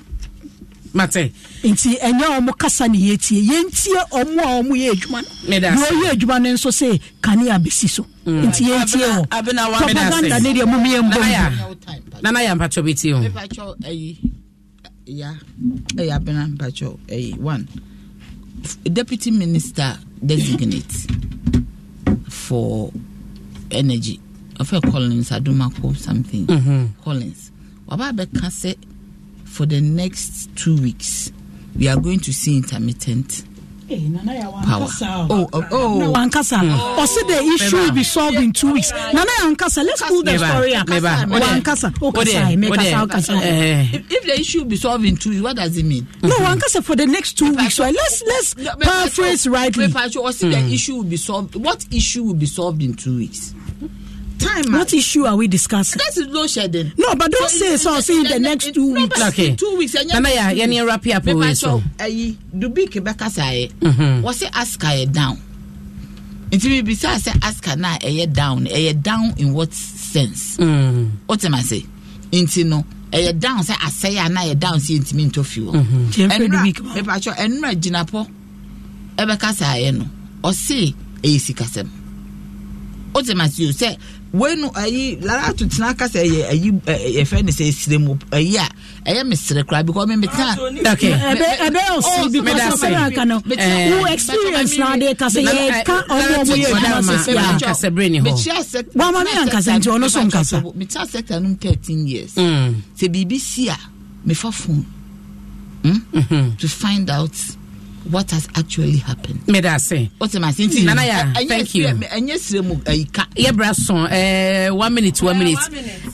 mate nti ɛnyɛ ɔmo kasa ne yɛtie yɛntie ɔmo a ɔmo yɛ adwuma no na ɔyɛ adwuma no nso sɛ kanea bɛsi so mm. nti yɛntie wɔ propaganda ne deɛ momyɛ mbɔ nana yɛ mpatwɔ bɛtie ho ya ɛyɛ abena mpatwɔ ɛyi one deputy minister designate for energy ɔfɛ collins adomako something mm -hmm. collins waba abɛka sɛ for the next two weeks, we are going to see intermittent. Hey, eh, Nana, power. Oh, oh, oh. Oh. Or say the issue will be solved in two weeks. Nana Wankasa, let's pull the story up. Wankasa. Wankasa. Oh, eh, oh, eh, if the issue will be solved in two weeks, what does it mean? No, Wankasa for the next two weeks. right? let's let's paraphrase rightly. Or say the hmm. issue will be solved. What issue will be solved in two weeks? time. What issue are we discussing? That is load shedding. No, but don't so say so. I'll see in the next two weeks. Okay. Two weeks. Mama, yeah, yeah, yeah, wrap up. Mama, so, ayi, eh, dubi kebeka sae. Eh, mm-hmm. What's it ask her eh, down? nti bibisa sɛ aska na ɛyɛ down ɛyɛ down in what sense. Mm-hmm. What am I say? Inti no ɛyɛ down sɛ asɛyɛ ana yɛ down si ntumi ntɔ fi wɔ. ɛnura mipatɔ ɛnura gyinapɔ ɛbɛka saa yɛ no ɔsi ɛyɛ sikasɛm o tẹ ma se say wenu ayi lara to tena kasa yɛ ayi yɛfɛ eh, eh, ne sɛ esire mu ayi a ah, ɛyɛ misiri kura because mi mi tena. okay ɛbɛ ɛbɛ ɔsi because ɔbɛ aka no eh. wo experience na de kasa yɛ ka ɔmo ɔmo yɛ ɛduma sɛ yɛ ankasa bere ni hɔ wa ma mi ankasa nti ɔno so nkasa. mi ta sector num thirteen years mm. sɛ biribi si a mi fa phone hmm, mm-hmm. to find out what has actually happened. meda ase. o ti ma se nti nana ya thank you. ɛnyɛ sire mu ɛyi eh, ka. yɛ bra sɔn ɛɛ eh, one minute one eh, minute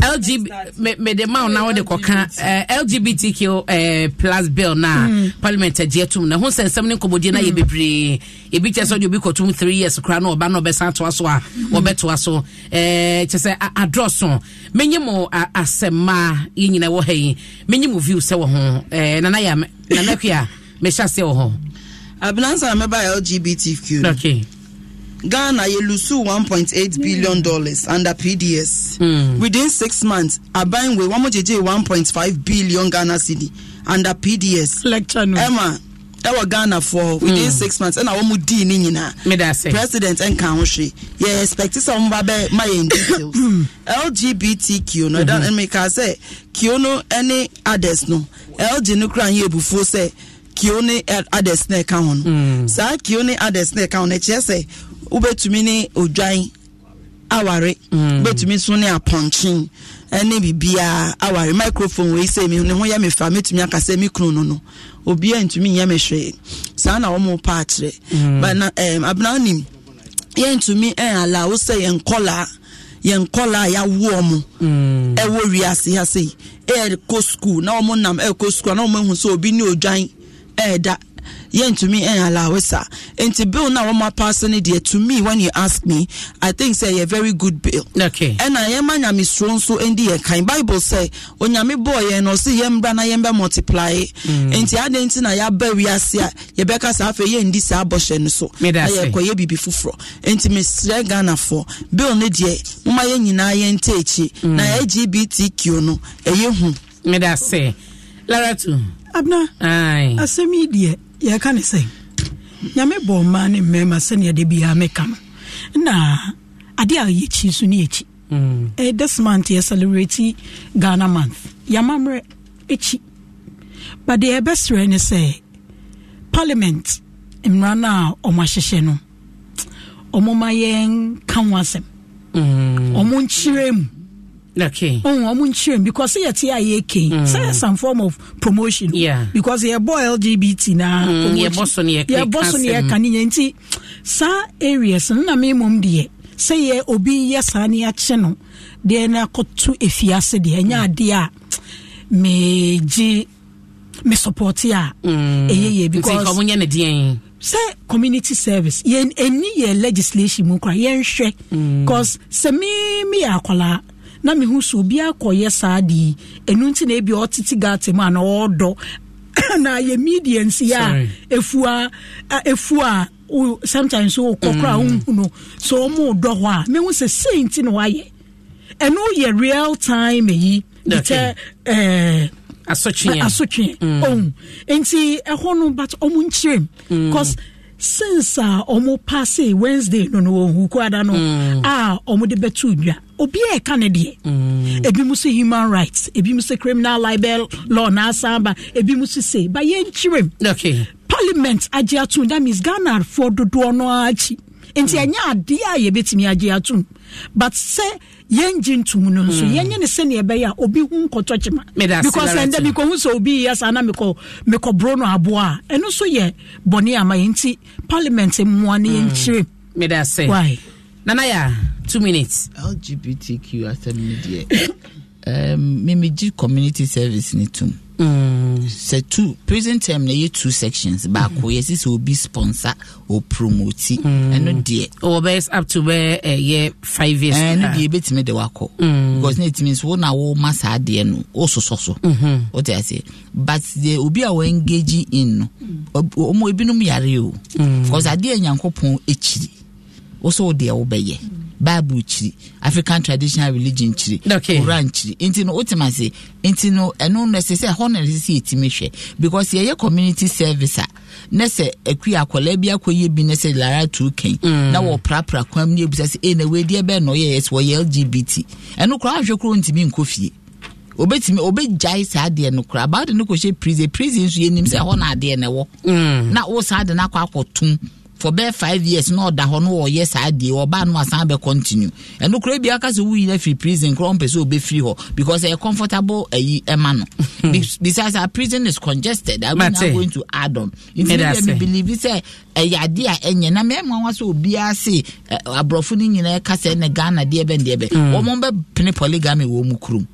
lgb mede maa na wɔde kɔka lgbtq ɛɛ plus bill na hmm. parliament ɛgye tum na ho nsɛnsɛm ne nkɔmɔdie na yɛ hmm. bebree ebi kyɛ sɛ ɔde obi kɔtum three years kora na ɔba na ɔbɛsan toa hmm. so a ɔbɛtoa so ɛɛ kyɛ sɛ adrɔso menye mo asɛmmaa yɛ nyina wɔ ha yi menye mo view sɛ wɔ ho nana ya nana kuya mehyɛ ase wɔ hɔ abinansa na mẹba lgbtq okay. ghana yẹ lusu one point eight billion hmm. dollars under pds mm. within six months abanwe wọn mo jẹjẹ one point five billion ghana cedi under pds lecture no emma ɛwɔ ghana for within mm. six months ɛna wɔn mu dii ne nyinaa president ɛnka ho hwee yɛ expect sɛ wɔn ba bɛ ma yɛn details lgbtq no ɛdan mm-hmm. mmeka sɛ kio no ɛne others no lg no kura yɛ ebufuo sɛ kio ne others na ɛka ho no mm. saa kio ne others na ɛka ho no ɛkyerɛ sɛ wobɛtumi ne odwan aware mm. wobɛtumi nso ne apɔnkyen ɛne biribiaa aware microphone wei sɛ mi ne ho yɛ me fa mɛtumi aka sɛ me kunu no no obiaa ntumi nyɛ me hwee saa na wɔmo pa akyerɛ mm. bana ɛm abena nim yɛntumi ɛn ala wo sɛ yɛn kɔlaa yɛn nkɔla a yawoɔ mo ɛwɔ wiase ha ɛyɛ kɔ sukuu na wɔn nam ɛkɔ sukuu na wɔn ehu sɛ obi ne odwan ɛɛda eh, yɛntumi ɛnalawe eh, sa nti bill no a apaase paase deɛ to me when you ask me i think say yɛ very good bill okay. ɛna yɛma nyamesuro nso ɛndi yɛ kan bible sɛ onyame bɔɔ yɛn no ɔse yɛmbra na yɛmbɛ multiply mm. nti adɛn nti na yɛaba ase a yɛbɛka saa afei yɛndi saa bɔhyɛ no so na yɛkɔyɛ biribi foforɔ nti Ghana ghanafoɔ bill no deɛ moma yɛn nyinaa yɛnta akyi mm. na lgbtq no ɛyɛ hu medase laratu abena asɛm yi deɛ yɛka ne sɛ nyame bɔ mmaa ne mmarima sɛnea de biaa meka no na adeɛ a yɛkyi so ne yɛkyi mm. this month yɛ celebrate ghana month yɛamammerɛ ɛkyi but deɛ ɛbɛserɛ ne sɛ parliament mmara no a ɔmo ahyehyɛ no ɔmo ma yɛnka ho asɛm mm. ɔmo nkyerɛ mu okay ohun ọmụ nkyerem because yɛ te a yɛ ke sɛ some form of promotion yeah. because yɛbɔ lgbt na yɛbɔ so ne yɛka ne yɛ nti saa areas no na memom deɛ sɛ yɛ obi yɛ saa ne akye no deɛ no akɔto afiase deɛ ɛnyɛ adeɛ mm. a megye me support a ɛyɛ yɛ because sɛ community service yɛn ɛni yɛ legislation mu kora yɛnhwɛ mm. Cause sɛ me meyɛ akwalaa na mehu so obiara kɔyɛ saa de yi ɛno nti na ebi ɔtete gate mu ana ɔɔdɔ na yɛ media nsi a efua efua sometimes o kɔkora a ohun mm. no so ɔmo dɔ hɔ a mehu sɛ sei nti na wayɛ ɛno yɛ real time yi de kyɛ ɛɛ. Eh, asotwe asotwe ohun mm. nti ɛhɔ no but ɔmo nkyerɛ mu. because. Mm since uh, a ɔmo paase wednesday no no wɔn hukuada no hmm. a ah, ɔmo de bɛtu dwa obi a ɛka ne deɛ hmm. ebi mu si human rights ebi mu si criminal libel law n'asan ba ebi mu si se ba yɛn kyerɛ parliament agye atum that means ghana afɔ dodoɔ no akyi nti ɛnyɛ adeɛ a yɛbɛtumi agye atom but sɛ yɛngye ntom no nso hmm. yɛnyɛ ne sɛneɛ ɛbɛyɛ a obi ho nkɔtɔ kyema because ɛndɛ mekɔhu sɛ obi yɛ saa na mekɔborɔ no aboa a ɛno nso yɛ bɔne ama yɛ nti parliament mmoa no yɛnkyerɛ hmm. medasɛ nanaya two minutes lgbtq asɛm no deɛ memegye um, community service ne tom Mm, sɛ two prison term na yɛ two sections baako mm. yɛsi sɛ obi sponsor o promote mm. ɛno deɛ. wɔ bɛ up to bɛ ɛyɛ five years. ɛno ah. deɛ ebetumi de wakɔ. Mm. because ne timi so na wo ma saa deɛ no o sosɔ so. Mhm. o ti ase but de obi a wɔn engage in no mm. ɔmo ebinom yare o. Mm. because adeɛ nyankopɔn ekyiri wɔsɛ wodeɛ wobɛyɛ bible kyiri african traditional religion kyiri okay. koran kyiri nti no wotima se nti no ɛno no ɛsɛ sɛ ɛhɔ no ɛsɛ sɛ yɛtumi hwɛ because yɛyɛ community service a na sɛ akui akwadaa bi akɔyɛ bi na sɛ lara tu kɛn mm. na wɔprapra kwan mu ne ebusa sɛ ee na wɔadiɛ bɛɛ na ɔyɛ yɛsɛ wɔyɛ lgbt ɛno koraa ahwɛ koro ntumi nkɔ fie obetumi obegyae saa adeɛ no koraa abaade no kɔ hyɛ prison prison nso yɛnim sɛ ɛhɔ na adeɛ na ɛwɔ mm. na wo saa de no akɔ akɔtum for bɛɛ five years na ɔda hɔ na ɔyɛ saa deɛ ɔbaa no asan bɛ continue ɛno kura bi aka sɛ wuyi na firi prison kura ɔn pɛ sɛ ɔbɛ firi hɔ because ɛyɛ comfortable ɛyi ɛma no besides our prison is congested i mean i'm going to add on nti ɛdɛ mi believe sɛ ɛyɛ ade a ɛnyɛ na mɛɛma wa sɛ obiara se aborɔfo no nyinaa kasa ɛna ghana deɛ bɛ deɛ bɛ mm. wɔn bɛ pene polygamy wɔ mu kurom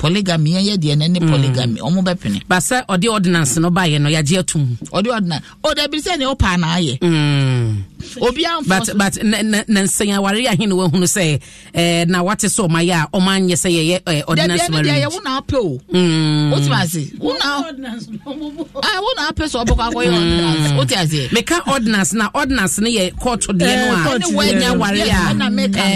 polygamy yɛn yɛ deɛ ne ne mm. polygamy ɔmo bɛ pene. basɛ ɔde ordinance no ba yɛ no yagye atum. ɔde ordinance o dabi sɛ ne o paa na ayɛ. Mm. obi anfɔ but but na na na nsɛnyawari ahene wo ehunu sɛ ɛɛ eh, na wate sɛ ɔmo ayɛ a ɔmo anyɛ sɛ yɛyɛ ɛɛ eh, ordinance marriage. dabi ɛni deɛ yɛ mm. ah, wo na apɛ o. o ti ma se wo ɛɛ wo na apɛ sɛ ɔbɔ ordinance o ti a se. meka ordinance na ordinance ne yɛ court deɛ no eh, a ɛɛ kɔɔto deɛ no a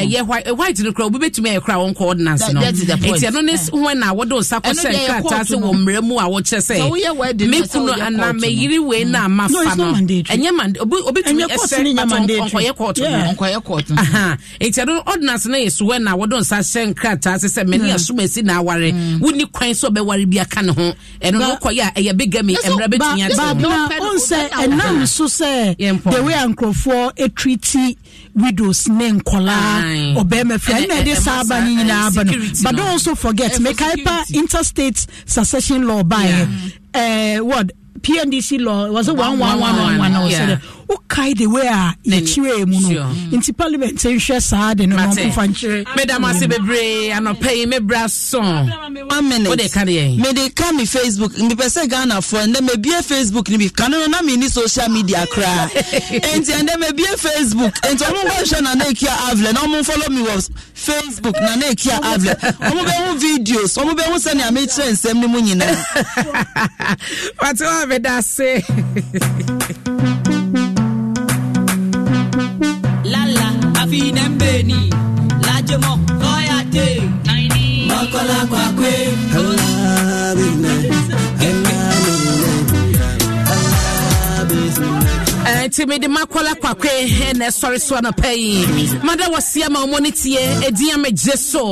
ɛɛ white no kura obi betumi ayɛ kura wɔn kɔ ordinance no. that that is the point ɛhɔ na wɔde osa kɔhyɛ nkrataa se wɔ mmerɛ mu a wɔkyerɛ sɛ me kunu anaa wei na ama fa no ɛnyɛ mande obi obi tumi ɛsɛ nkɔyɛ kɔɔto no nkɔyɛ kɔɔto no nti ɛdo ordinance no yɛ suwɛ na wɔde nsa hyɛ nkrataa se sɛ mɛni hmm. asoma esi na aware hmm. wuni kwan sɛ ɔbɛware bi ne ho ɛno no kɔyɛ a ɛyɛ bigami mmerɛ bɛtumi ate widows ne nkɔlaa ɔbɛrima fia ɛna ɛde saa aba ne nyinaa aba no but don't forget make hyper interstate succession law by yeah. uh, what PNDC law was it one one one one one? wokae the way a yɛkyerɛɛ mu no nti parliament nhwɛ saa de no nomfa nkyerɛ medam ase bebree anɔpɛ yi mebra so wode ka deɛ eh? mede ka me facebook mepɛ sɛ ghanafoɔ ɛndɛ mabie facebook no bi kane no na menni social media koraa enti ɛndɛ mabie facebook enti ɔmonkɔhwɛ na na ɛkia avlɛ na follow me wɔ facebook na na ɛkia avlɛ ɔmobɛhu videos ɔmobɛhu sɛnea mekyerɛ nsɛm no mu nyinaa wate wa meda se ni lajemọ kọyate mọkọlá kwakwe. nti mede makɔla kwakwe ɛna eh, ɛsɔre so anɔpa yi mada wɔseɛ ma ɔmɔ no tie ɛdin a megye so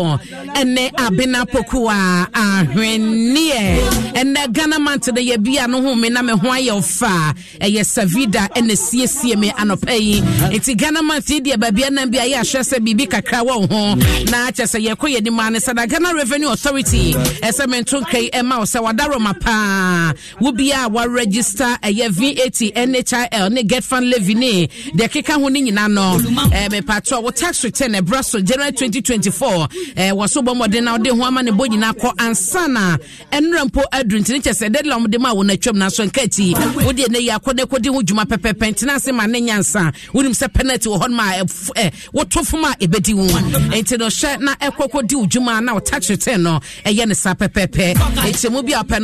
ɛnɛ abena pokuwa ahwenneɛ ɛnɛ ghana mant no yɛbia no home na me ho ayɛ fa ɛyɛ savida ɛna siesie me anɔpa yi nti ghana mant yi deɛ baabia bi ayɛ ahwɛ sɛ biribi kakra wɔ ho na kyɛ sɛ yɛkɔ yɛ nimaa ne sɛ na ghana revenue authority ɛsɛ mento nkrai ɛma wo sɛ wadarɔma paa wo bia a waregister ɛyɛ vat nhl ne get fan levy ne deɛ ɛkeka ho no nyinaa no eh, mepatoa wo tax return ɛbrɛ so january 2024 eh, wɔ so bɔ mmɔden na wode ho ama ne bɔ nyinaa kɔ ansa na ɛnora mpo aduru nti ne kyɛ sɛ deadline mde ma a wɔnatwam nanso nka ti wode ne yi akɔ ne kɔdi ho dwuma pɛpɛpɛ ntena ase ma ne nyansa wonim sɛ penalty wɔ hɔ no ma eh, woto fom a ɛbɛdi wo enti no hyɛ na ɛkɔkɔdi wo dwuma na wo tax return no ɛyɛ ne saa pɛpɛpɛ ɛkyɛmu bi a wopɛ